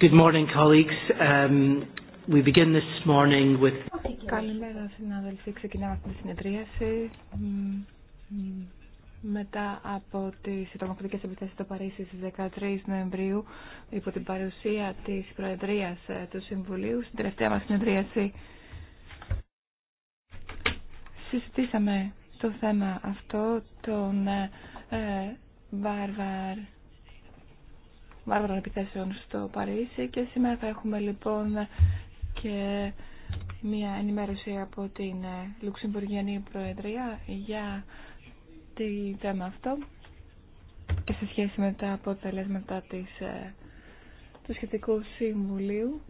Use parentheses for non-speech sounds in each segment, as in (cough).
Good morning, colleagues. Um, we begin this morning with... Καλημέρα, συνάδελφοι. Ξεκινάμε αυτή τη συνεδρίαση. Μετά από τι τρομοκρατικέ επιθέσει στο Παρίσι στις 13 Νοεμβρίου, υπό την παρουσία τη Προεδρία ε, του Συμβουλίου, στην τελευταία μα συνεδρίαση συζητήσαμε το θέμα αυτό των ε, Βάρβαρ βάρβαρων επιθέσεων στο Παρίσι και σήμερα θα έχουμε λοιπόν και μια ενημέρωση από την ε, Λουξεμβουργιανή Προεδρία για τη θέμα αυτό και σε σχέση με τα αποτελέσματα της, ε, του σχετικού συμβουλίου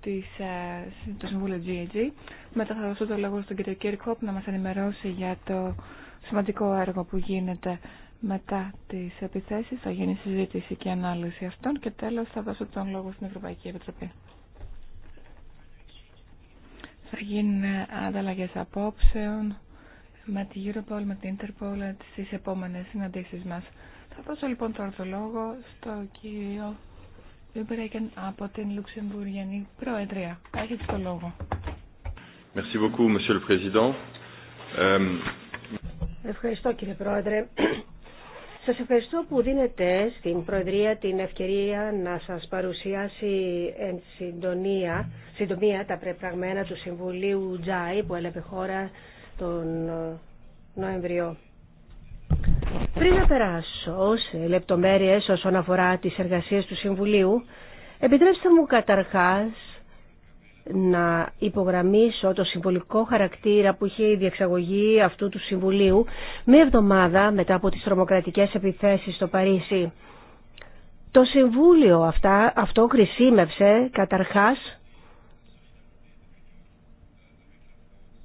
της, ε, του Συμβούλου GAG. Μετά θα δώσω το λόγο στον κύριο Κίρκοπ να μας ενημερώσει για το σημαντικό έργο που γίνεται μετά τι επιθέσει, θα γίνει συζήτηση και ανάλυση αυτών και τέλος θα δώσω τον λόγο στην Ευρωπαϊκή Επιτροπή. Θα γίνουν ανταλλαγέ απόψεων με την Europol, με την Interpol στι επόμενες συναντήσεις μας. Θα δώσω λοιπόν τώρα το λόγο στο κύριο Λιμπρέκεν από την Λουξεμβουργιανή Προεδρία. Έχετε το λόγο. Euh, Ευχαριστώ κύριε Πρόεδρε. Σας ευχαριστώ που δίνετε στην Προεδρία την ευκαιρία να σας παρουσιάσει εν συντονία, συντομία τα πρεπραγμένα του Συμβουλίου Τζάι που έλεγε χώρα τον ε, Νοέμβριο. Πριν να περάσω σε λεπτομέρειες όσον αφορά τις εργασίες του Συμβουλίου, επιτρέψτε μου καταρχάς να υπογραμμίσω το συμβολικό χαρακτήρα που είχε η διεξαγωγή αυτού του Συμβουλίου μία εβδομάδα μετά από τις τρομοκρατικές επιθέσεις στο Παρίσι. Το Συμβούλιο αυτά, αυτό χρησιμεύσε καταρχάς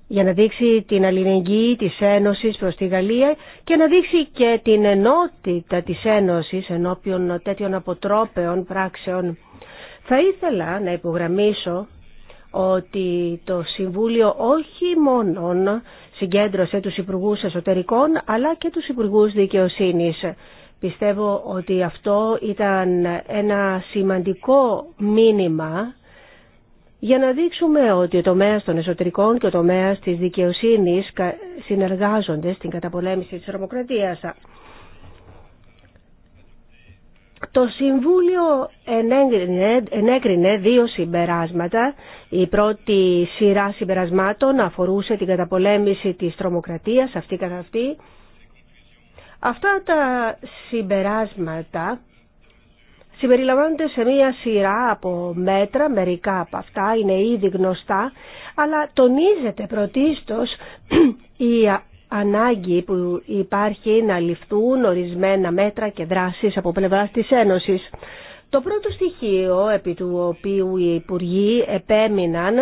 για να δείξει την αλληλεγγύη της Ένωσης προς τη Γαλλία και να δείξει και την ενότητα της Ένωσης ενώπιον τέτοιων αποτρόπεων πράξεων. Θα ήθελα να υπογραμμίσω ότι το Συμβούλιο όχι μόνο συγκέντρωσε τους Υπουργούς Εσωτερικών αλλά και τους Υπουργούς Δικαιοσύνης. Πιστεύω ότι αυτό ήταν ένα σημαντικό μήνυμα για να δείξουμε ότι ο τομέας των εσωτερικών και ο τομέας της δικαιοσύνης συνεργάζονται στην καταπολέμηση της τρομοκρατίας. Το Συμβούλιο ενέκρινε, δύο συμπεράσματα. Η πρώτη σειρά συμπερασμάτων αφορούσε την καταπολέμηση της τρομοκρατίας, αυτή καθ' αυτή. Αυτά τα συμπεράσματα συμπεριλαμβάνονται σε μία σειρά από μέτρα, μερικά από αυτά είναι ήδη γνωστά, αλλά τονίζεται πρωτίστως (clears throat) η ανάγκη που υπάρχει να ληφθούν ορισμένα μέτρα και δράσεις από πλευράς της Ένωσης. Το πρώτο στοιχείο επί του οποίου οι Υπουργοί επέμειναν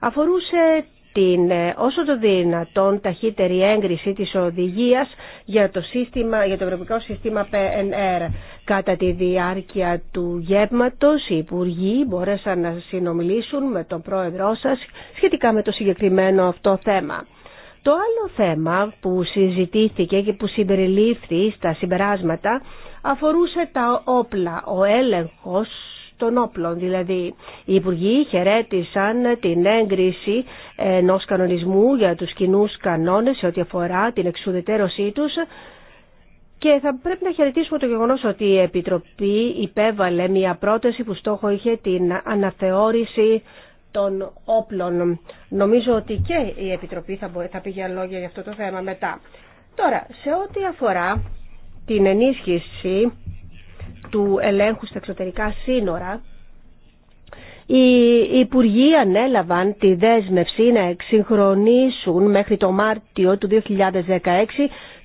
αφορούσε την όσο το δυνατόν ταχύτερη έγκριση της οδηγίας για το, σύστημα, για το Ευρωπαϊκό Σύστημα PNR. Κατά τη διάρκεια του γεύματος οι Υπουργοί μπόρεσαν να συνομιλήσουν με τον Πρόεδρό σας σχετικά με το συγκεκριμένο αυτό θέμα. Το άλλο θέμα που συζητήθηκε και που συμπεριλήφθη στα συμπεράσματα αφορούσε τα όπλα, ο έλεγχος των όπλων. Δηλαδή, οι υπουργοί χαιρέτησαν την έγκριση ενός κανονισμού για τους κοινού κανόνες σε ό,τι αφορά την εξουδετέρωσή τους και θα πρέπει να χαιρετήσουμε το γεγονός ότι η Επιτροπή υπέβαλε μια πρόταση που στόχο είχε την αναθεώρηση των όπλων. Νομίζω ότι και η Επιτροπή θα, πει για λόγια για αυτό το θέμα μετά. Τώρα, σε ό,τι αφορά την ενίσχυση του ελέγχου στα εξωτερικά σύνορα, οι Υπουργοί ανέλαβαν τη δέσμευση να εξυγχρονίσουν μέχρι το Μάρτιο του 2016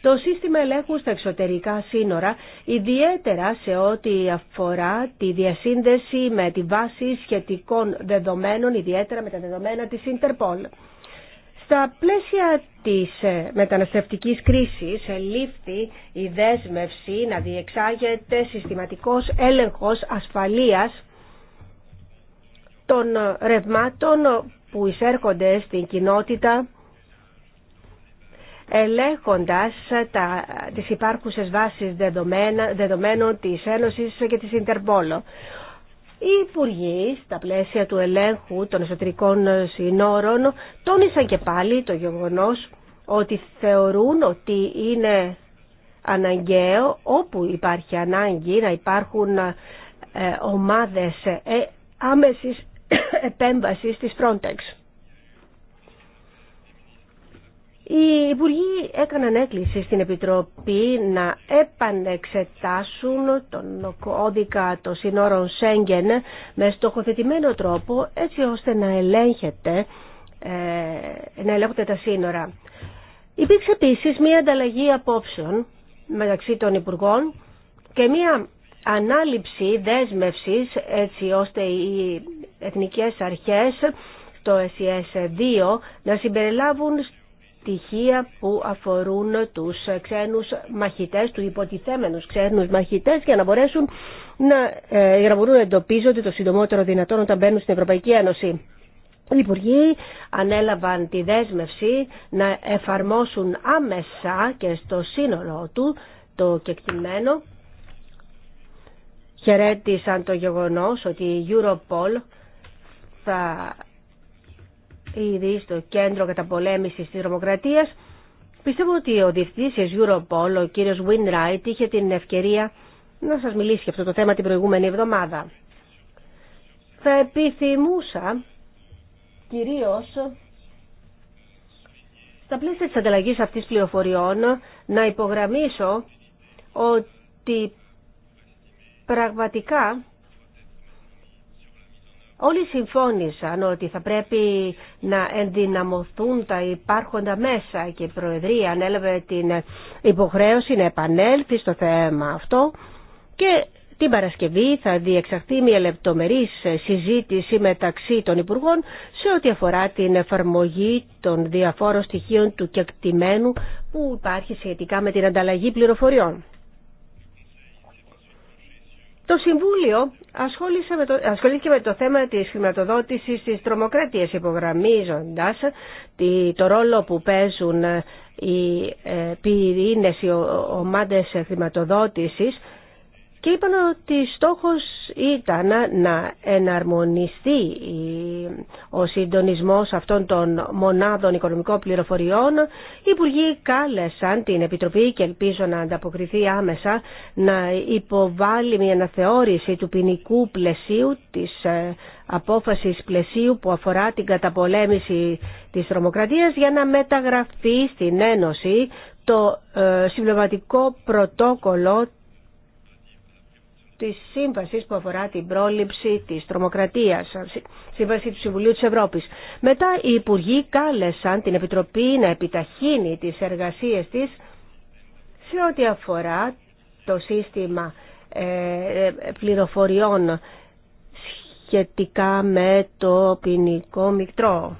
το σύστημα ελέγχου στα εξωτερικά σύνορα, ιδιαίτερα σε ό,τι αφορά τη διασύνδεση με τη βάση σχετικών δεδομένων, ιδιαίτερα με τα δεδομένα της Ιντερπόλ. Στα πλαίσια της ε, μεταναστευτικής κρίσης ελήφθη η δέσμευση να διεξάγεται συστηματικός έλεγχος ασφαλείας των ρευμάτων που εισέρχονται στην κοινότητα ελέγχοντας τα, τις υπάρχουσες βάσεις δεδομένα, δεδομένων της Ένωσης και της Ιντερπόλο. Οι υπουργοί, στα πλαίσια του ελέγχου των εσωτερικών συνόρων, τόνισαν και πάλι το γεγονός ότι θεωρούν ότι είναι αναγκαίο όπου υπάρχει ανάγκη να υπάρχουν ε, ομάδες ε, άμεσης επέμβασης της Frontex. Οι Υπουργοί έκαναν έκκληση στην Επιτροπή να επανεξετάσουν τον κώδικα των συνόρων Σέγγεν με στοχοθετημένο τρόπο έτσι ώστε να ελέγχεται ε, να ελέγχονται τα σύνορα. Υπήρξε επίση μια ανταλλαγή απόψεων μεταξύ των Υπουργών και μια ανάληψη δέσμευσης έτσι ώστε η εθνικές αρχές το SES2 να συμπεριλάβουν στοιχεία που αφορούν τους ξένους μαχητές, του υποτιθέμενους ξένους μαχητές για να μπορέσουν να, ε, για να μπορούν να εντοπίζονται το συντομότερο δυνατόν όταν μπαίνουν στην Ευρωπαϊκή Ένωση. Οι Υπουργοί ανέλαβαν τη δέσμευση να εφαρμόσουν άμεσα και στο σύνολό του το κεκτημένο. Χαιρέτησαν το γεγονός ότι η Europol θα ήδη στο κέντρο καταπολέμησης της δημοκρατίας. Πιστεύω ότι ο διευθυντής της Europol, ο κύριος Winwright, είχε την ευκαιρία να σας μιλήσει για αυτό το θέμα την προηγούμενη εβδομάδα. Θα επιθυμούσα κυρίως στα πλαίσια της ανταλλαγής αυτής πληροφοριών να υπογραμμίσω ότι πραγματικά Όλοι συμφώνησαν ότι θα πρέπει να ενδυναμωθούν τα υπάρχοντα μέσα και η Προεδρία ανέλαβε την υποχρέωση να επανέλθει στο θέμα αυτό και την Παρασκευή θα διεξαχθεί μια λεπτομερής συζήτηση μεταξύ των Υπουργών σε ό,τι αφορά την εφαρμογή των διαφόρων στοιχείων του κεκτημένου που υπάρχει σχετικά με την ανταλλαγή πληροφοριών. Το Συμβούλιο ασχολήθηκε με το, θέμα της χρηματοδότησης της τρομοκρατίας, υπογραμμίζοντας το ρόλο που παίζουν ε, οι ε, πυρήνες, οι ομάδες χρηματοδότησης και είπαν ότι στόχος ήταν να εναρμονιστεί ο συντονισμός αυτών των μονάδων οικονομικών πληροφοριών. Οι υπουργοί κάλεσαν την Επιτροπή και ελπίζω να ανταποκριθεί άμεσα να υποβάλει μια αναθεώρηση του ποινικού πλαισίου της ε, απόφασης πλαισίου που αφορά την καταπολέμηση της τρομοκρατίας για να μεταγραφεί στην Ένωση το ε, συμπληρωματικό πρωτόκολλο της σύμβασης που αφορά την πρόληψη της τρομοκρατίας, σύμβαση του Συμβουλίου της Ευρώπης. Μετά οι Υπουργοί κάλεσαν την Επιτροπή να επιταχύνει τις εργασίες της σε ό,τι αφορά το σύστημα ε, ε, πληροφοριών σχετικά με το ποινικό μικρό.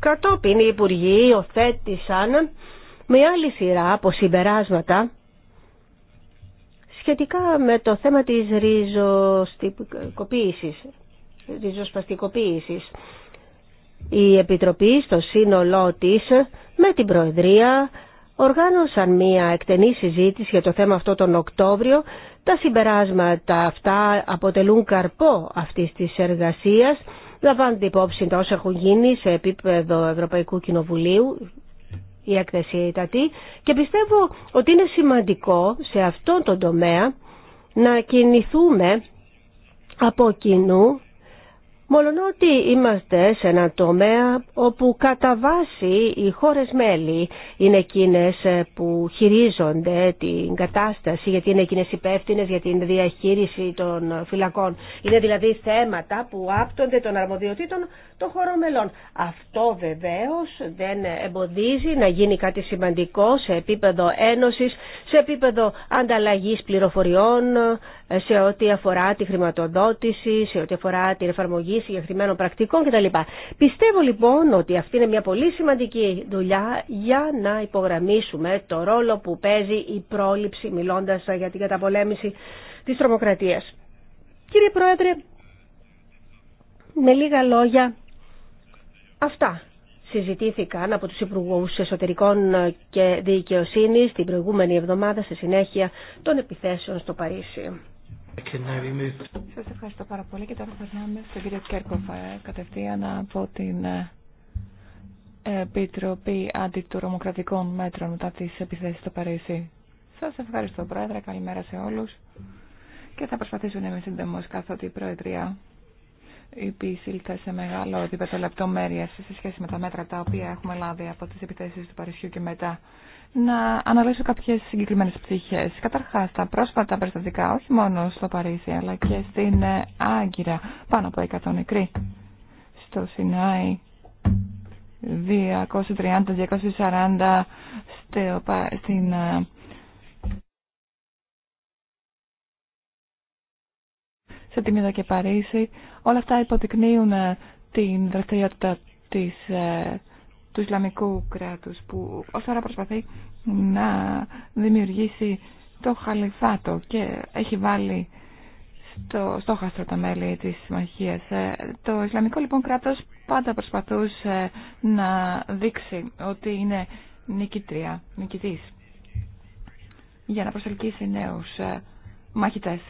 Κατόπιν οι Υπουργοί οθέτησαν με άλλη σειρά από συμπεράσματα σχετικά με το θέμα της ριζοστικοποίησης, ριζοσπαστικοποίησης. Η Επιτροπή στο σύνολό της με την Προεδρία οργάνωσαν μία εκτενή συζήτηση για το θέμα αυτό τον Οκτώβριο. Τα συμπεράσματα αυτά αποτελούν καρπό αυτής της εργασίας. Λαμβάνονται υπόψη τα όσα έχουν γίνει σε επίπεδο Ευρωπαϊκού Κοινοβουλίου η και πιστεύω ότι είναι σημαντικό σε αυτόν τον τομέα να κινηθούμε από κοινού Μολονότι είμαστε σε ένα τομέα όπου κατά βάση οι χώρες μέλη είναι εκείνες ε, που χειρίζονται την κατάσταση γιατί είναι εκείνες υπεύθυνε για την διαχείριση των φυλακών. Είναι δηλαδή θέματα που άπτονται των αρμοδιοτήτων των χωρών μελών. Αυτό βεβαίως δεν εμποδίζει να γίνει κάτι σημαντικό σε επίπεδο ένωσης, σε επίπεδο ανταλλαγής πληροφοριών, σε ό,τι αφορά τη χρηματοδότηση, σε ό,τι αφορά την εφαρμογή συγκεκριμένων πρακτικών κτλ. Πιστεύω λοιπόν ότι αυτή είναι μια πολύ σημαντική δουλειά για να υπογραμμίσουμε το ρόλο που παίζει η πρόληψη μιλώντας για την καταπολέμηση της τρομοκρατίας. Κύριε Πρόεδρε, με λίγα λόγια, αυτά συζητήθηκαν από τους υπουργού Εσωτερικών και Δικαιοσύνης την προηγούμενη εβδομάδα σε συνέχεια των επιθέσεων στο Παρίσι. Σας ευχαριστώ πάρα πολύ και τώρα περνάμε στον κύριο Κέρκοφα ε, κατευθείαν από την ε, Επιτροπή Αντιτουρομοκρατικών Μέτρων μετά τις επιθέσεις στο Παρίσι. Σας ευχαριστώ Πρόεδρε, καλημέρα σε όλους και θα προσπαθήσω να είμαι σύντομο καθότι η Πρόεδρια υπήρξε σε μεγάλο επίπεδο λεπτομέρειας σε σχέση με τα μέτρα τα οποία έχουμε λάβει από τις επιθέσεις του Παρισιού και μετά να αναλύσω κάποιε συγκεκριμένε ψυχέ. Καταρχά τα πρόσφατα περιστατικά, όχι μόνο στο Παρίσι, αλλά και στην ε, Άγκυρα, πάνω από 100 νεκροί, στο Σινάι, 230-240 στην ε, σε Τιμίδα και Παρίσι. Όλα αυτά υποδεικνύουν ε, την δραστηριότητα της του Ισλαμικού κράτους που ως τώρα προσπαθεί να δημιουργήσει το χαλιφάτο και έχει βάλει στο στόχαστρο τα μέλη της συμμαχίας. Ε, το Ισλαμικό λοιπόν κράτος πάντα προσπαθούσε να δείξει ότι είναι νικητρία, νικητής για να προσελκύσει νέους ε, μαχητές.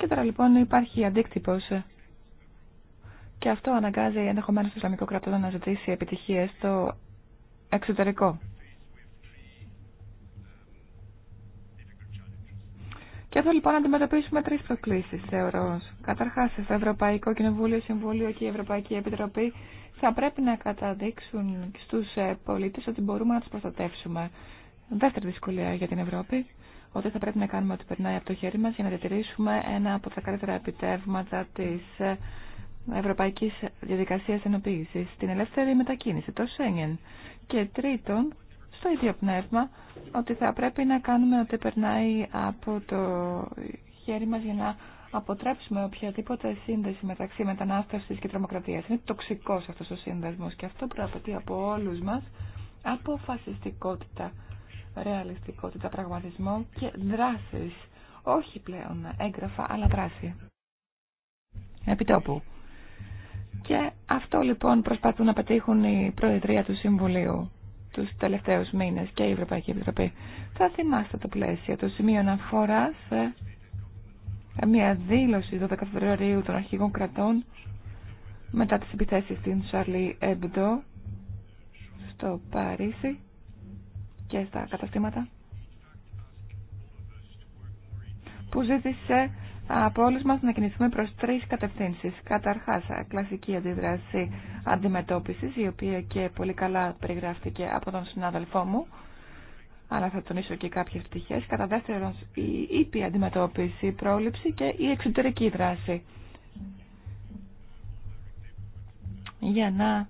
Και τώρα λοιπόν υπάρχει αντίκτυπο. Και αυτό αναγκάζει ενδεχομένω το Ισλαμικό κράτο να ζητήσει επιτυχίε στο εξωτερικό. Και εδώ λοιπόν αντιμετωπίσουμε τρει προκλήσει, θεωρώ. Καταρχά, το Ευρωπαϊκό Κοινοβούλιο, Συμβούλιο και η Ευρωπαϊκή Επιτροπή θα πρέπει να καταδείξουν στου ε, πολίτε ότι μπορούμε να του προστατεύσουμε. Δεύτερη δυσκολία για την Ευρώπη ότι θα πρέπει να κάνουμε ό,τι περνάει από το χέρι μας για να διατηρήσουμε ένα από τα καλύτερα επιτεύγματα της ε, ευρωπαϊκής διαδικασίας ενοποίησης, την ελεύθερη μετακίνηση, το Σέγγεν. Και τρίτον, στο ίδιο πνεύμα, ότι θα πρέπει να κάνουμε ό,τι περνάει από το χέρι μας για να αποτρέψουμε οποιαδήποτε σύνδεση μεταξύ μετανάστευσης και τρομοκρατίας. Είναι τοξικός αυτός ο σύνδεσμος και αυτό προαπαιτεί από όλους μας αποφασιστικότητα ρεαλιστικότητα, πραγματισμό και δράσεις. Όχι πλέον έγγραφα, αλλά δράση. Επιτόπου. Και αυτό λοιπόν προσπαθούν να πετύχουν η Προεδρία του Συμβουλίου τους τελευταίους μήνες και η Ευρωπαϊκή Επιτροπή. Θα θυμάστε το πλαίσιο, το σημείο αναφορά σε μια δήλωση 12 Φεβρουαρίου των αρχηγών κρατών μετά τις επιθέσεις στην Σαρλή Εμπντο στο Παρίσι και στα καταστήματα που ζήτησε από όλους μας να κινηθούμε προς τρεις κατευθύνσεις. Καταρχάς, κλασική αντίδραση αντιμετώπισης, η οποία και πολύ καλά περιγράφτηκε από τον συνάδελφό μου, αλλά θα τονίσω και κάποιες πτυχές. Κατά δεύτερον, η ήπια αντιμετώπιση, η πρόληψη και η εξωτερική δράση. Για να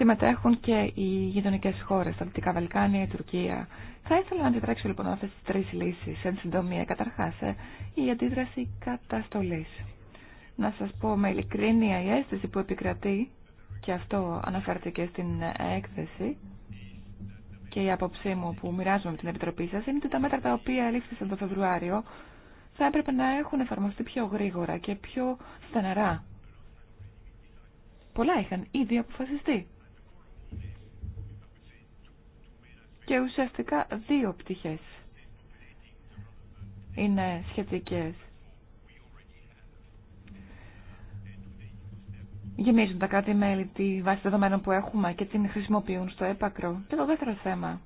συμμετέχουν και οι γειτονικέ χώρε, τα Δυτικά Βαλκάνια, η Τουρκία. Θα ήθελα να αντιδράξω λοιπόν αυτέ τι τρει λύσει εν συντομία. Καταρχά, ε, η αντίδραση καταστολή. Να σα πω με ειλικρίνεια η αίσθηση που επικρατεί, και αυτό αναφέρεται και στην έκθεση, και η άποψή μου που μοιράζομαι με την Επιτροπή σα, είναι ότι τα μέτρα τα οποία λήφθησαν το Φεβρουάριο θα έπρεπε να έχουν εφαρμοστεί πιο γρήγορα και πιο στεναρά. Πολλά είχαν ήδη αποφασιστεί. και ουσιαστικά δύο πτυχές είναι σχετικές. Γεμίζουν τα κάτι μελη τη βάση δεδομένων που έχουμε και την χρησιμοποιούν στο έπακρο. Και το δεύτερο θέμα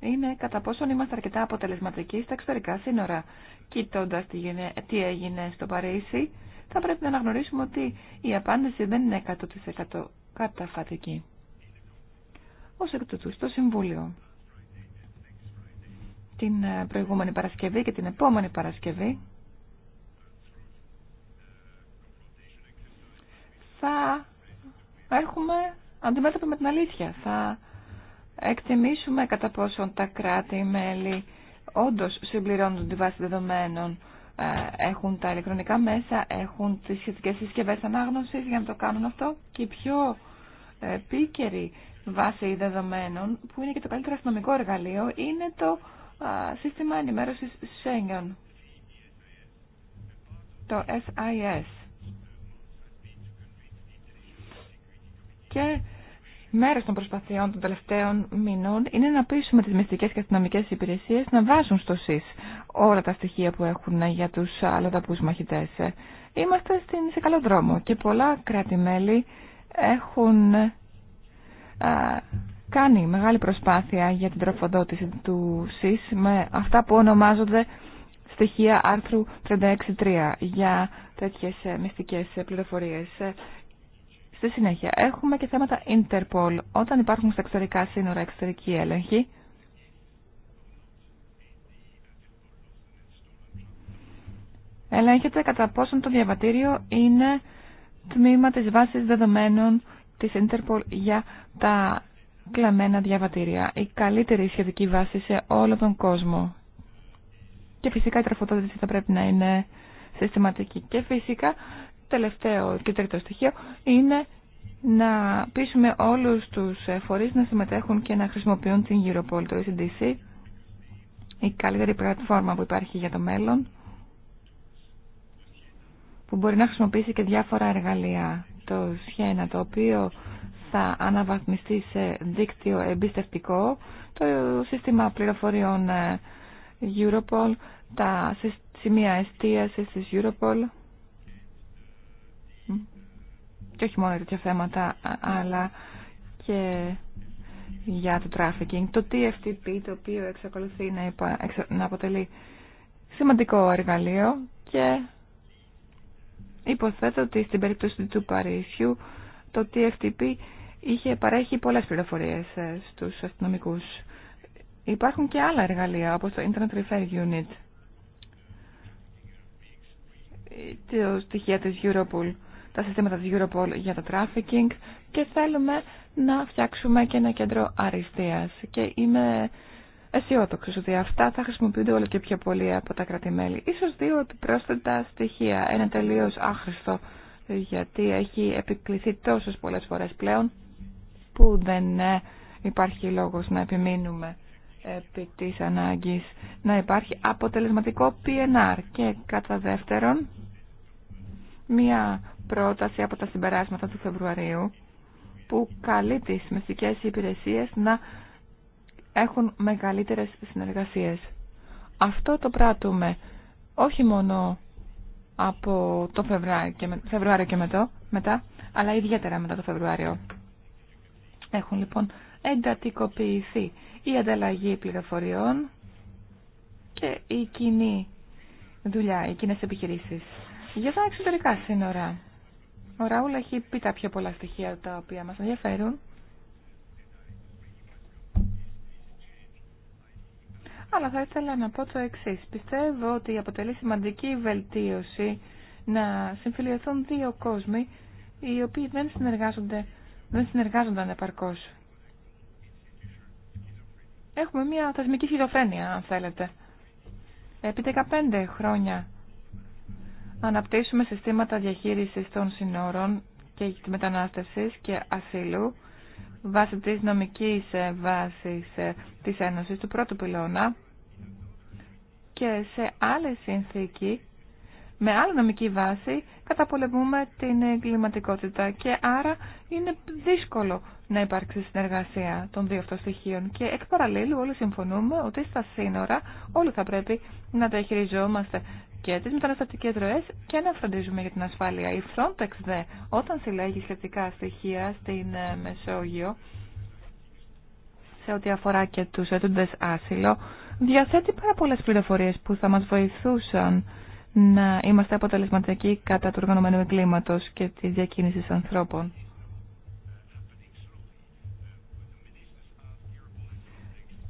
είναι κατά πόσον είμαστε αρκετά αποτελεσματικοί στα εξωτερικά σύνορα. Κοιτώντα τι έγινε στο Παρίσι, θα πρέπει να αναγνωρίσουμε ότι η απάντηση δεν είναι 100% καταφατική. Ω εκ τούτου, στο Συμβούλιο την ε, προηγούμενη Παρασκευή και την επόμενη Παρασκευή θα έχουμε αντιμέτωπη με την αλήθεια. Θα εκτιμήσουμε κατά πόσον τα κράτη-μέλη όντως συμπληρώνουν τη βάση δεδομένων, ε, έχουν τα ηλεκτρονικά μέσα, έχουν τις σχετικές συσκευές ανάγνωσης για να το κάνουν αυτό και πιο επίκαιρη βάση δεδομένων, που είναι και το καλύτερο αστυνομικό εργαλείο, είναι το σύστημα ενημέρωσης Schengen, το SIS. Και μέρος των προσπαθειών των τελευταίων μηνών είναι να πείσουμε τις μυστικέ και αστυνομικέ υπηρεσίες να βάζουν στο ΣΥΣ όλα τα στοιχεία που έχουν για τους αλλοδαπούς μαχητές. Είμαστε στην, σε καλό δρόμο και πολλά κράτη-μέλη έχουν κάνει μεγάλη προσπάθεια για την τροφοδότηση του ΣΥΣ με αυτά που ονομάζονται στοιχεία άρθρου 36.3 για τέτοιες ε, μυστικές ε, πληροφορίες. Ε, στη συνέχεια έχουμε και θέματα Interpol. Όταν υπάρχουν στα εξωτερικά σύνορα εξωτερική έλεγχη, ελέγχεται κατά πόσον το διαβατήριο είναι τμήμα της βάσης δεδομένων της Interpol για τα κλαμμένα διαβατήρια, η καλύτερη σχετική βάση σε όλο τον κόσμο. Και φυσικά η τροφοδότηση θα πρέπει να είναι συστηματική. Και φυσικά, τελευταίο και τρίτο στοιχείο είναι να πείσουμε όλους τους φορείς να συμμετέχουν και να χρησιμοποιούν την Europol, το ECDC, η καλύτερη πλατφόρμα που υπάρχει για το μέλλον, που μπορεί να χρησιμοποιήσει και διάφορα εργαλεία. Το σχένα το οποίο θα αναβαθμιστεί σε δίκτυο εμπιστευτικό το σύστημα πληροφοριών ε, Europol, τα σημεία εστίασης της Europol και όχι μόνο για τέτοια θέματα αλλά και για το trafficking. Το TFTP το οποίο εξακολουθεί να αποτελεί σημαντικό εργαλείο και υποθέτω ότι στην περίπτωση του Παρίσιου το TFTP είχε παρέχει πολλές πληροφορίες ε, στους αστυνομικούς. Υπάρχουν και άλλα εργαλεία όπως το Internet Refer Unit, τα στοιχεία της Europol, τα συστήματα της Europol για το trafficking και θέλουμε να φτιάξουμε και ένα κέντρο αριστείας. Και είμαι αισιόδοξο ότι αυτά θα χρησιμοποιούνται όλο και πιο πολύ από τα κρατημέλη. Ίσως δύο πρόσθετα στοιχεία, ένα τελείως άχρηστο γιατί έχει επικληθεί τόσες πολλές φορές πλέον που δεν ε, υπάρχει λόγος να επιμείνουμε επί της ανάγκης να υπάρχει αποτελεσματικό PNR και κατά δεύτερον μία πρόταση από τα συμπεράσματα του Φεβρουαρίου που καλεί τις μυστικές υπηρεσίες να έχουν μεγαλύτερες συνεργασίες. Αυτό το πράττουμε όχι μόνο από το Φεβρουάριο και, μετά, αλλά ιδιαίτερα μετά το Φεβρουάριο. Έχουν λοιπόν εντατικοποιηθεί η ανταλλαγή πληροφοριών και η κοινή δουλειά, οι κοινέ επιχειρήσει. Για τα εξωτερικά σύνορα. Ο Ραούλ έχει πει τα πιο πολλά στοιχεία τα οποία μας ενδιαφέρουν. Αλλά θα ήθελα να πω το εξή. Πιστεύω ότι αποτελεί σημαντική βελτίωση να συμφιλειωθούν δύο κόσμοι οι οποίοι δεν συνεργάζονται δεν συνεργάζονταν επαρκώ. Έχουμε μια θεσμική χειροφένεια, αν θέλετε. Επί 15 χρόνια αναπτύσσουμε συστήματα διαχείρισης των συνόρων και τη μετανάστευση και ασύλου βάσει της νομικής ε, βάσης ε, της Ένωσης του πρώτου πυλώνα και σε άλλη συνθήκη με άλλη νομική βάση καταπολεμούμε την εγκληματικότητα και άρα είναι δύσκολο να υπάρξει συνεργασία των δύο αυτών στοιχείων και εκ παραλλήλου όλοι συμφωνούμε ότι στα σύνορα όλοι θα πρέπει να τα χειριζόμαστε και τις μεταναστατικές ροές και να φροντίζουμε για την ασφάλεια. Η Frontex δε όταν συλλέγει σχετικά στοιχεία στην ε, Μεσόγειο σε ό,τι αφορά και τους έτοντες άσυλο διαθέτει πάρα πολλές πληροφορίες που θα μας βοηθούσαν να είμαστε αποτελεσματικοί κατά του οργανωμένου κλίματος και της διακίνησης ανθρώπων.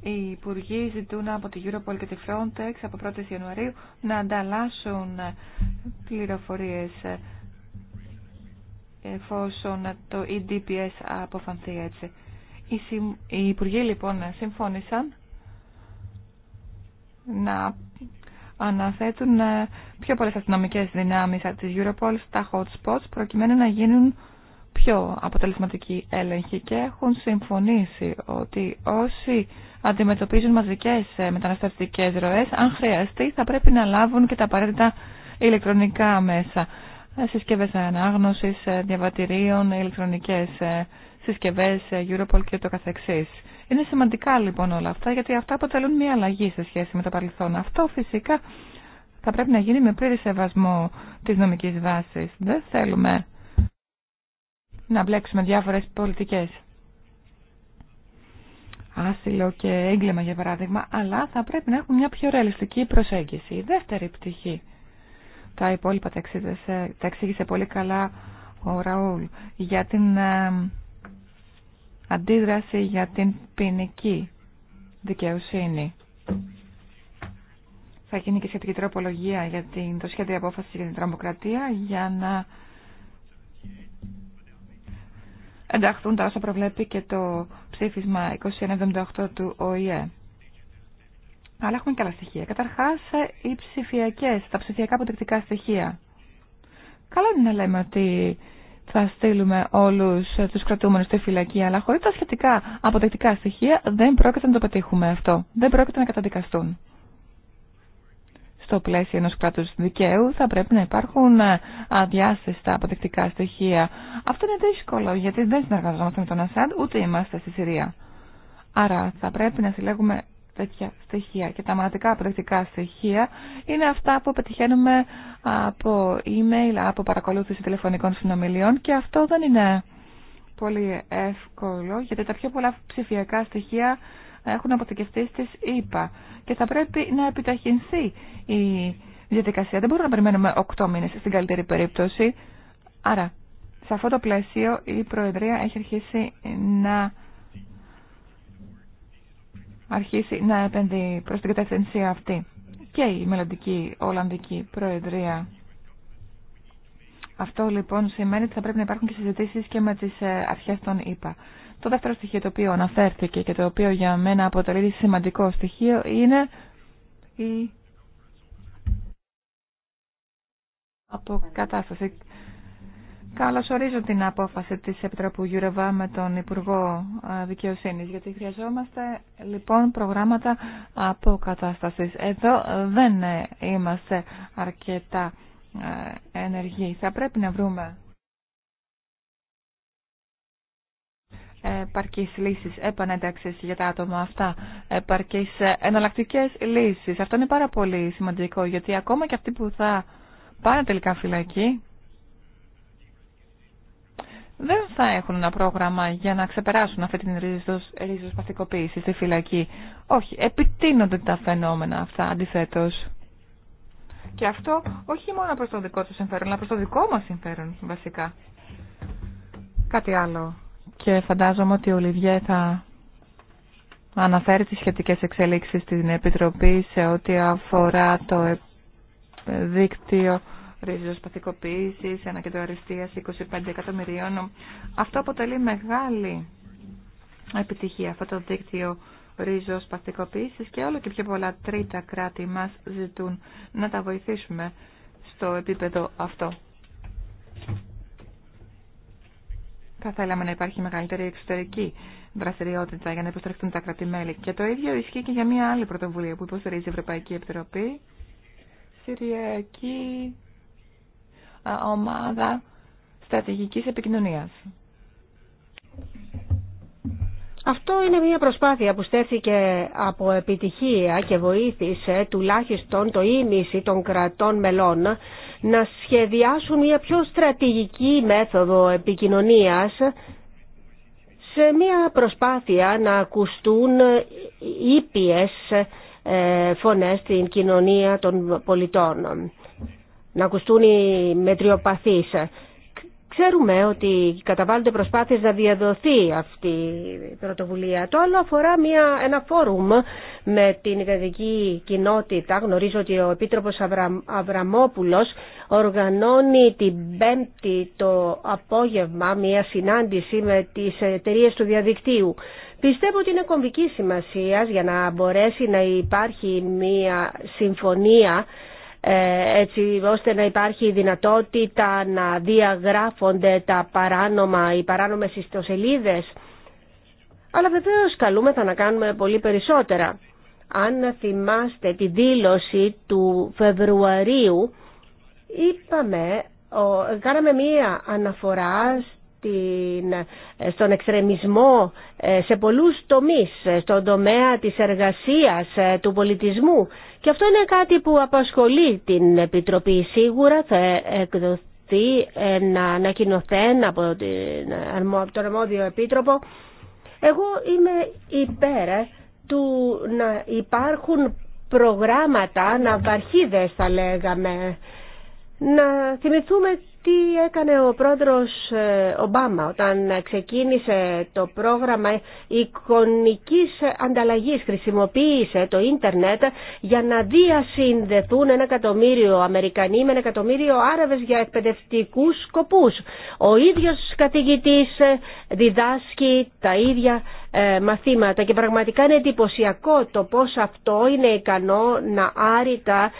Οι υπουργοί ζητούν από τη Europol και τη Frontex από 1η Ιανουαρίου να ανταλλάσσουν πληροφορίες εφόσον το EDPS αποφανθεί έτσι. Οι υπουργοί λοιπόν συμφώνησαν να αναθέτουν ε, πιο πολλές αστυνομικές δυνάμεις από τις Europol στα hot spots προκειμένου να γίνουν πιο αποτελεσματικοί έλεγχοι και έχουν συμφωνήσει ότι όσοι αντιμετωπίζουν μαζικές ε, μεταναστευτικές ροές, αν χρειαστεί θα πρέπει να λάβουν και τα απαραίτητα ηλεκτρονικά μέσα. Ε, συσκευές ανάγνωσης, διαβατηρίων, ηλεκτρονικές συσκευές, Europol και το καθεξής. Είναι σημαντικά λοιπόν όλα αυτά γιατί αυτά αποτελούν μια αλλαγή σε σχέση με το παρελθόν. Αυτό φυσικά θα πρέπει να γίνει με πλήρη σεβασμό της νομικής βάσης. Δεν θέλουμε να μπλέξουμε διάφορες πολιτικές. Άσυλο και έγκλημα για παράδειγμα, αλλά θα πρέπει να έχουμε μια πιο ρεαλιστική προσέγγιση. Η δεύτερη πτυχή. Τα υπόλοιπα τα εξήγησε, πολύ καλά ο Ραούλ για την ε, αντίδραση για την ποινική δικαιοσύνη. Θα γίνει και σχετική τροπολογία για την, το σχέδιο απόφαση για την τρομοκρατία για να ενταχθούν τα όσα προβλέπει και το ψήφισμα 2178 του ΟΗΕ. Αλλά έχουμε και άλλα στοιχεία. Καταρχάς, οι ψηφιακές, τα ψηφιακά αποτεκτικά στοιχεία. Καλό είναι να λέμε ότι θα στείλουμε όλου του κρατούμενου στη φυλακή, αλλά χωρί τα σχετικά αποτεκτικά στοιχεία δεν πρόκειται να το πετύχουμε αυτό. Δεν πρόκειται να καταδικαστούν. Στο πλαίσιο ενό κράτου δικαίου θα πρέπει να υπάρχουν αδιάστηστα αποτεκτικά στοιχεία. Αυτό είναι δύσκολο γιατί δεν συνεργαζόμαστε με τον Ασάντ ούτε είμαστε στη Συρία. Άρα θα πρέπει να συλλέγουμε τέτοια στοιχεία. Και τα μοναδικά πρακτικά στοιχεία είναι αυτά που πετυχαίνουμε από email, από παρακολούθηση τηλεφωνικών συνομιλιών και αυτό δεν είναι πολύ εύκολο γιατί τα πιο πολλά ψηφιακά στοιχεία έχουν αποθηκευτεί στις ΕΠΑ και θα πρέπει να επιταχυνθεί η διαδικασία. Δεν μπορούμε να περιμένουμε 8 μήνες στην καλύτερη περίπτωση. Άρα, σε αυτό το πλαίσιο η Προεδρία έχει αρχίσει να αρχίσει να επενδύει προς την κατεύθυνση αυτή και η μελλοντική Ολλανδική Προεδρία. Αυτό λοιπόν σημαίνει ότι θα πρέπει να υπάρχουν και συζητήσεις και με τις ε, αρχές των ΗΠΑ. Το δεύτερο στοιχείο το οποίο αναφέρθηκε και το οποίο για μένα αποτελεί σημαντικό στοιχείο είναι η αποκατάσταση Καλώς ορίζω την απόφαση της Επιτροπού Γιουρεβά με τον Υπουργό Δικαιοσύνης, γιατί χρειαζόμαστε λοιπόν προγράμματα αποκατάστασης. Εδώ ε, δεν ε, είμαστε αρκετά ε, ενεργοί. Θα πρέπει να βρούμε επαρκείς λύσεις επανένταξης για τα άτομα αυτά, επαρκείς εναλλακτικές λύσεις. Αυτό είναι πάρα πολύ σημαντικό, γιατί ακόμα και αυτοί που θα πάνε τελικά φυλακή, δεν θα έχουν ένα πρόγραμμα για να ξεπεράσουν αυτή την ριζοσπαστικοποίηση στη φυλακή. Όχι, επιτείνονται τα φαινόμενα αυτά αντιθέτως. Και αυτό όχι μόνο προς το δικό του συμφέρον, αλλά προς το δικό μας συμφέρον βασικά. Κάτι άλλο. Και φαντάζομαι ότι η Λιβιέ θα αναφέρει τις σχετικές εξελίξεις στην Επιτροπή σε ό,τι αφορά το δίκτυο ριζοσπαθικοποίηση, αριστεία 25 εκατομμυρίων. Αυτό αποτελεί μεγάλη επιτυχία, αυτό το δίκτυο ριζοσπαθικοποίηση και όλο και πιο πολλά τρίτα κράτη μα ζητούν να τα βοηθήσουμε στο επίπεδο αυτό. Θα θέλαμε να υπάρχει μεγαλύτερη εξωτερική δραστηριότητα για να υποστηριχθούν τα κράτη-μέλη. Και το ίδιο ισχύει και για μια άλλη πρωτοβουλία που υποστηρίζει η Ευρωπαϊκή Επιτροπή, Συριακή ομάδα στρατηγικής επικοινωνίας. Αυτό είναι μια προσπάθεια που στέθηκε από επιτυχία και βοήθησε τουλάχιστον το ίμιση των κρατών μελών να σχεδιάσουν μια πιο στρατηγική μέθοδο επικοινωνίας σε μια προσπάθεια να ακουστούν ήπιες ε, φωνές στην κοινωνία των πολιτών να ακουστούν οι μετριοπαθείς. Ξέρουμε ότι καταβάλλονται προσπάθειες να διαδοθεί αυτή η πρωτοβουλία. Το άλλο αφορά μια, ένα φόρουμ με την ιδανική κοινότητα. Γνωρίζω ότι ο Επίτροπος Αβρα, Αβραμόπουλος οργανώνει την Πέμπτη το απόγευμα μια συνάντηση με τις εταιρείε του διαδικτύου. Πιστεύω ότι είναι κομβική σημασία για να μπορέσει να υπάρχει μια συμφωνία ε, έτσι ώστε να υπάρχει η δυνατότητα να διαγράφονται τα παράνομα, οι παράνομες ιστοσελίδες. Αλλά βεβαίως καλούμεθα να κάνουμε πολύ περισσότερα. Αν θυμάστε τη δήλωση του Φεβρουαρίου, είπαμε, κάναμε μία αναφορά στον εξτρεμισμό ε, σε πολλούς τομείς, ε, στον τομέα της εργασίας, ε, του πολιτισμού. Και αυτό είναι κάτι που απασχολεί την Επιτροπή. Σίγουρα θα εκδοθεί, ένα ανακοινωθέν από, τον αρμόδιο επίτροπο. Εγώ είμαι υπέρ του να υπάρχουν προγράμματα, να βαρχίδες θα λέγαμε, να θυμηθούμε τι έκανε ο πρόεδρος ε, Ομπάμα όταν ξεκίνησε το πρόγραμμα εικονικής ανταλλαγής. Χρησιμοποίησε το ίντερνετ για να διασυνδεθούν ένα εκατομμύριο Αμερικανοί με ένα εκατομμύριο Άραβες για εκπαιδευτικούς σκοπούς. Ο ίδιος καθηγητής ε, διδάσκει τα ίδια ε, μαθήματα και πραγματικά είναι εντυπωσιακό το πώς αυτό είναι ικανό να άρει τα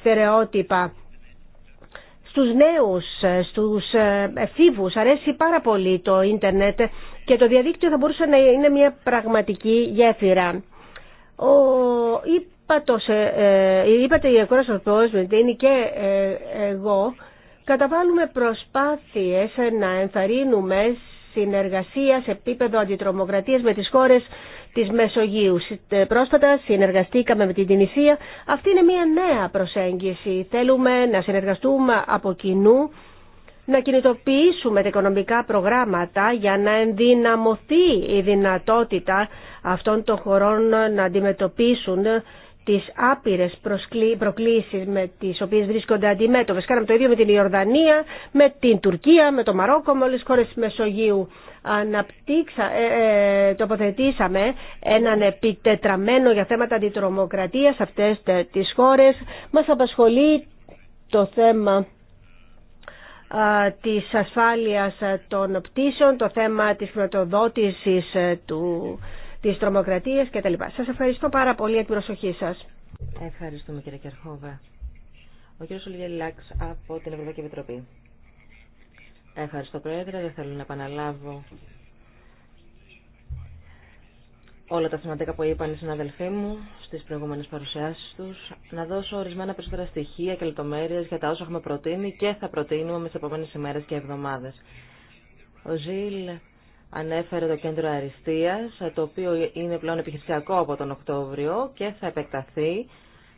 στερεότυπα στους νέους, ε, στους ε, εφήβους. Αρέσει πάρα πολύ το ίντερνετ και το διαδίκτυο θα μπορούσε να είναι μια πραγματική γέφυρα. Ο, είπατος, ε, ε είπατε η εκόραση είναι και εγώ, καταβάλουμε προσπάθειες να ενθαρρύνουμε συνεργασία σε επίπεδο αντιτρομοκρατίας με τις χώρες της Μεσογείου. Ε, πρόσφατα συνεργαστήκαμε με την Τινησία. Αυτή είναι μια νέα προσέγγιση. Θέλουμε να συνεργαστούμε από κοινού, να κινητοποιήσουμε τα οικονομικά προγράμματα για να ενδυναμωθεί η δυνατότητα αυτών των χωρών να αντιμετωπίσουν τις άπειρες προκλήσεις με τις οποίες βρίσκονται αντιμέτωπες. Κάναμε το ίδιο με την Ιορδανία, με την Τουρκία, με το Μαρόκο, με όλες τις χώρες της Μεσογείου αναπτύξα, ε, ε, τοποθετήσαμε έναν επιτετραμένο για θέματα αντιτρομοκρατίας αυτές τις χώρες. Μας απασχολεί το θέμα της ασφάλειας των πτήσεων, το θέμα της χρηματοδότησης ε, του, της τρομοκρατίας κτλ. Σας ευχαριστώ πάρα πολύ για την προσοχή σας. Ευχαριστούμε κύριε Κερχόβα. Ο κύριος Λάξ από την Ευρωπαϊκή Επιτροπή. Ευχαριστώ Πρόεδρε, δεν θέλω να επαναλάβω όλα τα σημαντικά που είπαν οι συναδελφοί μου στις προηγούμενες παρουσιάσεις τους, να δώσω ορισμένα περισσότερα στοιχεία και λεπτομέρειε για τα όσα έχουμε προτείνει και θα προτείνουμε με τι επόμενες ημέρες και εβδομάδες. Ο Ζιλ ανέφερε το κέντρο αριστείας, το οποίο είναι πλέον επιχειρησιακό από τον Οκτώβριο και θα επεκταθεί,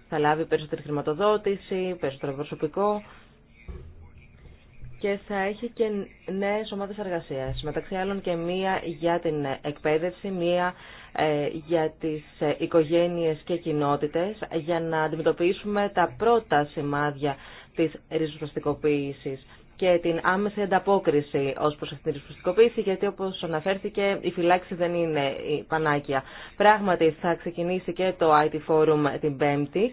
θα λάβει περισσότερη χρηματοδότηση, περισσότερο προσωπικό και θα έχει και νέε ομάδες εργασίας. Μεταξύ άλλων και μία για την εκπαίδευση, μία ε, για τις ε, οικογένειε και κοινότητες για να αντιμετωπίσουμε τα πρώτα σημάδια της ριζοσπαστικοποίηση και την άμεση ανταπόκριση ως προς αυτήν την ριζοσπαστικοποίηση γιατί όπως αναφέρθηκε η φυλάξη δεν είναι η πανάκια. Πράγματι θα ξεκινήσει και το IT Forum την Πέμπτη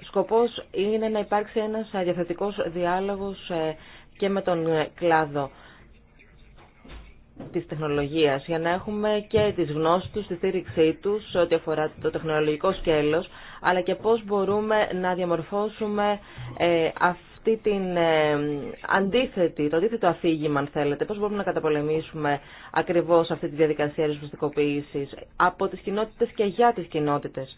Σκοπός είναι να υπάρξει ένας διαθετικός διάλογος ε, και με τον ε, κλάδο της τεχνολογίας για να έχουμε και τις γνώσεις τους, τη στήριξή τους ό,τι αφορά το τεχνολογικό σκέλος αλλά και πώς μπορούμε να διαμορφώσουμε ε, αυτή την αντίθετη, το αντίθετο αφήγημα αν θέλετε πώς μπορούμε να καταπολεμήσουμε ακριβώς αυτή τη διαδικασία ρυθμιστικοποίησης από τις κοινότητες και για τις κοινότητες.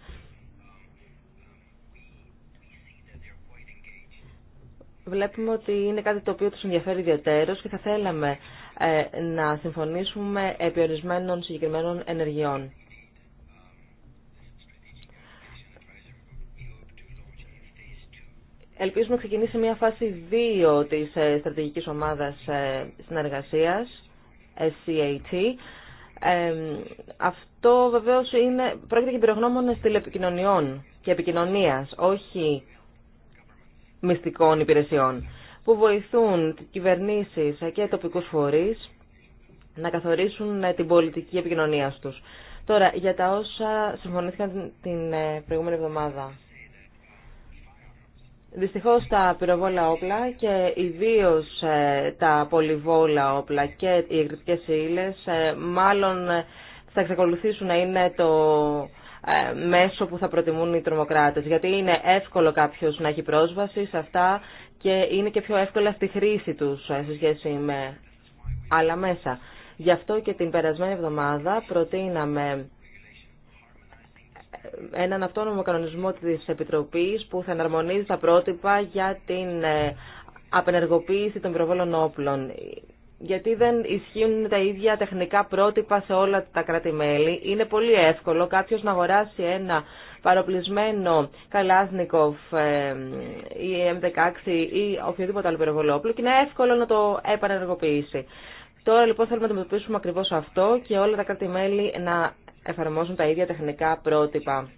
βλέπουμε ότι είναι κάτι το οποίο τους ενδιαφέρει ιδιαίτερο και θα θέλαμε ε, να συμφωνήσουμε επί ορισμένων συγκεκριμένων ενεργειών. Ελπίζουμε να ξεκινήσει μια φάση 2 της ε, στρατηγικής ομάδας ε, συνεργασίας, SCAT. αυτό βεβαίως είναι, πρόκειται για πυρογνώμονες τηλεπικοινωνιών και επικοινωνίας, όχι μυστικών υπηρεσιών που βοηθούν κυβερνήσεις και τοπικούς φορείς να καθορίσουν ε, την πολιτική επικοινωνία τους. Τώρα, για τα όσα συμφωνήθηκαν την ε, προηγούμενη εβδομάδα. Δυστυχώς τα πυροβόλα όπλα και ιδίω ε, τα πολυβόλα όπλα και οι εκρητικές ύλες μάλλον θα εξακολουθήσουν να είναι το ε, μέσο που θα προτιμούν οι τρομοκράτες. Γιατί είναι εύκολο κάποιος να έχει πρόσβαση σε αυτά και είναι και πιο εύκολα στη χρήση τους ε, σε σχέση με άλλα μέσα. Γι' αυτό και την περασμένη εβδομάδα προτείναμε έναν αυτόνομο κανονισμό της Επιτροπής που θα εναρμονίζει τα πρότυπα για την ε, απενεργοποίηση των πυροβόλων όπλων γιατί δεν ισχύουν τα ίδια τεχνικά πρότυπα σε όλα τα κράτη-μέλη. Είναι πολύ εύκολο κάποιος να αγοράσει ένα παροπλισμένο Καλάσνικοφ ή M16 ή οποιοδήποτε άλλο περιβολόπλο και είναι εύκολο να το επανεργοποιήσει. Τώρα λοιπόν θέλουμε να αντιμετωπίσουμε ακριβώς αυτό και όλα τα κράτη-μέλη να εφαρμόζουν τα ίδια τεχνικά πρότυπα.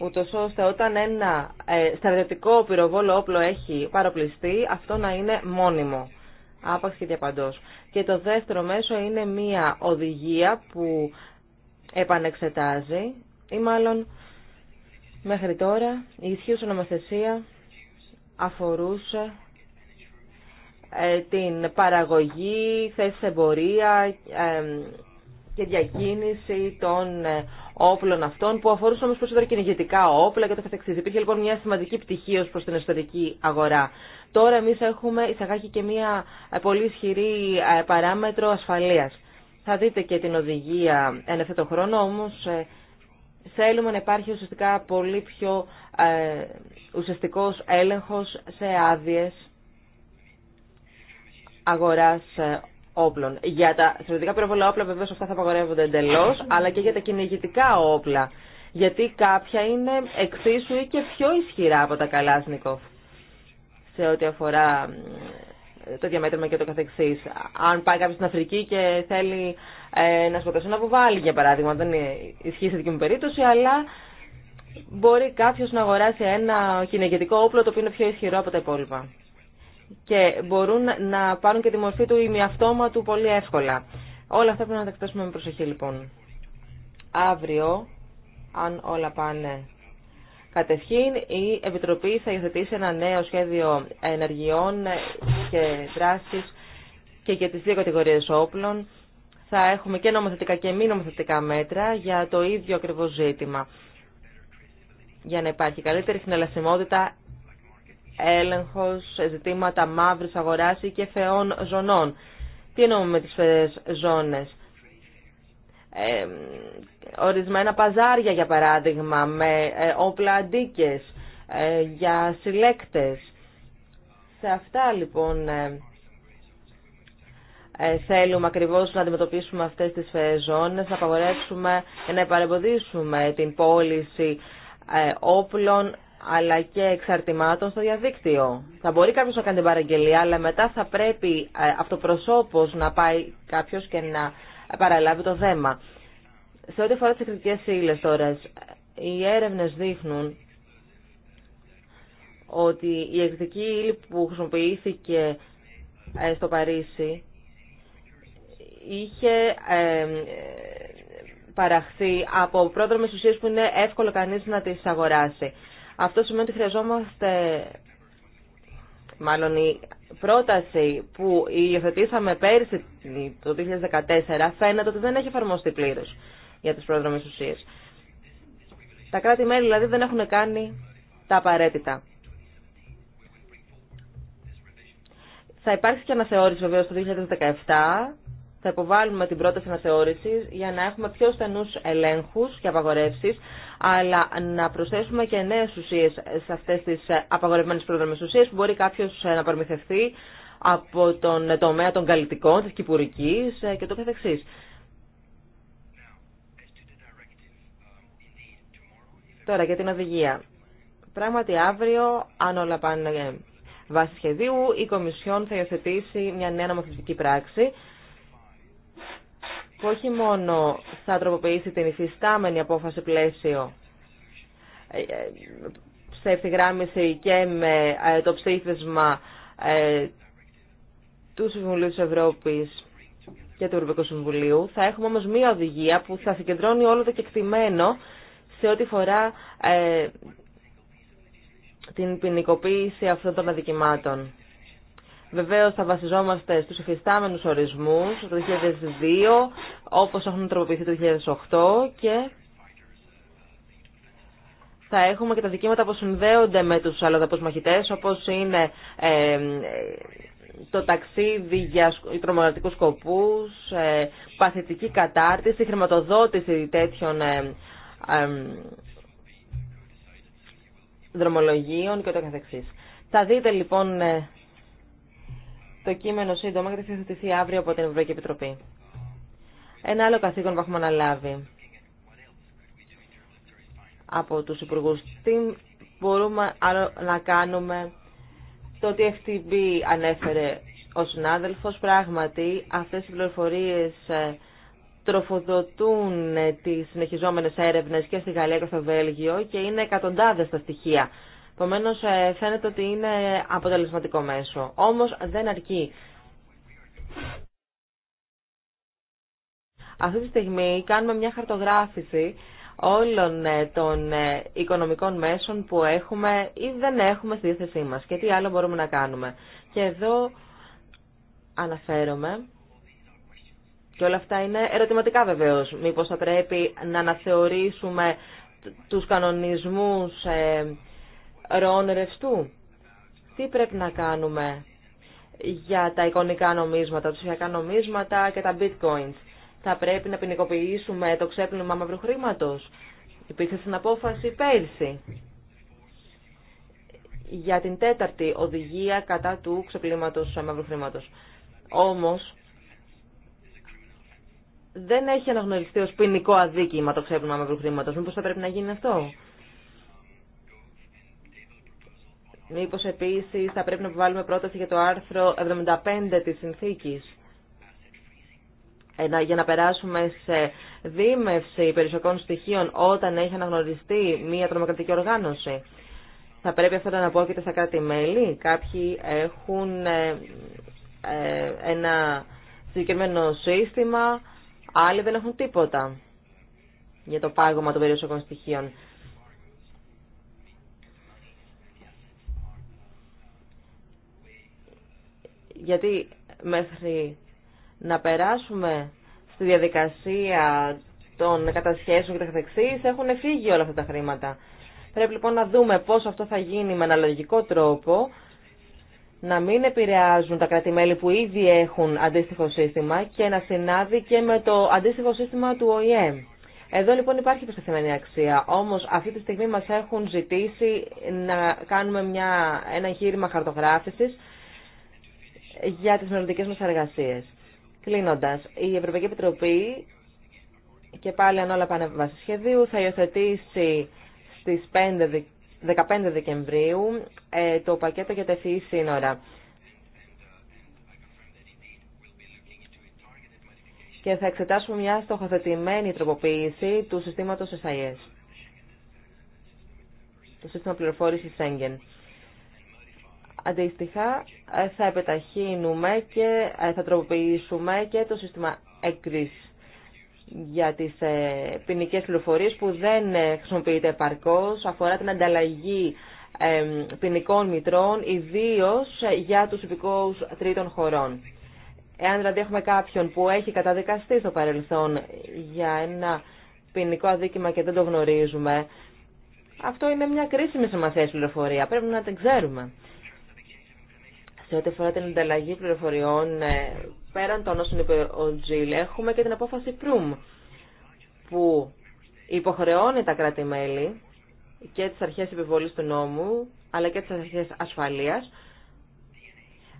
Ούτω ώστε όταν ένα ε, στρατιωτικό πυροβόλο όπλο έχει παροπλιστεί, αυτό να είναι μόνιμο άπαξ και διαπαντός. Και το δεύτερο μέσο είναι μία οδηγία που επανεξετάζει ή μάλλον μέχρι τώρα η ισχύουσα νομοθεσία αφορούσε ε, την παραγωγή, θέση εμπορία ε, και διακίνηση των ε, όπλων αυτών που αφορούσαν όμως περισσότερο κυνηγητικά όπλα και το καθεξής. Υπήρχε λοιπόν μια σημαντική πτυχή ως προς την εσωτερική αγορά. Τώρα εμείς έχουμε εισαγάγει και μία ε, πολύ ισχυρή ε, παράμετρο ασφαλείας. Θα δείτε και την οδηγία εν το χρόνο, όμως ε, θέλουμε να υπάρχει ουσιαστικά πολύ πιο ε, ουσιαστικός έλεγχος σε άδειε αγοράς όπλων. Για τα στρατιωτικά πυροβολά όπλα βεβαίως αυτά θα απαγορεύονται εντελώς, αλλά και για τα κυνηγητικά όπλα, γιατί κάποια είναι εξίσου ή και πιο ισχυρά από τα καλάσνικοφ σε ό,τι αφορά το διαμέτρημα και το καθεξής. Αν πάει κάποιος στην Αφρική και θέλει ε, να σκοτώσει ένα βουβάλι, για παράδειγμα, δεν ισχύει σε δική μου περίπτωση, αλλά μπορεί κάποιος να αγοράσει ένα κυνηγετικό όπλο το οποίο είναι πιο ισχυρό από τα υπόλοιπα. Και μπορούν να πάρουν και τη μορφή του ημιαυτόματου πολύ εύκολα. Όλα αυτά πρέπει να τα εκτάσουμε με προσοχή λοιπόν. Αύριο, αν όλα πάνε Κατευχήν, η Επιτροπή θα υιοθετήσει ένα νέο σχέδιο ενεργειών και δράση και για τις δύο κατηγορίες όπλων. Θα έχουμε και νομοθετικά και μη νομοθετικά μέτρα για το ίδιο ακριβώ ζήτημα. Για να υπάρχει καλύτερη συνελασιμότητα, έλεγχος, ζητήματα μαύρη, αγοράς και φαιών ζωνών. Τι εννοούμε με τι ζώνες ε, ορισμένα παζάρια για παράδειγμα με ε, όπλα αντίκες ε, για συλλέκτες. Σε αυτά λοιπόν ε, θέλουμε ακριβώς να αντιμετωπίσουμε αυτές τις ζώνες, να απαγορεύσουμε και να επαρεμποδίσουμε την πώληση όπλων αλλά και εξαρτημάτων στο διαδίκτυο. Θα μπορεί κάποιος να κάνει την παραγγελία, αλλά μετά θα πρέπει αυτοπροσώπως να πάει κάποιος και να παραλάβει το θέμα. Σε ό,τι αφορά τι εκρητικές ύλε, τώρα, οι έρευνες δείχνουν ότι η εκδική ύλη που χρησιμοποιήθηκε ε, στο Παρίσι είχε ε, παραχθεί από πρόδρομες ουσίες που είναι εύκολο κανείς να τις αγοράσει. Αυτό σημαίνει ότι χρειαζόμαστε μάλλον η πρόταση που υιοθετήσαμε πέρσι το 2014 φαίνεται ότι δεν έχει εφαρμοστεί πλήρω για τις πρόδρομες ουσίες. Τα κράτη-μέλη δηλαδή δεν έχουν κάνει τα απαραίτητα. Θα υπάρξει και αναθεώρηση βεβαίως το 2017 θα υποβάλουμε την πρόταση αναθεώρηση για να έχουμε πιο στενού ελέγχους και απαγορεύσει, αλλά να προσθέσουμε και νέες ουσίε σε αυτές τις απαγορευμένες πρόδρομες ουσίε που μπορεί κάποιο ε, να παρμηθευτεί από τον τομέα των καλλιτικών, τη κυπουρική ε, και το καθεξή. Τώρα για την οδηγία. Πράγματι αύριο, αν όλα πάνε βάσει σχεδίου, η Κομισιόν θα υιοθετήσει μια νέα νομοθετική πράξη που όχι μόνο θα τροποποιήσει την υφιστάμενη απόφαση πλαίσιο ε, ε, σε ευθυγράμμιση και με ε, το ψήφισμα του Συμβουλίου της Ευρώπης και του Ευρωπαϊκού Συμβουλίου. Θα έχουμε όμως μία οδηγία που θα συγκεντρώνει όλο το κεκτημένο σε ό,τι φορά την ποινικοποίηση αυτών των αδικημάτων. Βεβαίω θα βασιζόμαστε στους υφιστάμενους ορισμούς το 2002, όπως έχουν τροποποιηθεί το 2008 και θα έχουμε και τα δικήματα που συνδέονται με τους αλλοδαπούς μαχητές, όπως είναι ε, το ταξίδι για τρομοκρατικού σκοπούς, ε, παθητική κατάρτιση, χρηματοδότηση τέτοιων ε, δρομολογίων και ούτω καθεξής. Θα δείτε λοιπόν ε, το κείμενο σύντομα και θα υιοθετηθεί αύριο από την Ευρωπαϊκή Επιτροπή. Ένα άλλο καθήκον που έχουμε αναλάβει από τους υπουργούς. Τι μπορούμε να κάνουμε. Το ότι FTB ανέφερε ο συνάδελφος. Πράγματι, αυτές οι πληροφορίες ε, τροφοδοτούν ε, τις συνεχιζόμενες έρευνες και στη Γαλλία και στο Βέλγιο και είναι εκατοντάδες τα στοιχεία Επομένω, ε, φαίνεται ότι είναι αποτελεσματικό μέσο. Όμω δεν αρκεί. Αυτή τη στιγμή κάνουμε μια χαρτογράφηση όλων ε, των ε, οικονομικών μέσων που έχουμε ή δεν έχουμε στη διάθεσή μας και τι άλλο μπορούμε να κάνουμε. Και εδώ αναφέρομαι και όλα αυτά είναι ερωτηματικά βεβαίως. Μήπως θα πρέπει να αναθεωρήσουμε τους κανονισμούς ροών ρευστού. Τι πρέπει να κάνουμε για τα εικονικά νομίσματα, τα ψηφιακά νομίσματα και τα bitcoins. Θα πρέπει να ποινικοποιήσουμε το ξέπλυμα μαύρου χρήματο. Υπήρξε στην απόφαση πέρσι για την τέταρτη οδηγία κατά του ξεπλήματος μαύρου χρήματος. Όμως, δεν έχει αναγνωριστεί ως ποινικό αδίκημα το ξέπλυμα μαύρου χρήματος. Μήπως θα πρέπει να γίνει αυτό. Μήπω επίση θα πρέπει να βάλουμε πρόταση για το άρθρο 75 της συνθήκης για να περάσουμε σε δίμευση περιουσιακών στοιχείων όταν έχει αναγνωριστεί μια τρομοκρατική οργάνωση. Θα πρέπει αυτό να αναπόκειται στα κράτη-μέλη. Κάποιοι έχουν ε, ε, ένα συγκεκριμένο σύστημα, άλλοι δεν έχουν τίποτα για το πάγωμα των περιουσιακών στοιχείων. Γιατί μέχρι να περάσουμε στη διαδικασία των κατασχέσεων και τα καθεξής έχουν φύγει όλα αυτά τα χρήματα. Πρέπει λοιπόν να δούμε πώς αυτό θα γίνει με αναλογικό τρόπο, να μην επηρεάζουν τα κρατημέλη που ήδη έχουν αντίστοιχο σύστημα και να συνάδει και με το αντίστοιχο σύστημα του ΟΗΕ. Εδώ λοιπόν υπάρχει προσταθημένη αξία, όμως αυτή τη στιγμή μας έχουν ζητήσει να κάνουμε μια, ένα εγχείρημα χαρτογράφησης για τις μελλοντικές μας εργασίες. Κλείνοντας, η Ευρωπαϊκή Επιτροπή και πάλι αν όλα πάνε βάσει σχεδίου θα υιοθετήσει στις 15 Δεκεμβρίου ε, το πακέτο για τα ευφυή e e σύνορα. Και θα εξετάσουμε μια στοχοθετημένη τροποποίηση του συστήματος SIS, του σύστημα πληροφόρησης Schengen. Αντίστοιχα, ε, θα επεταχύνουμε και ε, θα τροποποιήσουμε και το σύστημα έκρης για τις ε, ποινικέ πληροφορίε που δεν χρησιμοποιείται επαρκώς, αφορά την ανταλλαγή ποινικών μητρών, ιδίω για τους υπηκόους τρίτων χωρών. Εάν δηλαδή έχουμε κάποιον που έχει καταδικαστεί στο παρελθόν για ένα ποινικό αδίκημα και δεν το γνωρίζουμε, αυτό είναι μια κρίσιμη σημασία πληροφορία. Πρέπει να την ξέρουμε σε ό,τι αφορά την ανταλλαγή πληροφοριών ε, πέραν των όσων είπε ο Τζιλ, έχουμε και την απόφαση Προύμ που υποχρεώνει τα κράτη-μέλη και τις αρχές επιβολής του νόμου αλλά και τις αρχές ασφαλείας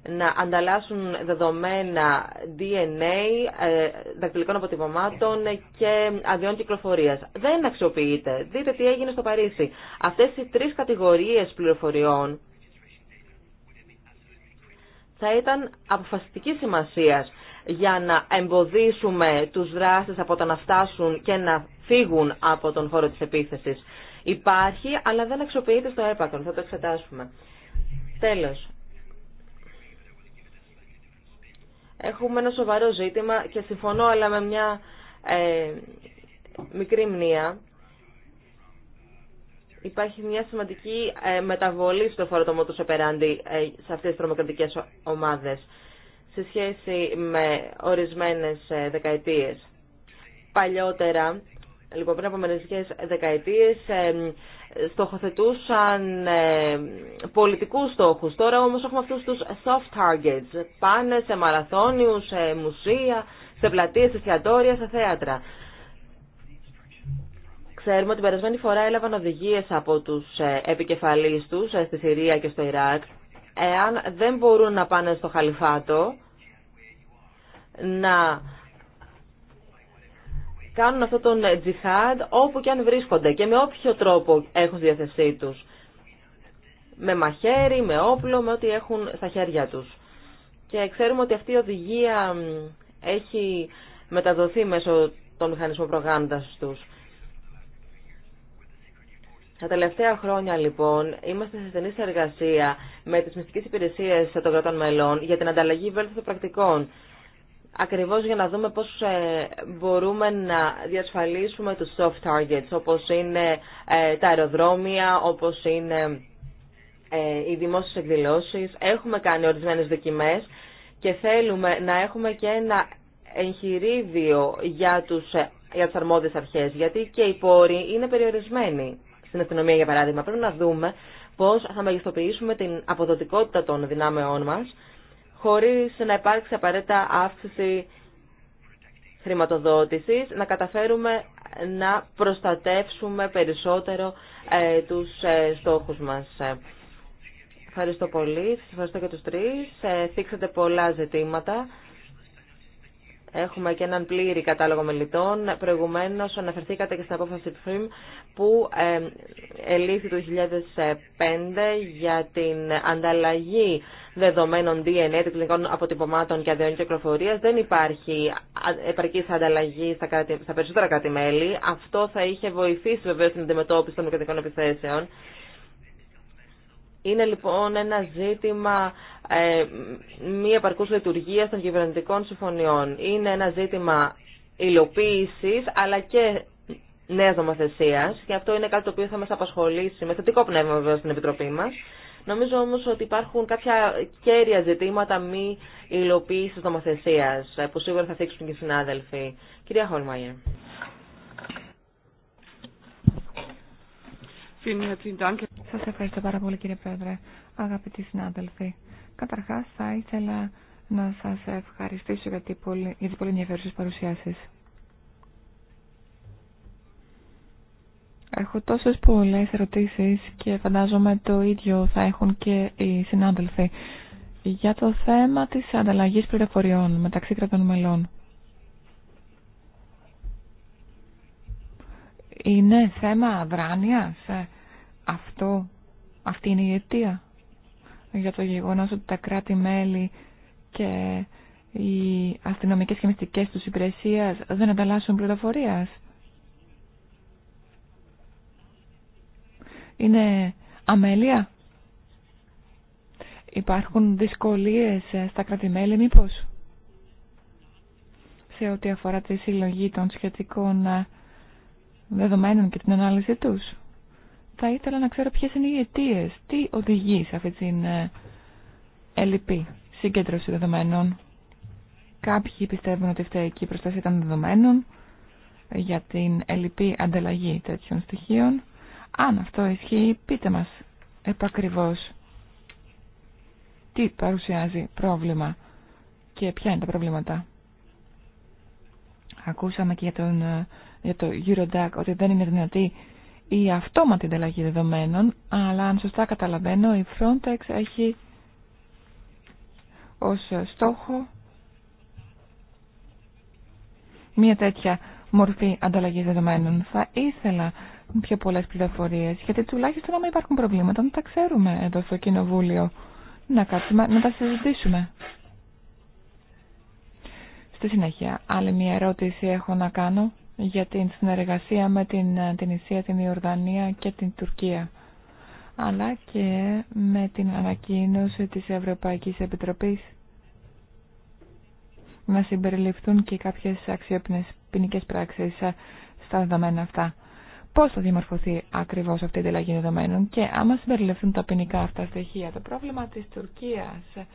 να ανταλλάσσουν δεδομένα DNA, ε, δακτυλικών αποτυπωμάτων και αδειών κυκλοφορίας. Δεν αξιοποιείται. Δείτε τι έγινε στο Παρίσι. Αυτές οι τρεις κατηγορίες πληροφοριών θα ήταν αποφασιστική σημασία για να εμποδίσουμε τους δράστες από το να φτάσουν και να φύγουν από τον χώρο της επίθεσης. Υπάρχει, αλλά δεν αξιοποιείται στο έπακρο. Θα το εξετάσουμε. Τέλος. Έχουμε ένα σοβαρό ζήτημα και συμφωνώ, αλλά με μια ε, μικρή μνήα υπάρχει μια σημαντική ε, μεταβολή στο φόρο του Σεπεράντη ε, σε αυτές τις τρομοκρατικές ομάδες σε σχέση με ορισμένες ε, δεκαετίες. Παλιότερα, λοιπόν πριν από μερικές δεκαετίες, στοχοθετούσαν πολιτικούς στόχους. Τώρα όμως έχουμε αυτούς τους soft targets. Πάνε σε μαραθώνιους, σε μουσεία, σε πλατείες, σε θεατόρια, σε θέατρα. Ξέρουμε ότι την περασμένη φορά έλαβαν οδηγίες από τους ε, επικεφαλείς τους ε, στη Συρία και στο Ιράκ. Εάν δεν μπορούν να πάνε στο Χαλιφάτο, να κάνουν αυτόν τον τζιχάντ όπου και αν βρίσκονται και με όποιο τρόπο έχουν στη διάθεσή του, Με μαχαίρι, με όπλο, με ό,τι έχουν στα χέρια τους. Και ξέρουμε ότι αυτή η οδηγία έχει μεταδοθεί μέσω των μηχανισμών προγάντας τους. Τα τελευταία χρόνια λοιπόν είμαστε σε στενή συνεργασία με τις μυστικές υπηρεσίες των κρατών μελών για την ανταλλαγή βέλτιστων πρακτικών. Ακριβώς για να δούμε πώς ε, μπορούμε να διασφαλίσουμε τους soft targets όπως είναι ε, τα αεροδρόμια, όπως είναι ε, οι δημόσιες εκδηλώσεις. Έχουμε κάνει ορισμένες δοκιμές και θέλουμε να έχουμε και ένα εγχειρίδιο για του για τις αρμόδιες γιατί και οι πόροι είναι περιορισμένοι στην αστυνομία, για παράδειγμα. Πρέπει να δούμε πώ θα μεγιστοποιήσουμε την αποδοτικότητα των δυνάμεών μα, χωρί να υπάρξει απαραίτητα αύξηση χρηματοδότηση, να καταφέρουμε να προστατεύσουμε περισσότερο ε, τους ε, στόχους μας. Ευχαριστώ πολύ. Σα ευχαριστώ και τους τρεις. Ε, θίξατε πολλά ζητήματα. Έχουμε και έναν πλήρη κατάλογο μελητών. Προηγουμένω αναφερθήκατε και στην απόφαση του ΦΥΜ που ελήφθη το 2005 για την ανταλλαγή δεδομένων DNA, των αποτυπωμάτων και αδειών κυκλοφορία. Δεν υπάρχει επαρκή ανταλλαγή στα, στα περισσότερα κράτη-μέλη. Αυτό θα είχε βοηθήσει βεβαίω την αντιμετώπιση των μικροτικών επιθέσεων. Είναι λοιπόν ένα ζήτημα ε, μη επαρκούς λειτουργίας των κυβερνητικών συμφωνιών. Είναι ένα ζήτημα υλοποίησης αλλά και νέα νομοθεσία και αυτό είναι κάτι το οποίο θα μας απασχολήσει με θετικό πνεύμα βέβαια στην Επιτροπή μας. Νομίζω όμως ότι υπάρχουν κάποια κέρια ζητήματα μη υλοποίηση νομοθεσία ε, που σίγουρα θα θίξουν και οι συνάδελφοι. Κυρία Χόλμαγερ. Σας ευχαριστώ πάρα πολύ κύριε Πρόεδρε, αγαπητοί συνάδελφοι. Καταρχάς θα ήθελα να σας ευχαριστήσω για τις πολύ, για τις πολύ ενδιαφέρουσες παρουσιάσεις. Έχω τόσες πολλές ερωτήσεις και φαντάζομαι το ίδιο θα έχουν και οι συνάδελφοι για το θέμα της ανταλλαγής πληροφοριών μεταξύ κρατών μελών. Είναι θέμα αδράνειας αυτό, αυτή είναι η αιτία για το γεγονός ότι τα κράτη-μέλη και οι αστυνομικές και μυστικές τους υπηρεσίες δεν ανταλλάσσουν πληροφορίας. Είναι αμέλεια. Υπάρχουν δυσκολίες στα κράτη-μέλη μήπως σε ό,τι αφορά τη συλλογή των σχετικών ε, δεδομένων και την ανάλυση τους θα ήθελα να ξέρω ποιες είναι οι αιτίε, τι οδηγεί σε αυτή την ελλειπή συγκέντρωση δεδομένων. Κάποιοι πιστεύουν ότι φταίει και η προστασία των δεδομένων ε, για την ελλειπή ανταλλαγή τέτοιων στοιχείων. Αν αυτό ισχύει, πείτε μας επακριβώς τι παρουσιάζει πρόβλημα και ποια είναι τα προβλήματα. Ακούσαμε και για, ε, για το Eurodac ότι δεν είναι δυνατή η αυτόματη ανταλλαγή δεδομένων, αλλά αν σωστά καταλαβαίνω η Frontex έχει ως στόχο μια τέτοια μορφή ανταλλαγή δεδομένων. Θα ήθελα πιο πολλές πληροφορίες, γιατί τουλάχιστον άμα υπάρχουν προβλήματα να τα ξέρουμε εδώ στο Κοινοβούλιο, να κάτσουμε να τα συζητήσουμε. Στη συνέχεια, άλλη μια ερώτηση έχω να κάνω για την συνεργασία με την, Ισία, την Ιορδανία και την Τουρκία αλλά και με την ανακοίνωση της Ευρωπαϊκής Επιτροπής να συμπεριληφθούν και κάποιες αξιόπινες ποινικέ πράξεις στα δεδομένα αυτά. Πώς θα διαμορφωθεί ακριβώς αυτή η τελαγή δεδομένων και άμα συμπεριληφθούν τα ποινικά αυτά στοιχεία. Το πρόβλημα της Τουρκίας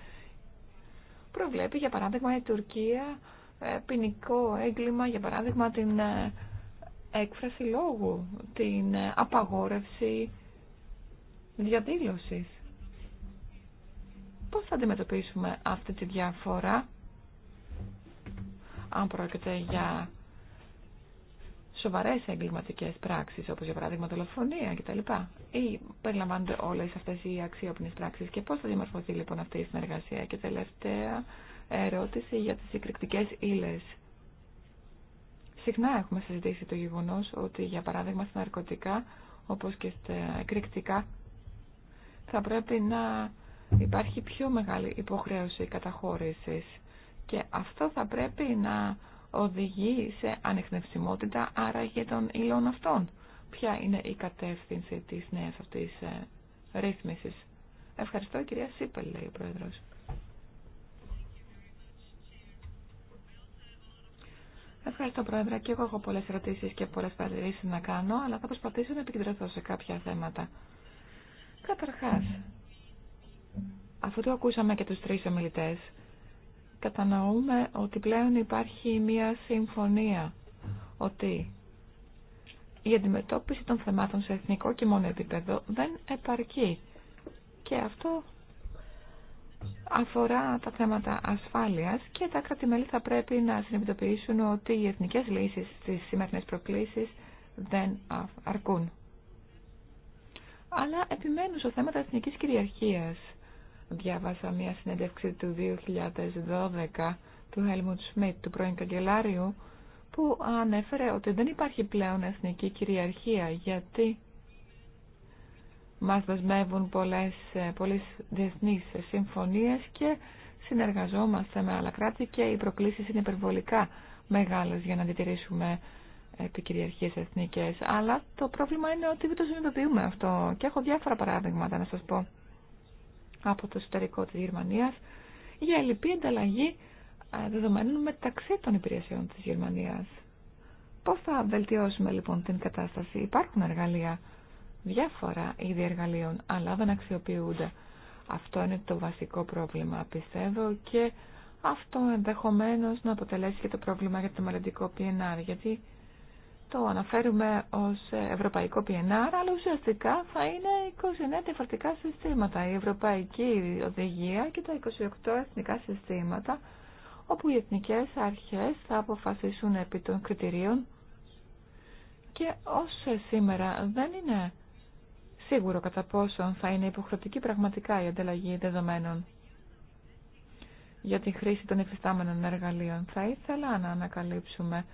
προβλέπει, για παράδειγμα, η Τουρκία ε, ποινικό έγκλημα, για παράδειγμα την ε, έκφραση λόγου, την ε, απαγόρευση διαδήλωσης. Πώς θα αντιμετωπίσουμε αυτή τη διαφορά, αν πρόκειται για σοβαρές εγκληματικές πράξεις, όπως για παράδειγμα δολοφονία κτλ. Ή περιλαμβάνονται όλες αυτές οι αξιόπινες πράξεις και πώς θα διαμορφωθεί λοιπόν αυτή η συνεργασία. Και τελευταία, ερώτηση για τις εκρηκτικές ύλες. Συχνά έχουμε συζητήσει το γεγονός ότι για παράδειγμα στα ναρκωτικά όπως και στα εκρηκτικά θα πρέπει να υπάρχει πιο μεγάλη υποχρέωση καταχώρησης και αυτό θα πρέπει να οδηγεί σε άρα άραγε των υλών αυτών. Ποια είναι η κατεύθυνση της νέας αυτής ε, ρύθμισης. Ευχαριστώ κυρία Σίπελ, λέει ο Πρόεδρος. Ευχαριστώ, Πρόεδρε. Και εγώ έχω πολλέ ερωτήσει και πολλέ παρατηρήσει να κάνω, αλλά θα προσπαθήσω να επικεντρωθώ σε κάποια θέματα. Καταρχά, αφού το ακούσαμε και του τρει ομιλητέ, κατανοούμε ότι πλέον υπάρχει μία συμφωνία ότι η αντιμετώπιση των θεμάτων σε εθνικό και μόνο επίπεδο δεν επαρκεί. Και αυτό αφορά τα θέματα ασφάλειας και τα κρατημέλη θα πρέπει να συνειδητοποιήσουν ότι οι εθνικές λύσεις στις σημερινές προκλήσεις δεν αρκούν. Αλλά επιμένουν στο θέμα της εθνικής κυριαρχίας. Διάβασα μια συνέντευξη του 2012 του Helmut Schmidt, του πρώην καγκελάριου, που ανέφερε ότι δεν υπάρχει πλέον εθνική κυριαρχία γιατί μας δεσμεύουν πολλές, ε, πολλές διεθνείς συμφωνίες και συνεργαζόμαστε με άλλα κράτη και οι προκλήσεις είναι υπερβολικά μεγάλες για να αντιτηρήσουμε επικυριαρχίες εθνικές. Αλλά το πρόβλημα είναι ότι δεν το συνειδητοποιούμε αυτό και έχω διάφορα παράδειγματα να σας πω από το εσωτερικό της Γερμανίας για ελληπή ανταλλαγή ε, δεδομένων μεταξύ των υπηρεσιών της Γερμανίας. Πώς θα βελτιώσουμε λοιπόν την κατάσταση. Υπάρχουν εργαλεία διάφορα είδη εργαλείων, αλλά δεν αξιοποιούνται. Αυτό είναι το βασικό πρόβλημα, πιστεύω, και αυτό ενδεχομένως να αποτελέσει και το πρόβλημα για το μελλοντικό PNR, γιατί το αναφέρουμε ως ευρωπαϊκό PNR, αλλά ουσιαστικά θα είναι 29 διαφορετικά συστήματα, η ευρωπαϊκή οδηγία και τα 28 εθνικά συστήματα, όπου οι εθνικές αρχές θα αποφασίσουν επί των κριτηρίων και όσο σήμερα δεν είναι σίγουρο κατά πόσον θα είναι υποχρεωτική πραγματικά η ανταλλαγή δεδομένων για τη χρήση των υφιστάμενων εργαλείων. Θα ήθελα να ανακαλύψουμε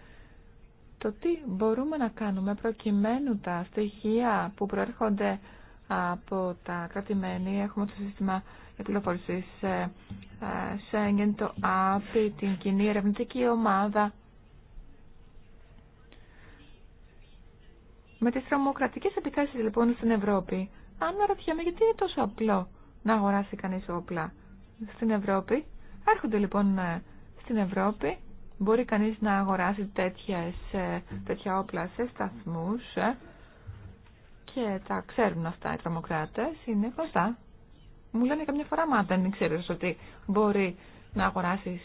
το τι μπορούμε να κάνουμε προκειμένου τα στοιχεία που προέρχονται από τα κρατημένη. Έχουμε το σύστημα σε Σέγγεν, το ΑΠΗ, την κοινή ερευνητική ομάδα Με τις τρομοκρατικές επιθέσεις λοιπόν στην Ευρώπη, αν ρωτιέμαι γιατί είναι τόσο απλό να αγοράσει κανείς όπλα στην Ευρώπη, έρχονται λοιπόν ε, στην Ευρώπη, μπορεί κανείς να αγοράσει ε, τέτοια όπλα σε σταθμούς ε, και τα ξέρουν αυτά οι τρομοκράτες, είναι γνωστά. Μου λένε καμιά φορά, μα δεν ξέρεις ότι μπορεί να αγοράσεις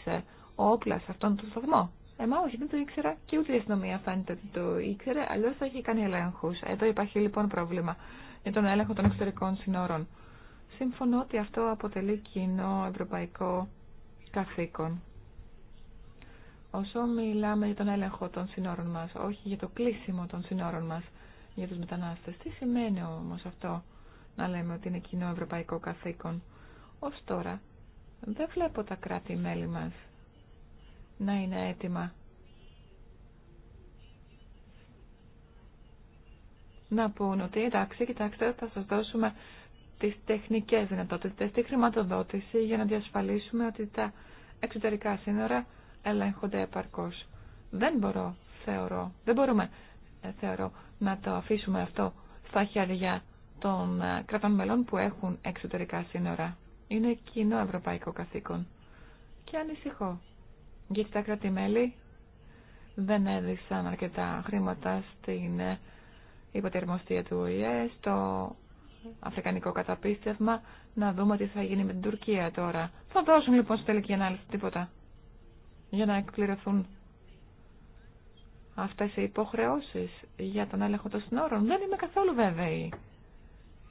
όπλα σε αυτόν τον σταθμό. Εμά όχι, δεν το ήξερα και ούτε η αστυνομία φαίνεται ότι το ήξερε, αλλιώ θα είχε κάνει ελέγχου. Εδώ υπάρχει λοιπόν πρόβλημα για τον έλεγχο των εξωτερικών συνόρων. Σύμφωνο ότι αυτό αποτελεί κοινό ευρωπαϊκό καθήκον. Όσο μιλάμε για τον έλεγχο των συνόρων μα, όχι για το κλείσιμο των συνόρων μα για του μετανάστε. τι σημαίνει όμω αυτό να λέμε ότι είναι κοινό ευρωπαϊκό καθήκον. Ω τώρα δεν βλέπω τα κράτη-μέλη μας να είναι έτοιμα. Να πούν ότι εντάξει, κοιτάξτε, θα σας δώσουμε τις τεχνικές δυνατότητες, τη χρηματοδότηση για να διασφαλίσουμε ότι τα εξωτερικά σύνορα ελέγχονται επαρκώς. Δεν μπορώ, θεωρώ, δεν μπορούμε, ε, θεωρώ, να το αφήσουμε αυτό στα χέρια των ε, κρατών μελών που έχουν εξωτερικά σύνορα. Είναι κοινό ευρωπαϊκό καθήκον. Και ανησυχώ γιατί τα κράτη-μέλη δεν έδειξαν αρκετά χρήματα στην ε, υποτερμοστία του ΟΗΕ, στο αφρικανικό καταπίστευμα, να δούμε τι θα γίνει με την Τουρκία τώρα. Θα δώσουν λοιπόν στη τελική ανάλυση τίποτα για να εκπληρωθούν αυτές οι υποχρεώσεις για τον έλεγχο των συνόρων. Δεν είμαι καθόλου βέβαιη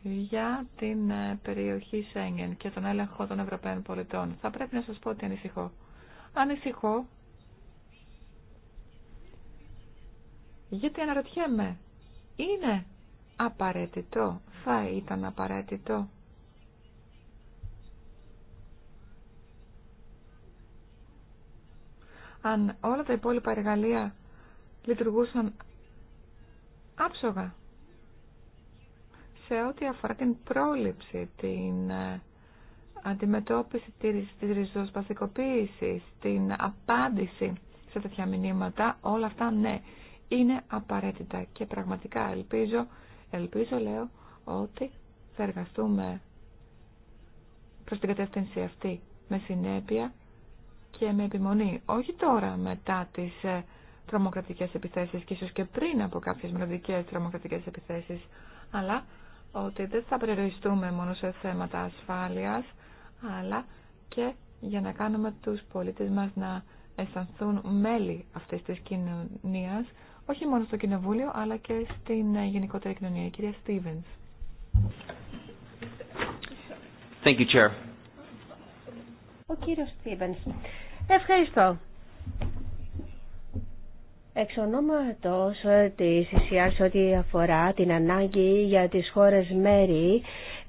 για την ε, περιοχή Σέγγεν και τον έλεγχο των Ευρωπαίων πολιτών. Θα πρέπει να σας πω ότι ανησυχώ ανησυχώ γιατί αναρωτιέμαι είναι απαραίτητο, θα ήταν απαραίτητο αν όλα τα υπόλοιπα εργαλεία λειτουργούσαν άψογα σε ό,τι αφορά την πρόληψη, την ε, αντιμετώπιση της ριζοσπαστικοποίηση, την απάντηση σε τέτοια μηνύματα, όλα αυτά ναι, είναι απαραίτητα και πραγματικά ελπίζω, ελπίζω λέω ότι θα εργαστούμε προς την κατεύθυνση αυτή με συνέπεια και με επιμονή, όχι τώρα μετά τις ε, τρομοκρατικές επιθέσεις και ίσως και πριν από κάποιες μελλοντικές τρομοκρατικές επιθέσεις, αλλά ότι δεν θα περιοριστούμε μόνο σε θέματα ασφάλειας, αλλά και για να κάνουμε τους πολίτες μας να αισθανθούν μέλη αυτής της κοινωνίας, όχι μόνο στο Κοινοβούλιο, αλλά και στην γενικότερη κοινωνία. Η κυρία Στίβενς. Thank Ο κύριος Στίβενς. Ευχαριστώ. Εξ ονόματος ε, της ΙΣΙΑΣ ό,τι αφορά την ανάγκη για τις χώρες μέρη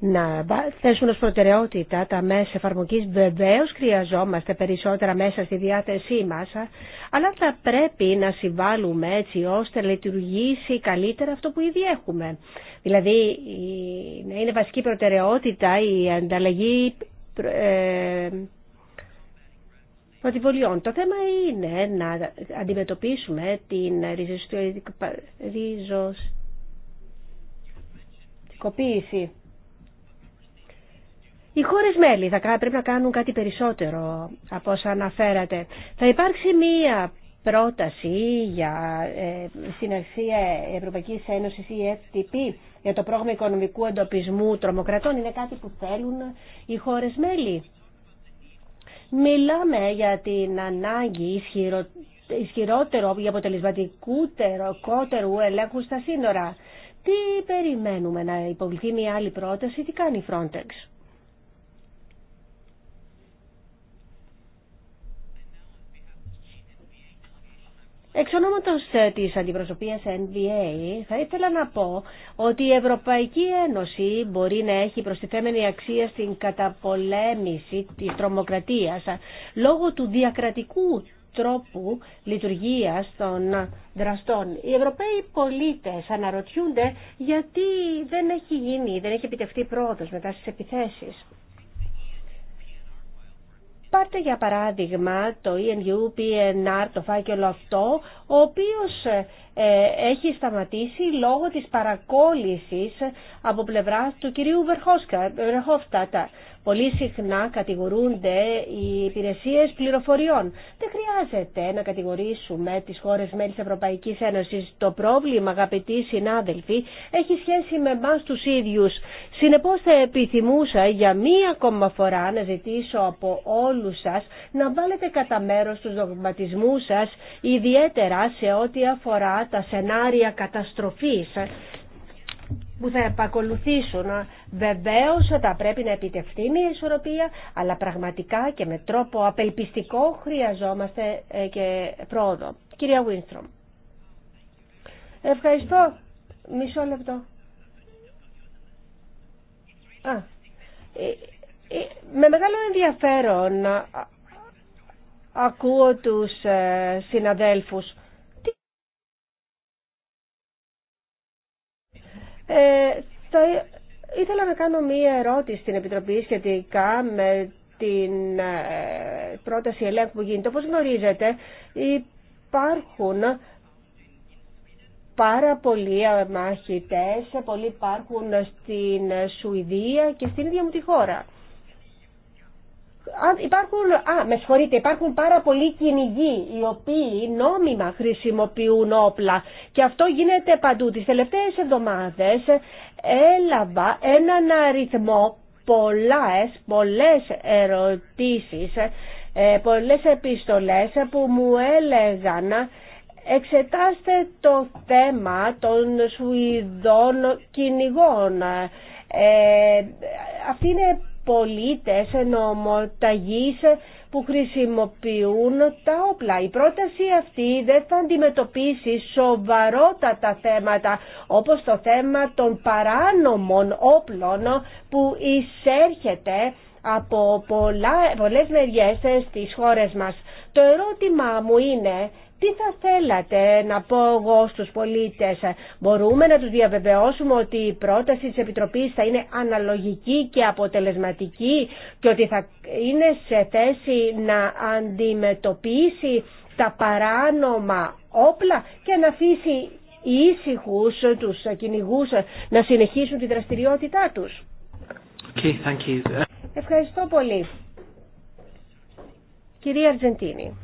να θέσουμε ως προτεραιότητα τα μέσα εφαρμογής. Βεβαίω χρειαζόμαστε περισσότερα μέσα στη διάθεσή μας, αλλά θα πρέπει να συμβάλλουμε έτσι ώστε να λειτουργήσει καλύτερα αυτό που ήδη έχουμε. Δηλαδή, να είναι βασική προτεραιότητα η ανταλλαγή ε, Πρωτιβολιών. Το θέμα είναι να αντιμετωπίσουμε την ριζοστικοποίηση. Οι χώρες μέλη θα πρέπει να κάνουν κάτι περισσότερο από όσα αναφέρατε. Θα υπάρξει μία πρόταση για ε, συνεργασία Ευρωπαϊκής Ένωσης ή FTP για το πρόγραμμα οικονομικού εντοπισμού τρομοκρατών. Είναι κάτι που θέλουν οι χώρες μέλη. Μιλάμε για την ανάγκη ισχυρο, ισχυρότερου ή αποτελεσματικότερο κότερου ελέγχου στα σύνορα. Τι περιμένουμε να υποβληθεί μια άλλη πρόταση, τι κάνει η Frontex. Εξ ονόματο ε, της αντιπροσωπεία NBA θα ήθελα να πω ότι η Ευρωπαϊκή Ένωση μπορεί να έχει προστιθέμενη αξία στην καταπολέμηση τη τρομοκρατίας ε, λόγω του διακρατικού τρόπου λειτουργία των δραστών. Οι Ευρωπαίοι πολίτε αναρωτιούνται γιατί δεν έχει γίνει, δεν έχει επιτευχθεί πρόοδο μετά στι επιθέσει. Πάρτε για παράδειγμα το ENU, PNR, το φάκελο αυτό, ο οποίος ε, ε, έχει σταματήσει λόγω της παρακόλλησης από πλευράς του κυρίου Βερχόφτατα. Πολύ συχνά κατηγορούνται οι υπηρεσίες πληροφοριών. Δεν χρειάζεται να κατηγορήσουμε τις χώρες μέλη της Ευρωπαϊκής Ένωσης. Το πρόβλημα, αγαπητοί συνάδελφοι, έχει σχέση με εμά τους ίδιους. Συνεπώς θα επιθυμούσα για μία ακόμα φορά να ζητήσω από όλους σας να βάλετε κατά μέρος τους δογματισμούς σας, ιδιαίτερα σε ό,τι αφορά τα σενάρια καταστροφής που θα επακολουθήσουν. Βεβαίω θα πρέπει να επιτευχθεί μια ισορροπία, αλλά πραγματικά και με τρόπο απελπιστικό χρειαζόμαστε ε, και πρόοδο. Κυρία Βίνστρομ. Ευχαριστώ. Μισό λεπτό. Ε, ε, με μεγάλο ενδιαφέρον ακούω τους συναδέλφους θα ε, ήθελα να κάνω μία ερώτηση στην Επιτροπή σχετικά με την ε, πρόταση ελέγχου που γίνεται. Όπως γνωρίζετε υπάρχουν πάρα πολλοί μαχητές, πολλοί υπάρχουν στην Σουηδία και στην ίδια μου τη χώρα υπάρχουν, α, με συγχωρείτε, υπάρχουν πάρα πολλοί κυνηγοί οι οποίοι νόμιμα χρησιμοποιούν όπλα και αυτό γίνεται παντού. Τις τελευταίες εβδομάδες έλαβα έναν αριθμό πολλές, πολλές ερωτήσεις, ε, πολλές επιστολές που μου έλεγαν εξετάστε το θέμα των Σουηδών κυνηγών. Ε, αυτή είναι πολίτες νομοταγείς που χρησιμοποιούν τα όπλα. Η πρόταση αυτή δεν θα αντιμετωπίσει σοβαρότατα θέματα όπως το θέμα των παράνομων όπλων που εισέρχεται από πολλά, πολλές μεριές στις χώρες μας. Το ερώτημά μου είναι τι θα θέλατε να πω εγώ στους πολίτες. Μπορούμε να τους διαβεβαιώσουμε ότι η πρόταση της Επιτροπής θα είναι αναλογική και αποτελεσματική και ότι θα είναι σε θέση να αντιμετωπίσει τα παράνομα όπλα και να αφήσει ήσυχους τους κυνηγούς να συνεχίσουν τη δραστηριότητά τους. Okay, thank you. Ευχαριστώ πολύ. Κυρία Αργεντίνη.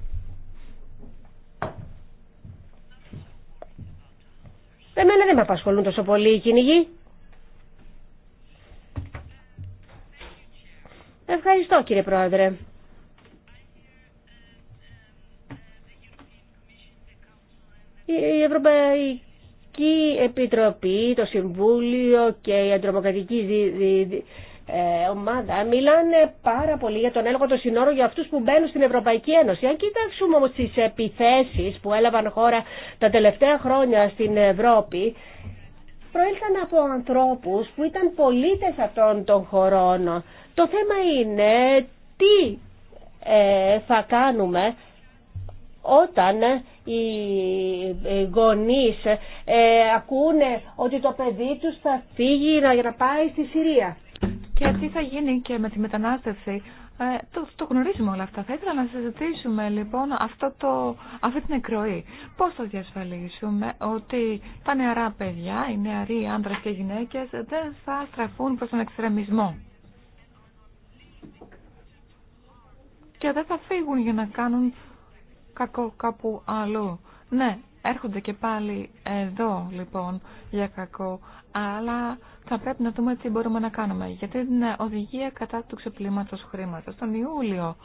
Εμένα δεν με απασχολούν τόσο πολύ οι κυνηγοί. Ευχαριστώ κύριε Πρόεδρε. Η Ευρωπαϊκή Επιτροπή, το Συμβούλιο και η Αντρομοκρατική ε, ομάδα μιλάνε πάρα πολύ για τον έλεγχο των συνόρων για αυτού που μπαίνουν στην Ευρωπαϊκή Ένωση. Αν κοιτάξουμε όμω τι επιθέσει που έλαβαν χώρα τα τελευταία χρόνια στην Ευρώπη, προήλθαν από ανθρώπου που ήταν πολίτε αυτών των χωρών. Το θέμα είναι τι ε, θα κάνουμε όταν οι ε, γονείς ακούνε ότι το παιδί τους θα φύγει για να πάει στη Συρία και τι θα γίνει και με τη μετανάστευση. Ε, το, το γνωρίζουμε όλα αυτά. Θα ήθελα να συζητήσουμε λοιπόν αυτό το, αυτή την εκροή. Πώς θα διασφαλίσουμε ότι τα νεαρά παιδιά, οι νεαροί άντρες και γυναίκες δεν θα στραφούν προς τον εξτρεμισμό. Και δεν θα φύγουν για να κάνουν κακό κάπου αλλού. Ναι, έρχονται και πάλι εδώ λοιπόν για κακό, αλλά θα πρέπει να δούμε τι μπορούμε να κάνουμε. Γιατί την οδηγία κατά του ξεπλήματο χρήματο. Τον Ιούλιο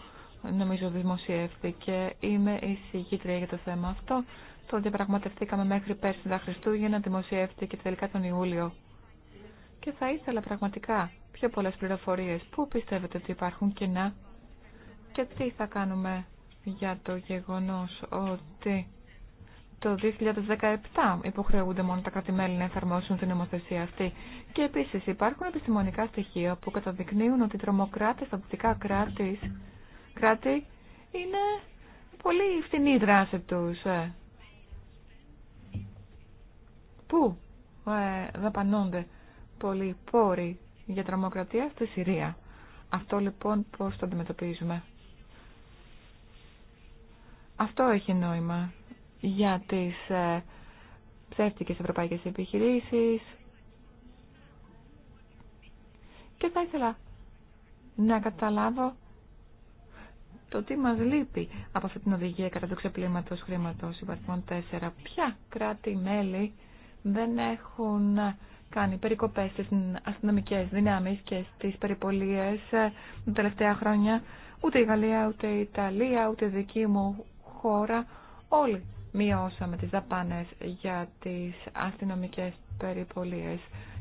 νομίζω δημοσιεύτηκε. Είμαι εισηγήτρια για το θέμα αυτό. Το διαπραγματευτήκαμε μέχρι πέρσι τα Χριστούγεννα, δημοσιεύτηκε τελικά τον Ιούλιο. Και θα ήθελα πραγματικά πιο πολλέ πληροφορίε. Πού πιστεύετε ότι υπάρχουν κενά και τι θα κάνουμε για το γεγονός ότι το 2017 υποχρεούνται μόνο τα κρατημέλη να εφαρμόσουν την νομοθεσία αυτή. Και επίσης υπάρχουν επιστημονικά στοιχεία που καταδεικνύουν ότι οι τρομοκράτε στα δυτικά κράτη, κράτη είναι πολύ φθηνή η δράση τους. Ε. Πού ε, δαπανώνται πολλοί πόροι για τρομοκρατία στη Συρία. Αυτό λοιπόν πώς το αντιμετωπίζουμε. Αυτό έχει νόημα για τις ε, ψεύτικες ευρωπαϊκές επιχειρήσεις και θα ήθελα να καταλάβω το τι μας λείπει από αυτή την οδηγία κατά του ξεπλήματος χρήματος υπαρχών 4. Ποια κράτη-μέλη δεν έχουν κάνει περικοπές στις αστυνομικές δυνάμεις και στις περιπολίες ε, τα τελευταία χρόνια. Ούτε η Γαλλία, ούτε η Ιταλία, ούτε δική μου χώρα. Όλοι μειώσαμε τις δαπάνες για τις αστυνομικές περιπολίες.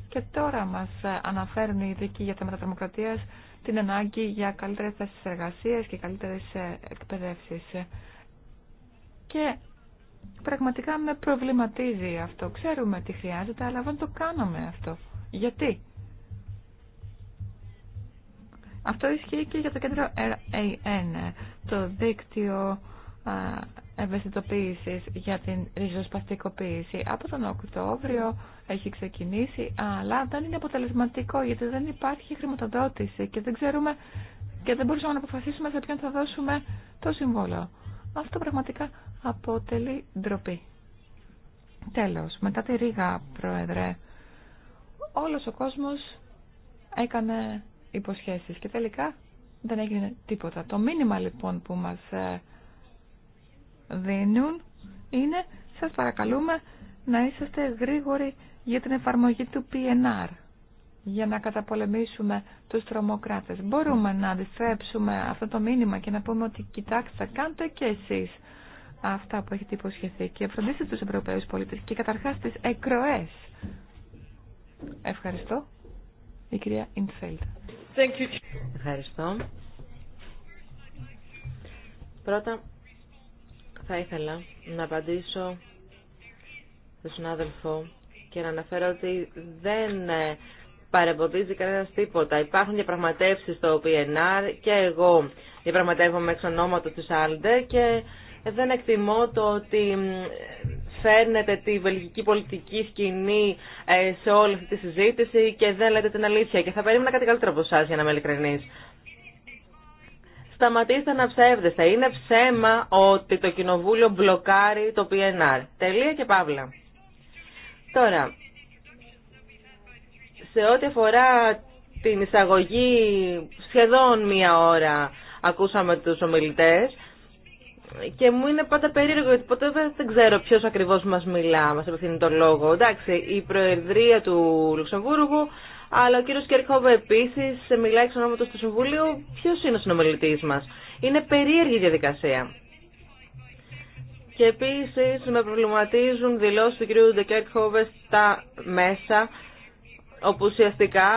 Και τώρα μας αναφέρουν οι ειδικοί για θέματα τρομοκρατίας την ανάγκη για καλύτερες θέσεις εργασίας και καλύτερες εκπαιδεύσεις. Και πραγματικά με προβληματίζει αυτό. Ξέρουμε τι χρειάζεται, αλλά δεν το κάνουμε αυτό. Γιατί? Αυτό ισχύει και για το κέντρο RAN, το δίκτυο ευαισθητοποίησης για την ριζοσπαστικοποίηση. Από τον Οκτώβριο έχει ξεκινήσει, αλλά δεν είναι αποτελεσματικό γιατί δεν υπάρχει χρηματοδότηση και δεν ξέρουμε και δεν μπορούσαμε να αποφασίσουμε σε ποιον θα δώσουμε το συμβόλαιο. Αυτό πραγματικά αποτελεί ντροπή. Τέλος, μετά τη Ρήγα, Πρόεδρε, όλος ο κόσμος έκανε υποσχέσεις και τελικά δεν έγινε τίποτα. Το μήνυμα λοιπόν που μας ε, δίνουν είναι σας παρακαλούμε να είσαστε γρήγοροι για την εφαρμογή του PNR για να καταπολεμήσουμε τους τρομοκράτες. Μπορούμε να αντιστρέψουμε αυτό το μήνυμα και να πούμε ότι κοιτάξτε, κάντε και εσείς αυτά που έχετε υποσχεθεί και φροντίστε τους Ευρωπαίους πολίτες και καταρχάς τις εκροές. Ευχαριστώ. Η κυρία Ινφέλτ. Ευχαριστώ. Πρώτα θα ήθελα να απαντήσω στον συνάδελφο και να αναφέρω ότι δεν ε, παρεμποδίζει κανένα τίποτα. Υπάρχουν διαπραγματεύσει στο PNR και εγώ διαπραγματεύομαι εξ ονόματο του Άλντε και δεν εκτιμώ το ότι φέρνετε τη βελγική πολιτική σκηνή ε, σε όλη αυτή τη συζήτηση και δεν λέτε την αλήθεια. Και θα περίμενα κάτι καλύτερο από εσά για να είμαι ειλικρινή σταματήστε να ψεύδεστε. Είναι ψέμα ότι το Κοινοβούλιο μπλοκάρει το PNR. Τελεία και παύλα. Τώρα, σε ό,τι αφορά την εισαγωγή σχεδόν μία ώρα ακούσαμε τους ομιλητές και μου είναι πάντα περίεργο γιατί ποτέ δεν ξέρω ποιος ακριβώς μας μιλά, μας απευθύνει τον λόγο. Εντάξει, η Προεδρία του Λουξεμβούργου αλλά ο κύριο Κέρκοβε επίση, μιλάει εξ ονόματο του Συμβουλίου. ποιο είναι ο συνομιλητή μα, Είναι περίεργη διαδικασία. Και επίση με προβληματίζουν δηλώσει του κυρίου Ντεκέρκοβ στα μέσα, όπου ουσιαστικά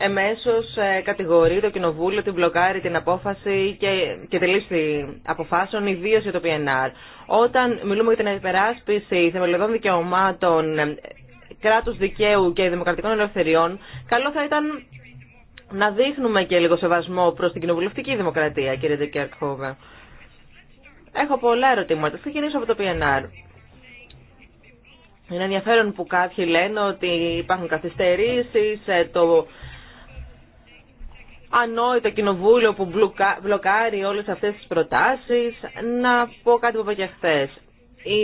εμέσως ε, κατηγορεί το Κοινοβούλιο, την μπλοκάρει την απόφαση και, και τη λήψη αποφάσεων, ιδίω για το PNR. Όταν μιλούμε για την υπεράσπιση θεμελιωδών δικαιωμάτων κράτους δικαίου και δημοκρατικών ελευθεριών, καλό θα ήταν να δείχνουμε και λίγο σεβασμό προς την κοινοβουλευτική δημοκρατία, κύριε Ντεκέρκχοβε. Έχω πολλά ερωτήματα. Θα ξεκινήσω από το PNR. Είναι ενδιαφέρον που κάποιοι λένε ότι υπάρχουν καθυστερήσεις, ε, το ανόητο κοινοβούλιο που μπλοκάρει όλες αυτές τις προτάσεις. Να πω κάτι που είπα και χθες. Η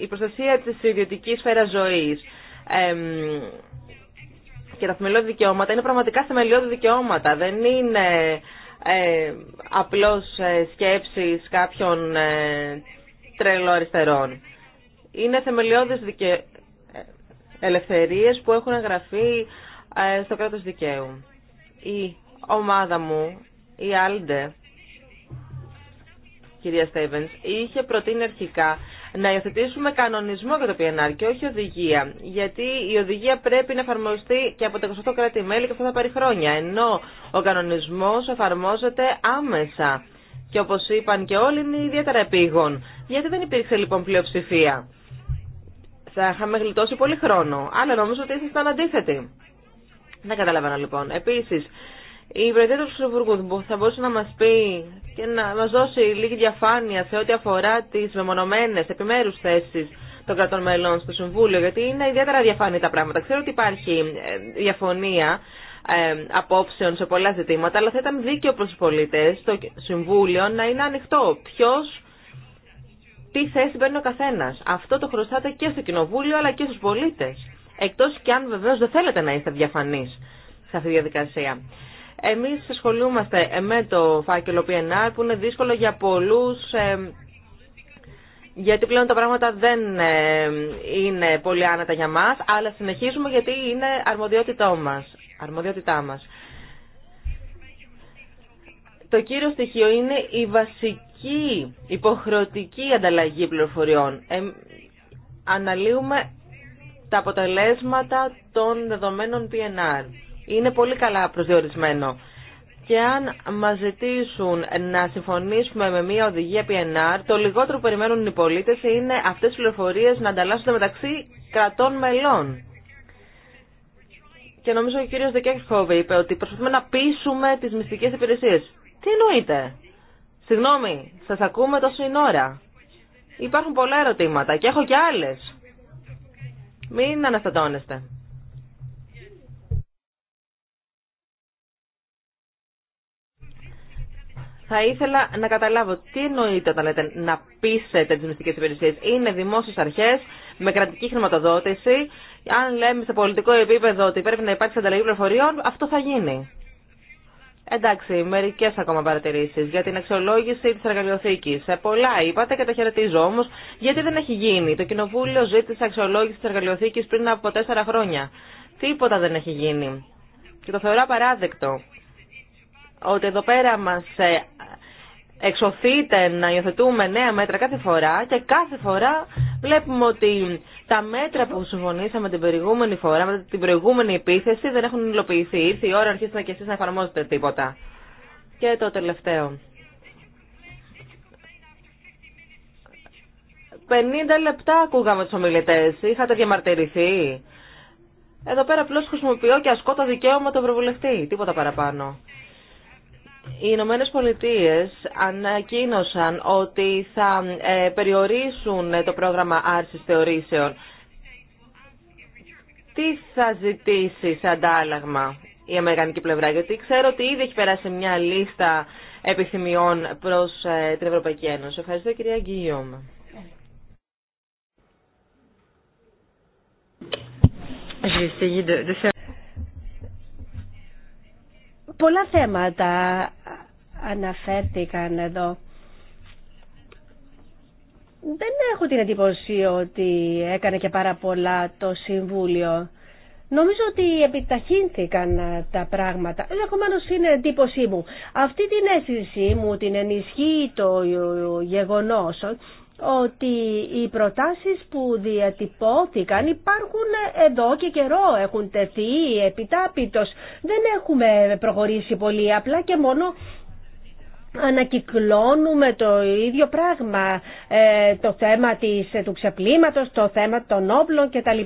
η προστασία της ιδιωτικής σφαίρας ζωής και τα θεμελιώδη δικαιώματα είναι πραγματικά θεμελιώδη δικαιώματα. Δεν είναι ε, απλώς ε, σκέψεις κάποιων ε, αριστερών. Είναι θεμελιώδες δικαι... Ε, ελευθερίες που έχουν εγγραφεί ε, στο κράτος δικαίου. Η ομάδα μου, η Άλντε, κυρία Στέβενς, είχε προτείνει αρχικά να υιοθετήσουμε κανονισμό για το PNR και όχι οδηγία. Γιατί η οδηγία πρέπει να εφαρμοστεί και από τα 28 κράτη-μέλη και αυτό θα πάρει χρόνια. Ενώ ο κανονισμό εφαρμόζεται άμεσα. Και όπω είπαν και όλοι, είναι ιδιαίτερα επίγον. Γιατί δεν υπήρξε λοιπόν πλειοψηφία. Θα είχαμε γλιτώσει πολύ χρόνο. Αλλά νομίζω ότι ήσασταν αντίθετοι. Δεν καταλαβαίνω λοιπόν. Επίση, η Βρετανία του Λουξεμβούργου θα μπορούσε να μα πει και να μα δώσει λίγη διαφάνεια σε ό,τι αφορά τι μεμονωμένε επιμέρου θέσει των κρατών μελών στο Συμβούλιο, γιατί είναι ιδιαίτερα διαφανή τα πράγματα. Ξέρω ότι υπάρχει ε, διαφωνία ε, απόψεων σε πολλά ζητήματα, αλλά θα ήταν δίκαιο προ του πολιτέ στο Συμβούλιο να είναι ανοιχτό. Ποιο, τι θέση παίρνει ο καθένα. Αυτό το χρωστάτε και στο Κοινοβούλιο, αλλά και στου πολίτε. Εκτό και αν βεβαίω δεν θέλετε να είστε διαφανεί σε αυτή τη διαδικασία. Εμείς ασχολούμαστε με το φάκελο PNR που είναι δύσκολο για πολλούς ε, γιατί πλέον τα πράγματα δεν ε, είναι πολύ άνετα για μας, αλλά συνεχίζουμε γιατί είναι αρμοδιότητά μας. Αρμοδιότητά μας. Το κύριο στοιχείο είναι η βασική υποχρεωτική ανταλλαγή πληροφοριών. Ε, αναλύουμε τα αποτελέσματα των δεδομένων PNR είναι πολύ καλά προσδιορισμένο. Και αν μα ζητήσουν να συμφωνήσουμε με μια οδηγία PNR, το λιγότερο που περιμένουν οι πολίτε είναι αυτέ τι πληροφορίε να ανταλλάσσονται μεταξύ κρατών μελών. Και νομίζω ο κύριο Δεκέχοβε είπε ότι προσπαθούμε να πείσουμε τι μυστικέ υπηρεσίε. Τι εννοείται. Συγγνώμη, σα ακούμε τόσο είναι ώρα. Υπάρχουν πολλά ερωτήματα και έχω και άλλε. Μην αναστατώνεστε. Θα ήθελα να καταλάβω τι εννοείται όταν λέτε να πείσετε τι μυστικέ υπηρεσίε. Είναι δημόσιε αρχέ με κρατική χρηματοδότηση. Αν λέμε σε πολιτικό επίπεδο ότι πρέπει να υπάρξει ανταλλαγή πληροφοριών, αυτό θα γίνει. Εντάξει, μερικέ ακόμα παρατηρήσει για την αξιολόγηση τη εργαλειοθήκη. Σε πολλά είπατε και τα χαιρετίζω όμω, γιατί δεν έχει γίνει. Το Κοινοβούλιο ζήτησε αξιολόγηση τη εργαλειοθήκη πριν από τέσσερα χρόνια. Τίποτα δεν έχει γίνει. Και το θεωρώ απαράδεκτο ότι εδώ πέρα μας ε, εξωθείτε να υιοθετούμε νέα μέτρα κάθε φορά και κάθε φορά βλέπουμε ότι τα μέτρα που συμφωνήσαμε την προηγούμενη φορά, με την προηγούμενη επίθεση δεν έχουν υλοποιηθεί. Ήρθε η ώρα αρχίσετε και εσείς να εφαρμόζετε τίποτα. Και το τελευταίο. 50 λεπτά ακούγαμε τους ομιλητές. Είχατε διαμαρτυρηθεί. Εδώ πέρα απλώ χρησιμοποιώ και ασκώ το δικαίωμα του Ευρωβουλευτή. Τίποτα παραπάνω. Οι Ηνωμένε Πολιτείε ανακοίνωσαν ότι θα ε, περιορίσουν ε, το πρόγραμμα άρση θεωρήσεων. Τι θα ζητήσει σε αντάλλαγμα η Αμερικανική πλευρά, γιατί ξέρω ότι ήδη έχει περάσει μια λίστα επιθυμιών προς ε, την Ευρωπαϊκή Ένωση. Ευχαριστώ κυρία Γκίγιομ. Πολλά θέματα αναφέρθηκαν εδώ. Δεν έχω την εντύπωση ότι έκανε και πάρα πολλά το Συμβούλιο. Νομίζω ότι επιταχύνθηκαν τα πράγματα. Ενδεχομένω είναι εντύπωσή μου. Αυτή την αίσθησή μου την ενισχύει το γεγονός ότι οι προτάσεις που διατυπώθηκαν υπάρχουν εδώ και καιρό, έχουν τεθεί επιτάπητος. Δεν έχουμε προχωρήσει πολύ, απλά και μόνο ανακυκλώνουμε το ίδιο πράγμα, ε, το θέμα της, ε, του ξεπλήματος, το θέμα των όπλων κτλ.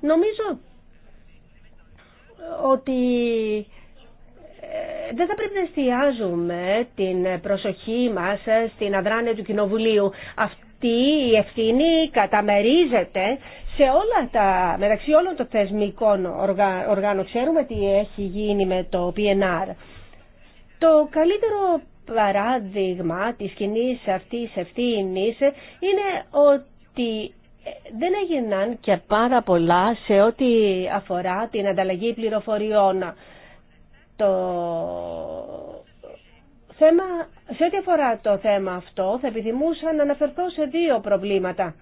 Νομίζω ότι ε, δεν θα πρέπει να εστιάζουμε την προσοχή μας στην αδράνεια του Κοινοβουλίου. Αυτή η ευθύνη καταμερίζεται σε όλα τα, μεταξύ όλων των θεσμικών οργάνων. Ξέρουμε τι έχει γίνει με το PNR. Το καλύτερο παράδειγμα της κοινή αυτής ευθύνη είναι ότι ε, δεν έγιναν και πάρα πολλά σε ό,τι αφορά την ανταλλαγή πληροφοριών. Το θέμα, σε ό,τι αφορά το θέμα αυτό, θα επιθυμούσα να αναφερθώ σε δύο προβλήματα.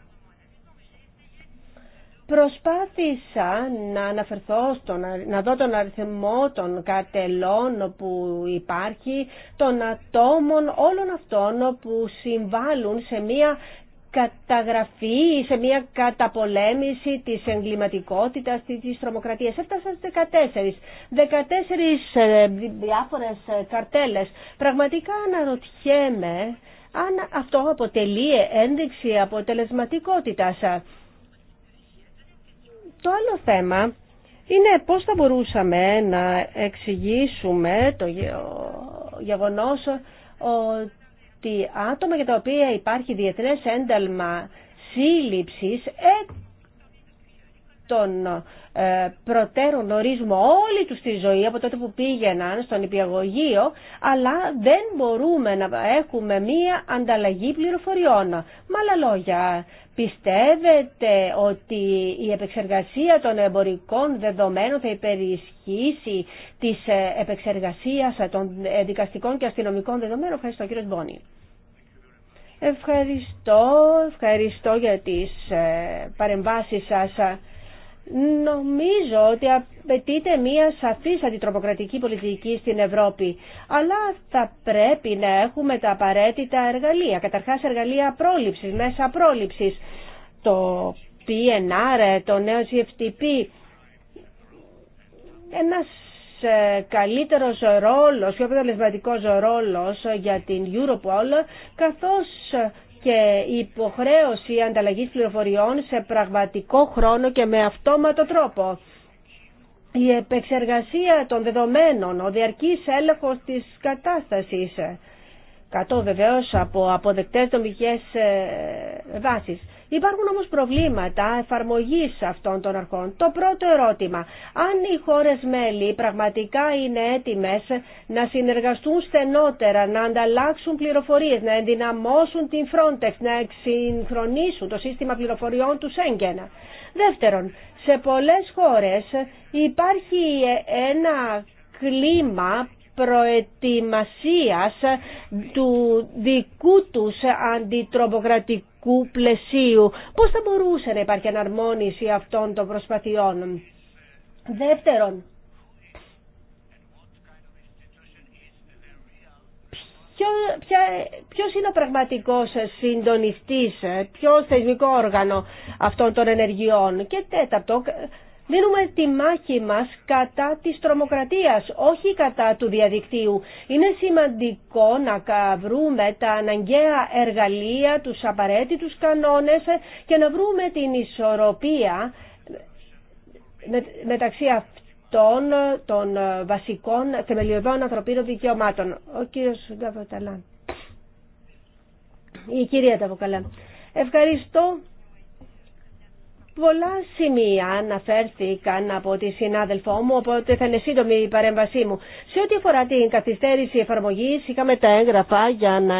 Προσπάθησα να αναφερθώ, στο, να δω τον αριθμό των κατελών που υπάρχει, των ατόμων όλων αυτών που συμβάλλουν σε μία καταγραφή σε μια καταπολέμηση της εγκληματικότητας, της τρομοκρατίας. Έφτασαν 14. 14 διάφορες ε, καρτέλες. Πραγματικά αναρωτιέμαι αν αυτό αποτελεί ένδειξη αποτελεσματικότητας. Το άλλο θέμα είναι πώς θα μπορούσαμε να εξηγήσουμε το γεγονός ότι ότι άτομα για τα οποία υπάρχει διεθνές ένταλμα σύλληψης ε, τον ε, προτέρων ορισμό όλη τους στη ζωή από τότε που πήγαιναν στον υπηαγωγείο αλλά δεν μπορούμε να έχουμε μία ανταλλαγή πληροφοριών. Με άλλα λόγια, πιστεύετε ότι η επεξεργασία των εμπορικών δεδομένων θα υπερισχύσει της ε, επεξεργασίας των δικαστικών και αστυνομικών δεδομένων. Ευχαριστώ κύριε Μπόνη. Ευχαριστώ, ευχαριστώ για τις ε, παρεμβάσεις σας. Νομίζω ότι απαιτείται μία σαφής αντιτροποκρατική πολιτική στην Ευρώπη, αλλά θα πρέπει να έχουμε τα απαραίτητα εργαλεία. Καταρχάς εργαλεία πρόληψης, μέσα πρόληψης, το PNR, το νέο CFTP, ένας ε, καλύτερος ρόλος, πιο αποτελεσματικός ρόλος για την Europol, καθώς και η υποχρέωση ανταλλαγής πληροφοριών σε πραγματικό χρόνο και με αυτόματο τρόπο. Η επεξεργασία των δεδομένων, ο διαρκής έλεγχος της κατάστασης, κατώ βεβαίως από αποδεκτές νομικές ε, βάσεις. Υπάρχουν όμως προβλήματα εφαρμογής αυτών των αρχών. Το πρώτο ερώτημα, αν οι χώρες μέλη πραγματικά είναι έτοιμες να συνεργαστούν στενότερα, να ανταλλάξουν πληροφορίες, να ενδυναμώσουν την Frontex, να εξυγχρονίσουν το σύστημα πληροφοριών του Σέγγεν. Δεύτερον, σε πολλές χώρες υπάρχει ένα κλίμα προετοιμασίας του δικού τους αντιτροποκρατικού νομικού πλαισίου. Πώς θα μπορούσε να υπάρχει αναρμόνιση αυτών των προσπαθειών. Δεύτερον, ποιο, ποια, ποιος είναι ο πραγματικός συντονιστής, ποιο θεσμικό όργανο αυτών των ενεργειών. Και τέταρτο, δίνουμε τη μάχη μας κατά της τρομοκρατίας, όχι κατά του διαδικτύου. Είναι σημαντικό να βρούμε τα αναγκαία εργαλεία, τους απαραίτητους κανόνες και να βρούμε την ισορροπία μεταξύ αυτών των βασικών θεμελιωδών ανθρωπίνων δικαιωμάτων. Ο κύριος Η κυρία Ευχαριστώ Πολλά σημεία αναφέρθηκαν από τη συνάδελφό μου, οπότε θα είναι σύντομη η παρέμβασή μου. Σε ό,τι αφορά την καθυστέρηση εφαρμογή, είχαμε τα έγγραφα για να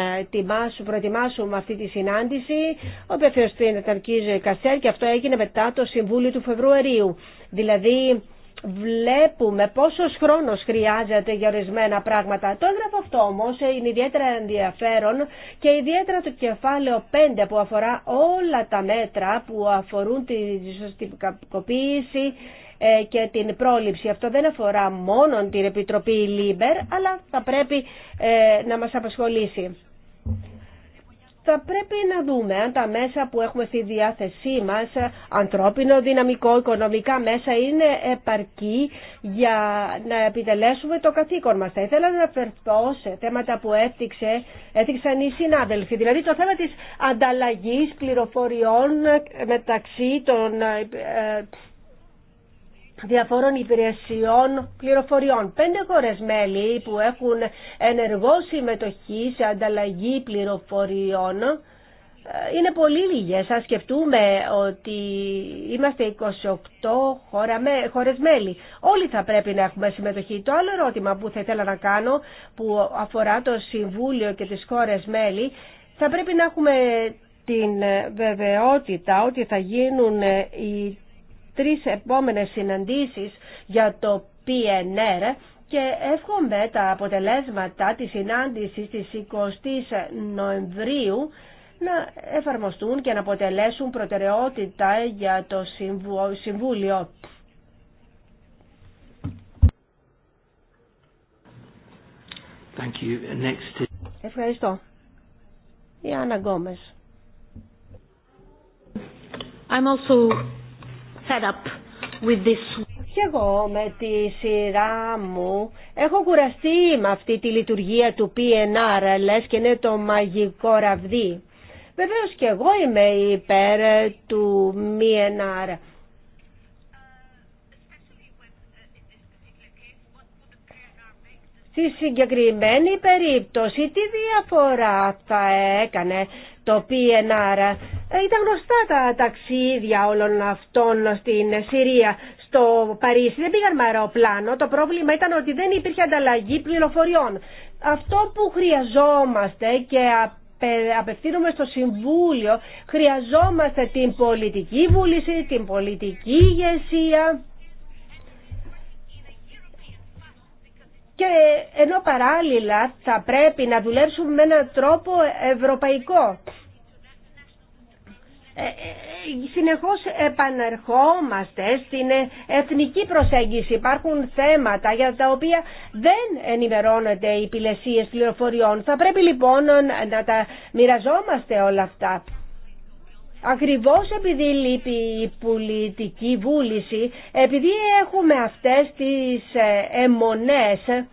προετοιμάσουμε αυτή τη συνάντηση. Ο υπεύθυνο είναι Ιντερνετ Καστέρ και αυτό έγινε μετά το Συμβούλιο του Φεβρουαρίου. Δηλαδή, βλέπουμε πόσος χρόνος χρειάζεται για ορισμένα πράγματα. Το έγγραφο αυτό όμως είναι ιδιαίτερα ενδιαφέρον και ιδιαίτερα το κεφάλαιο 5 που αφορά όλα τα μέτρα που αφορούν τη σωστικοποίηση ε, και την πρόληψη. Αυτό δεν αφορά μόνο την Επιτροπή Λίμπερ αλλά θα πρέπει ε, να μας απασχολήσει θα πρέπει να δούμε αν τα μέσα που έχουμε στη διάθεσή μας, ανθρώπινο, δυναμικό, οικονομικά μέσα, είναι επαρκή για να επιτελέσουμε το καθήκον μας. Θα ήθελα να αναφερθώ σε θέματα που έθιξε έφτιαξαν οι συνάδελφοι, δηλαδή το θέμα της ανταλλαγής πληροφοριών μεταξύ των ε, διαφόρων υπηρεσιών πληροφοριών. Πέντε χώρες μέλη που έχουν ενεργό συμμετοχή σε ανταλλαγή πληροφοριών ε, είναι πολύ λίγες. Αν σκεφτούμε ότι είμαστε 28 χώρα χώρες μέλη. Όλοι θα πρέπει να έχουμε συμμετοχή. Το άλλο ερώτημα που θα ήθελα να κάνω που αφορά το Συμβούλιο και τις χώρες μέλη θα πρέπει να έχουμε την βεβαιότητα ότι θα γίνουν οι τρεις επόμενες συναντήσεις για το PNR και εύχομαι τα αποτελέσματα της συνάντησης της 20ης Νοεμβρίου να εφαρμοστούν και να αποτελέσουν προτεραιότητα για το Συμβούλιο. Ευχαριστώ. Η Γκόμες. I'm also και εγώ με τη σειρά μου έχω κουραστεί με αυτή τη λειτουργία του PNR, λες και είναι το μαγικό ραβδί. Βεβαίως και εγώ είμαι υπέρ του MNR. Στη συγκεκριμένη περίπτωση τι διαφορά θα έκανε το PNR. Ε, ήταν γνωστά τα ταξίδια όλων αυτών στην Συρία. Στο Παρίσι δεν πήγαν με αεροπλάνο. Το πρόβλημα ήταν ότι δεν υπήρχε ανταλλαγή πληροφοριών. Αυτό που χρειαζόμαστε και απευθύνουμε στο Συμβούλιο, χρειαζόμαστε την πολιτική βούληση, την πολιτική ηγεσία και ενώ παράλληλα θα πρέπει να δουλέψουμε με έναν τρόπο ευρωπαϊκό. Ε, ε, συνεχώς επαναρχόμαστε στην εθνική προσέγγιση. Υπάρχουν θέματα για τα οποία δεν ενημερώνονται οι υπηρεσίε πληροφοριών. Θα πρέπει λοιπόν να τα μοιραζόμαστε όλα αυτά. Ακριβώς επειδή λείπει η πολιτική βούληση, επειδή έχουμε αυτές τις εμονές,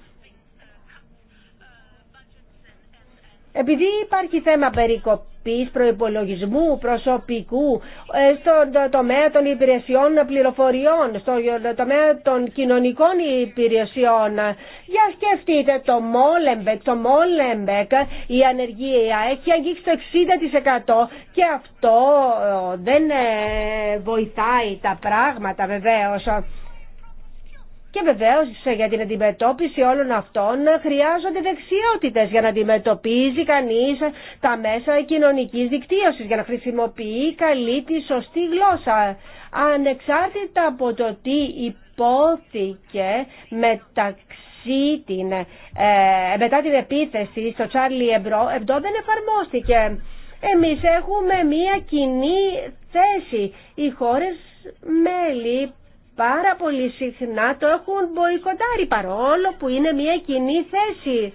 επειδή υπάρχει θέμα περικοπή περικοπής προϋπολογισμού προσωπικού ε, στον τομέα των υπηρεσιών πληροφοριών, στον τομέα των κοινωνικών υπηρεσιών. Για σκεφτείτε το Μόλεμπεκ, το Μόλεμπεκ η ανεργία έχει αγγίξει το 60% και αυτό ε, δεν ε, βοηθάει τα πράγματα βεβαίως. Και βεβαίως για την αντιμετώπιση όλων αυτών χρειάζονται δεξιότητες για να αντιμετωπίζει κανείς τα μέσα κοινωνικής δικτύωσης, για να χρησιμοποιεί καλή τη σωστή γλώσσα. Ανεξάρτητα από το τι υπόθηκε μεταξύ την, ε, μετά την επίθεση στο Τσάρλι Εμπρό δεν εφαρμόστηκε. Εμείς έχουμε μία κοινή θέση. Οι χώρες μέλη πάρα πολύ συχνά το έχουν μποϊκοτάρει παρόλο που είναι μια κοινή θέση.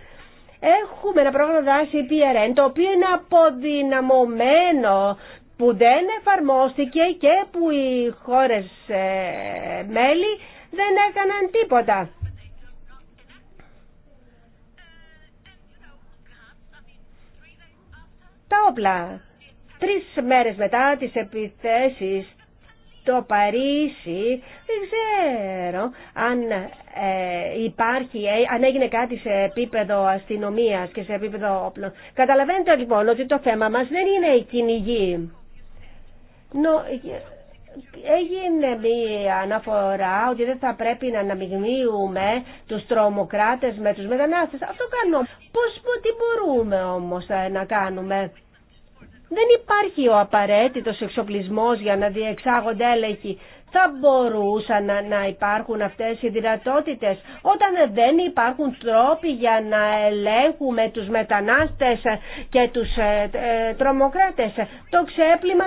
Έχουμε ένα πρόγραμμα δράση PRN το οποίο είναι αποδυναμωμένο που δεν εφαρμόστηκε και που οι χώρες ε, μέλη δεν έκαναν τίποτα. Τα όπλα. Τρεις μέρες μετά τις επιθέσεις το Παρίσι δεν ξέρω αν ε, υπάρχει, ε, αν έγινε κάτι σε επίπεδο αστυνομίας και σε επίπεδο όπλων. Καταλαβαίνετε λοιπόν ότι το θέμα μας δεν είναι η κυνηγή. Νο, έγινε μία αναφορά ότι δεν θα πρέπει να αναμειγνύουμε τους τρομοκράτες με τους μετανάστες. Αυτό κάνουμε. Πώς, τι μπορούμε όμως ε, να κάνουμε δεν υπάρχει ο απαραίτητος εξοπλισμός για να διεξάγονται έλεγχοι. Θα μπορούσαν να, υπάρχουν αυτές οι δυνατότητες όταν δεν υπάρχουν τρόποι για να ελέγχουμε τους μετανάστες και τους ε, ε τρομοκράτες. Το ξέπλυμα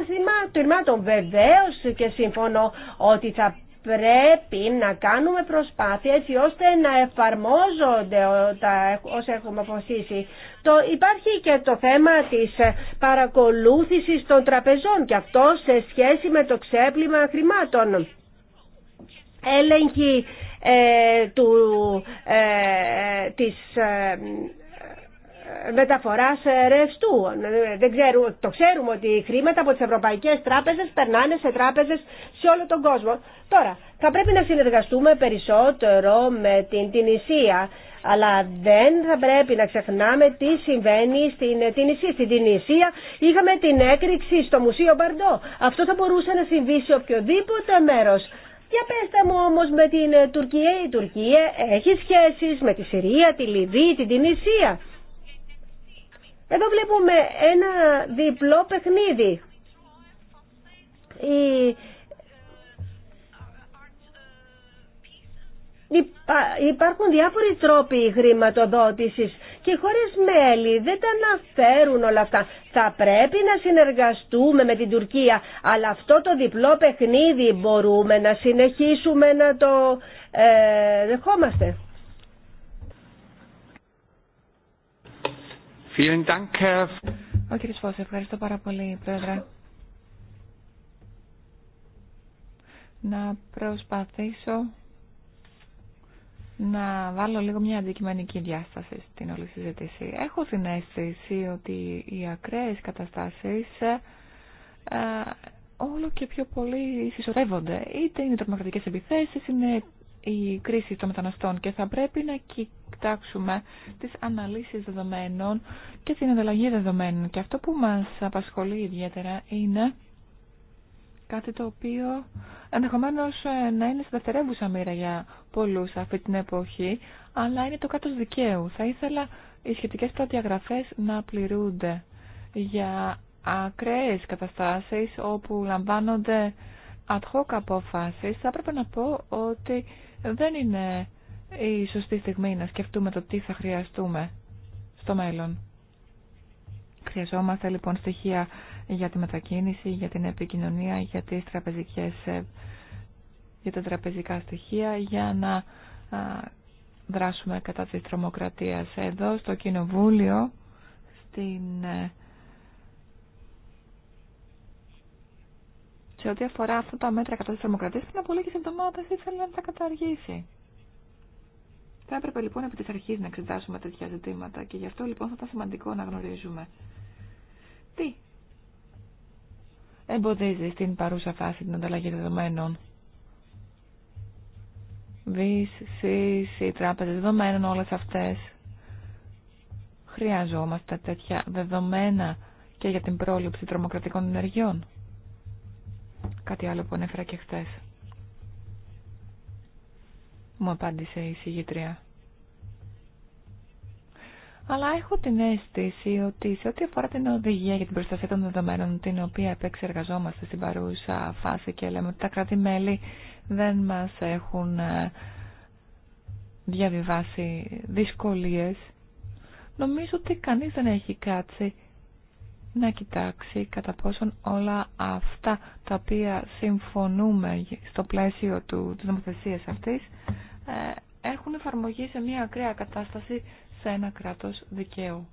θυμάτων βεβαίως και συμφωνώ ότι θα πρέπει να κάνουμε προσπάθεια έτσι ώστε να εφαρμόζονται τα, όσα έχουμε αποφασίσει. Το, υπάρχει και το θέμα της ε, παρακολούθησης των τραπεζών και αυτό σε σχέση με το ξέπλυμα χρημάτων. Έλεγχη ε, ε, της, Μεταφορά ε, ρευστού. Δεν ξέρουμε, το ξέρουμε ότι οι χρήματα από τι ευρωπαϊκέ τράπεζε περνάνε σε τράπεζε σε όλο τον κόσμο. Τώρα, θα πρέπει να συνεργαστούμε περισσότερο με την Τινησία, αλλά δεν θα πρέπει να ξεχνάμε τι συμβαίνει στην ε, Τινησία. Στην Τινησία είχαμε την έκρηξη στο Μουσείο Μπαρντό. Αυτό θα μπορούσε να συμβεί σε οποιοδήποτε μέρο. Για πέστε μου όμω με την ε, Τουρκία, η Τουρκία έχει σχέσει με τη Συρία, τη Λιβύη, την Τινησία. Εδώ βλέπουμε ένα διπλό παιχνίδι. Η... Υπάρχουν διάφοροι τρόποι χρηματοδότησης και οι χώρες μέλη δεν τα αναφέρουν όλα αυτά. Θα πρέπει να συνεργαστούμε με την Τουρκία, αλλά αυτό το διπλό παιχνίδι μπορούμε να συνεχίσουμε να το ε, δεχόμαστε. Ο κύριος ευχαριστώ πάρα πολύ, Πρόεδρε. Να προσπαθήσω να βάλω λίγο μια αντικειμενική διάσταση στην όλη συζήτηση. Έχω την αίσθηση ότι οι ακραίες καταστάσεις ε, ε, όλο και πιο πολύ συσσωρεύονται. Είτε είναι τρομοκρατικές επιθέσεις, είναι η κρίση των μεταναστών και θα πρέπει να κοιτάξουμε τις αναλύσεις δεδομένων και την ανταλλαγή δεδομένων. Και αυτό που μας απασχολεί ιδιαίτερα είναι κάτι το οποίο ενδεχομένω ε, να είναι σε δευτερεύουσα μοίρα για πολλούς αυτή την εποχή, αλλά είναι το κάτω δικαίου. Θα ήθελα οι σχετικές προδιαγραφέ να πληρούνται για ακραίε καταστάσεις όπου λαμβάνονται ad hoc αποφάσεις. Θα έπρεπε να πω ότι δεν είναι η σωστή στιγμή να σκεφτούμε το τι θα χρειαστούμε στο μέλλον. Χρειαζόμαστε λοιπόν στοιχεία για τη μετακίνηση, για την επικοινωνία, για τις τραπεζικές, ε, για τα τραπεζικά στοιχεία, για να δράσουμε κατά της τρομοκρατίας εδώ στο Κοινοβούλιο, στην ε, σε ό,τι αφορά αυτά τα μέτρα κατά της είναι πριν από λίγες εβδομάδες ήθελε να τα καταργήσει. Θα έπρεπε λοιπόν επί τη αρχής να εξετάσουμε τέτοια ζητήματα και γι' αυτό λοιπόν θα ήταν σημαντικό να γνωρίζουμε. Τι εμποδίζει στην παρούσα φάση την ανταλλαγή δεδομένων. VCC, οι τράπεζες δεδομένων, όλες αυτές. Χρειαζόμαστε τέτοια δεδομένα και για την πρόληψη τρομοκρατικών ενεργειών. Κάτι άλλο που ανέφερα και χθε. Μου απάντησε η συγγήτρια. Αλλά έχω την αίσθηση ότι σε ό,τι αφορά την οδηγία για την προστασία των δεδομένων, την οποία επεξεργαζόμαστε στην παρούσα φάση και λέμε ότι τα κράτη-μέλη δεν μας έχουν ε, διαβιβάσει δυσκολίες, νομίζω ότι κανείς δεν έχει κάτσει να κοιτάξει κατά πόσον όλα αυτά τα οποία συμφωνούμε στο πλαίσιο του, της νομοθεσίας αυτής ε, έχουν εφαρμογή σε μια ακραία κατάσταση σε ένα κράτος δικαίου.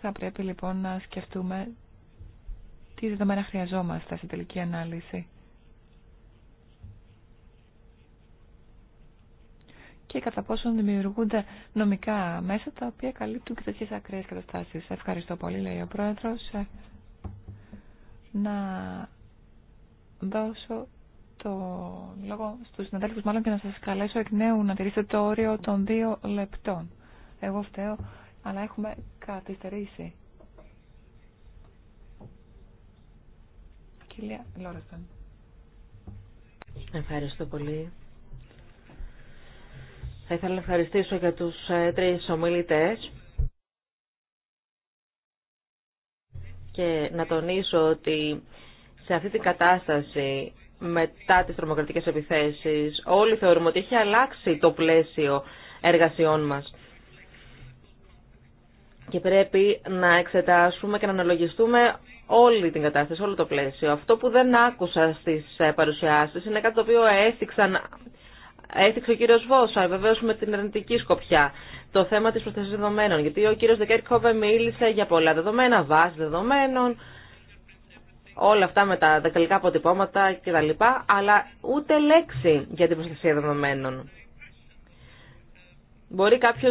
Θα πρέπει λοιπόν να σκεφτούμε τι δεδομένα χρειαζόμαστε στην τελική ανάλυση. και κατά πόσον δημιουργούνται νομικά μέσα τα οποία καλύπτουν και τέτοιε ακραίε καταστάσει. Ευχαριστώ πολύ, λέει ο πρόεδρο, Να δώσω το λόγο στους συναδέλφους μάλλον και να σας καλέσω εκ νέου να τηρήσετε το όριο των δύο λεπτών. Εγώ φταίω, αλλά έχουμε καθυστερήσει. Κυρία Λόρεσταν. Ευχαριστώ πολύ. Θα ήθελα να ευχαριστήσω για τους ε, τρεις ομιλητές και να τονίσω ότι σε αυτή την κατάσταση μετά τις τρομοκρατικές επιθέσεις όλοι θεωρούμε ότι έχει αλλάξει το πλαίσιο εργασιών μας. Και πρέπει να εξετάσουμε και να αναλογιστούμε όλη την κατάσταση, όλο το πλαίσιο. Αυτό που δεν άκουσα στις ε, παρουσιάσεις είναι κάτι το οποίο Έφτιαξε ο κύριο Βόσα, βεβαίω με την αρνητική σκοπιά, το θέμα τη προστασία δεδομένων. Γιατί ο κύριο Δεκέρκοβε μίλησε για πολλά δεδομένα, βάση δεδομένων, όλα αυτά με τα δεκαλικά αποτυπώματα κτλ. Αλλά ούτε λέξη για την προστασία δεδομένων. Μπορεί κάποιο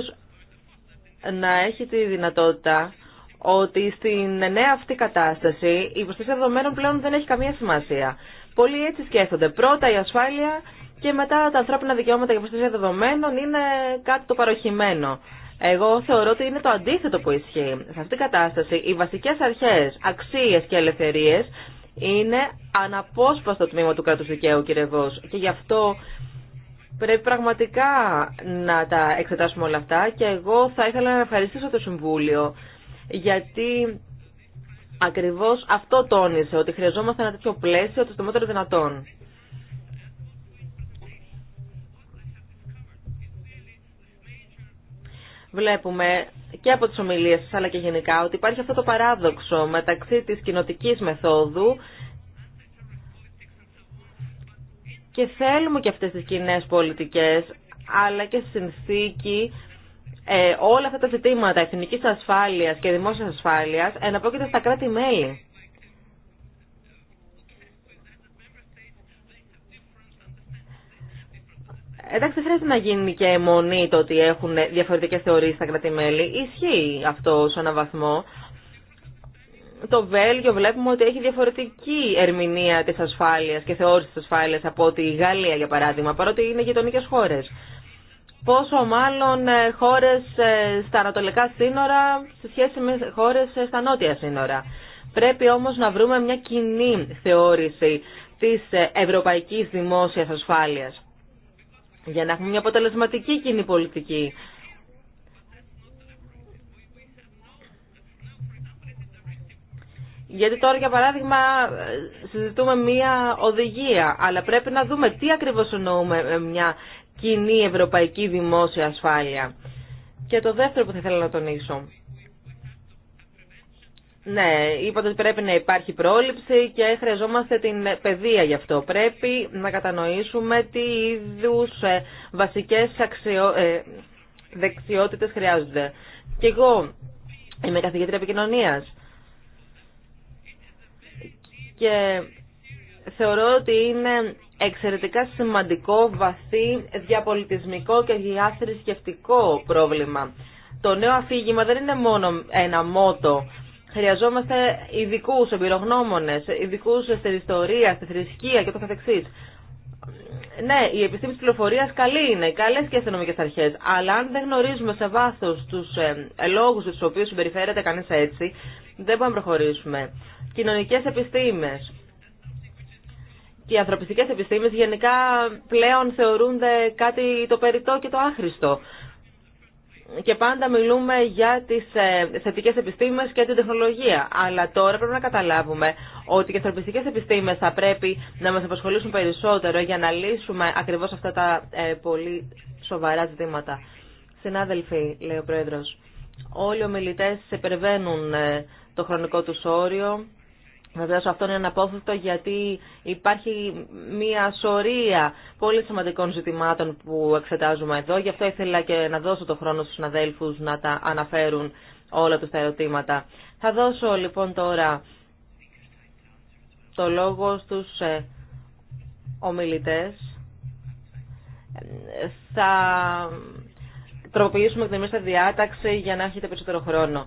να έχει τη δυνατότητα ότι στην νέα αυτή κατάσταση η προστασία δεδομένων πλέον δεν έχει καμία σημασία. Πολλοί έτσι σκέφτονται. Πρώτα η ασφάλεια και μετά τα ανθρώπινα δικαιώματα και προστασία δεδομένων είναι κάτι το παροχημένο. Εγώ θεωρώ ότι είναι το αντίθετο που ισχύει. Σε αυτήν την κατάσταση οι βασικές αρχές, αξίες και ελευθερίες είναι αναπόσπαστο τμήμα του κράτους δικαίου, κύριε Βος. Και γι' αυτό πρέπει πραγματικά να τα εξετάσουμε όλα αυτά και εγώ θα ήθελα να ευχαριστήσω το Συμβούλιο γιατί ακριβώς αυτό τόνισε ότι χρειαζόμαστε ένα τέτοιο πλαίσιο το στομότερο δυνατόν. βλέπουμε και από τις ομιλίες σας αλλά και γενικά ότι υπάρχει αυτό το παράδοξο μεταξύ της κοινοτικής μεθόδου και θέλουμε και αυτές τις κοινέ πολιτικές αλλά και συνθήκη ε, όλα αυτά τα ζητήματα εθνικής ασφάλειας και δημόσιας ασφάλειας εναπόκειται στα κράτη-μέλη. Εντάξει, δεν χρειάζεται να γίνει και αιμονή το ότι έχουν διαφορετικέ θεωρίε στα κρατημέλη. Ισχύει αυτό σε έναν βαθμό. Το Βέλγιο βλέπουμε ότι έχει διαφορετική ερμηνεία τη ασφάλεια και θεώρηση τη ασφάλεια από ότι η Γαλλία, για παράδειγμα, παρότι είναι γειτονικέ χώρε. Πόσο μάλλον ε, χώρε ε, στα ανατολικά σύνορα σε σχέση με χώρε ε, στα νότια σύνορα. Πρέπει όμω να βρούμε μια κοινή θεώρηση της Ευρωπαϊκή δημόσια ασφάλεια για να έχουμε μια αποτελεσματική κοινή πολιτική. Γιατί τώρα, για παράδειγμα, συζητούμε μία οδηγία, αλλά πρέπει να δούμε τι ακριβώς εννοούμε με μια κοινή ευρωπαϊκή δημόσια ασφάλεια. Και το δεύτερο που θα ήθελα να τονίσω. Ναι, είπατε ότι πρέπει να υπάρχει πρόληψη και χρειαζόμαστε την παιδεία γι' αυτό. Πρέπει να κατανοήσουμε τι είδου ε, βασικές αξιο... Ε, δεξιότητες χρειάζονται. Και εγώ είμαι καθηγήτρια επικοινωνία. και θεωρώ ότι είναι εξαιρετικά σημαντικό, βαθύ, διαπολιτισμικό και διάθρησκευτικό πρόβλημα. Το νέο αφήγημα δεν είναι μόνο ένα μότο Χρειαζόμαστε ειδικού εμπειρογνώμονε, ειδικού στην ιστορία, στη θρησκεία και το Ναι, η επιστήμη τη πληροφορία καλή είναι, καλέ και αστυνομικέ αρχέ. Αλλά αν δεν γνωρίζουμε σε βάθο του ε, λόγου του οποίου συμπεριφέρεται κανεί έτσι, δεν μπορούμε να προχωρήσουμε. Κοινωνικέ επιστήμε και οι ανθρωπιστικέ επιστήμε γενικά πλέον θεωρούνται κάτι το περιττό και το άχρηστο και πάντα μιλούμε για τις ε, θετικές επιστήμες και την τεχνολογία. Αλλά τώρα πρέπει να καταλάβουμε ότι και οι ανθρωπιστικές επιστήμες θα πρέπει να μας απασχολήσουν περισσότερο για να λύσουμε ακριβώς αυτά τα ε, πολύ σοβαρά ζητήματα. Συνάδελφοι, λέει ο Πρόεδρος, όλοι οι ομιλητές υπερβαίνουν ε, το χρονικό τους όριο. Βεβαίω αυτό είναι αναπόφευκτο γιατί υπάρχει μία σωρία πολύ σημαντικών ζητημάτων που εξετάζουμε εδώ. Γι' αυτό ήθελα και να δώσω το χρόνο στους συναδέλφους να τα αναφέρουν όλα τους τα ερωτήματα. Θα δώσω λοιπόν τώρα το λόγο στους ε, ομιλητές. Θα τροποποιήσουμε την εμείς διάταξη για να έχετε περισσότερο χρόνο.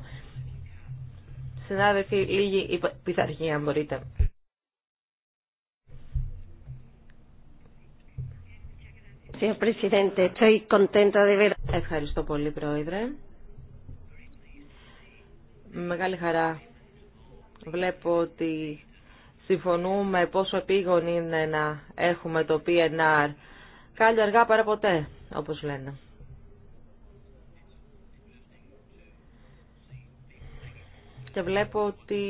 Συνάδελφοι, λίγη πειθαρχία, αν μπορείτε. Ευχαριστώ πολύ, Πρόεδρε. μεγάλη χαρά βλέπω ότι συμφωνούμε πόσο επίγον είναι να έχουμε το PNR. κάλιο αργά παρά ποτέ, όπως λένε. και βλέπω ότι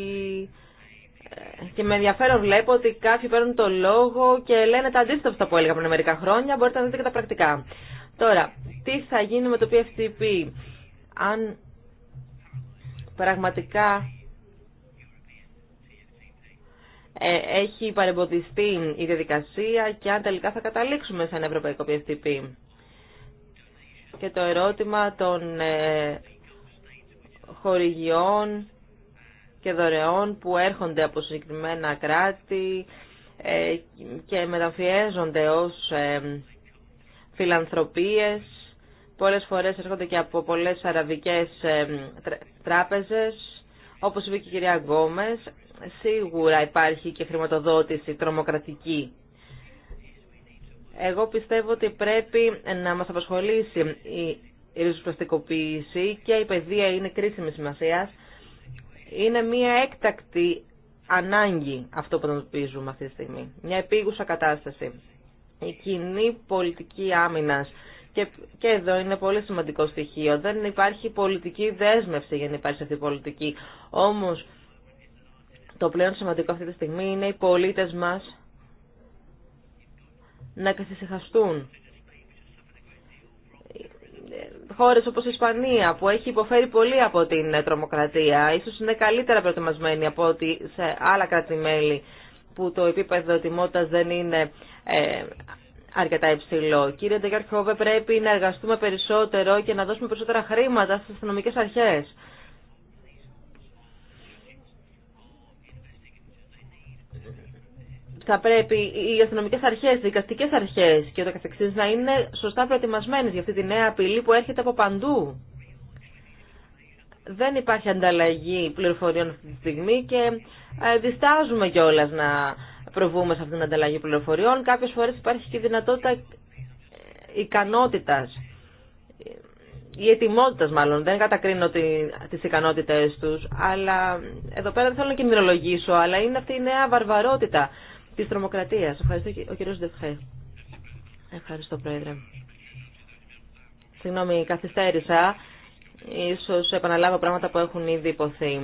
ε, και με ενδιαφέρον βλέπω ότι κάποιοι παίρνουν το λόγο και λένε τα αντίθετα αυτά που έλεγα πριν μερικά χρόνια. Μπορείτε να δείτε και τα πρακτικά. Τώρα, τι θα γίνει με το PFTP αν πραγματικά ε, έχει παρεμποδιστεί η διαδικασία και αν τελικά θα καταλήξουμε σαν ευρωπαϊκό PFTP. Και το ερώτημα των ε, χορηγιών και δωρεών που έρχονται από συγκεκριμένα κράτη ε, και μεταφιέζονται ως φιλανθρωπίες. Πολλές φορές έρχονται και από πολλές αραβικές τράπεζες. Όπως είπε και η κυρία Γκόμες, σίγουρα υπάρχει και χρηματοδότηση τρομοκρατική. Εγώ πιστεύω ότι πρέπει να μας απασχολήσει η ριζοσπαστικοποίηση και η παιδεία είναι κρίσιμη σημασίας είναι μια έκτακτη ανάγκη αυτό που αντιμετωπίζουμε αυτή τη στιγμή. Μια επίγουσα κατάσταση. Η κοινή πολιτική άμυνας και, και εδώ είναι πολύ σημαντικό στοιχείο. Δεν υπάρχει πολιτική δέσμευση για να υπάρξει αυτή η πολιτική. Όμως το πλέον σημαντικό αυτή τη στιγμή είναι οι πολίτε μας να καθησυχαστούν. Χώρε όπω η Ισπανία που έχει υποφέρει πολύ από την ε, τρομοκρατία ίσω είναι καλύτερα προετοιμασμένη από ότι σε άλλα κράτη-μέλη που το επίπεδο ετοιμότητα δεν είναι ε, αρκετά υψηλό. Κύριε Ντεγκαρχόβε, πρέπει να εργαστούμε περισσότερο και να δώσουμε περισσότερα χρήματα στι αστυνομικέ αρχέ. θα πρέπει οι αστυνομικέ αρχέ, οι δικαστικέ αρχέ και ούτω καθεξή να είναι σωστά προετοιμασμένε για αυτή τη νέα απειλή που έρχεται από παντού. Δεν υπάρχει ανταλλαγή πληροφοριών αυτή τη στιγμή και ε, διστάζουμε κιόλα να προβούμε σε αυτήν την ανταλλαγή πληροφοριών. Κάποιε φορέ υπάρχει και δυνατότητα ε, ικανότητα ή ετοιμότητα μάλλον. Δεν κατακρίνω τι ικανότητέ του, αλλά εδώ πέρα δεν θέλω να κινδυνολογήσω, αλλά είναι αυτή η νέα βαρβαρότητα Τη τρομοκρατίας. Ευχαριστώ ο κύριος Ευχαριστώ Πρόεδρε. Συγγνώμη, καθυστέρησα. Ίσως επαναλάβω πράγματα που έχουν ήδη υποθεί.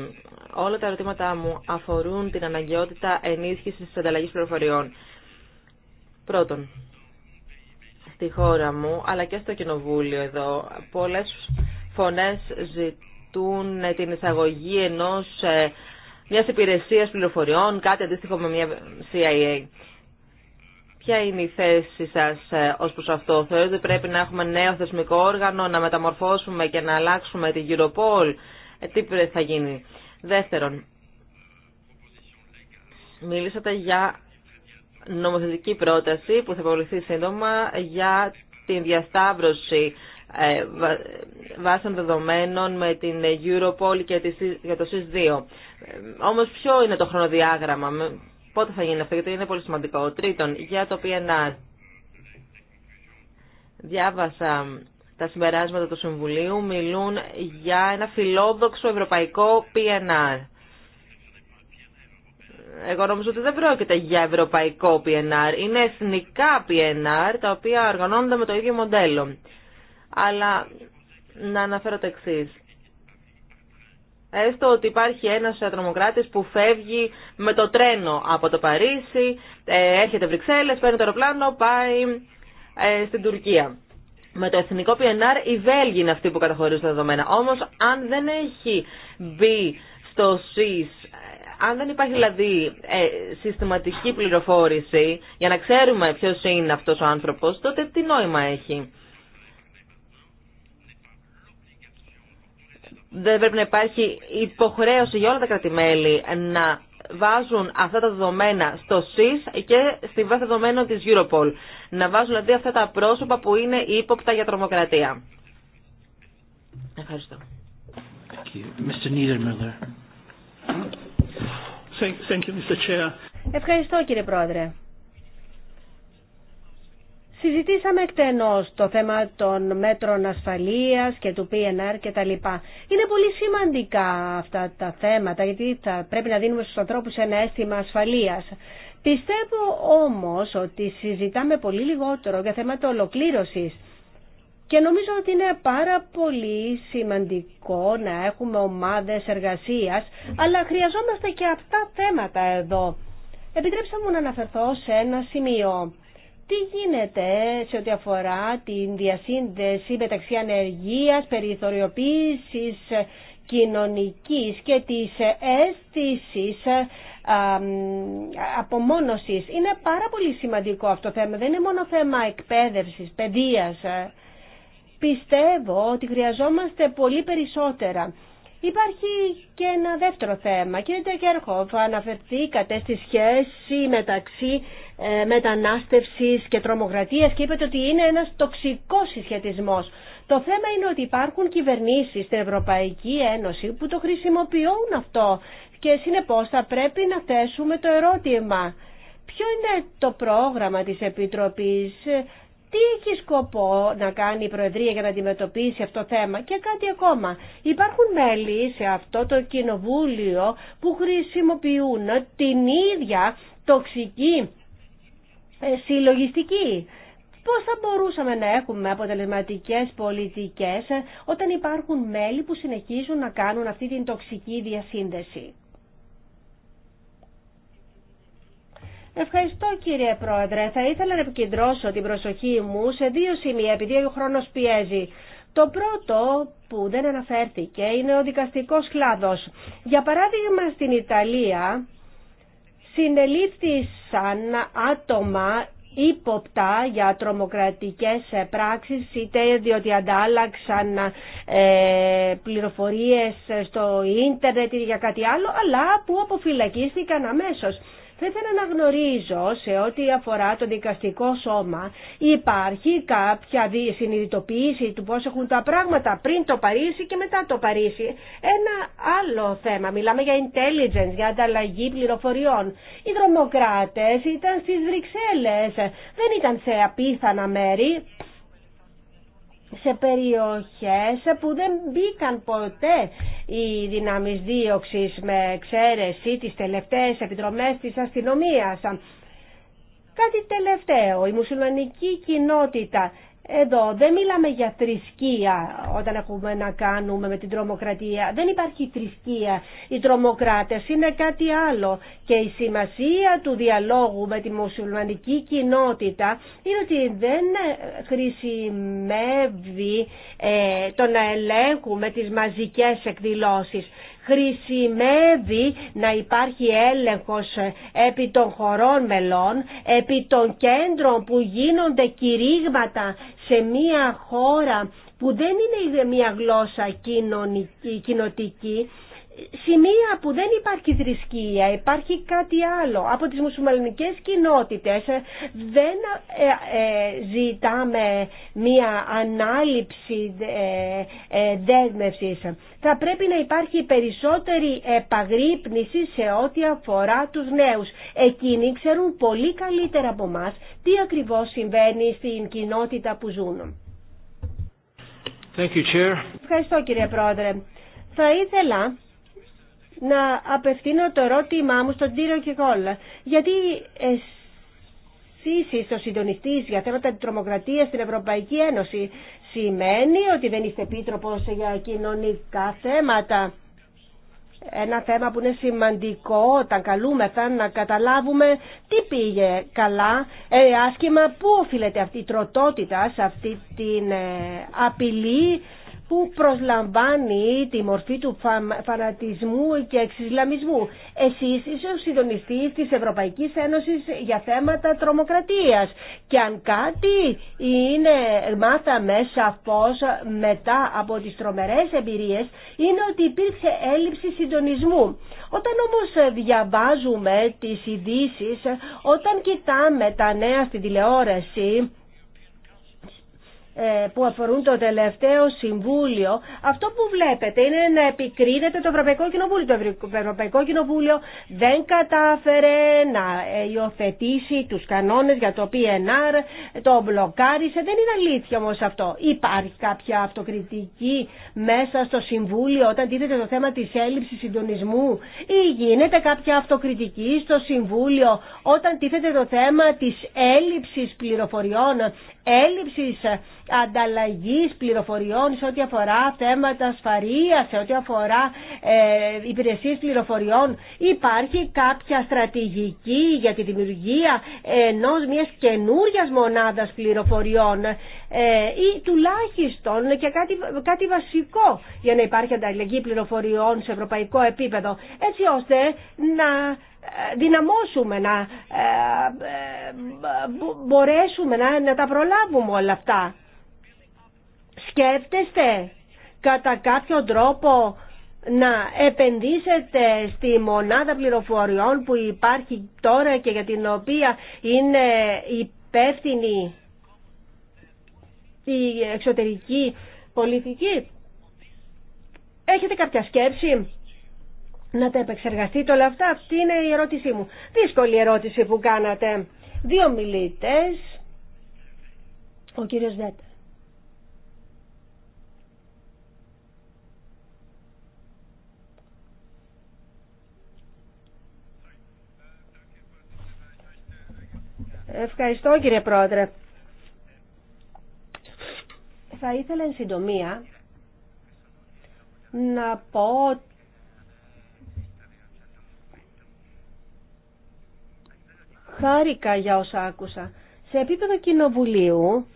Όλα τα ερωτήματά μου αφορούν την αναγκαιότητα ενίσχυση τη ανταλλαγή πληροφοριών. Πρώτον, στη χώρα μου, αλλά και στο Κοινοβούλιο εδώ, πολλές φωνές ζητούν την εισαγωγή ενός ε, μιας υπηρεσίας πληροφοριών, κάτι αντίστοιχο με μια CIA. Ποια είναι η θέση σας ε, ως προς αυτό. Θεωρείτε ότι πρέπει να έχουμε νέο θεσμικό όργανο, να μεταμορφώσουμε και να αλλάξουμε την Europol. Ε, τι θα γίνει. Δεύτερον, μίλησατε για νομοθετική πρόταση που θα υποβληθεί σύντομα για την διασταύρωση ε, βάσαν δεδομένων με την Europol και για το SIS2. Ε, όμως ποιο είναι το χρονοδιάγραμμα, πότε θα γίνει αυτό, γιατί είναι πολύ σημαντικό. Τρίτον, για το PNR. Διάβασα τα συμπεράσματα του Συμβουλίου, μιλούν για ένα φιλόδοξο ευρωπαϊκό PNR. Εγώ νομίζω ότι δεν πρόκειται για ευρωπαϊκό PNR. Είναι εθνικά PNR τα οποία οργανώνονται με το ίδιο μοντέλο αλλά να αναφέρω το εξή. Έστω ότι υπάρχει ένας τρομοκράτης που φεύγει με το τρένο από το Παρίσι, ε, έρχεται Βρυξέλλες, παίρνει το αεροπλάνο, πάει ε, στην Τουρκία. Με το εθνικό PNR οι Βέλγοι είναι αυτοί που καταχωρίζουν τα δεδομένα. Όμως αν δεν έχει μπει στο ΣΥΣ, ε, αν δεν υπάρχει δηλαδή συστηματική πληροφόρηση για να ξέρουμε ποιος είναι αυτός ο άνθρωπος, τότε τι νόημα έχει. δεν πρέπει να υπάρχει υποχρέωση για όλα τα κρατημέλη να βάζουν αυτά τα δεδομένα στο ΣΥΣ και στη βάση δεδομένων της Europol. Να βάζουν αντί αυτά τα πρόσωπα που είναι ύποπτα για τρομοκρατία. Ευχαριστώ. Ευχαριστώ κύριε Πρόεδρε. Συζητήσαμε εκτενώς το θέμα των μέτρων ασφαλείας και του PNR κτλ. Είναι πολύ σημαντικά αυτά τα θέματα γιατί θα πρέπει να δίνουμε στους ανθρώπους ένα αίσθημα ασφαλείας. Πιστεύω όμως ότι συζητάμε πολύ λιγότερο για θέματα ολοκλήρωσης και νομίζω ότι είναι πάρα πολύ σημαντικό να έχουμε ομάδες εργασίας, αλλά χρειαζόμαστε και αυτά θέματα εδώ. Επιτρέψτε μου να αναφερθώ σε ένα σημείο τι γίνεται σε ό,τι αφορά την διασύνδεση μεταξύ ανεργίας, περιθωριοποίησης κοινωνικής και της αίσθηση απομόνωσης. Είναι πάρα πολύ σημαντικό αυτό το θέμα. Δεν είναι μόνο θέμα εκπαίδευσης, παιδείας. Πιστεύω ότι χρειαζόμαστε πολύ περισσότερα. Υπάρχει και ένα δεύτερο θέμα. Κύριε Τεκέρχοφ, αναφερθήκατε στη σχέση μεταξύ ε, μετανάστευσης και τρομοκρατίας και είπε ότι είναι ένας τοξικός συσχετισμός. Το θέμα είναι ότι υπάρχουν κυβερνήσεις στην Ευρωπαϊκή Ένωση που το χρησιμοποιούν αυτό και συνεπώς θα πρέπει να θέσουμε το ερώτημα ποιο είναι το πρόγραμμα της Επιτροπής ε, τι έχει σκοπό να κάνει η Προεδρία για να αντιμετωπίσει αυτό το θέμα και κάτι ακόμα. Υπάρχουν μέλη σε αυτό το κοινοβούλιο που χρησιμοποιούν την ίδια τοξική ε, συλλογιστική. Πώς θα μπορούσαμε να έχουμε αποτελεσματικές πολιτικές ε, όταν υπάρχουν μέλη που συνεχίζουν να κάνουν αυτή την τοξική διασύνδεση. Ευχαριστώ κύριε Πρόεδρε. Θα ήθελα να επικεντρώσω την προσοχή μου σε δύο σημεία επειδή ο χρόνος πιέζει. Το πρώτο που δεν αναφέρθηκε είναι ο δικαστικός κλάδος. Για παράδειγμα στην Ιταλία συνελήφθησαν άτομα ύποπτα για τρομοκρατικές ε, πράξεις είτε διότι αντάλλαξαν ε, πληροφορίες στο ίντερνετ ή για κάτι άλλο αλλά που αποφυλακίστηκαν αμέσως. Θα ήθελα να γνωρίζω σε ό,τι αφορά το δικαστικό σώμα υπάρχει κάποια συνειδητοποίηση του πώς έχουν τα πράγματα πριν το Παρίσι και μετά το Παρίσι. Ένα άλλο θέμα, μιλάμε για intelligence, για ανταλλαγή πληροφοριών. Οι δρομοκράτες ήταν στις Βρυξέλλες, δεν ήταν σε απίθανα μέρη σε περιοχές που δεν μπήκαν ποτέ οι δυνάμεις διωξη με εξαίρεση τις τελευταίες επιδρομές της αστυνομίας. Κάτι τελευταίο, η μουσουλμανική κοινότητα εδώ δεν μιλάμε για θρησκεία όταν έχουμε να κάνουμε με την τρομοκρατία. Δεν υπάρχει θρησκεία. Οι τρομοκράτες είναι κάτι άλλο. Και η σημασία του διαλόγου με τη μουσουλμανική κοινότητα είναι ότι δεν χρησιμεύει ε, το να ελέγχουμε τις μαζικές εκδηλώσεις χρησιμεύει να υπάρχει έλεγχος επί των χωρών μελών, επί των κέντρων που γίνονται κηρύγματα σε μία χώρα που δεν είναι μια γλώσσα κοινωνική, κοινοτική σημεία που δεν υπάρχει θρησκεία, υπάρχει κάτι άλλο. Από τις μουσουλμανικές κοινότητες ε, δεν ε, ε, ζητάμε μία ανάληψη δέσμευσης. Θα πρέπει να υπάρχει περισσότερη επαγρύπνηση σε ό,τι αφορά τους νέους. Εκείνοι ξέρουν πολύ καλύτερα από μας τι ακριβώς συμβαίνει στην κοινότητα που ζουν. Ευχαριστώ κύριε Πρόεδρε. Θα ήθελα να απευθύνω το ερώτημά μου στον Τύριο Κιγόλα. Γιατί εσείς είστε ο συντονιστής για θέματα τρομοκρατίας στην Ευρωπαϊκή Ένωση. Σημαίνει ότι δεν είστε επίτροπο για κοινωνικά θέματα. Ένα θέμα που είναι σημαντικό όταν καλούμεθα να καταλάβουμε τι πήγε καλά, ε, άσχημα, πού οφείλεται αυτή η τροτότητα σε αυτή την ε, απειλή που προσλαμβάνει τη μορφή του φανατισμού και εξισλαμισμού. Εσείς είστε ο συντονιστής της Ευρωπαϊκής Ένωσης για θέματα τρομοκρατίας και αν κάτι είναι, μάθαμε σαφώς μετά από τις τρομερές εμπειρίες είναι ότι υπήρξε έλλειψη συντονισμού. Όταν όμως διαβάζουμε τις ειδήσει, όταν κοιτάμε τα νέα στην τηλεόραση ε, που αφορούν το τελευταίο Συμβούλιο, αυτό που βλέπετε είναι να επικρίνεται το Ευρωπαϊκό Κοινοβούλιο. Το Ευρωπαϊκό Κοινοβούλιο δεν κατάφερε να ε, υιοθετήσει τους κανόνες για το PNR, το μπλοκάρισε. Δεν είναι αλήθεια όμως αυτό. Υπάρχει κάποια αυτοκριτική μέσα στο Συμβούλιο όταν τίθεται το θέμα της έλλειψης συντονισμού ή γίνεται κάποια αυτοκριτική στο Συμβούλιο όταν τίθεται το θέμα της έλλειψη πληροφοριών, έλλειψης ε, ανταλλαγής πληροφοριών σε ό,τι αφορά θέματα ασφαρία, σε ό,τι αφορά ε, υπηρεσίες πληροφοριών. Υπάρχει κάποια στρατηγική για τη δημιουργία ενός μιας καινούρια μονάδας πληροφοριών ε, ή τουλάχιστον και κάτι, κάτι βασικό για να υπάρχει ανταλλαγή πληροφοριών σε ευρωπαϊκό επίπεδο έτσι ώστε να ε, δυναμώσουμε, να ε, μπορέσουμε να, να τα προλάβουμε όλα αυτά σκέφτεστε κατά κάποιο τρόπο να επενδύσετε στη μονάδα πληροφοριών που υπάρχει τώρα και για την οποία είναι υπεύθυνη η εξωτερική πολιτική. Έχετε κάποια σκέψη να τα επεξεργαστείτε όλα αυτά. Αυτή είναι η ερώτησή μου. Δύσκολη ερώτηση που κάνατε. Δύο μιλήτες. Ο κύριος Δέτα. Ευχαριστώ κύριε Πρόεδρε. Θα ήθελα εν συντομία να πω χάρηκα για όσα άκουσα. Σε επίπεδο κοινοβουλίου,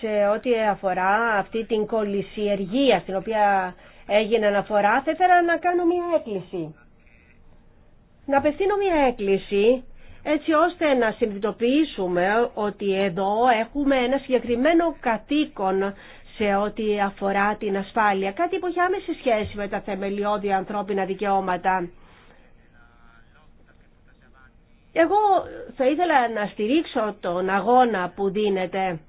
σε ό,τι αφορά αυτή την κολλησιεργία στην οποία έγινε αναφορά, θα ήθελα να κάνω μια έκκληση. Να απευθύνω μια έκκληση έτσι ώστε να συνειδητοποιήσουμε ότι εδώ έχουμε ένα συγκεκριμένο κατοίκον σε ό,τι αφορά την ασφάλεια, κάτι που έχει άμεση σχέση με τα θεμελιώδη ανθρώπινα δικαιώματα. Εγώ θα ήθελα να στηρίξω τον αγώνα που δίνεται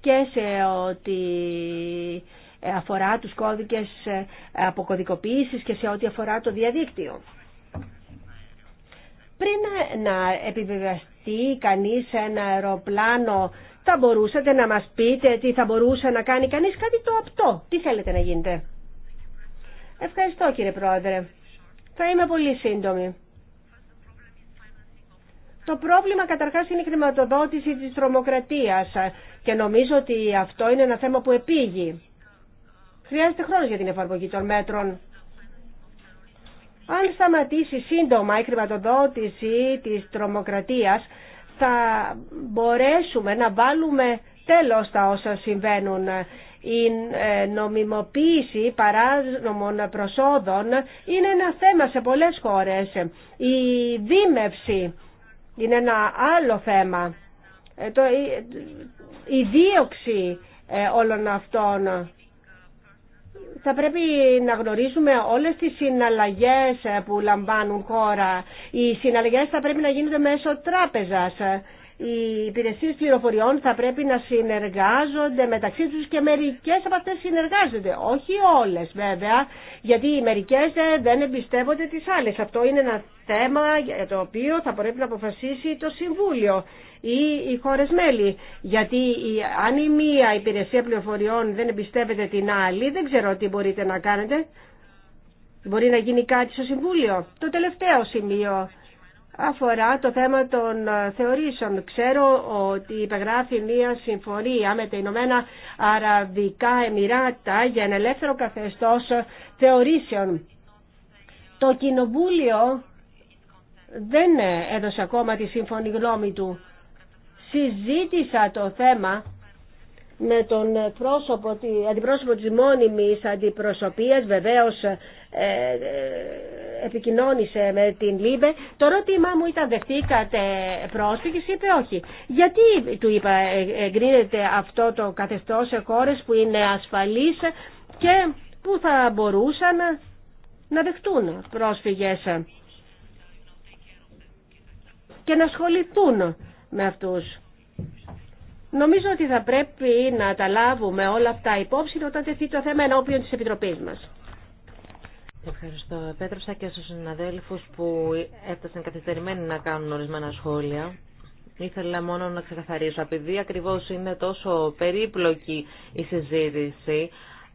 και σε ό,τι αφορά τους κώδικες αποκωδικοποίησης και σε ό,τι αφορά το διαδίκτυο. Πριν να επιβεβαιωθεί κανείς ένα αεροπλάνο, θα μπορούσατε να μας πείτε τι θα μπορούσε να κάνει κανείς κάτι το απτό. Τι θέλετε να γίνετε. Ευχαριστώ κύριε Πρόεδρε. Θα είμαι πολύ σύντομη. Το πρόβλημα καταρχάς είναι η χρηματοδότηση της τρομοκρατίας και νομίζω ότι αυτό είναι ένα θέμα που επήγει. Χρειάζεται χρόνος για την εφαρμογή των μέτρων. Αν σταματήσει σύντομα η χρηματοδότηση της τρομοκρατίας, θα μπορέσουμε να βάλουμε τέλος τα όσα συμβαίνουν. Η ε, νομιμοποίηση παράνομων προσόδων είναι ένα θέμα σε πολλές χώρες. Η δίμευση είναι ένα άλλο θέμα. Ε, η δίωξη ε, όλων αυτών θα πρέπει να γνωρίζουμε όλες τις συναλλαγές ε, που λαμβάνουν χώρα. Οι συναλλαγές θα πρέπει να γίνονται μέσω τράπεζας. Οι υπηρεσίε πληροφοριών θα πρέπει να συνεργάζονται μεταξύ τους και μερικές από αυτές συνεργάζονται. Όχι όλες βέβαια, γιατί οι μερικές ε, δεν εμπιστεύονται τις άλλες. Αυτό είναι ένα θέμα για το οποίο θα πρέπει να αποφασίσει το Συμβούλιο ή οι χώρες μέλη. Γιατί αν η μία υπηρεσία πληροφοριών δεν εμπιστεύεται την άλλη, δεν ξέρω τι μπορείτε να κάνετε. Μπορεί να γίνει κάτι στο Συμβούλιο. Το τελευταίο σημείο αφορά το θέμα των ε, θεωρήσεων. Ξέρω ότι υπεγράφει μία συμφωνία με τα Ηνωμένα Αραβικά Εμμυράτα για ένα ελεύθερο καθεστώς θεωρήσεων. Το Κοινοβούλιο δεν έδωσε ακόμα τη σύμφωνη γνώμη του συζήτησα το θέμα με τον πρόσωπο, αντιπρόσωπο της μόνιμης αντιπροσωπείας βεβαίως ε, ε, επικοινώνησε με την Λύπε, το ρώτημά μου ήταν δεχτήκατε πρόσφυγες είπε όχι γιατί του είπα ε, εγκρίνεται αυτό το καθεστώς σε χώρες που είναι ασφαλείς και που θα μπορούσαν να δεχτούν πρόσφυγες και να ασχοληθούν με αυτούς Νομίζω ότι θα πρέπει να τα λάβουμε όλα αυτά υπόψη όταν τεθεί το θέμα ενώπιον της Επιτροπής μας. Ευχαριστώ. Επέτρεψα και στους συναδέλφους που έφτασαν καθυστερημένοι να κάνουν ορισμένα σχόλια. Ήθελα μόνο να ξεκαθαρίσω, επειδή ακριβώς είναι τόσο περίπλοκη η συζήτηση,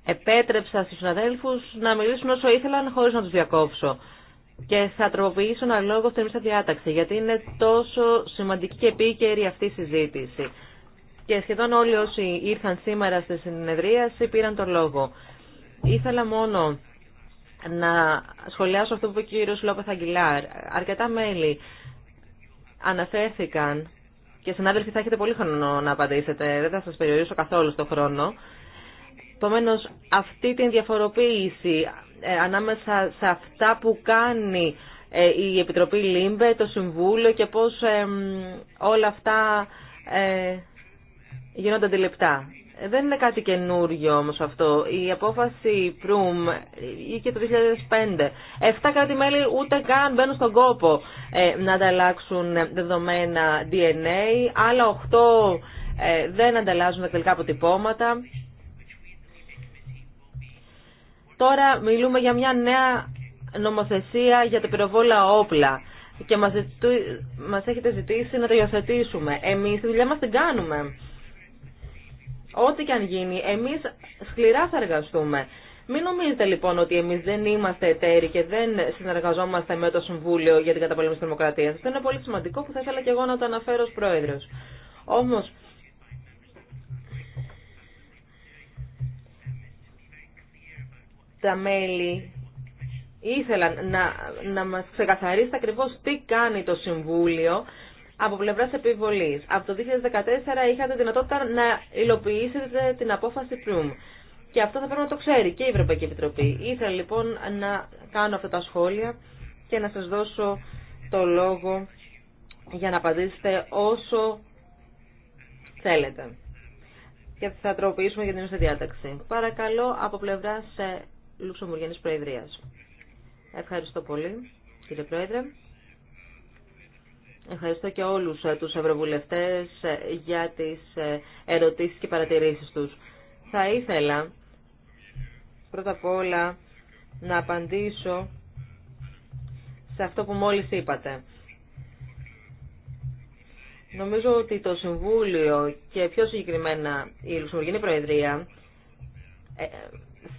επέτρεψα στους συναδέλφους να μιλήσουν όσο ήθελαν χωρίς να τους διακόψω. Και θα τροποποιήσω ένα λόγο στην διάταξη, γιατί είναι τόσο σημαντική και επίκαιρη αυτή η συζήτηση και σχεδόν όλοι όσοι ήρθαν σήμερα στη συνεδρίαση πήραν τον λόγο. Ήθελα μόνο να σχολιάσω αυτό που είπε ο κύριο Λόπεθ Αγγιλάρ. Αρκετά μέλη αναφέρθηκαν και συνάδελφοι θα έχετε πολύ χρόνο να απαντήσετε, δεν θα σας περιορίσω καθόλου στο χρόνο. Επομένω, αυτή την διαφοροποίηση ε, ανάμεσα σε αυτά που κάνει ε, η Επιτροπή ΛΥΜΠΕ, το Συμβούλιο και πώς ε, όλα αυτά γίνονται αντιληπτά. Δεν είναι κάτι καινούργιο όμως αυτό. Η απόφαση Προύμ και το 2005. Εφτά κράτη-μέλη ούτε καν μπαίνουν στον κόπο ε, να ανταλλάξουν δεδομένα DNA. Άλλα οχτώ ε, δεν ανταλλάζουν τελικά αποτυπώματα. Τώρα μιλούμε για μια νέα νομοθεσία για τα πυροβόλα όπλα και μας, ζητού... μας έχετε ζητήσει να το υιοθετήσουμε. Εμείς τη δουλειά μας την κάνουμε ό,τι και αν γίνει, εμείς σκληρά θα εργαστούμε. Μην νομίζετε λοιπόν ότι εμεί δεν είμαστε εταίροι και δεν συνεργαζόμαστε με το Συμβούλιο για την καταπολέμηση τη Δημοκρατία. Αυτό είναι πολύ σημαντικό που θα ήθελα και εγώ να το αναφέρω ω Πρόεδρο. Όμω. Τα μέλη ήθελαν να, να μας ξεκαθαρίσετε ακριβώς τι κάνει το Συμβούλιο από πλευρά επιβολή. Από το 2014 είχατε δυνατότητα να υλοποιήσετε την απόφαση Πλουμ. Και αυτό θα πρέπει να το ξέρει και η Ευρωπαϊκή Επιτροπή. Ήθελα λοιπόν να κάνω αυτά τα σχόλια και να σας δώσω το λόγο για να απαντήσετε όσο θέλετε. Και θα τροποποιήσουμε για την ίδια διάταξη. Παρακαλώ από πλευρά ε, Λουξεμβουργιανής Προεδρίας. Ευχαριστώ πολύ κύριε Πρόεδρε. Ευχαριστώ και όλους ε, τους ευρωβουλευτές ε, για τις ε, ερωτήσεις και παρατηρήσεις τους. Θα ήθελα πρώτα απ' όλα να απαντήσω σε αυτό που μόλις είπατε. Νομίζω ότι το Συμβούλιο και πιο συγκεκριμένα η Λουξεμβουργική Προεδρία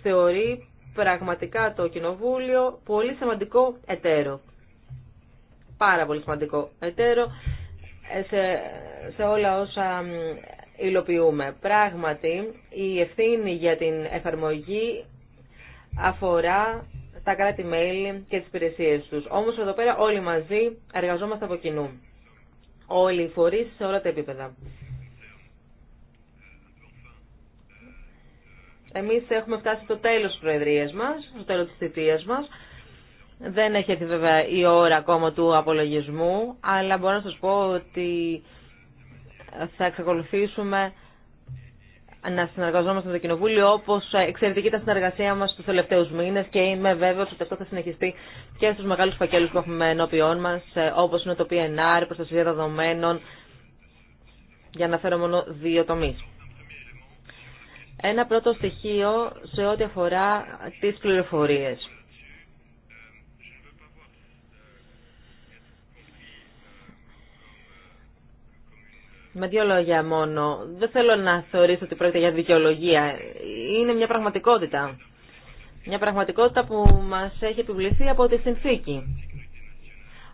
θεωρεί πραγματικά το Κοινοβούλιο πολύ σημαντικό εταίρο πάρα πολύ σημαντικό εταίρο σε, όλα όσα υλοποιούμε. Πράγματι, η ευθύνη για την εφαρμογή αφορά τα κράτη-μέλη και τις υπηρεσίες τους. Όμως εδώ πέρα όλοι μαζί εργαζόμαστε από κοινού. Όλοι οι φορείς σε όλα τα επίπεδα. Εμείς έχουμε φτάσει στο τέλος της προεδρίας μας, στο τέλος της θητείας μας. Δεν έχει έρθει βέβαια η ώρα ακόμα του απολογισμού, αλλά μπορώ να σας πω ότι θα εξακολουθήσουμε να συνεργαζόμαστε με το Κοινοβούλιο όπως εξαιρετική ήταν συνεργασία μας στους τελευταίους μήνες και είμαι βέβαιος ότι αυτό θα συνεχιστεί και στους μεγάλους φακέλους που έχουμε ενώπιόν μας όπως είναι το PNR, προστασία δεδομένων για να φέρω μόνο δύο τομείς. Ένα πρώτο στοιχείο σε ό,τι αφορά τις πληροφορίες. Με δύο λόγια μόνο. Δεν θέλω να θεωρήσω ότι πρόκειται για δικαιολογία. Είναι μια πραγματικότητα. Μια πραγματικότητα που μας έχει επιβληθεί από τη συνθήκη.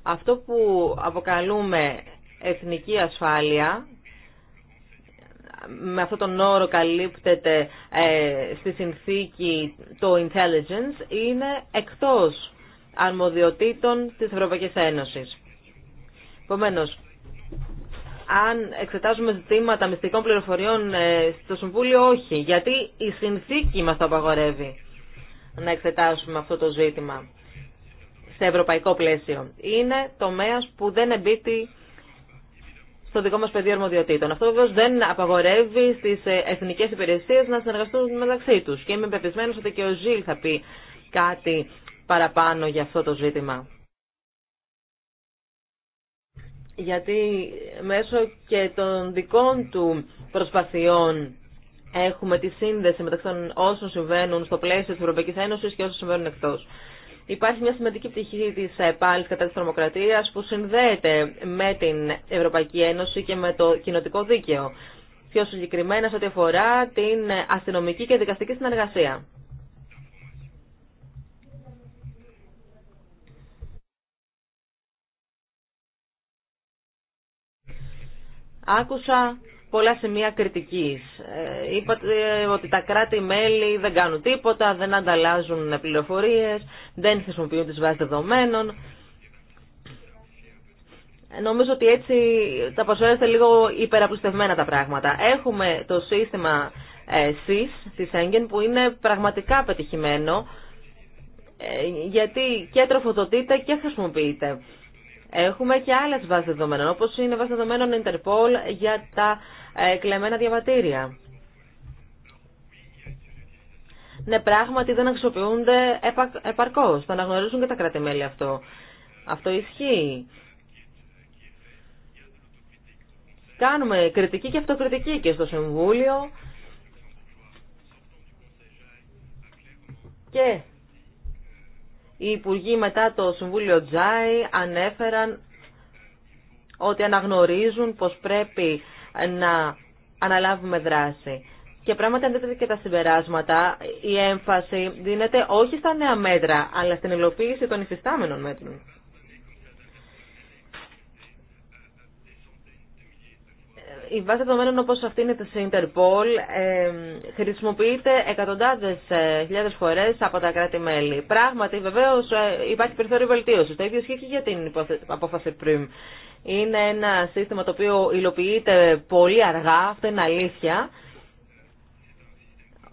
Αυτό που αποκαλούμε εθνική ασφάλεια, με αυτόν τον όρο καλύπτεται ε, στη συνθήκη το intelligence, είναι εκτός αρμοδιοτήτων της Ευρωπαϊκής Ένωσης. Επομένως, αν εξετάζουμε ζητήματα μυστικών πληροφοριών ε, στο Συμβούλιο, όχι. Γιατί η συνθήκη μας το απαγορεύει να εξετάσουμε αυτό το ζήτημα σε ευρωπαϊκό πλαίσιο. Είναι τομέας που δεν εμπίπτει στο δικό μας πεδίο αρμοδιοτήτων. Αυτό βεβαίως δεν απαγορεύει στις ε, εθνικές υπηρεσίες να συνεργαστούν μεταξύ τους. Και είμαι πεπισμένος ότι και ο Ζήλ θα πει κάτι παραπάνω για αυτό το ζήτημα γιατί μέσω και των δικών του προσπαθειών έχουμε τη σύνδεση μεταξύ των όσων συμβαίνουν στο πλαίσιο της Ευρωπαϊκής Ένωσης και όσων συμβαίνουν εκτός. Υπάρχει μια σημαντική πτυχή της πάλι κατά της τρομοκρατίας που συνδέεται με την Ευρωπαϊκή Ένωση και με το κοινοτικό δίκαιο. Πιο συγκεκριμένα σε ό,τι αφορά την αστυνομική και δικαστική συνεργασία. Άκουσα πολλά σημεία κριτικής. Ε, Είπατε ότι τα κράτη-μέλη δεν κάνουν τίποτα, δεν ανταλλάζουν πληροφορίες, δεν χρησιμοποιούν τις βάσεις δεδομένων. Νομίζω ότι έτσι τα προσφέρεστε λίγο υπεραπλουστευμένα τα πράγματα. Έχουμε το σύστημα SIS ε, της ΕΝΚΕΝ που είναι πραγματικά πετυχημένο ε, γιατί και τροφοδοτείται και χρησιμοποιείται. Έχουμε και άλλες βάσεις δεδομένων, όπως είναι βάση δεδομένων Interpol για τα ε, κλεμμένα διαβατήρια. Ναι, πράγματι δεν αξιοποιούνται επαρκώς. Θα αναγνωρίζουν και τα κράτη-μέλη αυτό. Αυτό ισχύει. Κάνουμε κριτική και αυτοκριτική και στο Συμβούλιο και οι Υπουργοί μετά το Συμβούλιο Τζάι ανέφεραν ότι αναγνωρίζουν πως πρέπει να αναλάβουμε δράση. Και πράγματι αν και τα συμπεράσματα, η έμφαση δίνεται όχι στα νέα μέτρα, αλλά στην υλοποίηση των υφιστάμενων μέτρων. η βάση δεδομένων όπως αυτή είναι της Interpol ε, χρησιμοποιείται εκατοντάδες ε, χιλιάδες φορές από τα κράτη-μέλη. Πράγματι, βεβαίως, ε, υπάρχει περιθώριο βελτίωση. Το ίδιο ισχύει και για την απόφαση πριν. Είναι ένα σύστημα το οποίο υλοποιείται πολύ αργά, αυτό είναι αλήθεια,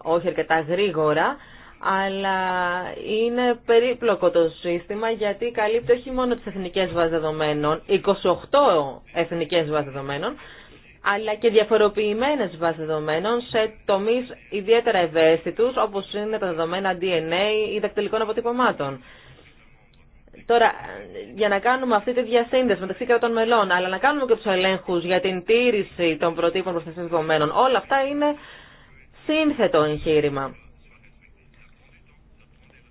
όχι αρκετά γρήγορα, αλλά είναι περίπλοκο το σύστημα γιατί καλύπτει όχι μόνο τις εθνικές βάσεις δεδομένων, 28 εθνικές βάσεις δεδομένων, αλλά και διαφοροποιημένες βάσεις δεδομένων σε τομείς ιδιαίτερα ευαίσθητους, όπως είναι τα δεδομένα DNA ή δακτυλικών αποτυπωμάτων. Τώρα, για να κάνουμε αυτή τη διασύνδεση μεταξύ κρατών μελών, αλλά να κάνουμε και του ελέγχου για την τήρηση των προτύπων προστασία δεδομένων, όλα αυτά είναι σύνθετο εγχείρημα.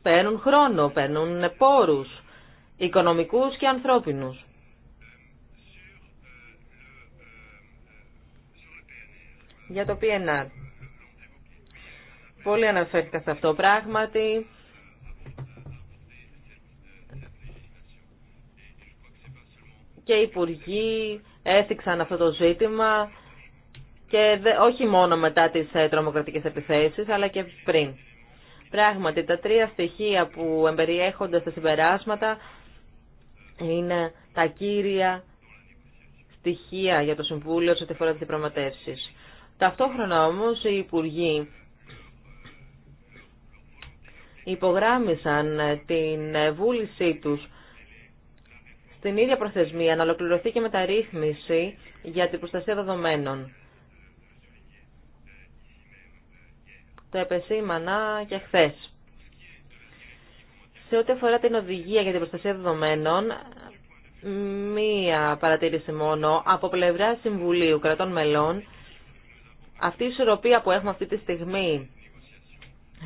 Παίρνουν χρόνο, παίρνουν πόρου, οικονομικού και ανθρώπινου. για το PNR. Πολύ αναφέρθηκα σε αυτό πράγματι. Και οι υπουργοί έθιξαν αυτό το ζήτημα και όχι μόνο μετά τις ε, τρομοκρατικές επιθέσεις, αλλά και πριν. Πράγματι, τα τρία στοιχεία που εμπεριέχονται στα συμπεράσματα είναι τα κύρια στοιχεία για το Συμβούλιο σε τη φορά της διαπραγματεύσεις. Ταυτόχρονα όμως οι Υπουργοί υπογράμμισαν την βούλησή τους στην ίδια προθεσμία να ολοκληρωθεί και μεταρρύθμιση για την προστασία δεδομένων. Το επεσήμανα και χθε. Σε ό,τι αφορά την οδηγία για την προστασία δεδομένων, μία παρατήρηση μόνο από πλευρά Συμβουλίου Κρατών Μελών αυτή η ισορροπία που έχουμε αυτή τη στιγμή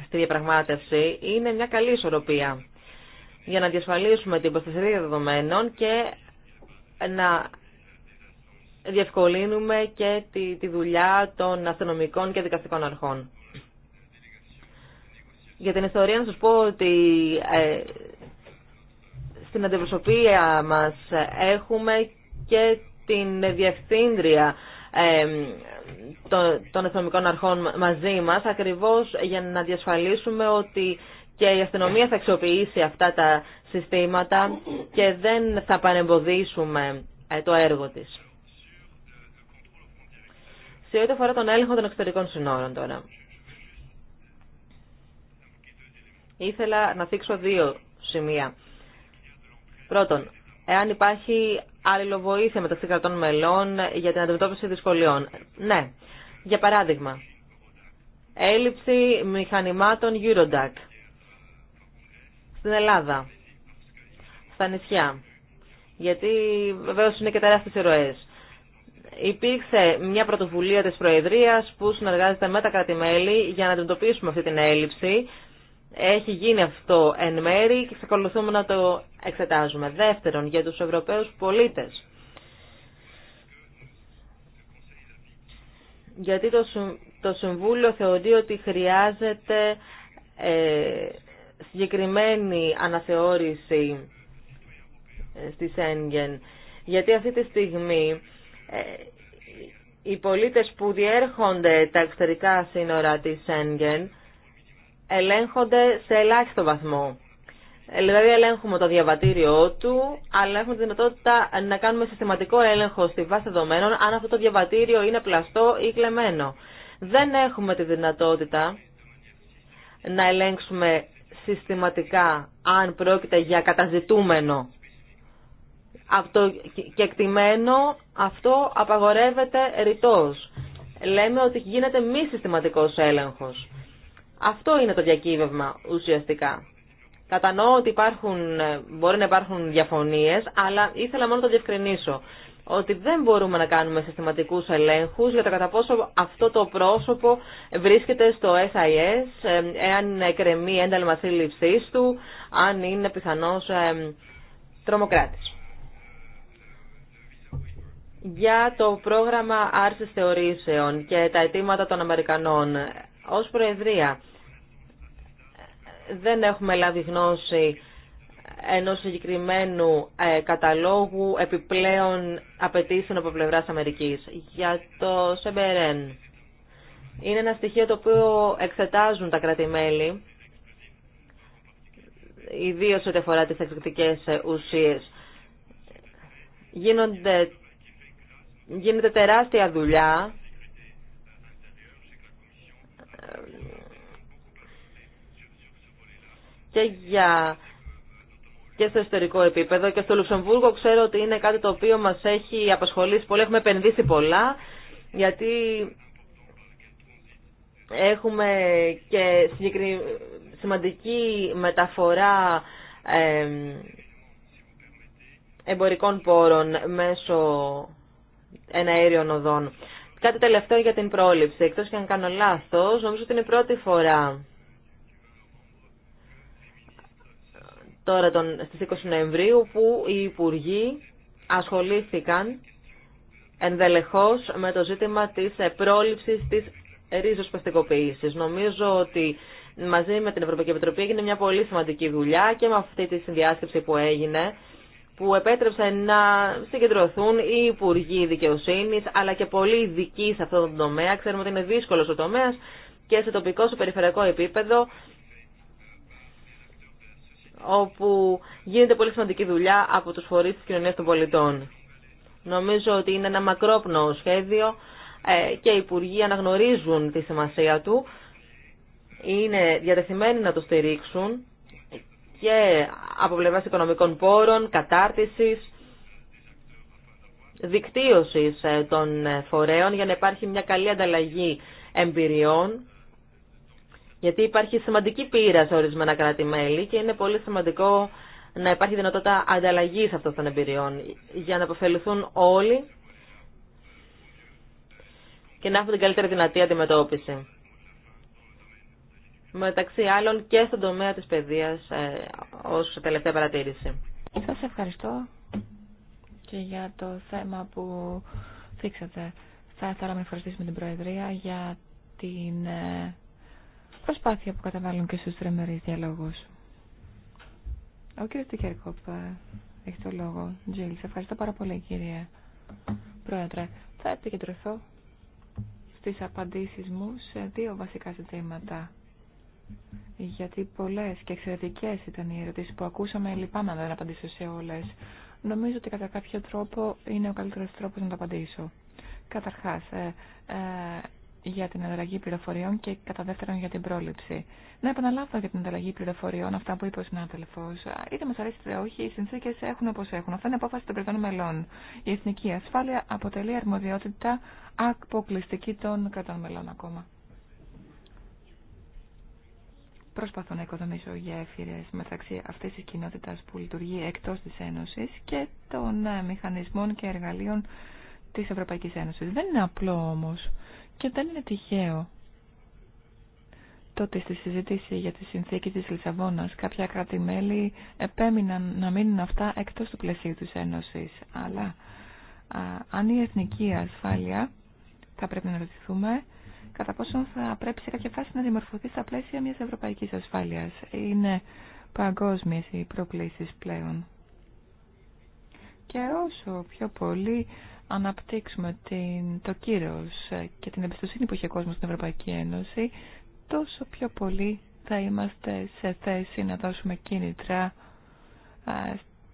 στη διαπραγμάτευση είναι μια καλή ισορροπία για να διασφαλίσουμε την προστασία δεδομένων και να διευκολύνουμε και τη, τη δουλειά των αστυνομικών και δικαστικών αρχών. Για την ιστορία να σας πω ότι ε, στην αντιπροσωπεία μας έχουμε και την διευθύντρια των αστυνομικών αρχών μαζί μας, ακριβώς για να διασφαλίσουμε ότι και η αστυνομία θα αξιοποιήσει αυτά τα συστήματα και δεν θα παρεμποδίσουμε ε, το έργο της. Σε ό,τι αφορά τον έλεγχο των εξωτερικών συνόρων τώρα. Ήθελα να θίξω δύο σημεία. Πρώτον, εάν υπάρχει αλληλοβοήθεια μεταξύ κρατών μελών για την αντιμετώπιση δυσκολιών. Ναι. Για παράδειγμα, έλλειψη μηχανημάτων Eurodac στην Ελλάδα, στα νησιά, γιατί βεβαίω είναι και τεράστιες ερωές. Υπήρξε μια πρωτοβουλία της Προεδρίας που συνεργάζεται με τα κρατημέλη για να αντιμετωπίσουμε αυτή την έλλειψη έχει γίνει αυτό εν μέρη και εξακολουθούμε να το εξετάζουμε. Δεύτερον, για τους Ευρωπαίους πολίτες. Γιατί το, το Συμβούλιο θεωρεί ότι χρειάζεται ε, συγκεκριμένη αναθεώρηση ε, στη Σέγγεν. Γιατί αυτή τη στιγμή ε, οι πολίτες που διέρχονται τα εξωτερικά σύνορα της Σέγγεν ελέγχονται σε ελάχιστο βαθμό. Ε, δηλαδή ελέγχουμε το διαβατήριό του, αλλά έχουμε τη δυνατότητα να κάνουμε συστηματικό έλεγχο στη βάση δεδομένων αν αυτό το διαβατήριο είναι πλαστό ή κλεμμένο. Δεν έχουμε τη δυνατότητα να ελέγξουμε συστηματικά αν πρόκειται για καταζητούμενο. και εκτιμένο. αυτό απαγορεύεται ρητός. Λέμε ότι γίνεται μη συστηματικός έλεγχος. Αυτό είναι το διακύβευμα ουσιαστικά. Κατανοώ ότι υπάρχουν, ε, μπορεί να υπάρχουν διαφωνίες, αλλά ήθελα μόνο να το διευκρινίσω. Ότι δεν μπορούμε να κάνουμε συστηματικούς ελέγχους για το κατά πόσο αυτό το πρόσωπο βρίσκεται στο SIS, ε, εάν κρεμεί ένταλμα σύλληψής του, αν είναι πιθανός ε, τρομοκράτης. Για το πρόγραμμα άρσης θεωρήσεων και τα αιτήματα των Αμερικανών ως Προεδρία δεν έχουμε λάβει γνώση ενός συγκεκριμένου ε, καταλόγου επιπλέον απαιτήσεων από πλευράς Αμερικής. Για το ΣΕΜΠΕΡΕΝ είναι ένα στοιχείο το οποίο εξετάζουν τα κράτη-μέλη, ιδίως ό,τι αφορά τις εξωτικές ε, ουσίες. Γίνονται, γίνεται τεράστια δουλειά και για και στο ιστορικό επίπεδο και στο Λουξεμβούργο ξέρω ότι είναι κάτι το οποίο μας έχει απασχολήσει πολύ, έχουμε επενδύσει πολλά γιατί έχουμε και σημαντική μεταφορά εμπορικών πόρων μέσω εναέριων οδών. Κάτι τελευταίο για την πρόληψη. Εκτός και αν κάνω λάθος, νομίζω ότι είναι η πρώτη φορά τώρα τον, στις 20 Νοεμβρίου που οι Υπουργοί ασχολήθηκαν ενδελεχώς με το ζήτημα της ε, πρόληψης της ρίζοσπαστικοποίησης. Νομίζω ότι μαζί με την Ευρωπαϊκή Επιτροπή έγινε μια πολύ σημαντική δουλειά και με αυτή τη συνδιάσκεψη που έγινε που επέτρεψε να συγκεντρωθούν οι Υπουργοί Δικαιοσύνης αλλά και πολλοί ειδικοί σε αυτόν τον τομέα. Ξέρουμε ότι είναι δύσκολο ο τομέας και σε τοπικό, σε περιφερειακό επίπεδο όπου γίνεται πολύ σημαντική δουλειά από τους φορείς της κοινωνίας των πολιτών. Νομίζω ότι είναι ένα μακρόπνοο σχέδιο ε, και οι Υπουργοί αναγνωρίζουν τη σημασία του, είναι διατεθειμένοι να το στηρίξουν και από πλευράς οικονομικών πόρων, κατάρτισης, δικτύωσης ε, των ε, φορέων για να υπάρχει μια καλή ανταλλαγή εμπειριών γιατί υπάρχει σημαντική πείρα σε ορισμένα κράτη-μέλη και είναι πολύ σημαντικό να υπάρχει δυνατότητα ανταλλαγής αυτών των εμπειριών για να αποφεληθούν όλοι και να έχουν την καλύτερη δυνατή αντιμετώπιση. Μεταξύ άλλων και στον τομέα της παιδείας ε, ως τελευταία παρατήρηση. Σας ευχαριστώ και για το θέμα που θίξατε. Θα ήθελα να ευχαριστήσουμε την Προεδρία για την ε, προσπάθεια που καταβάλουν και στους τρεμερεί διαλόγους. Ο κ. Τικερκόπ ε, έχει το λόγο. Τζίλ, σε ευχαριστώ πάρα πολύ κύριε Πρόεδρε. Θα επικεντρωθώ στι απαντήσεις μου σε δύο βασικά ζητήματα. Γιατί πολλέ και εξαιρετικέ ήταν οι ερωτήσει που ακούσαμε, λυπάμαι να δεν απαντήσω σε όλες. Νομίζω ότι κατά κάποιο τρόπο είναι ο καλύτερος τρόπος να τα απαντήσω. Καταρχάς, ε, ε, για την ανταλλαγή πληροφοριών και κατά δεύτερον για την πρόληψη. Να επαναλάβω για την ανταλλαγή πληροφοριών αυτά που είπε ο συνάδελφο. Είτε μα αρέσει είτε όχι, οι συνθήκε έχουν όπω έχουν. Αυτά είναι απόφαση των κρατών μελών. Η εθνική ασφάλεια αποτελεί αρμοδιότητα αποκλειστική των κρατών μελών ακόμα. Προσπαθώ να οικοδομήσω γέφυρε μεταξύ αυτή τη κοινότητα που λειτουργεί εκτό τη Ένωση και των μηχανισμών και εργαλείων τη Ευρωπαϊκή Ένωση. Δεν είναι απλό όμω. Και δεν είναι τυχαίο τότε στη συζήτηση για τη συνθήκη της Λισαβόνας κάποια κράτη-μέλη επέμειναν να μείνουν αυτά εκτός του πλαισίου της Ένωσης. Αλλά αν η εθνική ασφάλεια θα πρέπει να ρωτηθούμε κατά πόσο θα πρέπει σε κάποια φάση να δημορφωθεί στα πλαίσια μιας ευρωπαϊκής ασφάλειας. Είναι παγκόσμιες οι προκλήσεις πλέον. Και όσο πιο πολύ αναπτύξουμε την, το κύρος ε, και την εμπιστοσύνη που έχει ο κόσμος στην Ευρωπαϊκή Ένωση, τόσο πιο πολύ θα είμαστε σε θέση να δώσουμε κίνητρα ε,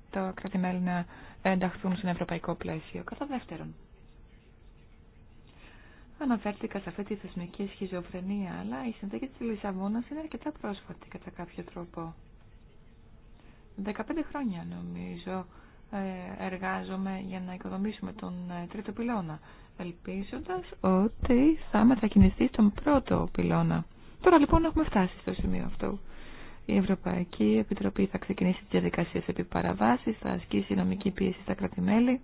στο κρατημέλη να ενταχθούν στην ευρωπαϊκό πλαίσιο. Κατά δεύτερον, αναφέρθηκα σε αυτή τη θεσμική σχιζοφρενία, αλλά η συνθήκη της Λισαβόνας είναι αρκετά πρόσφατη κατά κάποιο τρόπο. 15 χρόνια νομίζω ε, εργάζομαι για να οικοδομήσουμε τον ε, τρίτο πυλώνα, ελπίζοντας ότι θα μετακινηθεί στον πρώτο πυλώνα. Τώρα λοιπόν έχουμε φτάσει στο σημείο αυτό. Η Ευρωπαϊκή Επιτροπή θα ξεκινήσει τις διαδικασίες επί παραβάσης, θα ασκήσει νομική πίεση στα κρατημέλη.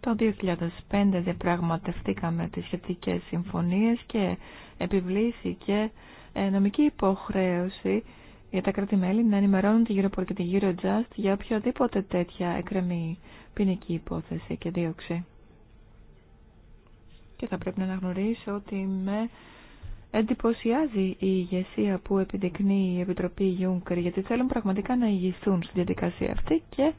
Το 2005 διαπραγματευτήκαμε τις σχετικές συμφωνίες και επιβλήθηκε ε, νομική υποχρέωση για τα κράτη-μέλη να ενημερώνουν τη Γύρω και τη τζαστ για οποιαδήποτε τέτοια εκκρεμή ποινική υπόθεση και δίωξη. Και θα πρέπει να αναγνωρίσω ότι με εντυπωσιάζει η ηγεσία που επιδεικνύει η Επιτροπή Juncker γιατί θέλουν πραγματικά να ηγηθούν στη διαδικασία αυτή και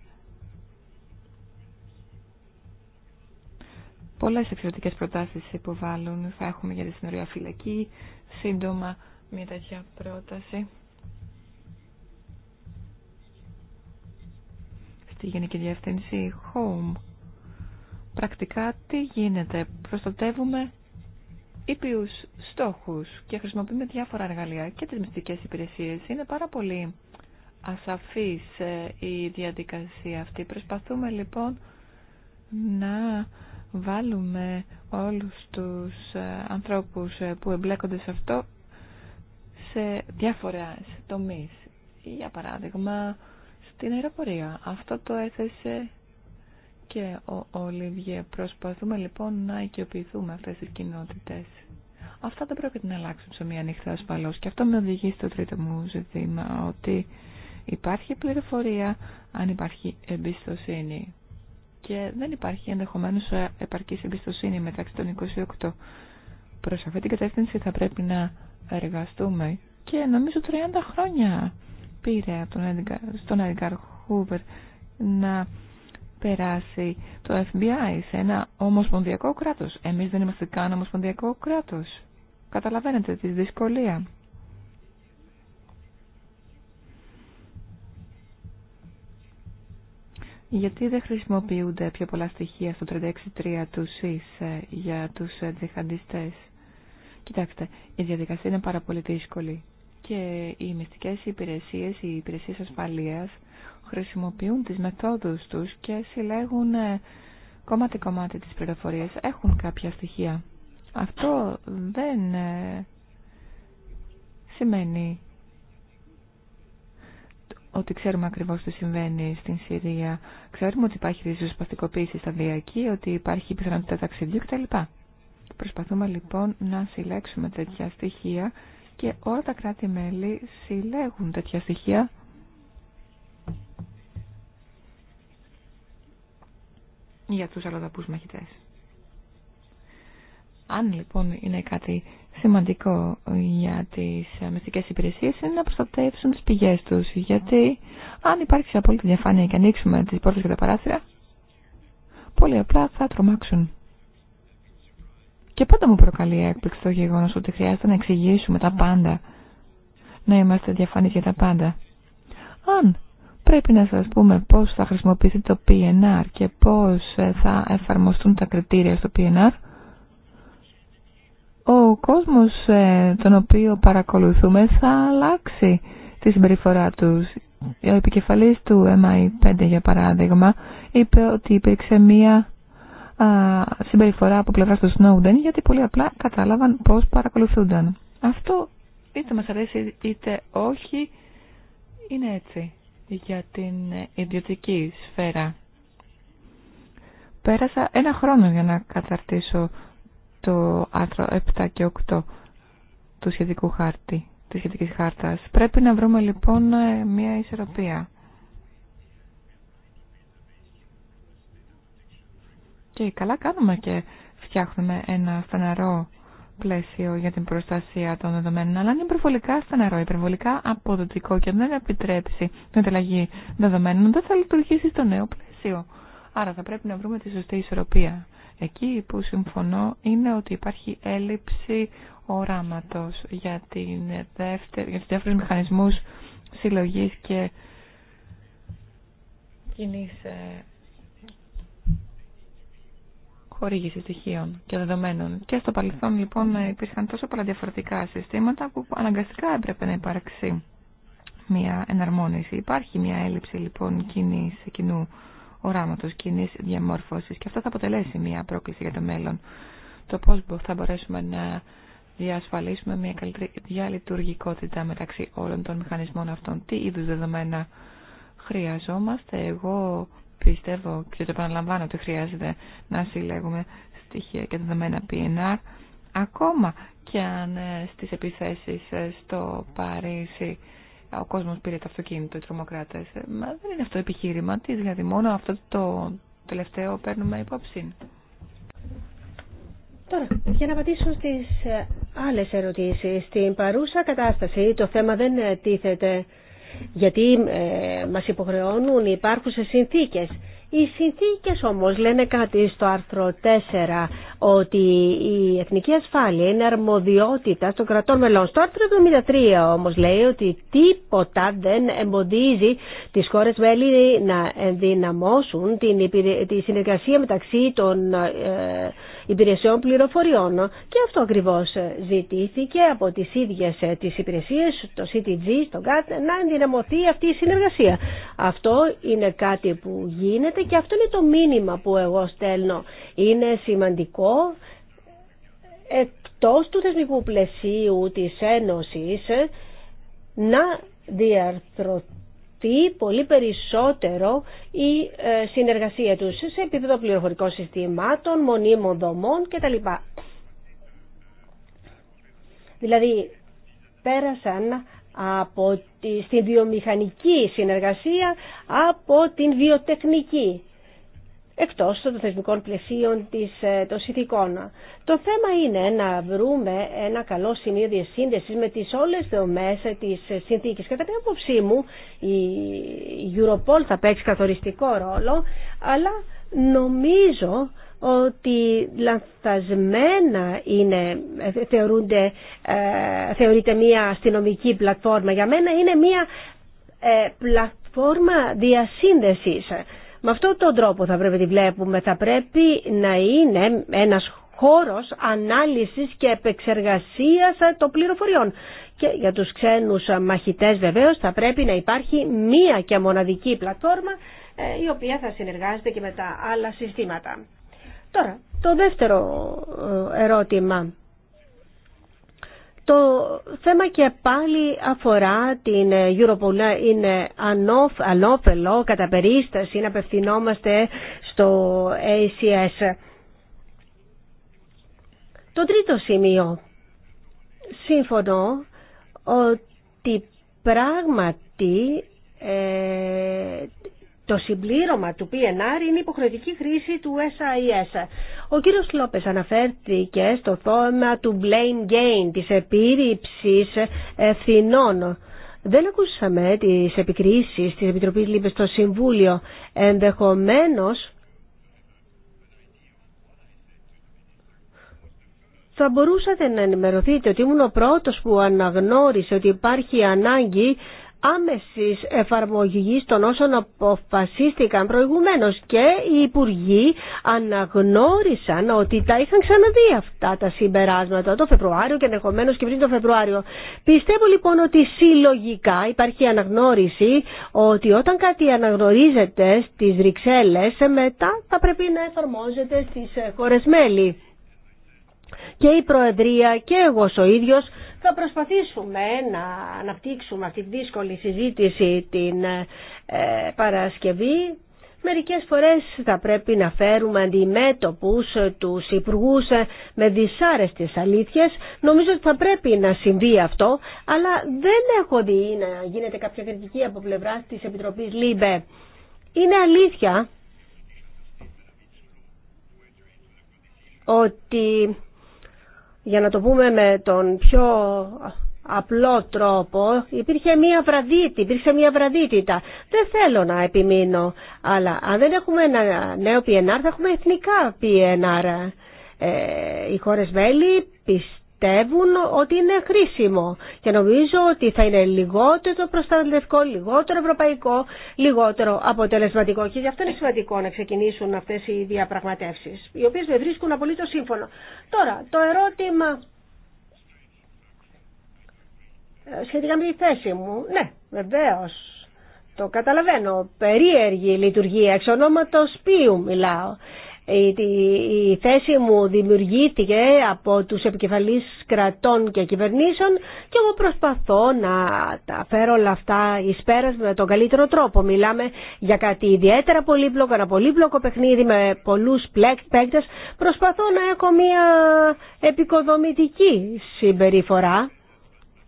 πολλές εξαιρετικές προτάσεις υποβάλλουν. Θα έχουμε για τη φυλακή, σύντομα μια τέτοια πρόταση. στη Γενική Διεύθυνση Home. Πρακτικά τι γίνεται. Προστατεύουμε ήπιους στόχους και χρησιμοποιούμε διάφορα εργαλεία και τις μυστικές υπηρεσίες. Είναι πάρα πολύ ασαφής ε, η διαδικασία αυτή. Προσπαθούμε λοιπόν να βάλουμε όλους τους ε, ανθρώπους ε, που εμπλέκονται σε αυτό σε διάφορα τομείς. Για παράδειγμα, την αεροπορία. Αυτό το έθεσε και ο Ολιβιέ. Προσπαθούμε λοιπόν να οικειοποιηθούμε αυτές τις κοινότητες. Αυτά δεν πρόκειται να αλλάξουν σε μία νύχτα ασφαλώς. Και αυτό με οδηγεί στο τρίτο μου ζήτημα, ότι υπάρχει πληροφορία αν υπάρχει εμπιστοσύνη. Και δεν υπάρχει ενδεχομένως επαρκής εμπιστοσύνη μεταξύ των 28. Προς αυτή την κατεύθυνση θα πρέπει να εργαστούμε και νομίζω 30 χρόνια πήρε από τον στον Edgar Hoover να περάσει το FBI σε ένα ομοσπονδιακό κράτος. Εμείς δεν είμαστε καν ομοσπονδιακό κράτος. Καταλαβαίνετε τη δυσκολία. Γιατί δεν χρησιμοποιούνται πιο πολλά στοιχεία στο 36.3 του ΣΥΣ ε, για τους ε, τζιχαντιστές. Κοιτάξτε, η διαδικασία είναι πάρα πολύ δύσκολη και οι μυστικές υπηρεσίες, οι υπηρεσίες ασφαλείας χρησιμοποιούν τις μεθόδους τους και συλλέγουν ε, κομμάτι-κομμάτι τις πληροφορίες. Έχουν κάποια στοιχεία. Αυτό δεν ε, σημαίνει ότι ξέρουμε ακριβώς τι συμβαίνει στην Συρία. Ξέρουμε ότι υπάρχει ριζοσπαστικοποίηση σταδιακή, ότι υπάρχει πιθανότητα ταξιδιού κτλ. Προσπαθούμε λοιπόν να συλλέξουμε τέτοια στοιχεία και όλα τα κράτη-μέλη συλλέγουν τέτοια στοιχεία για τους αλλοδαπούς μαχητές. Αν λοιπόν είναι κάτι σημαντικό για τις μυστικές υπηρεσίες είναι να προστατεύσουν τις πηγές τους γιατί αν υπάρξει απόλυτη διαφάνεια και ανοίξουμε τις πόρτες και τα παράθυρα πολύ απλά θα τρομάξουν. Και πάντα μου προκαλεί έκπληξη το γεγονός ότι χρειάζεται να εξηγήσουμε τα πάντα. Να είμαστε διαφανείς για τα πάντα. Αν πρέπει να σας πούμε πώς θα χρησιμοποιηθεί το PNR και πώς ε, θα εφαρμοστούν τα κριτήρια στο PNR, ο κόσμος ε, τον οποίο παρακολουθούμε θα αλλάξει τη συμπεριφορά του. Ο επικεφαλής του MI5 για παράδειγμα είπε ότι υπήρξε μία συμπεριφορά από πλευρά του Snowden γιατί πολύ απλά κατάλαβαν πώς παρακολουθούνταν. Αυτό είτε μας αρέσει είτε όχι είναι έτσι για την ιδιωτική σφαίρα. Πέρασα ένα χρόνο για να καταρτήσω το άρθρο 7 και 8 του σχετικού χάρτη, της σχετικής χάρτας. Πρέπει να βρούμε λοιπόν ε, μια ισορροπία Και καλά κάνουμε και φτιάχνουμε ένα στεναρό πλαίσιο για την προστασία των δεδομένων, αλλά είναι υπερβολικά στεναρό, υπερβολικά αποδοτικό και δεν επιτρέψει την ανταλλαγή δεδομένων, δεν θα λειτουργήσει στο νέο πλαίσιο. Άρα θα πρέπει να βρούμε τη σωστή ισορροπία. Εκεί που συμφωνώ είναι ότι υπάρχει έλλειψη οράματος για, την δεύτερη, για τους μηχανισμούς συλλογής και κοινής ε, χορήγηση στοιχείων και δεδομένων. Και στο παρελθόν λοιπόν υπήρχαν τόσο πολλά διαφορετικά συστήματα που αναγκαστικά έπρεπε να υπάρξει μια εναρμόνιση. Υπάρχει μια έλλειψη λοιπόν κοινής, κοινού οράματος, κοινή διαμόρφωσης και αυτό θα αποτελέσει μια πρόκληση για το μέλλον. Το πώς θα μπορέσουμε να διασφαλίσουμε μια καλύτερη διαλειτουργικότητα μεταξύ όλων των μηχανισμών αυτών. Τι είδου δεδομένα χρειαζόμαστε. Εγώ Πιστεύω και το επαναλαμβάνω ότι χρειάζεται να συλλέγουμε στοιχεία και δεδομένα PNR ακόμα και αν ε, στις επιθέσεις ε, στο Παρίσι ο κόσμος πήρε το αυτοκίνητο, οι τρομοκράτες. Ε, μα δεν είναι αυτό επιχείρημα, τι δηλαδή μόνο αυτό το τελευταίο παίρνουμε υπόψη. Τώρα, για να απαντήσω στις άλλες ερωτήσεις. Στην παρούσα κατάσταση το θέμα δεν τίθεται γιατί ε, μας υποχρεώνουν οι υπάρχουσες συνθήκες. Οι συνθήκες όμως λένε κάτι στο άρθρο 4 ότι η εθνική ασφάλεια είναι αρμοδιότητα των κρατών μελών. Στο άρθρο 73 όμως λέει ότι τίποτα δεν εμποδίζει τις χώρες μέλη να ενδυναμώσουν την τη συνεργασία μεταξύ των ε, υπηρεσιών πληροφοριών. Και αυτό ακριβώς ζητήθηκε από τις ίδιες ε, τις υπηρεσίες, το CTG, το GATT, να ενδυναμωθεί αυτή η συνεργασία. Αυτό είναι κάτι που γίνεται και αυτό είναι το μήνυμα που εγώ στέλνω. Είναι σημαντικό εκτός του θεσμικού πλαισίου της Ένωσης να διαρθρωθεί πολύ περισσότερο η ε, συνεργασία τους σε επίπεδο πληροφορικών συστημάτων, μονίμων δομών κτλ. Δηλαδή πέρασαν από τη, βιομηχανική συνεργασία από την βιοτεχνική εκτός των θεσμικών πλαισίων της, ε, των συνθηκών. Το θέμα είναι να βρούμε ένα καλό σημείο διασύνδεσης με τις όλες δομές ε, της ε, συνθήκης. Κατά την άποψή μου η Europol θα παίξει καθοριστικό ρόλο, αλλά νομίζω ότι λανθασμένα είναι, θεωρείται μια αστυνομική πλατφόρμα. Για μένα είναι μια πλατφόρμα διασύνδεσης. Με αυτόν τον τρόπο θα πρέπει να τη βλέπουμε. Θα πρέπει να είναι ένας χώρος ανάλυσης και επεξεργασίας των πληροφοριών. Και για τους ξένους μαχητές βεβαίως θα πρέπει να υπάρχει μία και μοναδική πλατφόρμα ε, η οποία θα συνεργάζεται και με τα άλλα συστήματα. Τώρα, το δεύτερο ε, ερώτημα. Το θέμα και πάλι αφορά την Europol. Είναι ανώφελο, κατά περίσταση, να απευθυνόμαστε στο ACS. Το τρίτο σημείο. Σύμφωνο ότι πράγματι ε, το συμπλήρωμα του PNR είναι υποχρεωτική χρήση του SIS. Ο κύριος Λόπες αναφέρθηκε στο θέμα του blame gain, της επίρρηψης ευθυνών. Δεν ακούσαμε τις επικρίσεις της Επιτροπής λίπες στο Συμβούλιο. Ενδεχομένως θα μπορούσατε να ενημερωθείτε ότι ήμουν ο πρώτος που αναγνώρισε ότι υπάρχει ανάγκη άμεσης εφαρμογή των όσων αποφασίστηκαν προηγουμένω. και οι Υπουργοί αναγνώρισαν ότι τα είχαν ξαναδεί αυτά τα συμπεράσματα το Φεβρουάριο και ενδεχομένω και πριν το Φεβρουάριο. Πιστεύω λοιπόν ότι συλλογικά υπάρχει αναγνώριση ότι όταν κάτι αναγνωρίζεται στι Βρυξέλλες μετά θα πρέπει να εφαρμόζεται στι χώρε μέλη. Και η Προεδρία και εγώ ο ίδιος θα προσπαθήσουμε να αναπτύξουμε αυτή τη δύσκολη συζήτηση την ε, Παρασκευή. Μερικές φορές θα πρέπει να φέρουμε αντιμέτωπους ε, τους υπουργού ε, με δυσάρεστες αλήθειες. Νομίζω ότι θα πρέπει να συμβεί αυτό, αλλά δεν έχω δει να γίνεται κάποια κριτική από πλευρά της Επιτροπής ΛΥΜΠΕ. Είναι αλήθεια ότι για να το πούμε με τον πιο απλό τρόπο, υπήρχε μια βραδίτη, υπήρχε μια βραδίτητα. Δεν θέλω να επιμείνω, αλλά αν δεν έχουμε ένα νέο PNR θα έχουμε εθνικά PNR. Ε, οι χώρες πιστεύουν ότι είναι χρήσιμο. Και νομίζω ότι θα είναι λιγότερο προστατευτικό, λιγότερο ευρωπαϊκό, λιγότερο αποτελεσματικό. Και γι' αυτό είναι σημαντικό να ξεκινήσουν αυτέ οι διαπραγματεύσει, οι οποίε με βρίσκουν απολύτω σύμφωνο. Τώρα, το ερώτημα. Ε, σχετικά με τη θέση μου, ναι, βεβαίω. Το καταλαβαίνω. Περίεργη λειτουργία, εξ ονόματος ποιου μιλάω. Η θέση μου δημιουργήθηκε από τους επικεφαλής κρατών και κυβερνήσεων και εγώ προσπαθώ να τα φέρω όλα αυτά εις πέρας με τον καλύτερο τρόπο. Μιλάμε για κάτι ιδιαίτερα πολύπλοκο, ένα πολύπλοκο παιχνίδι με πολλούς παίκτες. Προσπαθώ να έχω μια επικοδομητική συμπεριφορά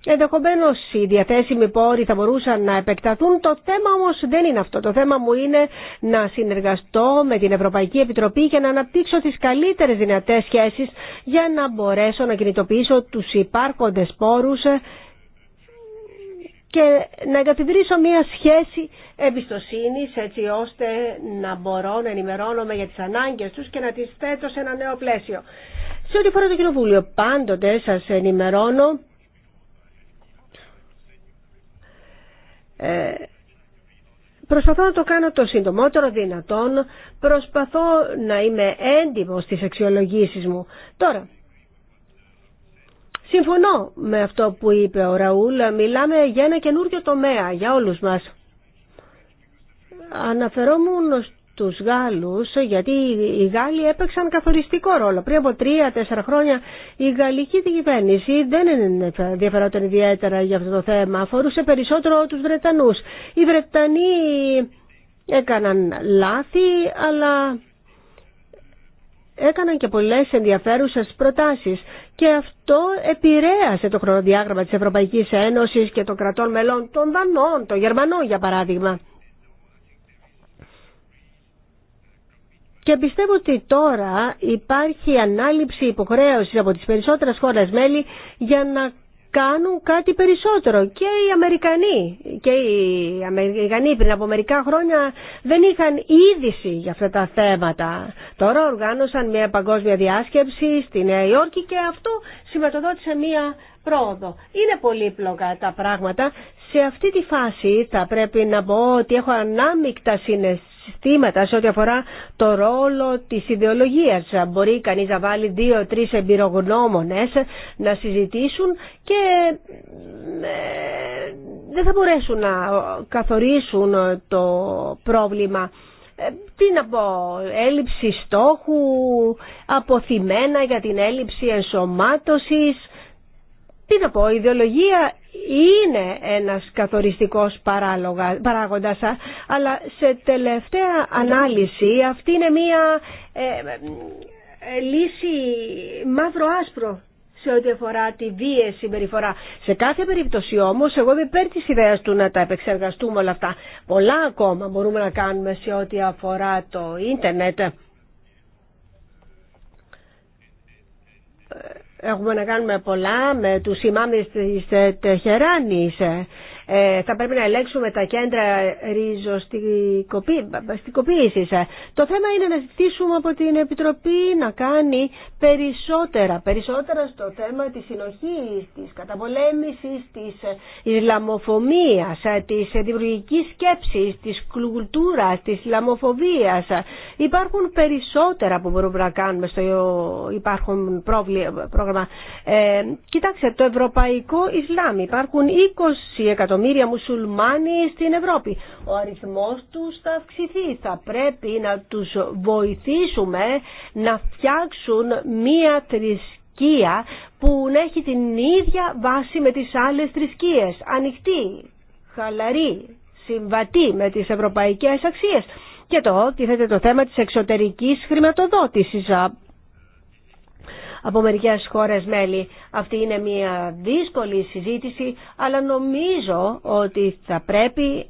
Ενδεχομένω οι διαθέσιμοι πόροι θα μπορούσαν να επεκταθούν. Το θέμα όμω δεν είναι αυτό. Το θέμα μου είναι να συνεργαστώ με την Ευρωπαϊκή Επιτροπή για να αναπτύξω τι καλύτερε δυνατέ σχέσει για να μπορέσω να κινητοποιήσω του υπάρχοντε πόρου και να εγκαθιδρύσω μια σχέση εμπιστοσύνη έτσι ώστε να μπορώ να ενημερώνομαι για τι ανάγκε του και να τι θέτω σε ένα νέο πλαίσιο. Σε ό,τι φορά το Κοινοβούλιο πάντοτε σα ενημερώνω Ε, προσπαθώ να το κάνω το συντομότερο δυνατόν, προσπαθώ να είμαι έντιμο στις αξιολογήσεις μου. Τώρα, συμφωνώ με αυτό που είπε ο Ραούλ, μιλάμε για ένα καινούριο τομέα για όλους μας. Αναφερόμουν τους Γάλλους γιατί οι Γάλλοι έπαιξαν καθοριστικό ρόλο. Πριν από τρία-τέσσερα χρόνια η γαλλική κυβέρνηση δεν ενδιαφερόταν ιδιαίτερα για αυτό το θέμα. Αφορούσε περισσότερο τους Βρετανούς. Οι Βρετανοί έκαναν λάθη αλλά έκαναν και πολλές ενδιαφέρουσες προτάσεις και αυτό επηρέασε το χρονοδιάγραμμα της Ευρωπαϊκής Ένωσης και των κρατών μελών των Δανών, των Γερμανών για παράδειγμα. Και πιστεύω ότι τώρα υπάρχει ανάληψη υποχρέωση από τις περισσότερες χώρες μέλη για να κάνουν κάτι περισσότερο. Και οι Αμερικανοί, και οι Αμερικανοί πριν από μερικά χρόνια δεν είχαν είδηση για αυτά τα θέματα. Τώρα οργάνωσαν μια παγκόσμια διάσκεψη στη Νέα Υόρκη και αυτό σηματοδότησε μια πρόοδο. Είναι πολύπλοκα τα πράγματα. Σε αυτή τη φάση θα πρέπει να πω ότι έχω ανάμεικτα συναισθήματα συστήματα σε ό,τι αφορά το ρόλο της ιδεολογίας. Μπορεί κανείς να βάλει δύο-τρεις εμπειρογνώμονες να συζητήσουν και ε, δεν θα μπορέσουν να καθορίσουν το πρόβλημα. Ε, τι να πω, έλλειψη στόχου, αποθυμένα για την έλλειψη ενσωμάτωσης, τι θα πω, η ιδεολογία είναι ένας καθοριστικός παράγοντας, αλλά σε τελευταία ανάλυση αυτή είναι μία ε, ε, λύση μαύρο-άσπρο σε ό,τι αφορά τη βίαιη συμπεριφορά. Σε κάθε περίπτωση όμως, εγώ είμαι υπέρ της ιδέας του να τα επεξεργαστούμε όλα αυτά. Πολλά ακόμα μπορούμε να κάνουμε σε ό,τι αφορά το ίντερνετ. Ε, Έχουμε να κάνουμε πολλά με τους ημάμις της Τεχεράνης ε, θα πρέπει να ελέγξουμε τα κέντρα ε. Το θέμα είναι να ζητήσουμε από την Επιτροπή να κάνει περισσότερα, περισσότερα στο θέμα της συνοχής, της καταπολέμησης, της Ισλαμοφομίας, της δημιουργικής σκέψης, της κουλτούρας, της Ισλαμοφοβίας. Υπάρχουν περισσότερα που μπορούμε να κάνουμε στο υπάρχουν πρόβλημα, πρόγραμμα. Ε, κοιτάξτε, το Ευρωπαϊκό Ισλάμ υπάρχουν 20 εκατομμύρια εκατομμύρια μουσουλμάνοι στην Ευρώπη. Ο αριθμός τους θα αυξηθεί. Θα πρέπει να τους βοηθήσουμε να φτιάξουν μία θρησκεία που να έχει την ίδια βάση με τις άλλες θρησκείες. Ανοιχτή, χαλαρή, συμβατή με τις ευρωπαϊκές αξίες. Και το τίθεται το θέμα της εξωτερικής χρηματοδότησης από μερικέ χώρε μέλη. Αυτή είναι μια δύσκολη συζήτηση, αλλά νομίζω ότι θα πρέπει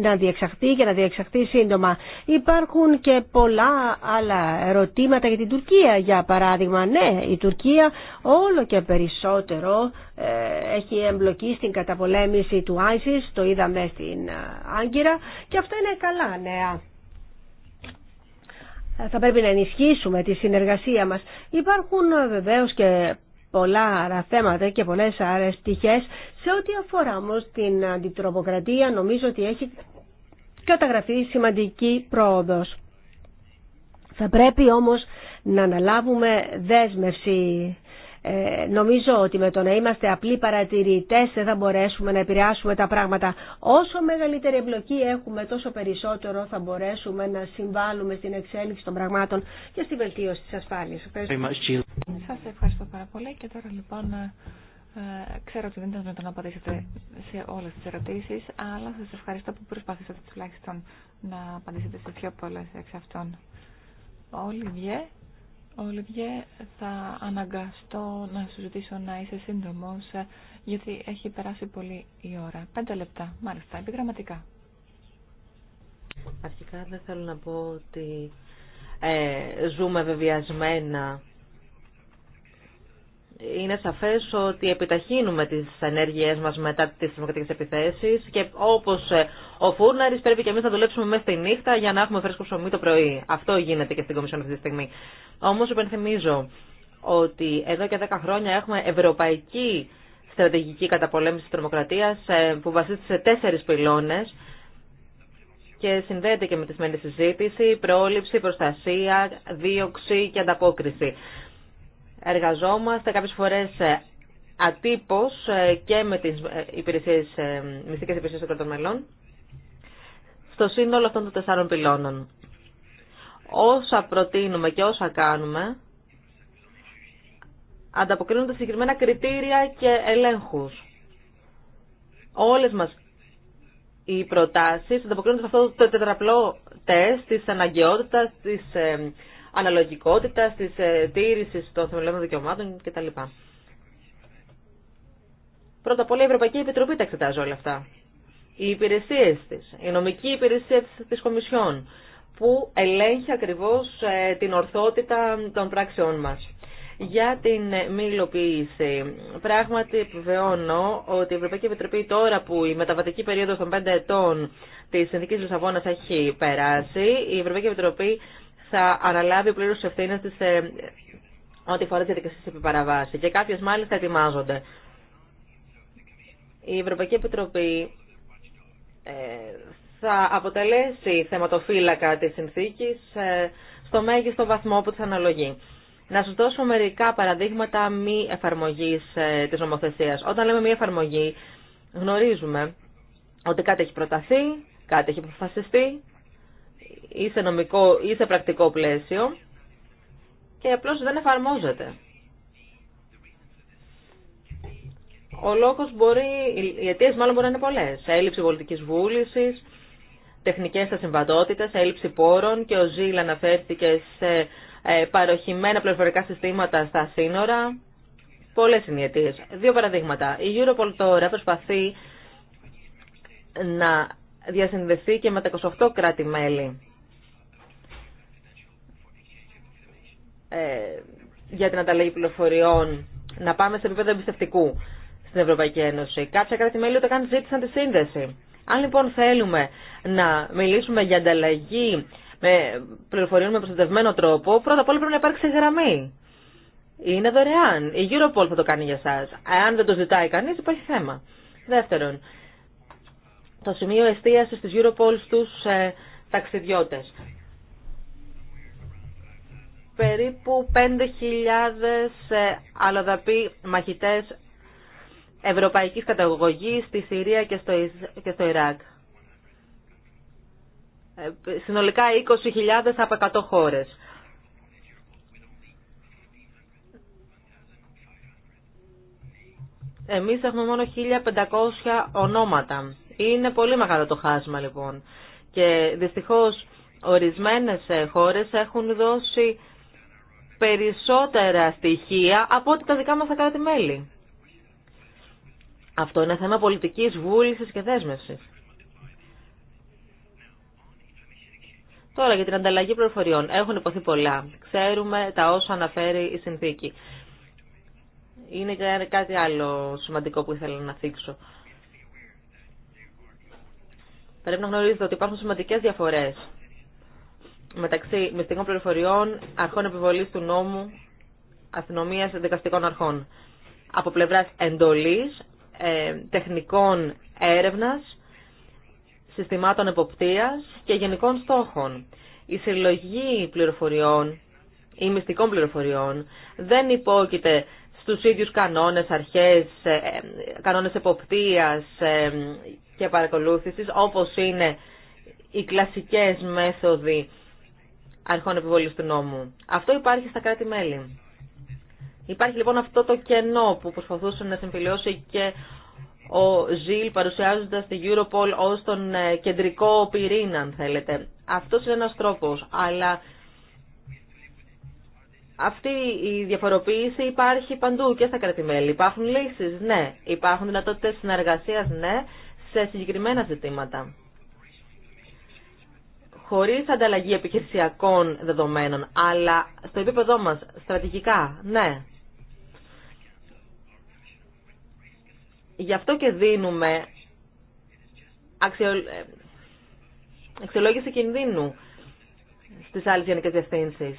να διεξαχθεί και να διεξαχθεί σύντομα. Υπάρχουν και πολλά άλλα ερωτήματα για την Τουρκία. Για παράδειγμα, ναι, η Τουρκία όλο και περισσότερο ε, έχει εμπλοκή στην καταπολέμηση του ISIS, το είδαμε στην ε, Άγκυρα και αυτά είναι καλά νέα θα πρέπει να ενισχύσουμε τη συνεργασία μας. Υπάρχουν ε, βεβαίως και πολλά άρα θέματα και πολλές άρες Σε ό,τι αφορά όμως την αντιτροποκρατία νομίζω ότι έχει καταγραφεί σημαντική πρόοδος. Θα πρέπει όμως να αναλάβουμε δέσμευση ε, νομίζω ότι με το να είμαστε απλοί παρατηρητές δεν θα μπορέσουμε να επηρεάσουμε τα πράγματα. Όσο μεγαλύτερη εμπλοκή έχουμε τόσο περισσότερο θα μπορέσουμε να συμβάλλουμε στην εξέλιξη των πραγμάτων και στη βελτίωση της ασφάλειας. Σας ευχαριστώ πάρα πολύ και τώρα λοιπόν... Ε, ε ξέρω ότι δεν ήταν να απαντήσετε σε όλε τι ερωτήσει, αλλά σα ευχαριστώ που προσπαθήσατε τουλάχιστον να απαντήσετε σε πιο πολλέ εξ αυτών. Όλοι Ολιβιέ, θα αναγκαστώ να σου ζητήσω να είσαι σύντομο, ε, γιατί έχει περάσει πολύ η ώρα. Πέντε λεπτά, μάλιστα, επιγραμματικά. Αρχικά δεν θέλω να πω ότι ε, ζούμε βεβαιασμένα είναι σαφές ότι επιταχύνουμε τις ενέργειές μας μετά τις δημοκρατικές επιθέσεις και όπως ε, ο Φούρναρης πρέπει και εμείς να δουλέψουμε μέσα τη νύχτα για να έχουμε φρέσκο ψωμί το πρωί. Αυτό γίνεται και στην Κομισιόν αυτή τη στιγμή. Όμως υπενθυμίζω ότι εδώ και 10 χρόνια έχουμε ευρωπαϊκή στρατηγική καταπολέμηση της τρομοκρατίας ε, που βασίζεται σε τέσσερις πυλώνες και συνδέεται και με τη σημερινή συζήτηση, πρόληψη, προστασία, δίωξη και ανταπόκριση εργαζόμαστε κάποιες φορές ε, ατύπως ε, και με τις ε, υπηρεσίες, μυστικές υπηρεσίες των κρατών μελών στο σύνολο αυτών των τεσσάρων πυλώνων. Όσα προτείνουμε και όσα κάνουμε ανταποκρίνονται συγκεκριμένα κριτήρια και ελέγχους. Όλες μας οι προτάσεις ανταποκρίνονται σε αυτό το τετραπλό τεστ της αναγκαιότητας, της αναλογικότητας, τη ε, τήρηση των θεμελιώδων δικαιωμάτων κτλ. Πρώτα απ' όλα η Ευρωπαϊκή Επιτροπή τα εξετάζει όλα αυτά. Οι υπηρεσίε τη, η νομική υπηρεσία τη Κομισιόν, που ελέγχει ακριβώς ε, την ορθότητα των πράξεών μα. Για την μη υλοποίηση, πράγματι επιβεβαιώνω ότι η Ευρωπαϊκή Επιτροπή τώρα που η μεταβατική περίοδος των 5 ετών της Συνθήκης Λισαβόνα έχει περάσει, η Ευρωπαϊκή Επιτροπή θα αναλάβει πλήρω ευθύνε τη ε, ό,τι αφορά τη διαδικασία τη Και κάποιε μάλιστα ετοιμάζονται. Η Ευρωπαϊκή Επιτροπή ε, θα αποτελέσει θεματοφύλακα τη συνθήκη ε, στο μέγιστο βαθμό που τη αναλογεί. Να σα δώσω μερικά παραδείγματα μη εφαρμογή τη νομοθεσία. Όταν λέμε μη εφαρμογή, γνωρίζουμε ότι κάτι έχει προταθεί, κάτι έχει αποφασιστεί ή νομικό ή σε πρακτικό πλαίσιο και απλώς δεν εφαρμόζεται. Ο λόγος μπορεί, οι αιτίες μάλλον μπορεί να είναι πολλές. Έλλειψη πολιτικής βούλησης, τεχνικές ασυμβατότητες, έλλειψη πόρων και ο Ζήλ αναφέρθηκε σε ε, παροχημένα πληροφορικά συστήματα στα σύνορα. Πολλές είναι οι αιτίες. Δύο παραδείγματα. Η Europol τώρα προσπαθεί να διασυνδεθεί και με τα 28 κράτη-μέλη ε, για την ανταλλαγή πληροφοριών να πάμε σε επίπεδο εμπιστευτικού στην Ευρωπαϊκή Ένωση. Κάποια κράτη-μέλη ούτε καν ζήτησαν τη σύνδεση. Αν λοιπόν θέλουμε να μιλήσουμε για ανταλλαγή με πληροφοριών με προστατευμένο τρόπο, πρώτα απ' όλα πρέπει να υπάρξει γραμμή. Είναι δωρεάν. Η Europol θα το κάνει για εσά. Αν δεν το ζητάει κανεί, υπάρχει θέμα. Δεύτερον, το σημείο εστίασης της Europol στους ε, ταξιδιώτες. Περίπου 5.000 ε, αλλοδαποί μαχητές ευρωπαϊκής καταγωγής στη Συρία και στο, και στο Ιράκ. Ε, συνολικά 20.000 από 100 χώρες. Εμείς έχουμε μόνο 1.500 ονόματα είναι πολύ μεγάλο το χάσμα λοιπόν. Και δυστυχώς ορισμένες ε, χώρες έχουν δώσει περισσότερα στοιχεία από ό,τι τα δικά μας τα κράτη-μέλη. Αυτό είναι θέμα πολιτικής βούλησης και δέσμευσης. Τώρα για την ανταλλαγή πληροφοριών. Έχουν υποθεί πολλά. Ξέρουμε τα όσα αναφέρει η συνθήκη. Είναι κάτι άλλο σημαντικό που ήθελα να θίξω. Πρέπει να γνωρίζετε ότι υπάρχουν σημαντικέ διαφορές μεταξύ μυστικών πληροφοριών, αρχών επιβολής του νόμου, αστυνομία δικαστικών αρχών. Από πλευράς εντολής, ε, τεχνικών έρευνας, συστημάτων εποπτεία και γενικών στόχων. Η συλλογή πληροφοριών ή μυστικών πληροφοριών δεν υπόκειται στους ίδιους κανόνες, αρχές, ε, ε, κανόνες εποπτείας, και παρακολούθησης, όπως είναι οι κλασικές μέθοδοι αρχών επιβολής του νόμου. Αυτό υπάρχει στα κράτη-μέλη. Υπάρχει λοιπόν αυτό το κενό που προσπαθούσε να συμφιλειώσει και ο Ζιλ παρουσιάζοντας τη Europol ως τον ε, κεντρικό πυρήνα, αν θέλετε. Αυτό είναι ένας τρόπος, αλλά αυτή η διαφοροποίηση υπάρχει παντού και στα κρατημέλη. Υπάρχουν λύσεις, ναι. Υπάρχουν δυνατότητες συνεργασίας, ναι σε συγκεκριμένα ζητήματα. Χωρίς ανταλλαγή επιχειρησιακών δεδομένων, αλλά στο επίπεδό μας, στρατηγικά, ναι. Γι' αυτό και δίνουμε ε, αξιολόγηση κινδύνου στις άλλες γενικές διευθύνσεις.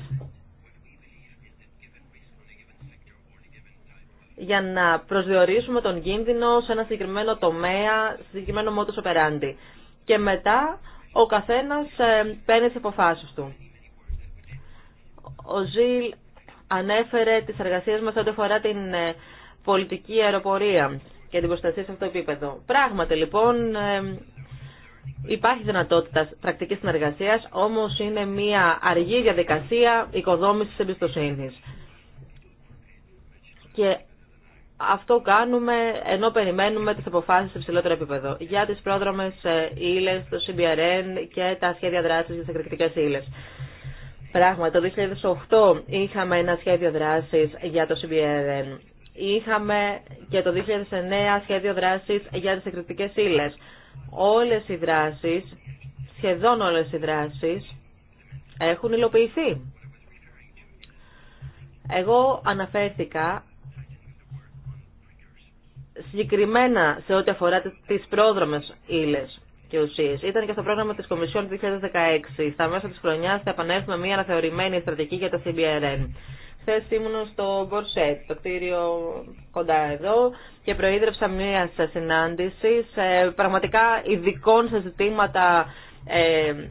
για να προσδιορίσουμε τον κίνδυνο σε ένα συγκεκριμένο τομέα, σε συγκεκριμένο μότο operandi. Και μετά ο καθένας ε, παίρνει τις αποφάσεις του. Ο Ζιλ ανέφερε τις εργασίες μας ό,τι αφορά την ε, πολιτική αεροπορία και την προστασία σε αυτό το επίπεδο. Πράγματι λοιπόν ε, υπάρχει δυνατότητα πρακτικής συνεργασίας, όμως είναι μια αργή διαδικασία οικοδόμησης εμπιστοσύνης. Και αυτό κάνουμε ενώ περιμένουμε τις αποφάσεις σε ψηλότερο επίπεδο για τις πρόδρομες ε, ύλες, το CBRN και τα σχέδια δράσης για τις εκρηκτικές ύλες. Πράγματι, το 2008 είχαμε ένα σχέδιο δράσης για το CBRN. Είχαμε και το 2009 σχέδιο δράσης για τις εκρηκτικές ύλες. Όλες οι δράσεις, σχεδόν όλες οι δράσεις, έχουν υλοποιηθεί. Εγώ αναφέρθηκα συγκεκριμένα σε ό,τι αφορά τις πρόδρομες ύλες και ουσίες. Ήταν και στο πρόγραμμα της Κομισιόν 2016. Στα μέσα της χρονιάς θα επανέλθουμε μια αναθεωρημένη στρατηγική για τα CBRN. Χθε ήμουν στο Μπορσέτ, το κτίριο κοντά εδώ, και προείδρευσα μια συνάντηση σε πραγματικά ειδικών σε ζητήματα ε, ε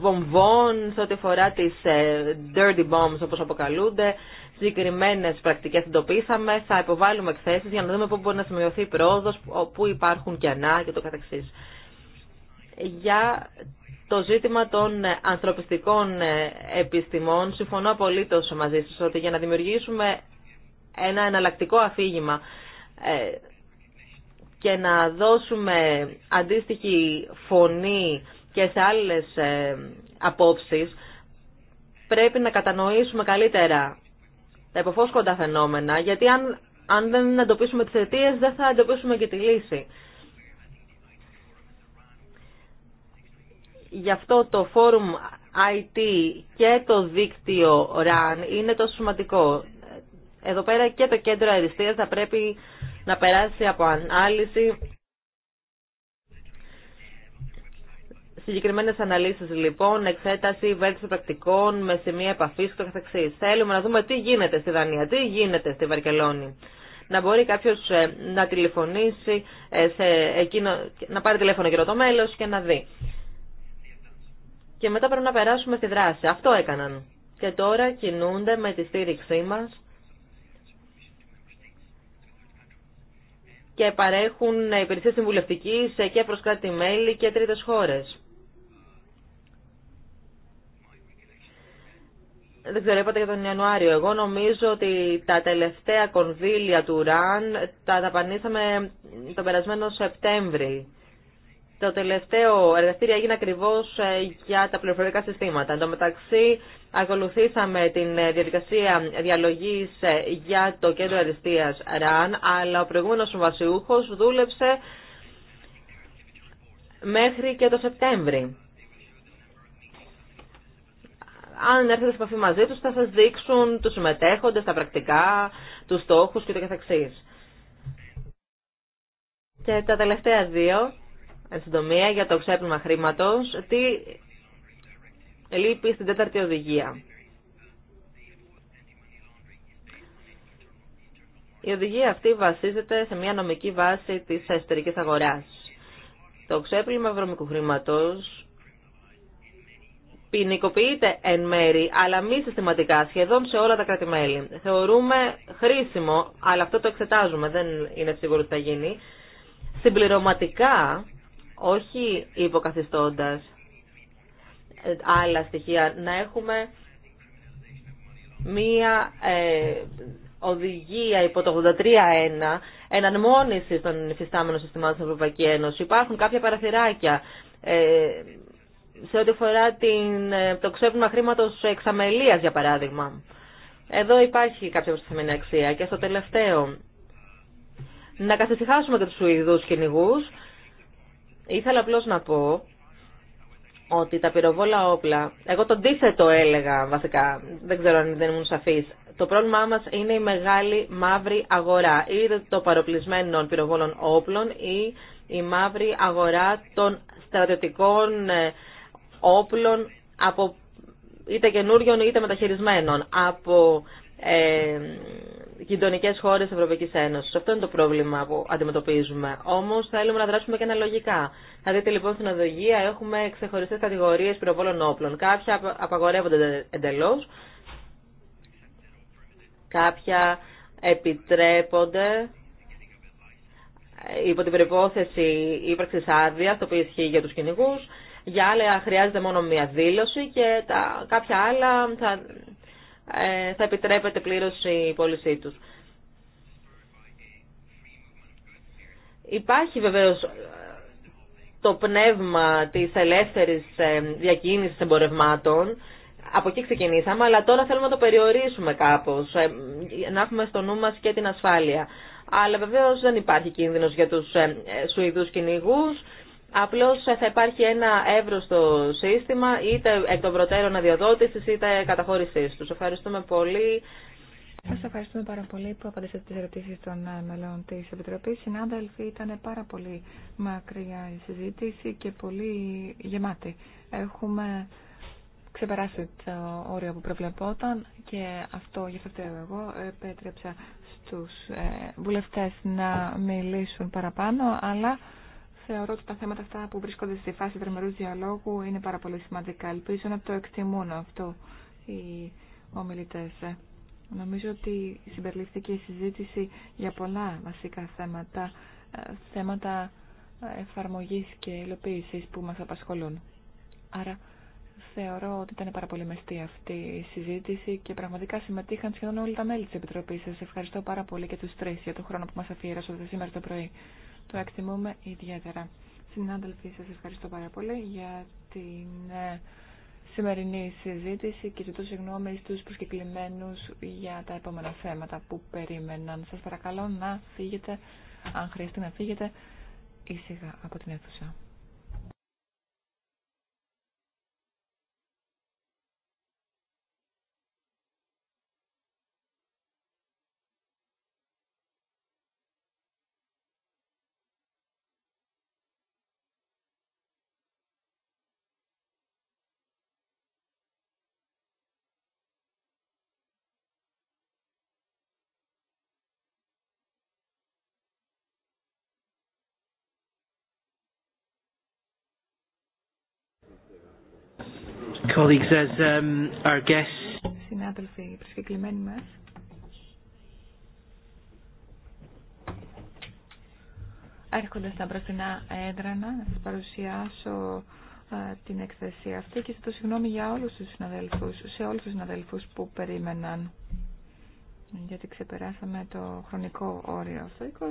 βομβών, σε ό,τι αφορά τις ε, dirty bombs όπως αποκαλούνται, συγκεκριμένες πρακτικές εντοπίσαμε, θα υποβάλουμε εκθέσεις για να δούμε πού μπορεί να σημειωθεί η πρόοδος, πού υπάρχουν κενά και το καθεξής. Για το ζήτημα των ανθρωπιστικών επιστημών, συμφωνώ απολύτως μαζί σα ότι για να δημιουργήσουμε ένα εναλλακτικό αφήγημα ε, και να δώσουμε αντίστοιχη φωνή και σε άλλες ε, απόψεις, πρέπει να κατανοήσουμε καλύτερα τα υποφόσκοντα φαινόμενα, γιατί αν, αν δεν εντοπίσουμε τις αιτίε, δεν θα εντοπίσουμε και τη λύση. Γι' αυτό το φόρουμ IT και το δίκτυο RAN είναι τόσο σημαντικό. Εδώ πέρα και το κέντρο αριστείας θα πρέπει να περάσει από ανάλυση Συγκεκριμένε αναλύσει λοιπόν, εξέταση βέλτιση πρακτικών με σημεία επαφή και το καθεξή. Θέλουμε να δούμε τι γίνεται στη Δανία, τι γίνεται στη Βαρκελόνη. Να μπορεί κάποιο ε, να τηλεφωνήσει, ε, σε εκείνο, να πάρει τηλέφωνο και το μέλο και να δει. Και μετά πρέπει να περάσουμε στη δράση. Αυτό έκαναν. Και τώρα κινούνται με τη στήριξή μα και παρέχουν υπηρεσίες συμβουλευτική ε, και προ κράτη-μέλη και τρίτες χώρε. δεν ξέρω, είπατε για τον Ιανουάριο. Εγώ νομίζω ότι τα τελευταία κονδύλια του ΡΑΝ τα ταπανίσαμε τον περασμένο Σεπτέμβρη. Το τελευταίο εργαστήριο έγινε ακριβώ ε, για τα πληροφορικά συστήματα. Εν τω μεταξύ, ακολουθήσαμε την ε, διαδικασία διαλογή ε, για το κέντρο αριστεία ΡΑΝ, αλλά ο προηγούμενο συμβασιούχο δούλεψε μέχρι και το Σεπτέμβρη αν έρθετε σε επαφή μαζί τους θα σας δείξουν τους συμμετέχοντες, τα πρακτικά, τους στόχους και το καθεξής. Και τα τελευταία δύο, εν συντομία, για το ξέπλυμα χρήματος, τι λείπει στην τέταρτη οδηγία. Η οδηγία αυτή βασίζεται σε μια νομική βάση της εσωτερικής αγοράς. Το ξέπλυμα βρωμικού χρήματος ποινικοποιείται εν μέρη, αλλά μη συστηματικά, σχεδόν σε όλα τα κράτη-μέλη. Θεωρούμε χρήσιμο, αλλά αυτό το εξετάζουμε, δεν είναι σίγουρο ότι θα γίνει, συμπληρωματικά, όχι υποκαθιστώντας ε, άλλα στοιχεία, να έχουμε μία ε, οδηγία υπό το 83.1 μόνηση των υφιστάμενων συστημάτων στην Ευρωπαϊκή Ένωση. Υπάρχουν κάποια παραθυράκια ε, σε ό,τι αφορά την, ε, το ξέπλυμα χρήματο εξαμελίας, για παράδειγμα. Εδώ υπάρχει κάποια προστιθέμενη αξία. Και στο τελευταίο, να καθησυχάσουμε και του Σουηδούς κυνηγού. Ήθελα απλώ να πω ότι τα πυροβόλα όπλα, εγώ το αντίθετο έλεγα βασικά, δεν ξέρω αν δεν ήμουν σαφή. το πρόβλημά μα είναι η μεγάλη μαύρη αγορά, είτε το παροπλισμένων πυροβόλων όπλων ή η μαύρη αγορά των στρατιωτικών ε, όπλων από είτε καινούριων είτε μεταχειρισμένων από ε, γειτονικέ χώρε τη Ευρωπαϊκή Ένωση. Αυτό είναι το πρόβλημα που αντιμετωπίζουμε. Όμω θέλουμε να δράσουμε και αναλογικά. Θα δείτε λοιπόν στην οδηγία έχουμε ξεχωριστέ κατηγορίε πυροβόλων όπλων. Κάποια απαγορεύονται εντελώ, κάποια επιτρέπονται ε, υπό την προπόθεση ύπαρξη άδεια, το οποίο ισχύει για του κυνηγού για άλλα χρειάζεται μόνο μία δήλωση και τα, κάποια άλλα θα, ε, θα επιτρέπεται πλήρωση η πώλησή τους. Υπάρχει βεβαίως ε, το πνεύμα της ελεύθερης ε, διακίνησης εμπορευμάτων. Από εκεί ξεκινήσαμε, αλλά τώρα θέλουμε να το περιορίσουμε κάπως, να έχουμε στο νου μας και την ασφάλεια. Αλλά βεβαίως δεν υπάρχει κίνδυνος για τους Σουηδούς κυνηγούς. Απλώ θα υπάρχει ένα εύρωστο στο σύστημα, είτε εκ των προτέρων αδειοδότηση, είτε καταχώρησής του. Ευχαριστούμε πολύ. Σα ευχαριστούμε πάρα πολύ που απαντήσατε τι ερωτήσει των ε, μελών τη Επιτροπή. Συνάδελφοι, ήταν πάρα πολύ μακριά η συζήτηση και πολύ γεμάτη. Έχουμε ξεπεράσει το όριο που προβλεπόταν και αυτό γι' αυτό εγώ επέτρεψα στους ε, βουλευτέ να μιλήσουν παραπάνω, αλλά Θεωρώ ότι τα θέματα αυτά που βρίσκονται στη φάση τρομερούς διαλόγου είναι πάρα πολύ σημαντικά. Ελπίζω να το εκτιμούν αυτό οι ομιλητέ. Νομίζω ότι συμπεριληφθήκε η συζήτηση για πολλά βασικά θέματα, ε, θέματα εφαρμογή και υλοποίηση που μα απασχολούν. Άρα θεωρώ ότι ήταν πάρα πολύ μεστή αυτή η συζήτηση και πραγματικά συμμετείχαν σχεδόν όλοι τα μέλη τη Επιτροπή σα. ευχαριστώ πάρα πολύ και του τρει για τον χρόνο που μας αφιερώσατε σήμερα το πρωί. Το εκτιμούμε ιδιαίτερα. Συνάδελφοι, σας ευχαριστώ πάρα πολύ για την ε, σημερινή συζήτηση και ζητώ συγγνώμη στους προσκεκλημένους για τα επόμενα θέματα που περίμεναν. Σας παρακαλώ να φύγετε, αν χρειαστεί να φύγετε, ήσυχα από την αίθουσα. Um, Συνάδελφοι, προσκεκλημένοι μας. Έρχονται στα μπροστινά έδρανα να σας παρουσιάσω ε, την εκθεσία αυτή και το συγγνώμη για όλους τους συναδέλφους, σε όλους τους συναδέλφους που περίμεναν γιατί ξεπεράσαμε το χρονικό όριο. Στο 22,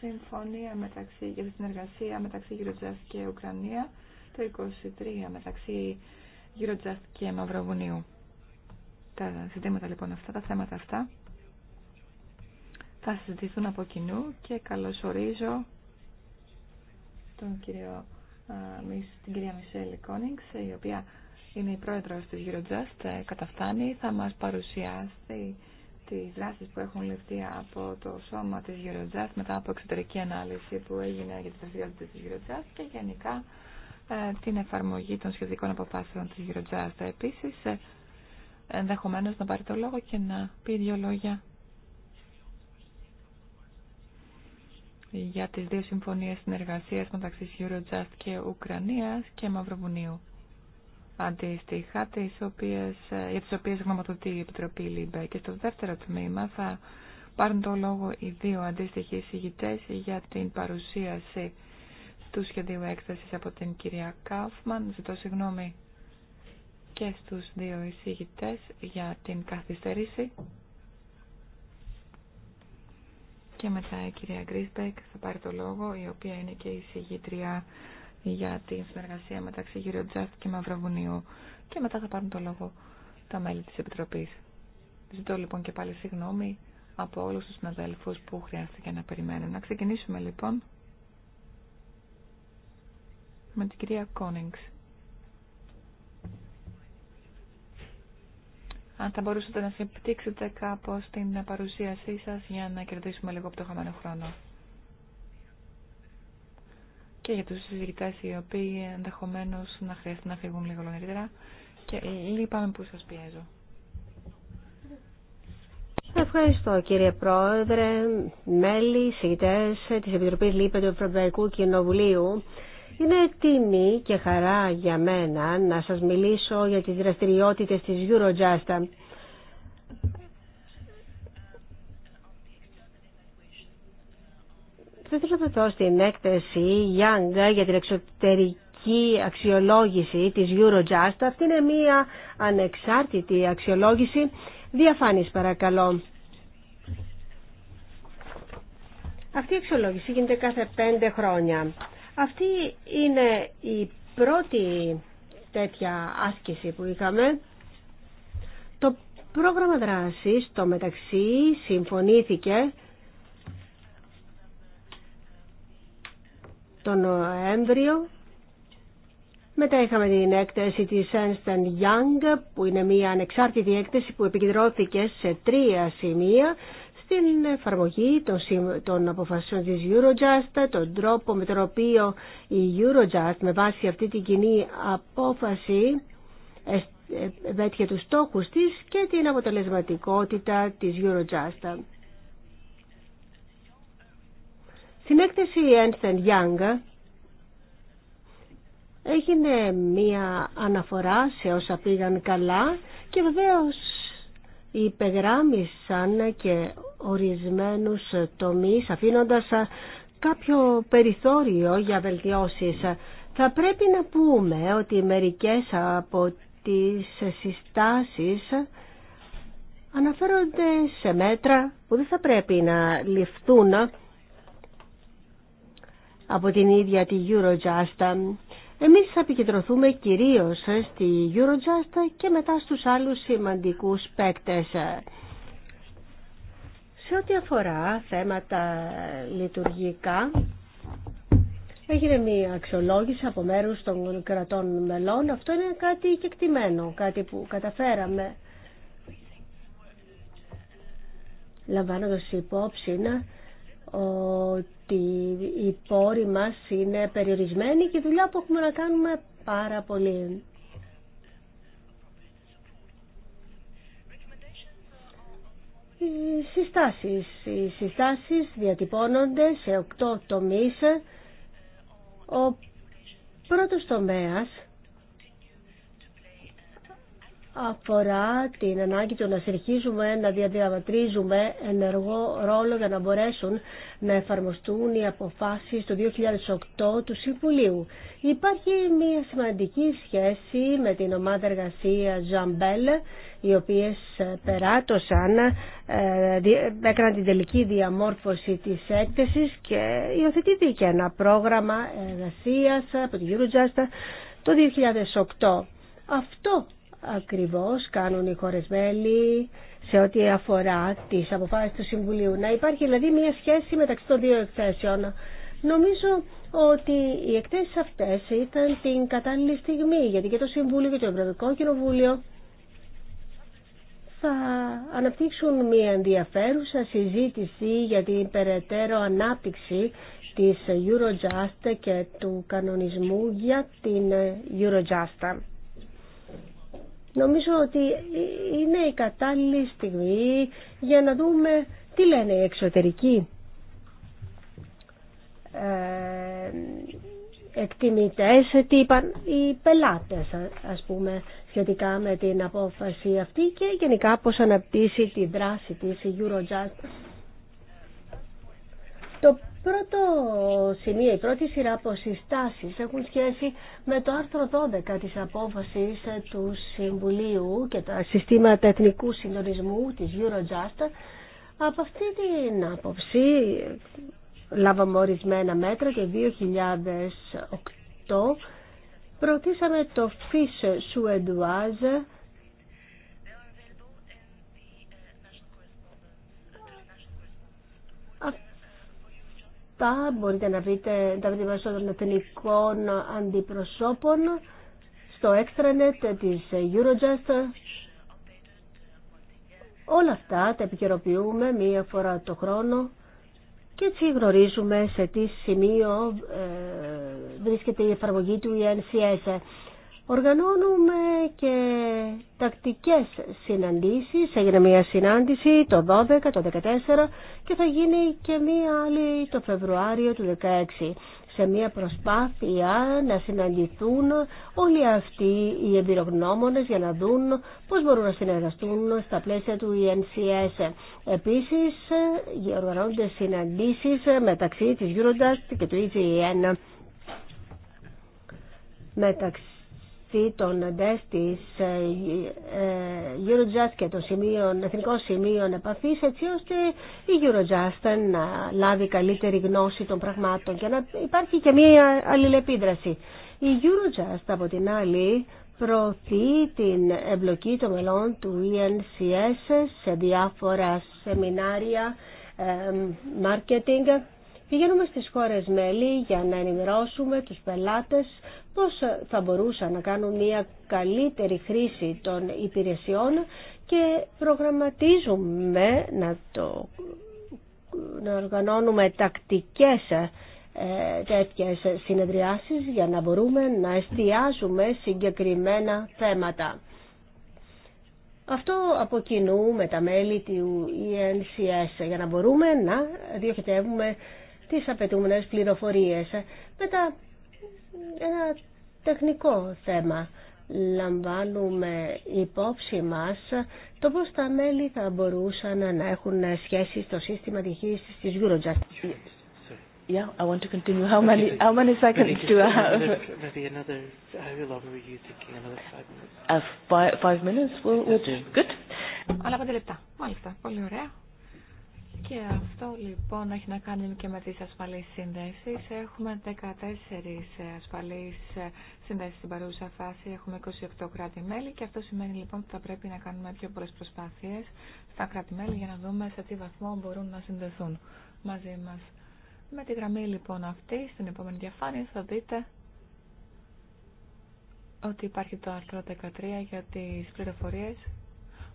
συμφωνία μεταξύ, για τη συνεργασία μεταξύ Γεωργίας και Ουκρανία, το 23 μεταξύ Eurojust και Μαυροβουνίου. Τα ζητήματα λοιπόν αυτά, τα θέματα αυτά θα συζητηθούν από κοινού και καλωσορίζω τον κύριο, την κυρία Μισελ Κόνιγκς, η οποία είναι η πρόεδρος της Eurojust, ε, καταφτάνει, θα μας παρουσιάσει τις δράσεις που έχουν ληφθεί από το σώμα της Eurojust μετά από εξωτερική ανάλυση που έγινε για τη δραστηριότητα της Eurojust και γενικά ε, την εφαρμογή των σχετικών αποφάσεων της Eurojust. Επίσης, ε, ενδεχομένως να πάρει το λόγο και να πει δύο λόγια για τις δύο συμφωνίες συνεργασίας μεταξύ Eurojust και Ουκρανίας και Μαυροβουνίου. Αντίστοιχα, τις οποίες, ε, για τις οποίες γνωματοδοτεί η Επιτροπή ΛΥΜΠΕ. Και στο δεύτερο τμήμα θα πάρουν το λόγο οι δύο αντίστοιχοι εισηγητές για την παρουσίαση του σχεδίου έκταση από την κυρία Κάφμαν. Ζητώ συγγνώμη και στου δύο εισηγητέ για την καθυστέρηση. Και μετά η κυρία Γκρίσπεκ θα πάρει το λόγο, η οποία είναι και η εισηγήτρια για την συνεργασία μεταξύ γύρω Τζάστ και Μαυροβουνίου. Και μετά θα πάρουν το λόγο τα μέλη της Επιτροπής. Ζητώ λοιπόν και πάλι συγγνώμη από όλους τους συναδέλφους που χρειάστηκε να περιμένουν. Να ξεκινήσουμε λοιπόν με την κυρία Κόνιγκς. Αν θα μπορούσατε να συμπτύξετε κάπως την παρουσίασή σα για να κερδίσουμε λίγο από το χαμένο χρόνο. Και για τους συζητητές οι οποίοι ενδεχομένω να χρειαστεί να φύγουν λίγο νωρίτερα. Και λυπάμαι που σα πιέζω. Ευχαριστώ κύριε Πρόεδρε, μέλη, συγητές της Επιτροπής Λίπεντου του Ευρωπαϊκού Κοινοβουλίου. Είναι τιμή και χαρά για μένα να σας μιλήσω για τις δραστηριότητες της Eurojust. Θα ήθελα να δω στην έκθεση Young για την εξωτερική αξιολόγηση της Eurojust. Αυτή είναι μία ανεξάρτητη αξιολόγηση. Διαφάνεις παρακαλώ. Αυτή η αξιολόγηση γίνεται κάθε πέντε χρόνια. Αυτή είναι η πρώτη τέτοια άσκηση που είχαμε. Το πρόγραμμα δράσης το μεταξύ συμφωνήθηκε τον Νοέμβριο. Μετά είχαμε την έκθεση της Ernst Young που είναι μια ανεξάρτητη έκθεση που επικεντρώθηκε σε τρία σημεία την εφαρμογή των, αποφασιών της Eurojust, τον τρόπο με τον οποίο η Eurojust με βάση αυτή την κοινή απόφαση ε, ε, βέτυχε τους στόχους της και την αποτελεσματικότητα της Eurojust. Στην έκθεση Ernst Young έγινε μία αναφορά σε όσα πήγαν καλά και βεβαίως υπεγράμμισαν και ορισμένους τομείς αφήνοντας κάποιο περιθώριο για βελτιώσεις. Θα πρέπει να πούμε ότι μερικές από τις συστάσεις αναφέρονται σε μέτρα που δεν θα πρέπει να ληφθούν από την ίδια τη Eurojust. Εμείς θα επικεντρωθούμε κυρίως στη Eurojust και μετά στους άλλους σημαντικούς παίκτες. Σε ό,τι αφορά θέματα λειτουργικά, έγινε μια αξιολόγηση από μέρους των κρατών μελών. Αυτό είναι κάτι κεκτημένο, κάτι που καταφέραμε. Λαμβάνοντας υπόψη ότι οι πόροι μας είναι περιορισμένοι και η δουλειά που έχουμε να κάνουμε πάρα πολύ. οι συστάσεις. Οι συστάσεις διατυπώνονται σε οκτώ τομείς. Ο πρώτος τομέας αφορά την ανάγκη του να συνεχίζουμε να διαδιαβατρίζουμε ενεργό ρόλο για να μπορέσουν να εφαρμοστούν οι αποφάσεις του 2008 του Συμβουλίου. Υπάρχει μια σημαντική σχέση με την ομάδα εργασία Ζαμπέλ, οι οποίες περάτωσαν, ε, έκαναν την τελική διαμόρφωση της έκθεσης και υιοθετήθηκε ένα πρόγραμμα εργασίας από την Eurojust το 2008. Αυτό ακριβώς κάνουν οι χώρες μέλη σε ό,τι αφορά τις αποφάσεις του Συμβουλίου. Να υπάρχει δηλαδή μια σχέση μεταξύ των δύο εκθέσεων. Νομίζω ότι οι εκθέσεις αυτές ήταν την κατάλληλη στιγμή, γιατί και το Συμβούλιο και το Ευρωπαϊκό Κοινοβούλιο θα αναπτύξουν μια ενδιαφέρουσα συζήτηση για την περαιτέρω ανάπτυξη της Eurojust και του κανονισμού για την Eurojust. Νομίζω ότι είναι η κατάλληλη στιγμή για να δούμε τι λένε οι εξωτερικοί ε, εκτιμητές, τι είπαν οι πελάτες ας πούμε σχετικά με την απόφαση αυτή και γενικά πώς αναπτύσσει τη δράση της η Eurojust. Το Πρώτο σημείο, η πρώτη σειρά από συστάσεις έχουν σχέση με το άρθρο 12 της απόφασης του Συμβουλίου και τα συστήματα εθνικού συντονισμού της Eurojust. Από αυτή την άποψη λάβαμε ορισμένα μέτρα και 2008 Προτίσαμε το ΦΙΣ Σουεντουάζ αυτά. Μπορείτε να βρείτε τα βρείτε των εθνικών αντιπροσώπων στο extranet της Eurojust. Όλα αυτά τα επικαιροποιούμε μία φορά το χρόνο και έτσι γνωρίζουμε σε τι σημείο ε, βρίσκεται η εφαρμογή του ENCS. Οργανώνουμε και τακτικές συναντήσεις, έγινε μια συνάντηση το 12, το 14 και θα γίνει και μια άλλη το Φεβρουάριο του 16 σε μια προσπάθεια να συναντηθούν όλοι αυτοί οι εμπειρογνώμονες για να δουν πώς μπορούν να συνεργαστούν στα πλαίσια του ENCS. Επίσης, οργανώνονται συναντήσεις μεταξύ της Eurodust και του EGN μεταξύ των τεστ τη ε, ε, Eurojust και των σημείων, εθνικών σημείων επαφή έτσι ώστε η Eurojust να λάβει καλύτερη γνώση των πραγμάτων και να υπάρχει και μία αλληλεπίδραση. Η Eurojust από την άλλη προωθεί την εμπλοκή των μελών του ENCS σε διάφορα σεμινάρια ε, marketing Πηγαίνουμε στις χώρες μέλη για να ενημερώσουμε τους πελάτες πώς θα μπορούσαν να κάνουν μια καλύτερη χρήση των υπηρεσιών και προγραμματίζουμε να, το, να οργανώνουμε τακτικές ε, τέτοιες συνεδριάσεις για να μπορούμε να εστιάζουμε συγκεκριμένα θέματα. Αυτό αποκοινούμε τα μέλη του ENCS για να μπορούμε να διοχετεύουμε τις απαιτούμενες πληροφορίες. Μετά ένα τεχνικό θέμα. Λαμβάνουμε υπόψη μας το πώς τα μέλη θα μπορούσαν να έχουν σχέση στο σύστημα διαχείρισης της Eurojust. Yeah, I want to continue. How many, how many seconds do I have? Maybe another, how long were you thinking? Another five minutes? Uh, five, five minutes? We'll, we'll do. Good. Άλλα πέντε λεπτά. Μάλιστα. Πολύ ωραία. Και αυτό λοιπόν έχει να κάνει και με τις ασφαλείς συνδέσεις. Έχουμε 14 ασφαλείς συνδέσεις στην παρούσα φάση, έχουμε 28 κράτη-μέλη και αυτό σημαίνει λοιπόν ότι θα πρέπει να κάνουμε πιο πολλές προσπάθειες στα κράτη-μέλη για να δούμε σε τι βαθμό μπορούν να συνδεθούν μαζί μας. Με τη γραμμή λοιπόν αυτή, στην επόμενη διαφάνεια θα δείτε ότι υπάρχει το άρθρο 13 για τις πληροφορίες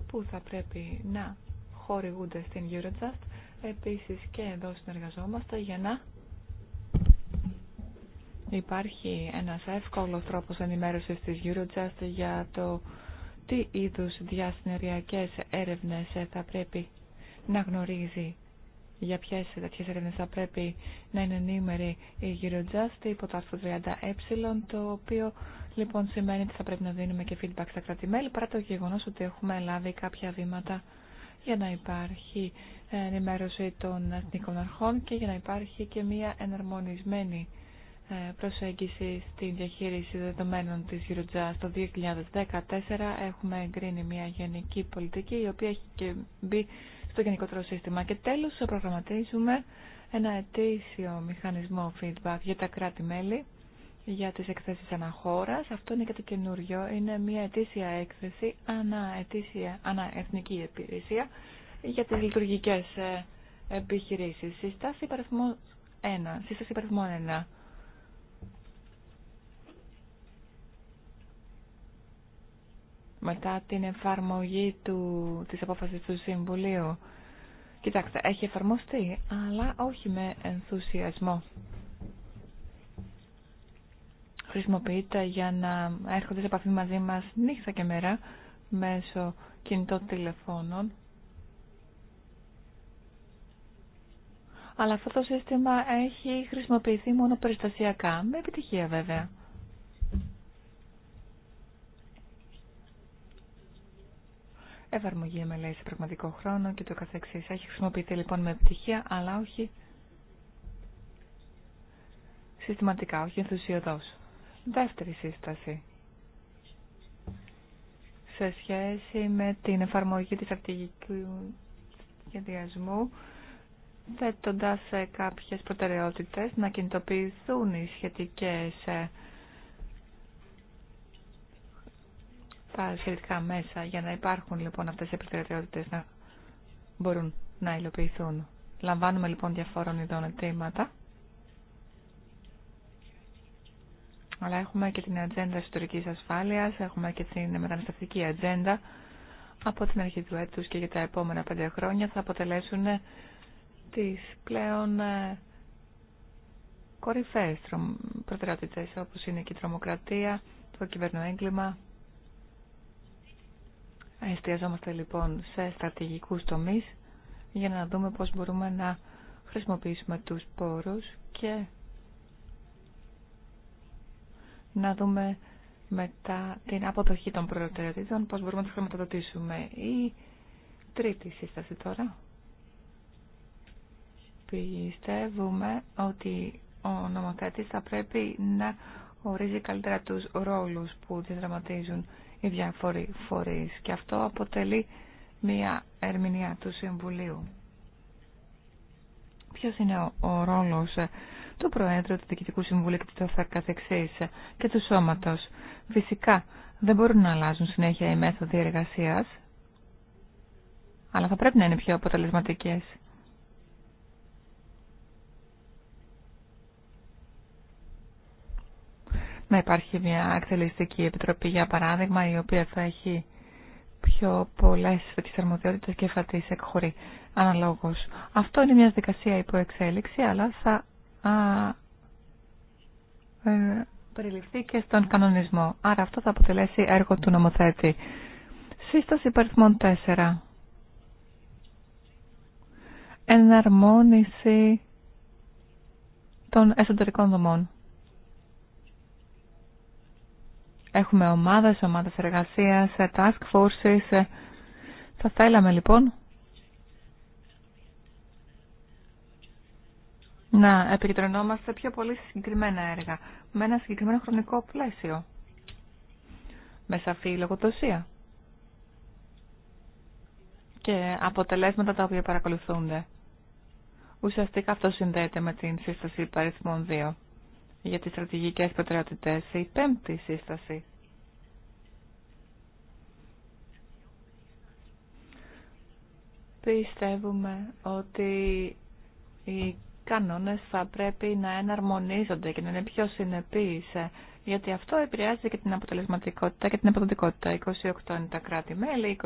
που θα πρέπει να χορηγούνται στην Eurojust Επίσης και εδώ συνεργαζόμαστε για να υπάρχει ένας εύκολος τρόπος ενημέρωσης της Eurojust για το τι είδους διασυνοριακές έρευνες θα πρέπει να γνωρίζει για ποιε τέτοιε έρευνε θα πρέπει να είναι ενήμερη η Eurojust υπό το άρθρο 30ε, το οποίο λοιπόν σημαίνει ότι θα πρέπει να δίνουμε και feedback στα κράτη-μέλη, παρά το γεγονός ότι έχουμε λάβει κάποια βήματα για να υπάρχει ενημέρωση των εθνικών αρχών και για να υπάρχει και μια εναρμονισμένη ε, προσέγγιση στην διαχείριση δεδομένων της Eurojust. Το 2014 έχουμε εγκρίνει μια γενική πολιτική η οποία έχει και μπει στο γενικότερο σύστημα. Και τέλος προγραμματίζουμε ένα ετήσιο μηχανισμό feedback για τα κράτη-μέλη για τις εκθέσεις αναχώρας. Αυτό είναι κάτι καινούριο. Είναι μια ετήσια έκθεση, αναεθνική ανα υπηρεσία για τις λειτουργικές ε, επιχειρήσεις. Συστάση υπαριθμό 1. Σύσταση υπαριθμό 1. Μετά την εφαρμογή του, της απόφασης του Συμβουλίου. Κοιτάξτε, έχει εφαρμοστεί, αλλά όχι με ενθουσιασμό χρησιμοποιείται για να έρχονται σε επαφή μαζί μας νύχτα και μέρα μέσω κινητών τηλεφώνων. Αλλά αυτό το σύστημα έχει χρησιμοποιηθεί μόνο περιστασιακά, με επιτυχία βέβαια. Εφαρμογή με σε πραγματικό χρόνο και το καθεξής. Έχει χρησιμοποιηθεί λοιπόν με επιτυχία, αλλά όχι συστηματικά, όχι ενθουσιοδός. Δεύτερη σύσταση. Σε σχέση με την εφαρμογή της στρατηγικού σχεδιασμού, θέτοντας ε, κάποιες προτεραιότητες να κινητοποιηθούν οι σχετικές ε, τα σχετικά μέσα για να υπάρχουν λοιπόν αυτές οι προτεραιότητες να μπορούν να υλοποιηθούν. Λαμβάνουμε λοιπόν διαφόρων ειδών ετήματα αλλά έχουμε και την ατζέντα ιστορικής ασφάλειας, έχουμε και την μεταναστευτική ατζέντα από την αρχή του έτους και για τα επόμενα πέντε χρόνια θα αποτελέσουν τις πλέον ε, κορυφαίες προτεραιότητες όπως είναι και η τρομοκρατία, το κυβερνοέγκλημα. Εστιαζόμαστε λοιπόν σε στρατηγικούς τομείς για να δούμε πώς μπορούμε να χρησιμοποιήσουμε τους πόρους και να δούμε μετά την αποδοχή των προτεραιοτήτων, πώς μπορούμε να το χρηματοδοτήσουμε. Η τρίτη σύσταση τώρα. Πιστεύουμε ότι ο νομοθέτης θα πρέπει να ορίζει καλύτερα τους ρόλους που διαδραματίζουν οι διάφοροι φορείς και αυτό αποτελεί μία ερμηνεία του Συμβουλίου. Ποιος είναι ο, ο ρόλος του Προέδρου του Διοικητικού Συμβουλίου και του καθεξής και του Σώματος. Φυσικά δεν μπορούν να αλλάζουν συνέχεια οι μέθοδοι εργασία, αλλά θα πρέπει να είναι πιο αποτελεσματικές. Να υπάρχει μια εκτελεστική επιτροπή, για παράδειγμα, η οποία θα έχει πιο πολλέ τέτοιε και θα τι εκχωρεί αναλόγω. Αυτό είναι μια δικασία υπό εξέλιξη, αλλά θα ε, περιληφθεί και στον κανονισμό. Άρα αυτό θα αποτελέσει έργο του νομοθέτη. Σύσταση υπαριθμών 4. Εναρμόνιση των εσωτερικών δομών. Έχουμε ομάδες, ομάδες εργασίας, ε, task forces. Ε. Θα θέλαμε λοιπόν να επικεντρωνόμαστε πιο πολύ σε συγκεκριμένα έργα, με ένα συγκεκριμένο χρονικό πλαίσιο, με σαφή λογοδοσία και αποτελέσματα τα οποία παρακολουθούνται. Ουσιαστικά αυτό συνδέεται με την σύσταση παριθμών 2 για τις στρατηγικές προτεραιότητες, η πέμπτη σύσταση. Πιστεύουμε ότι η κανόνες θα πρέπει να εναρμονίζονται και να είναι πιο συνεπείς, ε, γιατί αυτό επηρεάζει και την αποτελεσματικότητα και την αποδοτικότητα. 28 είναι τα κράτη-μέλη,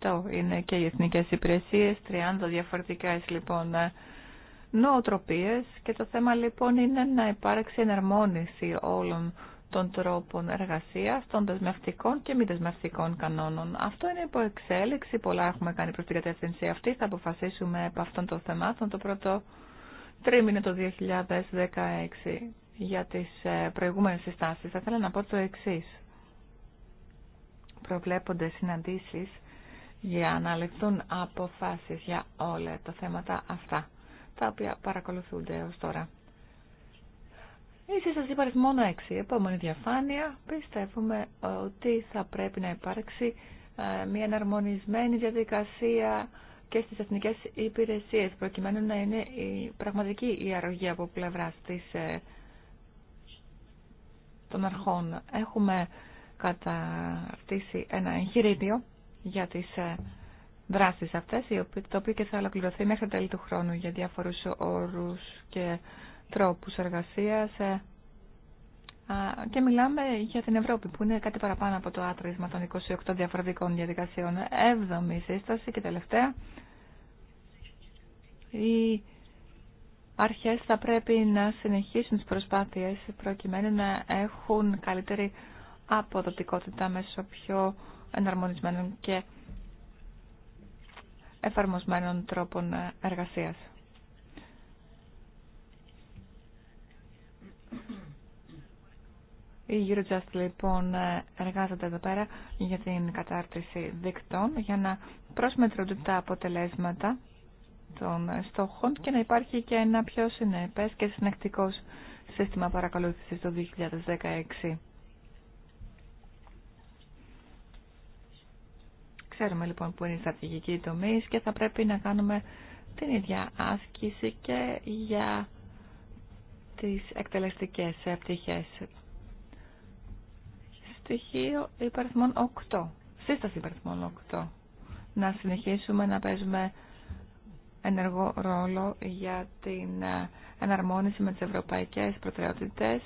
28 είναι και οι εθνικές υπηρεσίες, 30 διαφορετικές λοιπόν ε, νοοτροπίες και το θέμα λοιπόν είναι να υπάρξει εναρμόνιση όλων των τρόπων εργασία, των δεσμευτικών και μη δεσμευτικών κανόνων. Αυτό είναι υπό εξέλιξη, πολλά έχουμε κάνει προς την κατεύθυνση αυτή, θα αποφασίσουμε από αυτών των θεμάτων. Το πρώτο τρίμηνο το 2016 για τις ε, προηγούμενες συστάσεις, θα ήθελα να πω το εξής. Προβλέπονται συναντήσεις για να ληφθούν αποφάσεις για όλα τα θέματα αυτά, τα οποία παρακολουθούνται ως τώρα. Είστε σας είπα μόνο έξι. Επόμενη διαφάνεια πιστεύουμε ότι θα πρέπει να υπάρξει ε, μια εναρμονισμένη διαδικασία και στις εθνικές υπηρεσίες, προκειμένου να είναι η πραγματική η αρρωγή από πλευρά ε, των αρχών. Έχουμε καταρτήσει ένα εγχειρίδιο για τις ε, δράσεις αυτές, το οποίο και θα ολοκληρωθεί μέχρι τέλη του χρόνου για διάφορους όρους και τρόπους εργασίας, ε, και μιλάμε για την Ευρώπη που είναι κάτι παραπάνω από το άτρισμα των 28 διαφορετικών διαδικασιών. Έβδομη σύσταση και τελευταία. Οι αρχές θα πρέπει να συνεχίσουν τις προσπάθειες προκειμένου να έχουν καλύτερη αποδοτικότητα μέσω πιο εναρμονισμένων και εφαρμοσμένων τρόπων εργασίας. Η Eurojust λοιπόν εργάζεται εδώ πέρα για την κατάρτιση δικτών για να προσμετρούνται τα αποτελέσματα των στόχων και να υπάρχει και ένα πιο συνεπές και συνεκτικό σύστημα παρακολούθησης το 2016. Ξέρουμε λοιπόν που είναι η στρατηγική τομή και θα πρέπει να κάνουμε την ίδια άσκηση και για τις εκτελεστικές πτυχές στοιχείο υπαριθμών 8. Σύσταση υπαριθμών 8. Να συνεχίσουμε να παίζουμε ενεργό ρόλο για την ε, εναρμόνιση με τις ευρωπαϊκές προτεραιότητες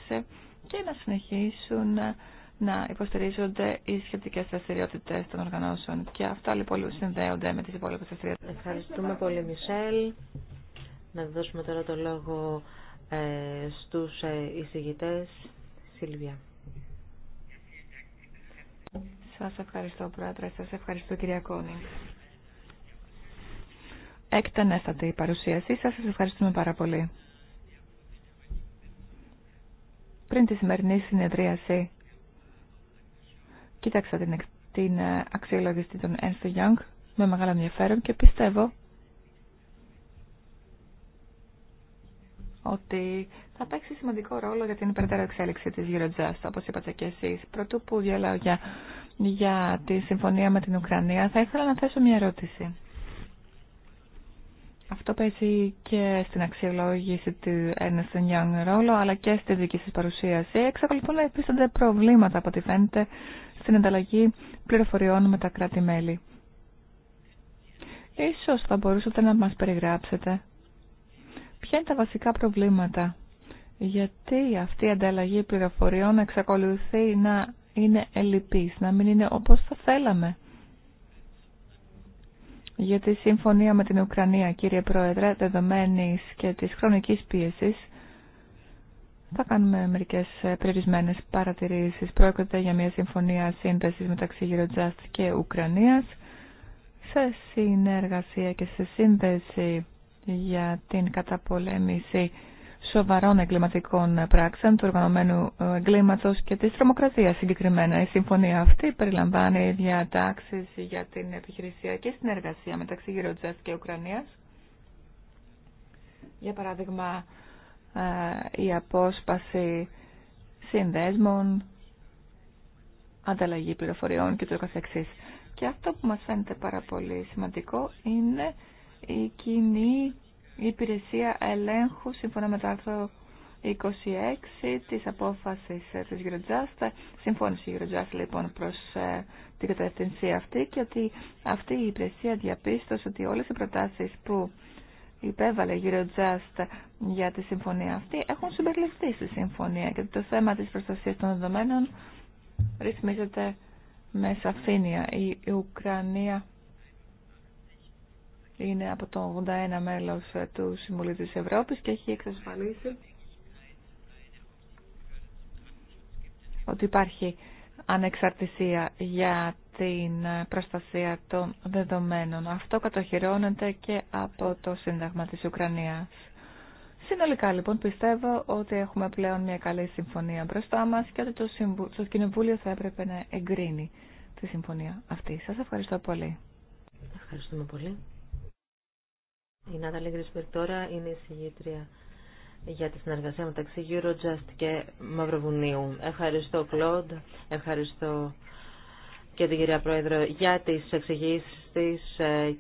και να συνεχίσουν ε, να υποστηρίζονται οι σχετικέ δραστηριότητε των οργανώσεων. Και αυτά λοιπόν συνδέονται με τις υπόλοιπε δραστηριότητε. Ευχαριστούμε πολύ, Μισελ. Να δώσουμε τώρα το λόγο ε, στους ε, εισηγητές. Σιλβιά. Σας ευχαριστώ πρόεδρε, σας ευχαριστώ κυρία Κόνη. Εκτενέστατη η παρουσίασή σας, σας ευχαριστούμε πάρα πολύ. Πριν τη σημερινή συνεδρίαση, κοίταξα την, την ε, των Ernst Young με μεγάλο ενδιαφέρον και πιστεύω ότι θα παίξει σημαντικό ρόλο για την υπερτερά εξέλιξη της Eurojust, όπως είπατε και εσείς. Πρωτού που για τη συμφωνία με την Ουκρανία, θα ήθελα να θέσω μια ερώτηση. Αυτό παίζει και στην αξιολόγηση του Ernest Young ρόλο, αλλά και στη δική σας παρουσίαση. Εξακολουθούν να υπήρξαν προβλήματα, από ό,τι φαίνεται, στην ανταλλαγή πληροφοριών με τα κράτη-μέλη. Ίσως θα μπορούσατε να μας περιγράψετε ποια είναι τα βασικά προβλήματα. Γιατί αυτή η ανταλλαγή πληροφοριών εξακολουθεί να είναι ελλειπής, να μην είναι όπως θα θέλαμε. Για τη συμφωνία με την Ουκρανία, κύριε Πρόεδρε, δεδομένης και της χρονικής πίεσης, θα κάνουμε μερικές περιορισμένες παρατηρήσεις. Πρόκειται για μια συμφωνία σύνδεσης μεταξύ Eurojust και Ουκρανίας, σε συνεργασία και σε σύνδεση για την καταπολέμηση σοβαρών εγκληματικών πράξεων, του οργανωμένου ε, εγκλήματο και τη τρομοκρατία συγκεκριμένα. Η συμφωνία αυτή περιλαμβάνει διατάξει για την επιχειρησιακή συνεργασία μεταξύ Eurojust και Ουκρανία. Για παράδειγμα, ε, η απόσπαση συνδέσμων, ανταλλαγή πληροφοριών και το καθεξής. Και αυτό που μας φαίνεται πάρα πολύ σημαντικό είναι η κοινή η υπηρεσία ελέγχου σύμφωνα με το άρθρο 26 της απόφασης ε, της Eurojust. Συμφώνησε η Eurojust λοιπόν προς ε, την κατευθυνσία αυτή και ότι αυτή η υπηρεσία διαπίστωσε ότι όλες οι προτάσεις που υπέβαλε η Eurojust για τη συμφωνία αυτή έχουν συμπεριληφθεί στη συμφωνία και το θέμα της προστασίας των δεδομένων ρυθμίζεται με σαφήνεια. Η Ουκρανία είναι από το 81 μέλος του Συμβουλίου της Ευρώπης και έχει εξασφαλίσει ότι υπάρχει ανεξαρτησία για την προστασία των δεδομένων. Αυτό κατοχυρώνεται και από το Σύνταγμα της Ουκρανίας. Συνολικά λοιπόν πιστεύω ότι έχουμε πλέον μια καλή συμφωνία μπροστά μας και ότι το, Συμβου... το Κοινοβούλιο θα έπρεπε να εγκρίνει τη συμφωνία αυτή. Σας ευχαριστώ πολύ. Ευχαριστούμε πολύ. Η Νάταλη τώρα είναι η συγγήτρια για τη συνεργασία μεταξύ Eurojust και Μαυροβουνίου. Ευχαριστώ, Κλοντ. Ευχαριστώ και την κυρία Πρόεδρο για τι εξηγήσει τη ε,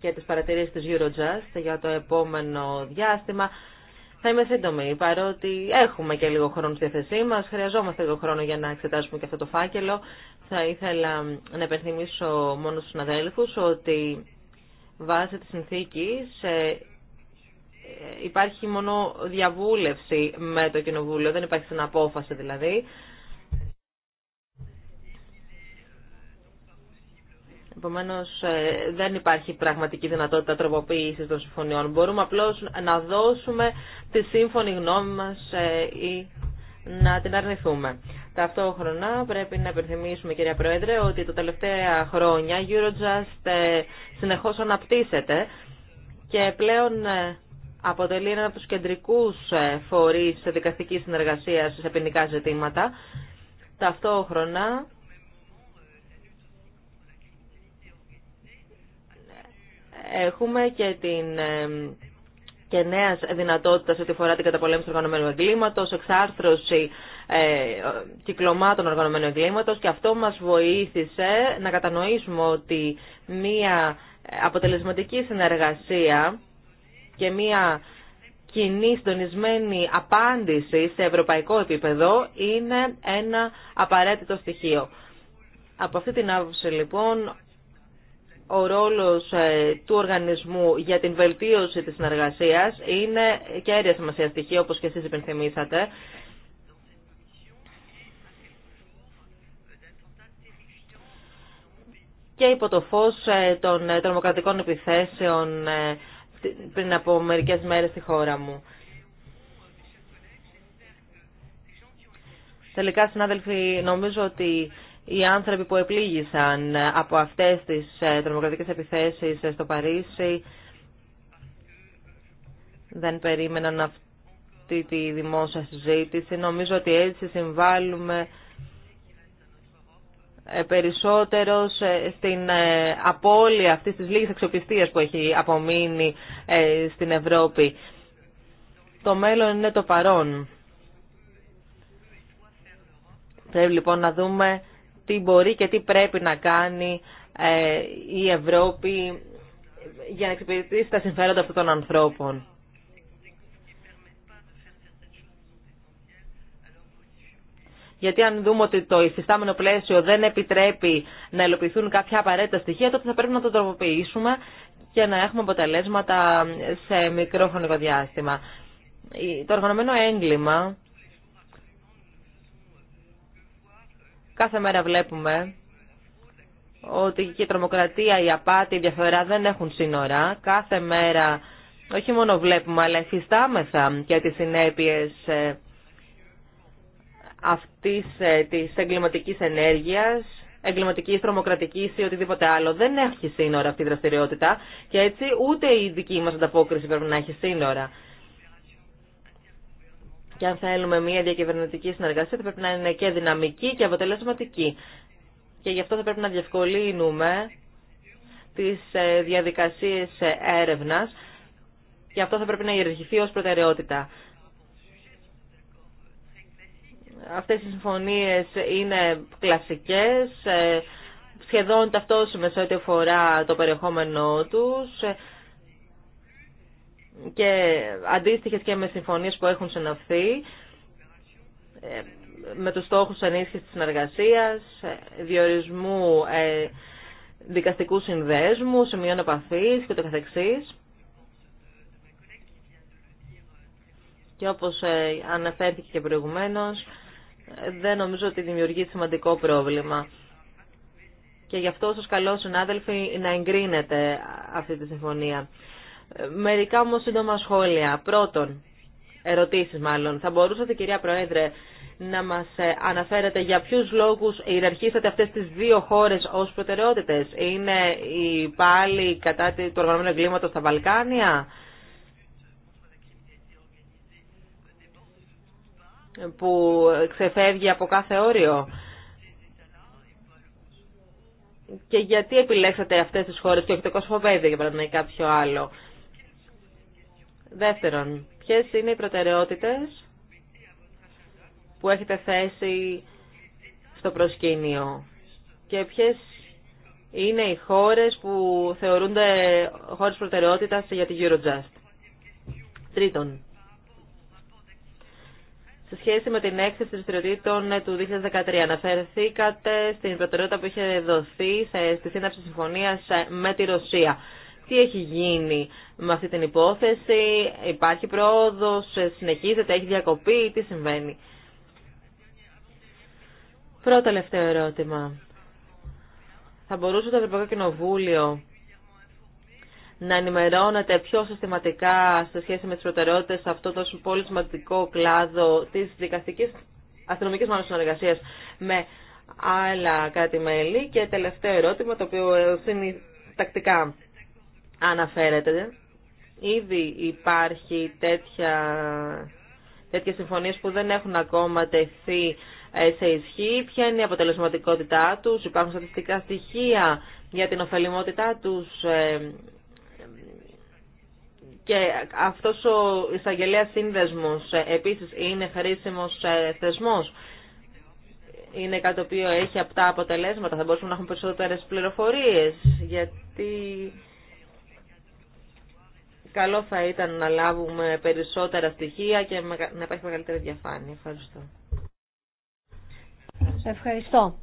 και τι παρατηρήσει τη Eurojust για το επόμενο διάστημα. Θα είμαι σύντομη, παρότι έχουμε και λίγο χρόνο στη θέση Μα χρειαζόμαστε λίγο χρόνο για να εξετάσουμε και αυτό το φάκελο. Θα ήθελα να επενθυμίσω μόνο στου αδέλφου ότι Βάσει της συνθήκης ε, ε, υπάρχει μόνο διαβούλευση με το Κοινοβούλιο, δεν υπάρχει συναπόφαση δηλαδή. Επομένω, ε, δεν υπάρχει πραγματική δυνατότητα τροποποίηση των συμφωνιών. Μπορούμε απλώ να δώσουμε τη σύμφωνη γνώμη μα ή να την αρνηθούμε. Ταυτόχρονα πρέπει να υπενθυμίσουμε κυρία Πρόεδρε ότι τα τελευταία χρόνια Eurojust ε, συνεχώς αναπτύσσεται και πλέον ε, αποτελεί ένα από τους κεντρικούς ε, φορείς δικαστικής συνεργασίας σε ποινικά ζητήματα. Ταυτόχρονα έχουμε και την και νέα δυνατότητα σε ό,τι αφορά την καταπολέμηση του οργανωμένου εγκλήματο, εξάρθρωση ε, κυκλωμάτων οργανωμένου εγκλήματο και αυτό μα βοήθησε να κατανοήσουμε ότι μία αποτελεσματική συνεργασία και μία κοινή συντονισμένη απάντηση σε ευρωπαϊκό επίπεδο είναι ένα απαραίτητο στοιχείο. Από αυτή την άποψη λοιπόν ο ρόλος ε, του οργανισμού για την βελτίωση της συνεργασίας είναι και σημασία στοιχεία, όπως και εσείς υπενθυμίσατε. Και υπό το φως ε, των ε, τρομοκρατικών επιθέσεων πριν από μερικές μέρες στη χώρα μου. Τελικά, συνάδελφοι, νομίζω ότι οι άνθρωποι που επλήγησαν από αυτές τις ε, τρομοκρατικές επιθέσεις ε, στο Παρίσι δεν περίμεναν αυτή τη δημόσια συζήτηση. Νομίζω ότι έτσι συμβάλλουμε ε, περισσότερο στην απώλεια αυτής της λίγης αξιοπιστίας που έχει απομείνει στην Ευρώπη. Το μέλλον είναι το παρόν. Πρέπει λοιπόν να δούμε τι μπορεί και τι πρέπει να κάνει ε, η Ευρώπη για να εξυπηρετήσει τα συμφέροντα αυτών των ανθρώπων. Γιατί αν δούμε ότι το υφιστάμενο πλαίσιο δεν επιτρέπει να υλοποιηθούν κάποια απαραίτητα στοιχεία, τότε θα πρέπει να το τροποποιήσουμε και να έχουμε αποτελέσματα σε μικρό χρονικό διάστημα. Το οργανωμένο έγκλημα Κάθε μέρα βλέπουμε ότι και η τρομοκρατία, η απάτη, η διαφορά δεν έχουν σύνορα. Κάθε μέρα όχι μόνο βλέπουμε, αλλά εφιστάμεθα για τις συνέπειες ε, αυτής ε, της εγκληματικής ενέργειας, εγκληματικής, τρομοκρατικής ή οτιδήποτε άλλο. Δεν έχει σύνορα αυτή η δραστηριότητα και έτσι ούτε η δική μας ανταπόκριση πρέπει να έχει σύνορα. Και αν θέλουμε μια διακυβερνητική συνεργασία θα πρέπει να είναι και δυναμική και αποτελεσματική. Και γι' αυτό θα πρέπει να διευκολύνουμε τις ε, διαδικασίες ε, έρευνας και αυτό θα πρέπει να ιεραρχηθεί ως προτεραιότητα. Αυτές οι συμφωνίες είναι κλασικές, ε, σχεδόν ταυτόσιμες ό,τι αφορά το περιεχόμενό τους και αντίστοιχες και με συμφωνίες που έχουν συναυθεί ε, με τους στόχους ενίσχυσης της συνεργασίας, ε, διορισμού ε, δικαστικού συνδέσμου, σημείων επαφής και το καθεξής. Και όπως αναφέρθηκε και προηγουμένως, δεν νομίζω ότι δημιουργεί σημαντικό πρόβλημα. Και γι' αυτό σας καλώ συνάδελφοι να εγκρίνετε αυτή τη συμφωνία. Μερικά όμω σύντομα σχόλια. Πρώτον, ερωτήσεις μάλλον. Θα μπορούσατε κυρία Πρόεδρε να μας ε, αναφέρετε για ποιους λόγους ιεραρχήσατε αυτές τις δύο χώρες ως προτεραιότητες. Είναι οι πάλι κατά του οργανωμένου εγκλήματος στα Βαλκάνια που ξεφεύγει από κάθε όριο. Και γιατί επιλέξατε αυτές τις χώρες και όχι το Κοσμοπέδιο για παράδειγμα ή κάποιο άλλο. Δεύτερον, ποιες είναι οι προτεραιότητες που έχετε θέσει στο προσκήνιο και ποιες είναι οι χώρες που θεωρούνται χώρες προτεραιότητας για τη Eurojust. Τρίτον, σε σχέση με την έκθεση δραστηριοτήτων ε, του 2013, αναφερθήκατε στην προτεραιότητα που είχε δοθεί στη σύναψη συμφωνίας ε, με τη Ρωσία τι έχει γίνει με αυτή την υπόθεση, υπάρχει πρόοδος, συνεχίζεται, έχει διακοπή, τι συμβαίνει. Πρώτο τελευταίο ερώτημα. Θα μπορούσε το Ευρωπαϊκό Κοινοβούλιο να ενημερώνεται πιο συστηματικά σε σχέση με τις προτεραιότητες σε αυτό το πολύ σημαντικό κλάδο της δικαστικής αστυνομικής μάλλον συνεργασίας με άλλα κάτι μέλη. Και τελευταίο ερώτημα, το οποίο είναι τακτικά αναφέρεται. Ήδη υπάρχει τέτοια, τέτοιες συμφωνίες που δεν έχουν ακόμα τεθεί ε, σε ισχύ. Ποια είναι η αποτελεσματικότητά τους, υπάρχουν στατιστικά στοιχεία για την ωφελημότητά τους ε, και αυτός ο εισαγγελέας σύνδεσμος ε, επίσης είναι χρήσιμος θεσμός. Είναι κάτι το οποίο έχει απτά αποτελέσματα. Θα μπορούσαμε να έχουμε περισσότερες πληροφορίες γιατί καλό θα ήταν να λάβουμε περισσότερα στοιχεία και να υπάρχει μεγαλύτερη διαφάνεια. Ευχαριστώ. Ευχαριστώ.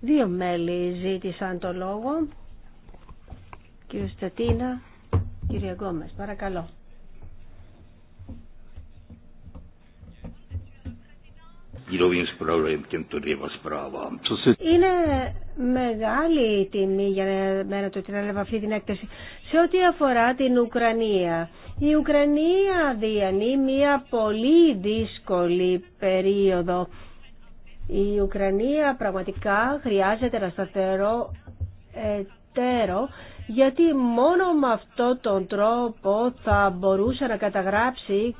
Δύο μέλη ζήτησαν το λόγο. Κύριε Στατίνα, κύριε Γκόμες, παρακαλώ. Είναι μεγάλη η τιμή για μένα το ότι έλαβα αυτή την έκθεση. Σε ό,τι αφορά την Ουκρανία. Η Ουκρανία διανύει μια πολύ δύσκολη περίοδο. Η Ουκρανία πραγματικά χρειάζεται ένα σταθερό εταίρο γιατί μόνο με αυτόν τον τρόπο θα μπορούσε να καταγράψει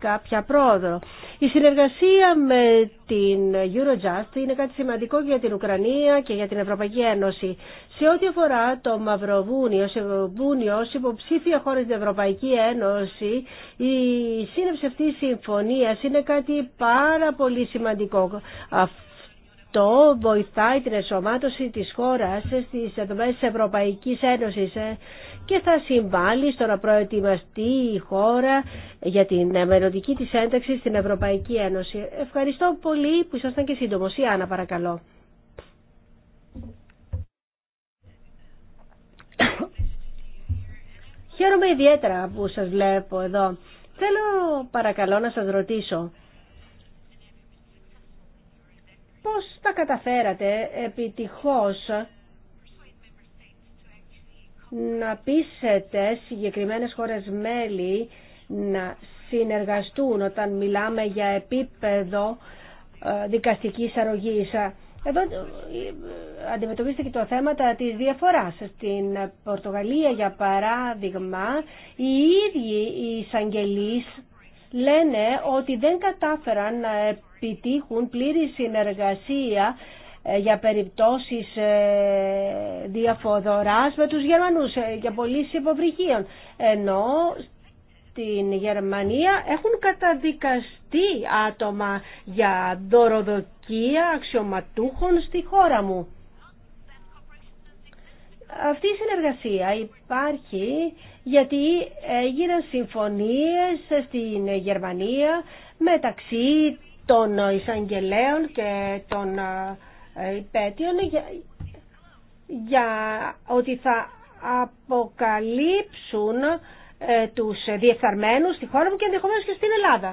κάποια πρόοδο. Η συνεργασία με την Eurojust είναι κάτι σημαντικό για την Ουκρανία και για την Ευρωπαϊκή Ένωση. Σε ό,τι αφορά το Μαυροβούνιο, σε Βούνιο, ως υποψήφια χώρα της Ευρωπαϊκή Ένωση, η σύνευση αυτή τη συμφωνίας είναι κάτι πάρα πολύ σημαντικό. Αυτό βοηθάει την ενσωμάτωση της χώρας στις δομές της Ευρωπαϊκής Ένωσης και θα συμβάλλει στο να προετοιμαστεί η χώρα για την μελλοντική της ένταξη στην Ευρωπαϊκή Ένωση. Ευχαριστώ πολύ που ήσασταν και σύντομος. Η Άννα παρακαλώ. Χαίρομαι ιδιαίτερα που σας βλέπω εδώ. Θέλω παρακαλώ να σας ρωτήσω πώς τα καταφέρατε επιτυχώς να πείσετε συγκεκριμένες χώρες μέλη να συνεργαστούν όταν μιλάμε για επίπεδο ε, δικαστικής αρρωγής. Ε, εδώ ε, αντιμετωπίστε και το θέμα της διαφοράς. Στην Πορτογαλία, για παράδειγμα, οι ίδιοι οι εισαγγελείς λένε ότι δεν κατάφεραν να επιτύχουν πλήρη συνεργασία ε, για περιπτώσεις ε, διαφοδοράς με τους Γερμανούς ε, για πωλήσει υποβρυχίων. Ενώ στην Γερμανία έχουν καταδικαστεί άτομα για δωροδοκία αξιωματούχων στη χώρα μου. Αυτή η συνεργασία υπάρχει γιατί έγιναν συμφωνίες στην Γερμανία μεταξύ των εισαγγελέων και των ε, Υπέτειο για, για ότι θα αποκαλύψουν ε, τους διεφθαρμένους στη χώρα μου και ενδεχομένως και στην Ελλάδα.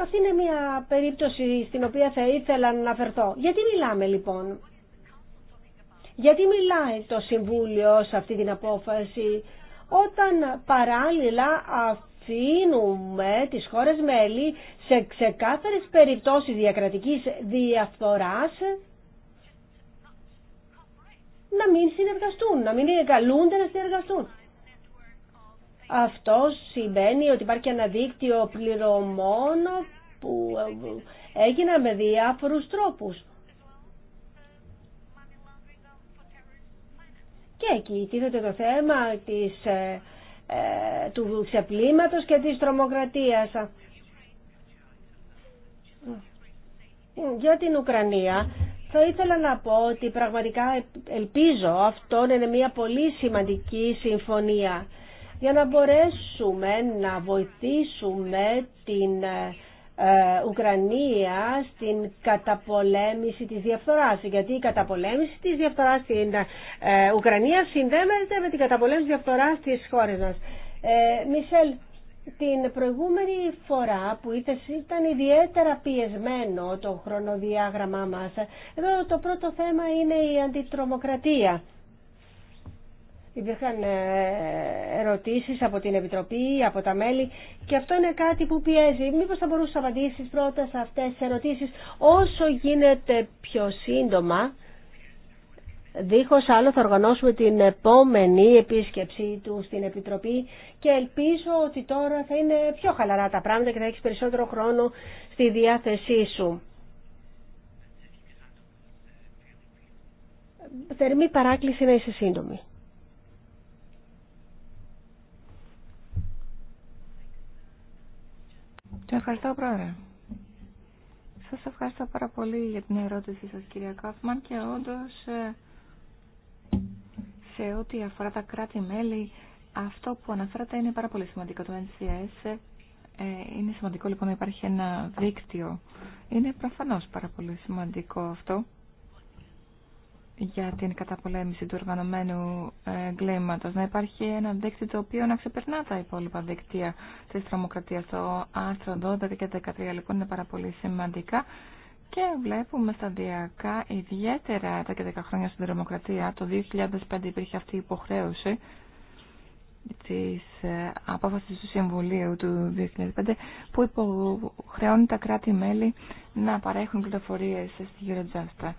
Αυτή είναι μια περίπτωση στην οποία θα ήθελα να αναφερθώ. Γιατί μιλάμε λοιπόν. Γιατί μιλάει το Συμβούλιο σε αυτή την απόφαση όταν παράλληλα Αφήνουμε τις χώρες μέλη σε ξεκάθαρες περιπτώσεις διακρατικής διαφθοράς να μην συνεργαστούν, να μην καλούνται να συνεργαστούν. Αυτό σημαίνει ότι υπάρχει ένα δίκτυο πληρωμών που έγιναν με διάφορους τρόπους. Και εκεί τίθεται το θέμα της ε, ε, του ξεπλήματος και της τρομοκρατίας. Ε, για την Ουκρανία θα ήθελα να πω ότι πραγματικά ελπίζω αυτό να είναι μια πολύ σημαντική συμφωνία για να μπορέσουμε να βοηθήσουμε την ε, ε, Ουκρανία στην καταπολέμηση της διαφθοράς γιατί η καταπολέμηση της διαφθοράς στην ε, Ουκρανία συνδέεται με την καταπολέμηση της διαφθοράς της χώρας μας. Ε, Μισελ, την προηγούμενη φορά που είτε ήταν ιδιαίτερα πιεσμένο το χρονοδιάγραμμά μας εδώ το πρώτο θέμα είναι η αντιτρομοκρατία Υπήρχαν ε, ερωτήσεις από την Επιτροπή, από τα μέλη και αυτό είναι κάτι που πιέζει. Μήπως θα μπορούσες να απαντήσεις πρώτα σε αυτές τις ερωτήσεις όσο γίνεται πιο σύντομα. Δίχως άλλο θα οργανώσουμε την επόμενη επίσκεψή του στην Επιτροπή και ελπίζω ότι τώρα θα είναι πιο χαλαρά τα πράγματα και θα έχεις περισσότερο χρόνο στη διάθεσή σου. Θερμή παράκληση να είσαι σύντομη. Ευχαριστώ, Πρόεδρε. Σας ευχαριστώ πάρα πολύ για την ερώτηση σας, κυρία Κάφμαν, και όντως ε, σε ό,τι αφορά τα κράτη-μέλη, αυτό που αναφέρατε είναι πάρα πολύ σημαντικό. Το NCS ε, είναι σημαντικό λοιπόν να υπάρχει ένα δίκτυο. Είναι προφανώς πάρα πολύ σημαντικό αυτό για την καταπολέμηση του οργανωμένου εγκλήματος. Να υπάρχει ένα δίκτυο το οποίο να ξεπερνά τα υπόλοιπα δίκτυα της Τρομοκρατία. Το άρθρο 12 και 13 λοιπόν είναι πάρα πολύ σημαντικά και βλέπουμε σταδιακά ιδιαίτερα τα και 10 χρόνια στην τρομοκρατία. Το 2005 υπήρχε αυτή η υποχρέωση της ε, απόφαση του Συμβουλίου του 2005 που υποχρεώνει τα κράτη-μέλη να παρέχουν πληροφορίες στη Eurojust.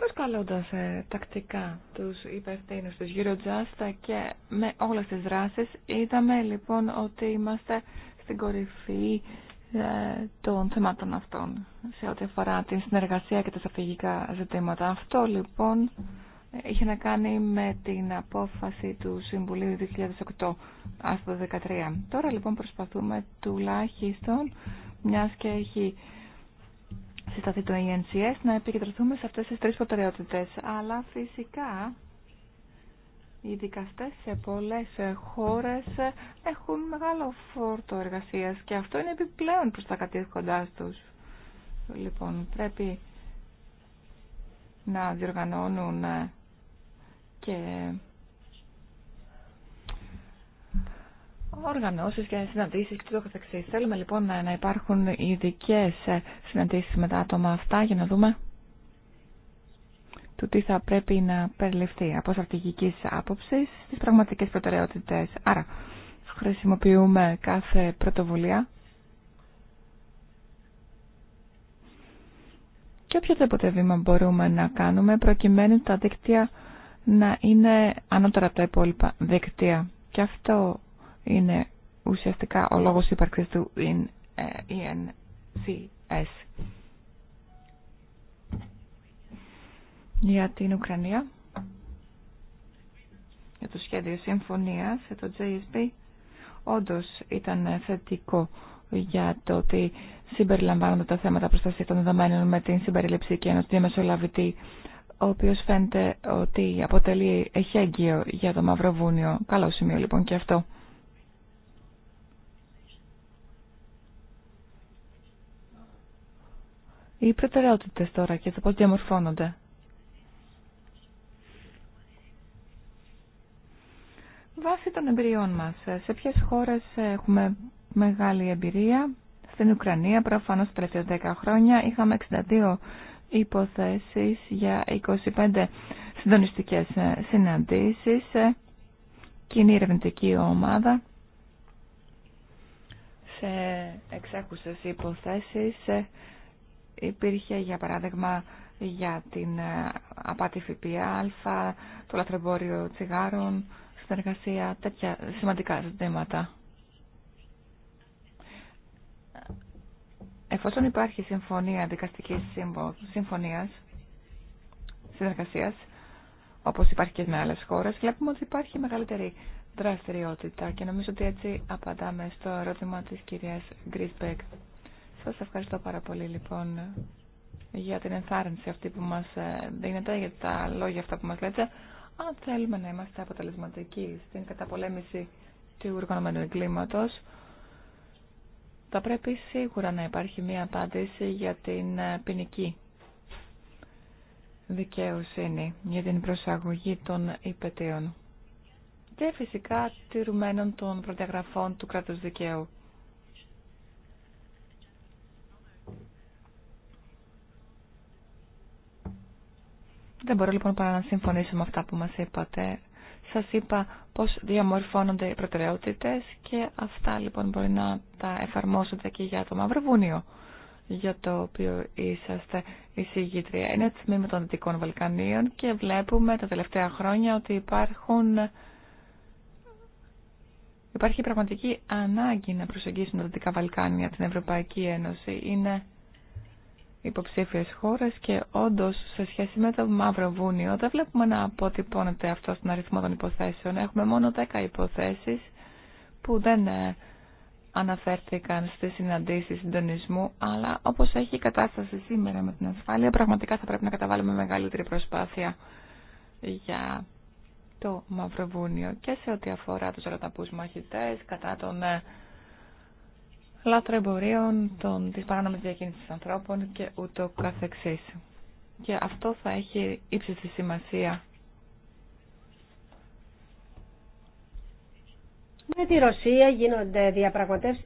προσκαλώντας ε, τακτικά τους υπευθύνους της Eurojust και με όλες τις δράσεις είδαμε λοιπόν ότι είμαστε στην κορυφή ε, των θεμάτων αυτών σε ό,τι αφορά την συνεργασία και τα στρατηγικά ζητήματα. Αυτό λοιπόν είχε να κάνει με την απόφαση του Συμβουλίου 2008 2018-2013. Τώρα λοιπόν προσπαθούμε τουλάχιστον μιας και έχει συσταθεί το ENCS, να επικεντρωθούμε σε αυτές τις τρεις προτεραιότητες. Αλλά φυσικά οι δικαστές σε πολλές χώρες έχουν μεγάλο φόρτο εργασίας και αυτό είναι επιπλέον προς τα κοντά τους. Λοιπόν, πρέπει να διοργανώνουν και οργανώσεις και συναντήσεις και το καθεξής. Θέλουμε λοιπόν να υπάρχουν ειδικέ συναντήσεις με τα άτομα αυτά για να δούμε του τι θα πρέπει να περιληφθεί από στρατηγική άποψη τις πραγματικές προτεραιότητες. Άρα χρησιμοποιούμε κάθε πρωτοβουλία και οποιοδήποτε βήμα μπορούμε να κάνουμε προκειμένου τα δίκτυα να είναι ανώτερα από τα υπόλοιπα δίκτυα. Και αυτό είναι ουσιαστικά ο λόγος ύπαρξης του ENCS. Ε, για την Ουκρανία, για το σχέδιο συμφωνίας, για το JSP, όντως ήταν θετικό για το ότι συμπεριλαμβάνονται τα θέματα προστασία των δεδομένων με την συμπεριληψή και ενός διαμεσολαβητή, ο οποίος φαίνεται ότι αποτελεί εχέγγυο για το Μαυροβούνιο. Καλό σημείο λοιπόν και αυτό. οι προτεραιότητε τώρα και το πώ διαμορφώνονται. Βάσει των εμπειριών μας, σε ποιες χώρες έχουμε μεγάλη εμπειρία. Στην Ουκρανία, προφανώς τα τελευταία 10 χρόνια, είχαμε 62 υποθέσεις για 25 συντονιστικέ συναντήσεις, κοινή ερευνητική ομάδα σε εξέχουσες υποθέσεις, υπήρχε για παράδειγμα για την ε, απάτη ΦΠΑ, το λαθρεμπόριο τσιγάρων, συνεργασία, τέτοια σημαντικά ζητήματα. Εφόσον υπάρχει συμφωνία δικαστικής συμφωνίας, συνεργασίας, όπως υπάρχει και με άλλες χώρες, βλέπουμε ότι υπάρχει μεγαλύτερη δραστηριότητα και νομίζω ότι έτσι απαντάμε στο ερώτημα της κυρίας Γκρίσπεκ. Σας ευχαριστώ πάρα πολύ λοιπόν για την ενθάρρυνση αυτή που μας ε, δίνετε, για τα λόγια αυτά που μας λέτε. Αν θέλουμε να είμαστε αποτελεσματικοί στην καταπολέμηση του οργανωμένου εγκλήματος, θα πρέπει σίγουρα να υπάρχει μία απάντηση για την ε, ποινική δικαιοσύνη, για την προσαγωγή των υπετίων και φυσικά τηρουμένων των προδιαγραφών του κράτους δικαίου. Δεν μπορώ λοιπόν παρά να συμφωνήσω με αυτά που μας είπατε. Σας είπα πώς διαμορφώνονται οι προτεραιότητες και αυτά λοιπόν μπορεί να τα εφαρμόσετε και για το Μαυροβούνιο για το οποίο είσαστε εισηγήτρια. Είναι τμήμα των Δυτικών Βαλκανίων και βλέπουμε τα τελευταία χρόνια ότι υπάρχουν υπάρχει πραγματική ανάγκη να προσεγγίσουν τα Δυτικά Βαλκάνια την Ευρωπαϊκή Ένωση. Είναι υποψήφιες χώρες και όντως σε σχέση με το Μαύρο Βούνιο δεν βλέπουμε να αποτυπώνεται αυτό στον αριθμό των υποθέσεων. Έχουμε μόνο 10 υποθέσεις που δεν ε, αναφέρθηκαν στις συναντήσεις συντονισμού, αλλά όπως έχει η κατάσταση σήμερα με την ασφάλεια, πραγματικά θα πρέπει να καταβάλουμε μεγαλύτερη προσπάθεια για το Μαυροβούνιο και σε ό,τι αφορά τους ραταπούς μαχητές κατά τον... Ε, εμπορίων των, της παράνομης διακίνησης ανθρώπων και ούτω καθεξής. Και αυτό θα έχει ύψιστη σημασία. Με τη Ρωσία γίνονται διαπραγματεύσεις.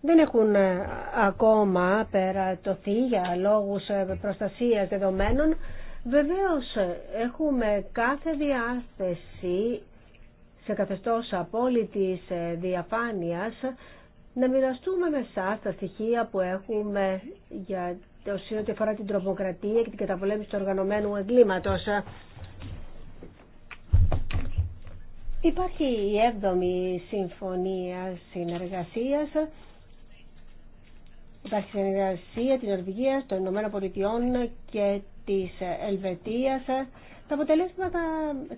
Δεν έχουν ε, ακόμα περατωθεί για λόγους ε, προστασίας δεδομένων. Βεβαίως ε, έχουμε κάθε διάθεση σε καθεστώς απόλυτης ε, διαφάνειας να μοιραστούμε με εσά τα στοιχεία που έχουμε για το αφορά την τρομοκρατία και την καταπολέμηση του οργανωμένου εγκλήματος. Υπάρχει η 7η Συμφωνία Συνεργασίας. Υπάρχει συνεργασία της Νορβηγίας, των Ηνωμένων Πολιτειών και της Ελβετίας τα αποτελέσματα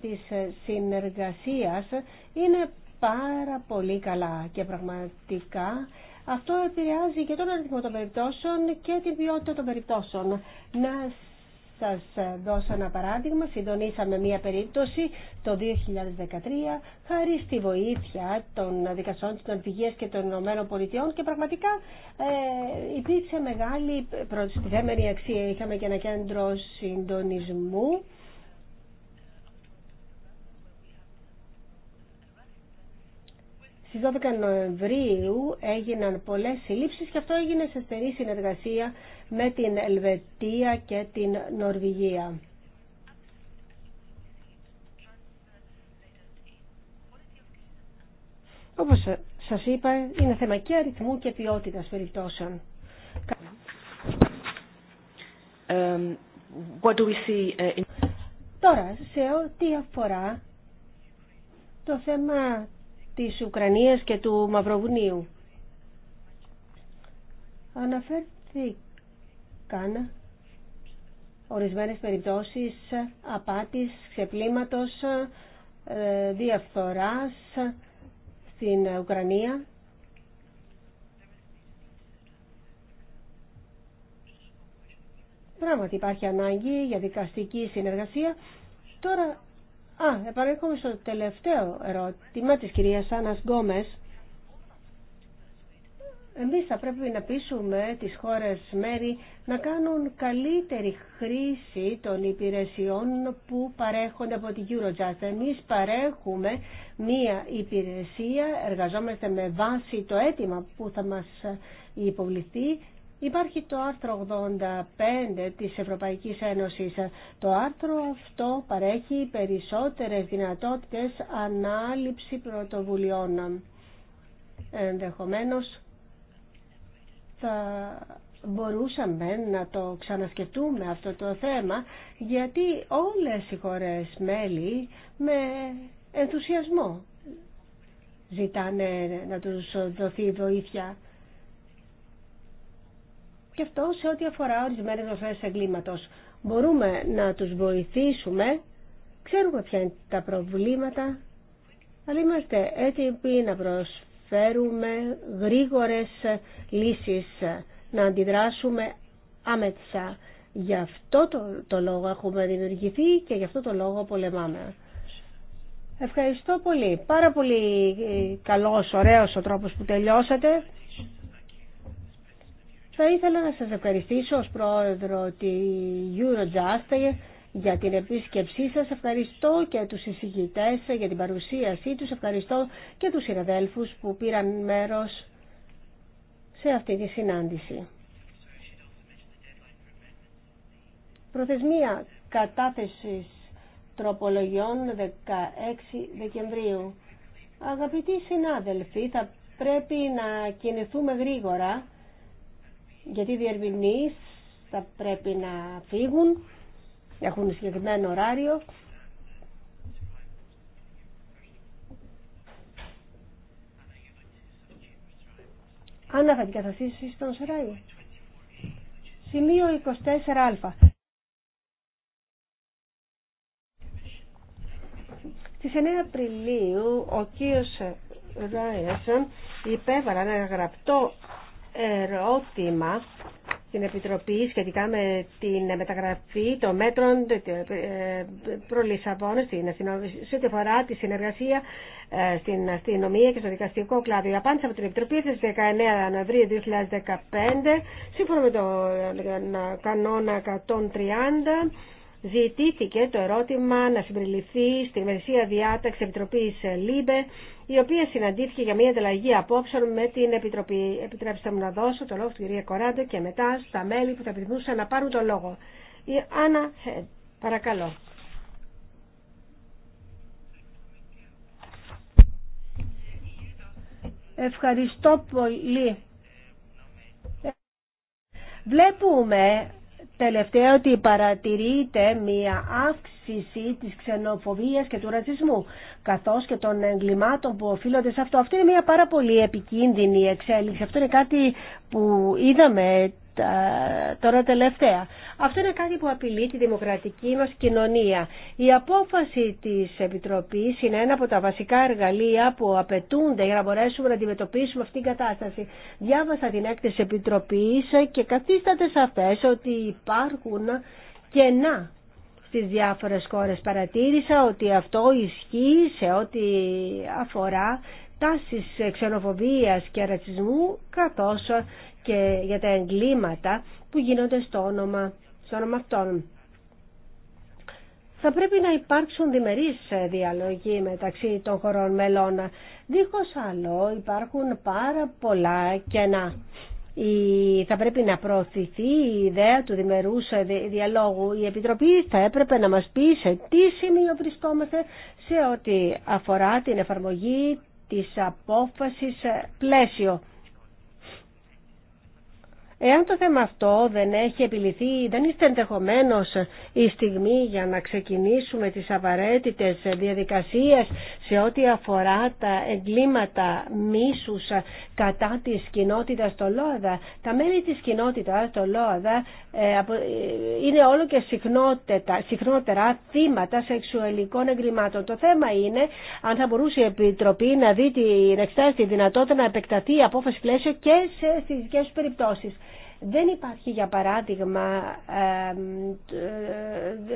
της ε, συνεργασίας είναι πάρα πολύ καλά και πραγματικά αυτό επηρεάζει και τον αριθμό των περιπτώσεων και την ποιότητα των περιπτώσεων. Να σας ε, δώσω ένα παράδειγμα. Συντονίσαμε μία περίπτωση το 2013 χάρη στη βοήθεια των δικαστών της Νορβηγίας και των Ηνωμένων Πολιτειών και πραγματικά ε, υπήρξε μεγάλη προστιθέμενη αξία. Είχαμε και ένα κέντρο συντονισμού Στις 12 Νοεμβρίου έγιναν πολλές συλλήψεις και αυτό έγινε σε στενή συνεργασία με την Ελβετία και την Νορβηγία. Όπως σας είπα, είναι θέμα και αριθμού και ποιότητας περιπτώσεων. Um, uh, in... Τώρα, σε ό,τι αφορά το θέμα της Ουκρανίας και του Μαυροβουνίου. Αναφέρθηκαν ορισμένες περιπτώσεις απάτης, ξεπλήματος, ε, διαφθοράς στην Ουκρανία. Πράγματι υπάρχει ανάγκη για δικαστική συνεργασία. Τώρα Α, επανέρχομαι στο τελευταίο ερώτημα της κυρίας Άννας Γκόμες. Εμείς θα πρέπει να πείσουμε τις χώρες μέρη να κάνουν καλύτερη χρήση των υπηρεσιών που παρέχονται από την Eurojust. Εμείς παρέχουμε μία υπηρεσία, εργαζόμαστε με βάση το αίτημα που θα μας υποβληθεί Υπάρχει το άρθρο 85 της Ευρωπαϊκής Ένωσης. Το άρθρο αυτό παρέχει περισσότερες δυνατότητες ανάληψη πρωτοβουλειών. Ενδεχομένως θα μπορούσαμε να το ξανασκεφτούμε αυτό το θέμα γιατί όλες οι χώρες μέλη με ενθουσιασμό ζητάνε να τους δοθεί βοήθεια και αυτό σε ό,τι αφορά ορισμένε δοφέ εγκλήματο. Μπορούμε να του βοηθήσουμε, ξέρουμε ποια είναι τα προβλήματα, αλλά είμαστε έτοιμοι να προσφέρουμε γρήγορες λύσεις, να αντιδράσουμε άμεσα. Γι' αυτό το, το λόγο έχουμε δημιουργηθεί και γι' αυτό το λόγο πολεμάμε. Ευχαριστώ πολύ. Πάρα πολύ ε, καλός, ωραίος ο τρόπος που τελειώσατε. Θα ήθελα να σας ευχαριστήσω ως πρόεδρο τη Eurojust για την επίσκεψή σας. Ευχαριστώ και τους εισηγητές για την παρουσίασή τους. Ευχαριστώ και τους συναδέλφους που πήραν μέρος σε αυτή τη συνάντηση. Προθεσμία κατάθεσης τροπολογιών 16 Δεκεμβρίου. Αγαπητοί συνάδελφοι, θα πρέπει να κινηθούμε γρήγορα γιατί οι διερμηνείς θα πρέπει να φύγουν, έχουν συγκεκριμένο ωράριο. αν θα την τον στον Σεράιο. Σημείο 24α. Στις 9 Απριλίου ο κύριος Ράιασον ε, υπέβαλε ένα γραπτό ερώτημα στην Επιτροπή σχετικά με την μεταγραφή των μέτρων ε, προλυσαβών στην σε ό,τι αφορά τη συνεργασία ε, στην αστυνομία και στο δικαστικό κλάδο. Η απάντηση από την Επιτροπή στις 19 Νοεμβρίου 2015, σύμφωνα με τον κανόνα 130, ζητήθηκε το ερώτημα να συμπεριληφθεί στη ημερησία διάταξη Επιτροπή ΛΥΜΠΕ, η οποία συναντήθηκε για μια ανταλλαγή απόψεων με την Επιτροπή. Επιτρέψτε μου να δώσω το λόγο του κυρία Κοράντο και μετά στα μέλη που θα επιθυμούσαν να πάρουν το λόγο. Η Άννα παρακαλώ. Ευχαριστώ πολύ. Βλέπουμε τελευταία ότι παρατηρείται μία αύξηση της ξενοφοβίας και του ρατσισμού καθώς και των εγκλημάτων που οφείλονται σε αυτό. Αυτό είναι μια πάρα πολύ επικίνδυνη εξέλιξη. Αυτό είναι κάτι που είδαμε τώρα τελευταία. Αυτό είναι κάτι που απειλεί τη δημοκρατική μας κοινωνία. Η απόφαση της Επιτροπής είναι ένα από τα βασικά εργαλεία που απαιτούνται για να μπορέσουμε να αντιμετωπίσουμε αυτήν την κατάσταση. Διάβασα την έκθεση Επιτροπής και καθίσταται σαφές ότι υπάρχουν κενά στις διάφορες χώρες. Παρατήρησα ότι αυτό ισχύει σε ό,τι αφορά τάσεις ξενοφοβίας και ρατσισμού καθώς και για τα εγκλήματα που γίνονται στο όνομα, στο όνομα αυτών. Θα πρέπει να υπάρξουν διμερείς διαλογοί μεταξύ των χωρών μελών. Δίχως άλλο υπάρχουν πάρα πολλά κενά θα πρέπει να προωθηθεί η ιδέα του διμερούς ε, διαλόγου. Η Επιτροπή θα έπρεπε να μας πει σε τι σημείο βρισκόμαστε σε ό,τι αφορά την εφαρμογή της απόφασης ε, πλαίσιο. Εάν το θέμα αυτό δεν έχει επιληθεί, δεν είστε ενδεχομένω η στιγμή για να ξεκινήσουμε τις απαραίτητες διαδικασίες σε ό,τι αφορά τα εγκλήματα μίσους κατά της κοινότητας στο ΛΟΑΔΑ. Τα μέλη της κοινότητας στο ΛΟΑΔΑ ε, ε, είναι όλο και συχνότερα θύματα σεξουαλικών εγκλημάτων. Το θέμα είναι αν θα μπορούσε η Επιτροπή να, δει, την τη δυνατότητα να επεκταθεί η απόφαση πλαίσιο και σε φυσικές περιπτώσεις. Δεν υπάρχει, για παράδειγμα,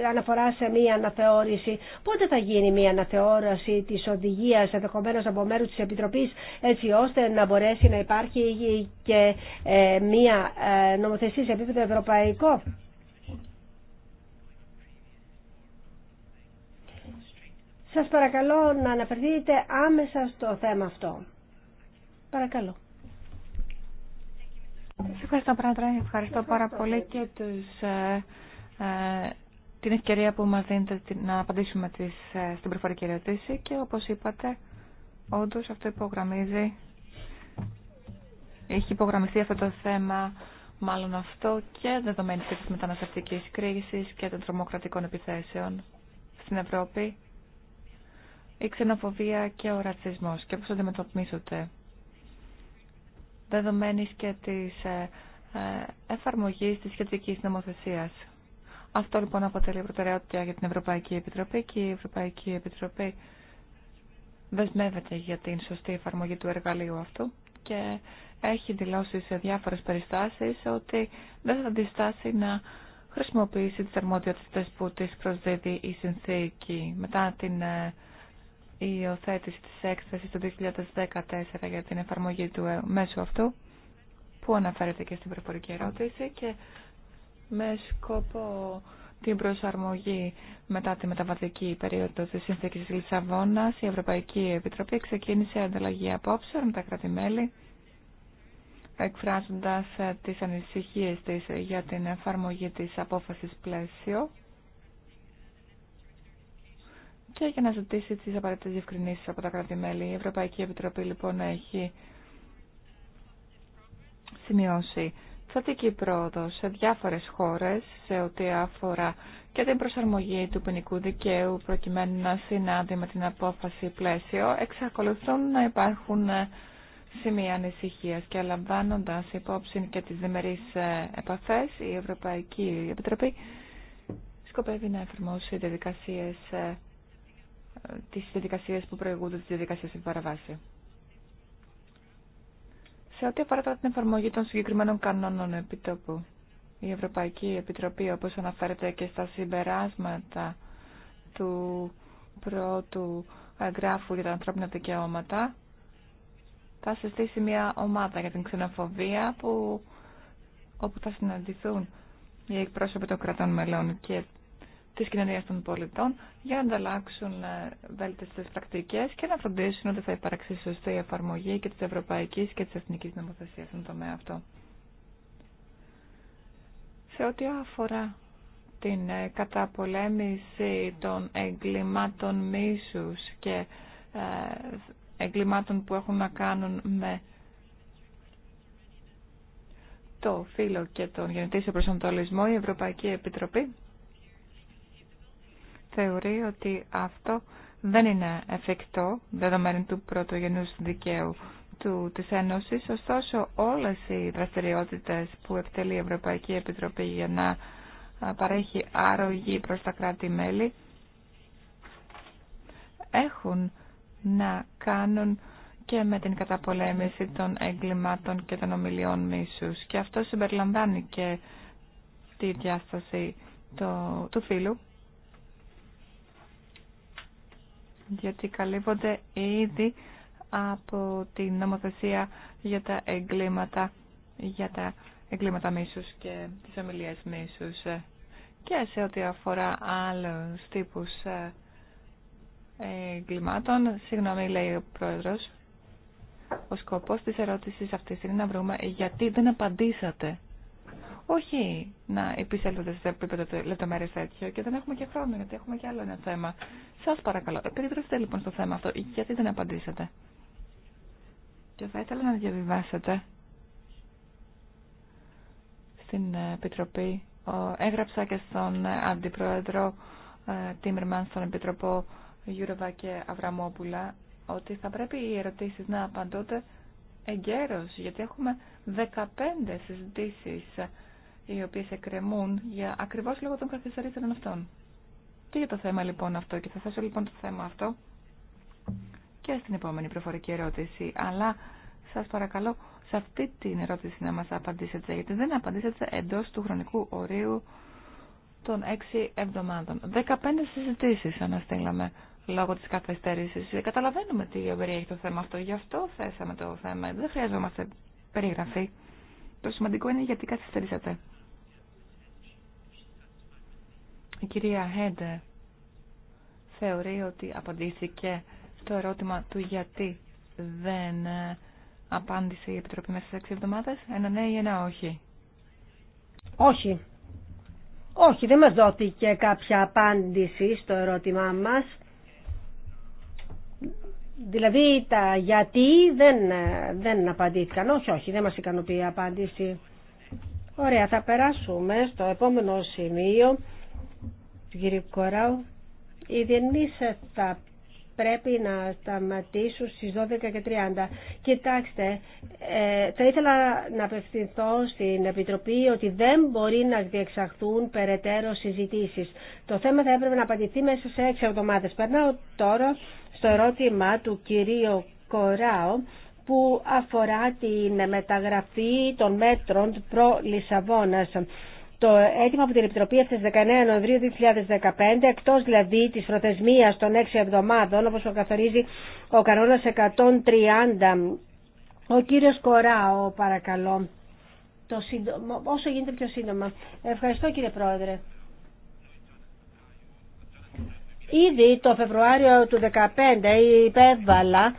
ε, αναφορά σε μία αναθεώρηση. Πότε θα γίνει μία αναθεώρηση της οδηγίας, ενδεχομένω από μέρου της Επιτροπής, έτσι ώστε να μπορέσει να υπάρχει και ε, μία ε, νομοθεσία σε επίπεδο ευρωπαϊκό. Σας παρακαλώ να αναφερθείτε άμεσα στο θέμα αυτό. Παρακαλώ. Ευχαριστώ, Πρόεδρε. Ευχαριστώ πάρα πολύ και τους, ε, ε, την ευκαιρία που μας δίνετε να απαντήσουμε τις, ε, στην προφορική ερώτηση και όπως είπατε, όντως αυτό υπογραμμίζει, έχει υπογραμμιστεί αυτό το θέμα μάλλον αυτό και δεδομένη της μεταναστευτικής κρίσης και των τρομοκρατικών επιθέσεων στην Ευρώπη, η ξενοφοβία και ο ρατσισμός και πώς αντιμετωπίζονται δεδομένης και της ε, ε, εφαρμογής της σχετικής νομοθεσίας. Αυτό λοιπόν αποτελεί προτεραιότητα για την Ευρωπαϊκή Επιτροπή και η Ευρωπαϊκή Επιτροπή δεσμεύεται για την σωστή εφαρμογή του εργαλείου αυτού και έχει δηλώσει σε διάφορες περιστάσεις ότι δεν θα αντιστάσει να χρησιμοποιήσει τις αρμοδιότητες που της προσδίδει η συνθήκη μετά την ε, η υιοθέτηση της έκθεσης του 2014 για την εφαρμογή του ε, μέσου αυτού που αναφέρεται και στην προφορική ερώτηση και με σκοπό την προσαρμογή μετά τη μεταβατική περίοδο της Συνθήκης της Λισαβόνας η Ευρωπαϊκή Επιτροπή ξεκίνησε ανταλλαγή απόψεων με τα κράτη-μέλη εκφράζοντας ε, τις ανησυχίες της για την εφαρμογή της απόφασης πλαίσιο και για να ζητήσει τις απαραίτητες διευκρινήσεις από τα κράτη-μέλη. Η Ευρωπαϊκή Επιτροπή λοιπόν έχει σημειώσει θετική πρόοδο σε διάφορες χώρες σε ό,τι αφορά και την προσαρμογή του ποινικού δικαίου προκειμένου να συνάδει με την απόφαση πλαίσιο εξακολουθούν να υπάρχουν σημεία ανησυχίας και λαμβάνοντα υπόψη και τις διμερείς ε, επαφές η Ευρωπαϊκή Επιτροπή σκοπεύει να εφαρμόσει διαδικασίες ε, τις διαδικασίες που προηγούνται τις διαδικασίες στην παραβάση. Σε ό,τι αφορά την εφαρμογή των συγκεκριμένων κανόνων επιτόπου, η Ευρωπαϊκή Επιτροπή, όπως αναφέρεται και στα συμπεράσματα του πρώτου εγγράφου για τα ανθρώπινα δικαιώματα, θα συστήσει μια ομάδα για την ξενοφοβία που, όπου θα συναντηθούν οι εκπρόσωποι των κρατών μελών και τη κοινωνία των πολιτών για να ανταλλάξουν ε, βέλτιστες πρακτικέ και να φροντίσουν ότι θα υπάρξει σωστή εφαρμογή και τη Ευρωπαϊκή και τη Εθνική Νομοθεσία στον τομέα αυτό. Σε ό,τι αφορά την ε, καταπολέμηση των εγκλημάτων μίσους και ε, εγκλημάτων που έχουν να κάνουν με το φύλλο και τον σε προσανατολισμό, η Ευρωπαϊκή Επιτροπή θεωρεί ότι αυτό δεν είναι εφικτό δεδομένου του πρωτογενού δικαίου του, της Ένωσης. Ωστόσο, όλες οι δραστηριότητες που εκτελεί η Ευρωπαϊκή Επιτροπή για να παρέχει άρρωγη προς τα κράτη-μέλη έχουν να κάνουν και με την καταπολέμηση των εγκλημάτων και των ομιλιών μίσους. Και αυτό συμπεριλαμβάνει και τη διάσταση του, του φύλου γιατί καλύπτονται ήδη από την νομοθεσία για τα εγκλήματα, για τα εγκλήματα μίσους και τις ομιλίες μίσους και σε ό,τι αφορά άλλους τύπους ε, εγκλημάτων. Συγγνώμη, λέει ο Πρόεδρος. Ο σκοπός της ερώτησης αυτής είναι να βρούμε γιατί δεν απαντήσατε όχι να επισέλθετε σε επίπεδο λεπτομέρειε τέτοιο και δεν έχουμε και χρόνο γιατί έχουμε και άλλο ένα θέμα. Σα παρακαλώ, περιτρέψτε λοιπόν στο θέμα αυτό, γιατί δεν απαντήσατε. Και θα ήθελα να διαβιβάσετε στην Επιτροπή. Έγραψα και στον Αντιπρόεδρο ε, Τίμερμαν, στον Επιτροπό Γιούροβα και Αβραμόπουλα, ότι θα πρέπει οι ερωτήσει να απαντώνται εγκαίρως, γιατί έχουμε 15 συζητήσει οι οποίε εκκρεμούν για ακριβώ λόγω των καθυστερήσεων αυτών. Τι για το θέμα λοιπόν αυτό και θα θέσω λοιπόν το θέμα αυτό και στην επόμενη προφορική ερώτηση. Αλλά σας παρακαλώ σε αυτή την ερώτηση να μα απαντήσετε γιατί δεν απαντήσετε εντός του χρονικού ορίου των 6 εβδομάδων. 15 συζητήσεις αναστήλαμε λόγω της καθυστέρησης. Καταλαβαίνουμε τι έχει το θέμα αυτό. Γι' αυτό θέσαμε το θέμα. Δεν χρειαζόμαστε περιγραφή. Το σημαντικό είναι γιατί καθυστερήσατε. Η κυρία Χέντε θεωρεί ότι απαντήθηκε στο ερώτημα του γιατί δεν ε, απάντησε η Επιτροπή μέσα σε 6 εβδομάδες. Ένα ναι ή ένα όχι. Όχι. Όχι, δεν μας δόθηκε κάποια απάντηση στο ερώτημά μας. Δηλαδή τα γιατί δεν, ε, δεν απαντήθηκαν. Όχι, όχι, δεν μας ικανοποιεί η απάντηση. Ωραία, θα περάσουμε στο επόμενο σημείο Κύριε Κοράου. Οι θα πρέπει να σταματήσουν στις 12.30. Κοιτάξτε, ε, θα ήθελα να απευθυνθώ στην Επιτροπή ότι δεν μπορεί να διεξαχθούν περαιτέρω συζητήσει. Το θέμα θα έπρεπε να απαντηθεί μέσα σε έξι εβδομάδες. Περνάω τώρα στο ερώτημα του κυρίου Κοράου που αφορά την μεταγραφή των μέτρων προ Λισαβόνας το αίτημα από την Επιτροπή στις 19 Νοεμβρίου 2015, εκτός δηλαδή της προθεσμία των 6 εβδομάδων, όπως καθορίζει ο κανόνα 130. Ο κύριος Κοράο, παρακαλώ. Το όσο γίνεται πιο σύντομα. Ευχαριστώ κύριε Πρόεδρε. Ήδη το Φεβρουάριο του 2015 υπέβαλα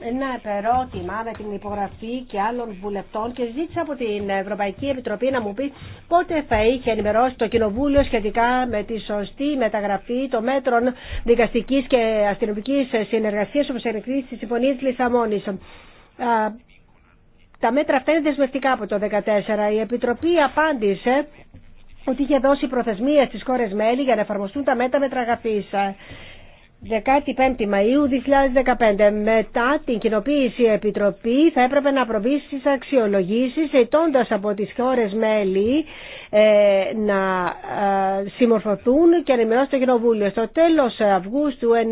ένα ερώτημα με την υπογραφή και άλλων βουλευτών και ζήτησα από την Ευρωπαϊκή Επιτροπή να μου πει πότε θα είχε ενημερώσει το Κοινοβούλιο σχετικά με τη σωστή μεταγραφή των μέτρων δικαστική και αστυνομική συνεργασία όπω ενεκρίθηκε τη Συμφωνία Λισαμόνη. Τα μέτρα αυτά είναι δεσμευτικά από το 2014. Η Επιτροπή απάντησε ότι είχε δώσει προθεσμία στι χώρε μέλη για να εφαρμοστούν τα μέτρα μεταγραφή. 15η Μαΐου 2015 μετά την κοινοποίηση η Επιτροπή θα έπρεπε να προβεί στις αξιολογήσεις ετώντας από τις χώρες μέλη ε, να ε, συμμορφωθούν και ενημερώσει το Κοινοβούλιο. Στο τέλος Αυγούστου ε,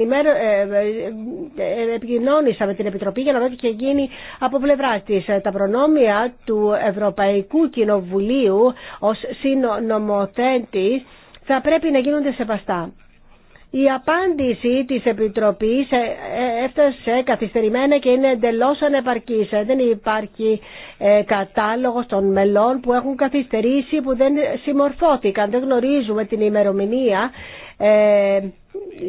επικοινώνησα με την Επιτροπή για να δω τι είχε γίνει από πλευρά τη. Τα προνόμια του Ευρωπαϊκού Κοινοβουλίου ως συνομοθέτης θα πρέπει να γίνονται σεβαστά. Η απάντηση της Επιτροπής ε, ε, έφτασε καθυστερημένα και είναι εντελώς ανεπαρκής. Ε, δεν υπάρχει κατάλογος των μελών που έχουν καθυστερήσει, που δεν συμμορφώθηκαν. Δεν γνωρίζουμε την ημερομηνία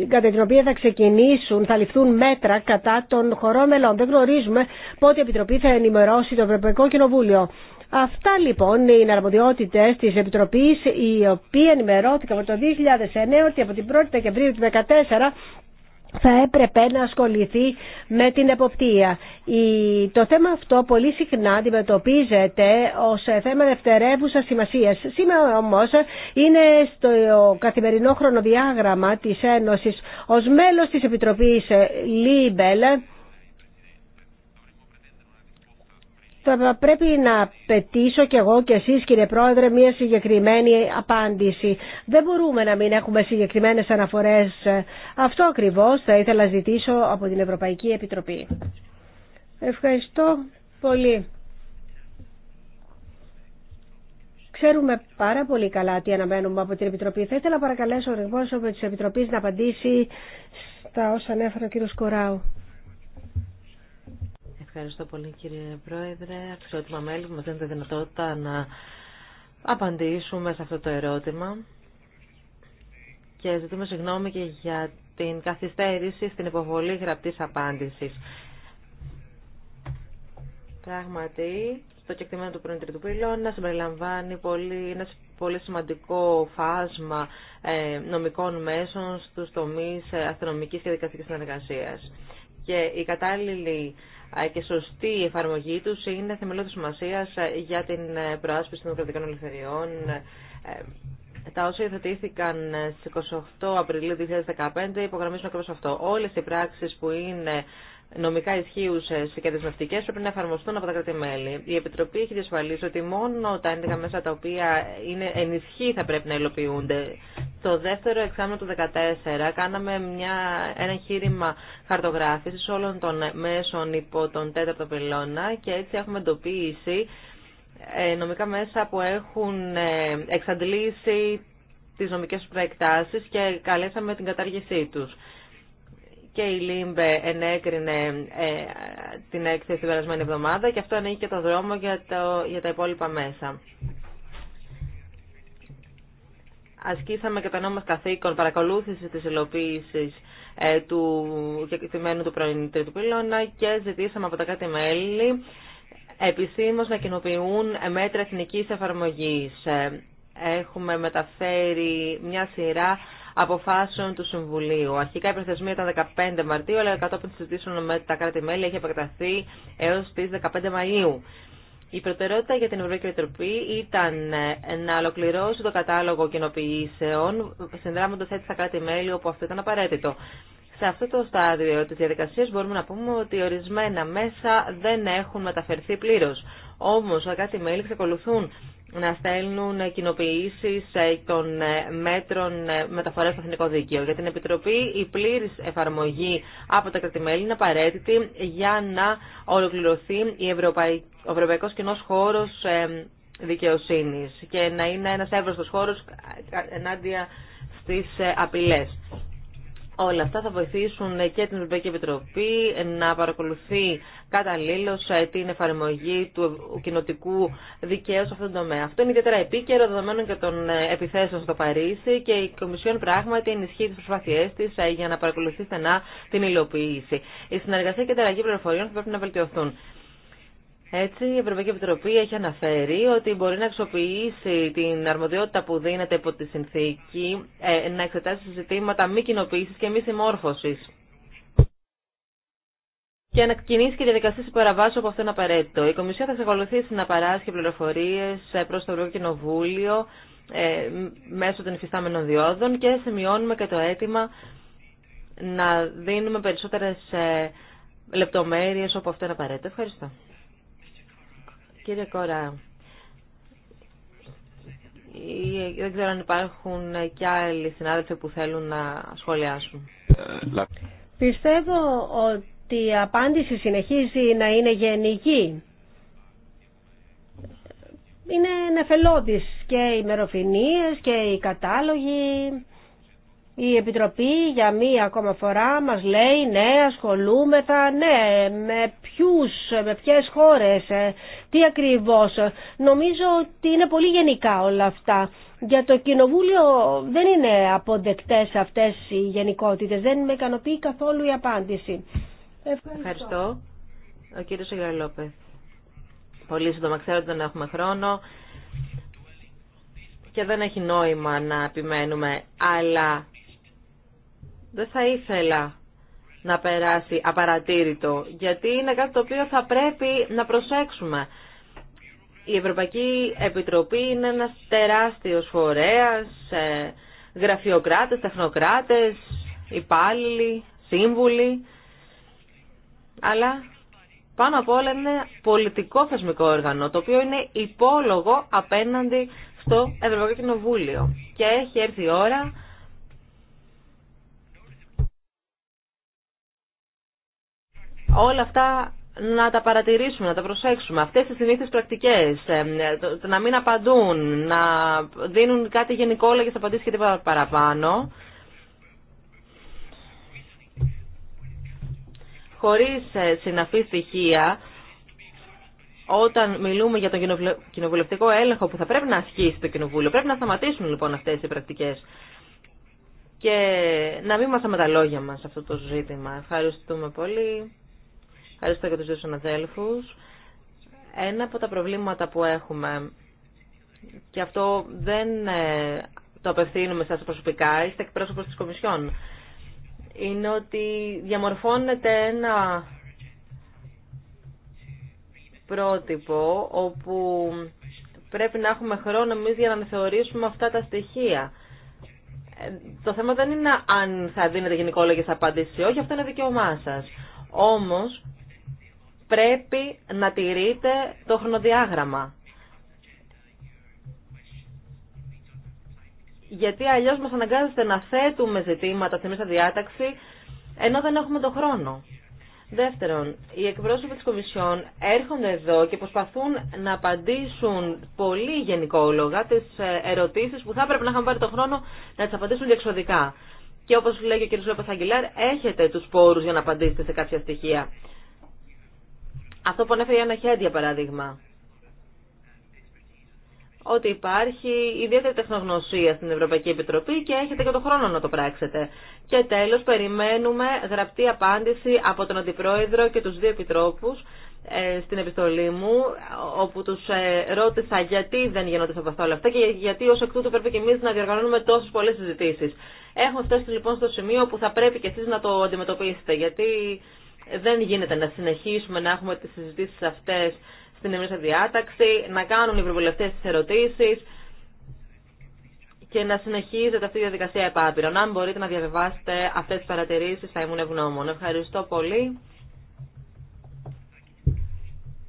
κατά την οποία θα ξεκινήσουν, θα ληφθούν μέτρα κατά των χωρών μελών. Δεν γνωρίζουμε πότε η Επιτροπή θα ενημερώσει το Ευρωπαϊκό Κοινοβούλιο. Αυτά λοιπόν είναι αρμοδιότητε τη Επιτροπή, η οποία ενημερώθηκε από το 2009 ότι από την 1η Δεκεμβρίου του 2014 θα έπρεπε να ασχοληθεί με την εποπτεία. Το θέμα αυτό πολύ συχνά αντιμετωπίζεται ως θέμα δευτερεύουσα σημασία. Σήμερα όμως είναι στο καθημερινό χρονοδιάγραμμα της Ένωσης ω μέλο τη Επιτροπή Λίμπελ θα πρέπει να πετήσω κι εγώ κι εσείς κύριε Πρόεδρε μια συγκεκριμένη απάντηση. Δεν μπορούμε να μην έχουμε συγκεκριμένες αναφορές. Αυτό ακριβώς θα ήθελα να ζητήσω από την Ευρωπαϊκή Επιτροπή. Ευχαριστώ πολύ. Ξέρουμε πάρα πολύ καλά τι αναμένουμε από την Επιτροπή. Θα ήθελα παρακαλέσω ο από της Επιτροπής να απαντήσει στα όσα ανέφερε ο κύριος Κοράου. Ευχαριστώ πολύ κύριε Πρόεδρε. Αξιότιμα μέλη που μας δίνετε δυνατότητα να απαντήσουμε σε αυτό το ερώτημα. Και ζητούμε συγγνώμη και για την καθυστέρηση στην υποβολή γραπτής απάντησης. Πράγματι, στο κεκτημένο του πρώην τρίτου πυλώνα συμπεριλαμβάνει πολύ, ένα πολύ σημαντικό φάσμα ε, νομικών μέσων στους τομείς ε, αστυνομικής και δικαστικής συνεργασίας. Και η κατάλληλη ε, και σωστή εφαρμογή του είναι θεμελιώδης σημασία ε, για την ε, προάσπιση των κρατικών ελευθεριών. Τα όσα υιοθετήθηκαν στις 28 Απριλίου 2015 υπογραμμίζουν ακριβώ αυτό. Όλες οι πράξεις που είναι νομικά ισχύουσε και δεσμευτικέ πρέπει να εφαρμοστούν από τα κράτη-μέλη. Η Επιτροπή έχει διασφαλίσει ότι μόνο τα έντεγα μέσα τα οποία είναι ενισχύ θα πρέπει να υλοποιούνται. Το δεύτερο εξάμεινο του 2014 κάναμε μια, ένα εγχείρημα χαρτογράφηση όλων των μέσων υπό τον τέταρτο πυλώνα και έτσι έχουμε εντοπίσει ε, νομικά μέσα που έχουν ε, εξαντλήσει τις νομικές προεκτάσεις και καλέσαμε την κατάργησή τους και η ΛΥΜΠΕ ενέκρινε ε, την έκθεση την περασμένη εβδομάδα και αυτό ανοίγει και το δρόμο για, το, για τα υπόλοιπα μέσα. Ασκήσαμε και το νόμο καθήκον παρακολούθηση της υλοποίησης ε, του κεκτημένου του πρώην τρίτου πυλώνα και ζητήσαμε από τα κάτι μέλη επισήμως να κοινοποιούν μέτρα εθνικής εφαρμογής. Ε, έχουμε μεταφέρει μια σειρά αποφάσεων του Συμβουλίου. Αρχικά η προθεσμία ήταν 15 Μαρτίου, αλλά κατόπιν συζητήσεων με τα κράτη-μέλη έχει επεκταθεί έω τι 15 Μαΐου. Η προτεραιότητα για την Ευρωπαϊκή Επιτροπή ήταν ε, να ολοκληρώσει το κατάλογο κοινοποιήσεων, συνδράμοντα έτσι τα κράτη-μέλη όπου αυτό ήταν απαραίτητο. Σε αυτό το στάδιο τη διαδικασία μπορούμε να πούμε ότι ορισμένα μέσα δεν έχουν μεταφερθεί πλήρω. Όμω, τα κράτη-μέλη εξακολουθούν να στέλνουν κοινοποιήσει ε, των ε, μέτρων ε, μεταφορά στο εθνικό δίκαιο. Για την Επιτροπή, η πλήρη εφαρμογή από τα κρατημέλη είναι απαραίτητη για να ολοκληρωθεί η Ευρωπαϊ... ο ευρωπαϊκό κοινό χώρο δικαιοσύνη και να είναι ένα εύρωστο χώρο ενάντια στι απειλέ. Όλα αυτά θα βοηθήσουν και την Ευρωπαϊκή Επιτροπή να παρακολουθεί καταλήλω ε, την εφαρμογή του κοινοτικού δικαίου σε αυτόν τον τομέα. Αυτό είναι ιδιαίτερα επίκαιρο δεδομένων και των ε, επιθέσεων στο Παρίσι και η Κομισιόν πράγματι ενισχύει τι προσπάθειέ τη ε, για να παρακολουθεί στενά την υλοποίηση. Η συνεργασία και τα αλλαγή πληροφοριών θα πρέπει να βελτιωθούν. Έτσι, η Ευρωπαϊκή Επιτροπή έχει αναφέρει ότι μπορεί να αξιοποιήσει την αρμοδιότητα που δίνεται υπό τη συνθήκη ε, να εξετάσει ζητήματα μη κοινοποίηση και μη συμμόρφωση και να κινήσει και διαδικασίε υπεραβάσεω από αυτόν απαραίτητο. Η Κομισιόν θα εξακολουθήσει να παράσχει πληροφορίε ε, προ το Ευρωπαϊκό Κοινοβούλιο ε, μέσω των υφιστάμενων διόδων και σημειώνουμε και το αίτημα να δίνουμε περισσότερε λεπτομέρειε όπου αυτό είναι απαραίτητο. Ευχαριστώ. Κύριε Κορά, δεν ξέρω αν υπάρχουν και άλλοι συνάδελφοι που θέλουν να σχολιάσουν. Πιστεύω ότι η απάντηση συνεχίζει να είναι γενική. Είναι νεφελώδης και οι μεροφινίες και οι κατάλογοι. Η Επιτροπή για μία ακόμα φορά μας λέει ναι ασχολούμεθα, ναι με ποιους, με ποιες χώρες, ε, τι ακριβώς. Νομίζω ότι είναι πολύ γενικά όλα αυτά. Για το Κοινοβούλιο δεν είναι αποδεκτές αυτές οι γενικότητες. Δεν με ικανοποιεί καθόλου η απάντηση. Ευχαριστώ. Ευχαριστώ. Ο κύριος Αγιαλόπε. Πολύ σύντομα ξέρω ότι δεν έχουμε χρόνο και δεν έχει νόημα να επιμένουμε, αλλά δεν θα ήθελα να περάσει απαρατήρητο, γιατί είναι κάτι το οποίο θα πρέπει να προσέξουμε. Η Ευρωπαϊκή Επιτροπή είναι ένας τεράστιος φορέας, ε, γραφειοκράτες, τεχνοκράτες, υπάλληλοι, σύμβουλοι, αλλά πάνω απ' όλα είναι πολιτικό θεσμικό όργανο, το οποίο είναι υπόλογο απέναντι στο Ευρωπαϊκό Κοινοβούλιο. Και έχει έρθει η ώρα όλα αυτά να τα παρατηρήσουμε, να τα προσέξουμε. Αυτές τις συνήθεις πρακτικές, ε, να μην απαντούν, να δίνουν κάτι γενικό απαντήσεις και τίποτα παραπάνω, χωρίς ε, συναφή στοιχεία, όταν μιλούμε για τον κοινοβουλευτικό έλεγχο που θα πρέπει να ασκήσει το κοινοβούλιο, πρέπει να σταματήσουν λοιπόν αυτές οι πρακτικές και να μην μάθαμε τα λόγια μας αυτό το ζήτημα. Ευχαριστούμε πολύ. Ευχαριστώ και τους δύο συναδέλφους. Ένα από τα προβλήματα που έχουμε, και αυτό δεν ε, το απευθύνουμε σας προσωπικά, είστε εκπρόσωπος της Κομισιόν, είναι ότι διαμορφώνεται ένα πρότυπο όπου πρέπει να έχουμε χρόνο εμεί για να θεωρήσουμε αυτά τα στοιχεία. Ε, το θέμα δεν είναι αν θα δίνετε γενικόλογες απάντηση ή όχι, αυτό είναι δικαίωμά σα. Όμως, πρέπει να τηρείτε το χρονοδιάγραμμα. Γιατί αλλιώς μας αναγκάζεστε να θέτουμε ζητήματα στην μέσα διάταξη, ενώ δεν έχουμε τον χρόνο. Δεύτερον, οι εκπρόσωποι της Κομισιόν έρχονται εδώ και προσπαθούν να απαντήσουν πολύ γενικόλογα τις ε, ερωτήσεις που θα έπρεπε να είχαν πάρει τον χρόνο να τις απαντήσουν διεξοδικά. Και όπως λέει και ο κ. Λόπας έχετε τους πόρους για να απαντήσετε σε κάποια στοιχεία. Αυτό που ανέφερε η Άννα παράδειγμα. Ότι υπάρχει ιδιαίτερη τεχνογνωσία στην Ευρωπαϊκή Επιτροπή και έχετε και τον χρόνο να το πράξετε. Και τέλο περιμένουμε γραπτή απάντηση από τον Αντιπρόεδρο και του δύο επιτρόπους ε, στην επιστολή μου, όπου τους ε, ρώτησα γιατί δεν γίνονται σε αυτά όλα αυτά και γιατί ω εκ τούτου πρέπει και εμεί να διοργανώνουμε τόσε πολλέ συζητήσει. Έχουμε φτάσει λοιπόν στο σημείο που θα πρέπει και εσεί να το αντιμετωπίσετε, γιατί δεν γίνεται να συνεχίσουμε να έχουμε τις συζητήσεις αυτές στην εμείς διάταξη, να κάνουν οι προβουλευτέ τις ερωτήσεις και να συνεχίζετε αυτή η διαδικασία επάπειρων. Αν μπορείτε να διαβεβάσετε αυτές τις παρατηρήσεις θα ήμουν ευγνώμων. Ευχαριστώ πολύ.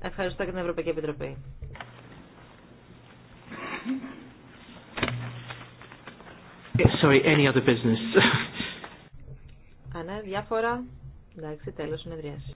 Ευχαριστώ και την Ευρωπαϊκή Επιτροπή. Sorry, any other business. Ναι, διάφορα. Εντάξει, τέλος συνεδρίαση.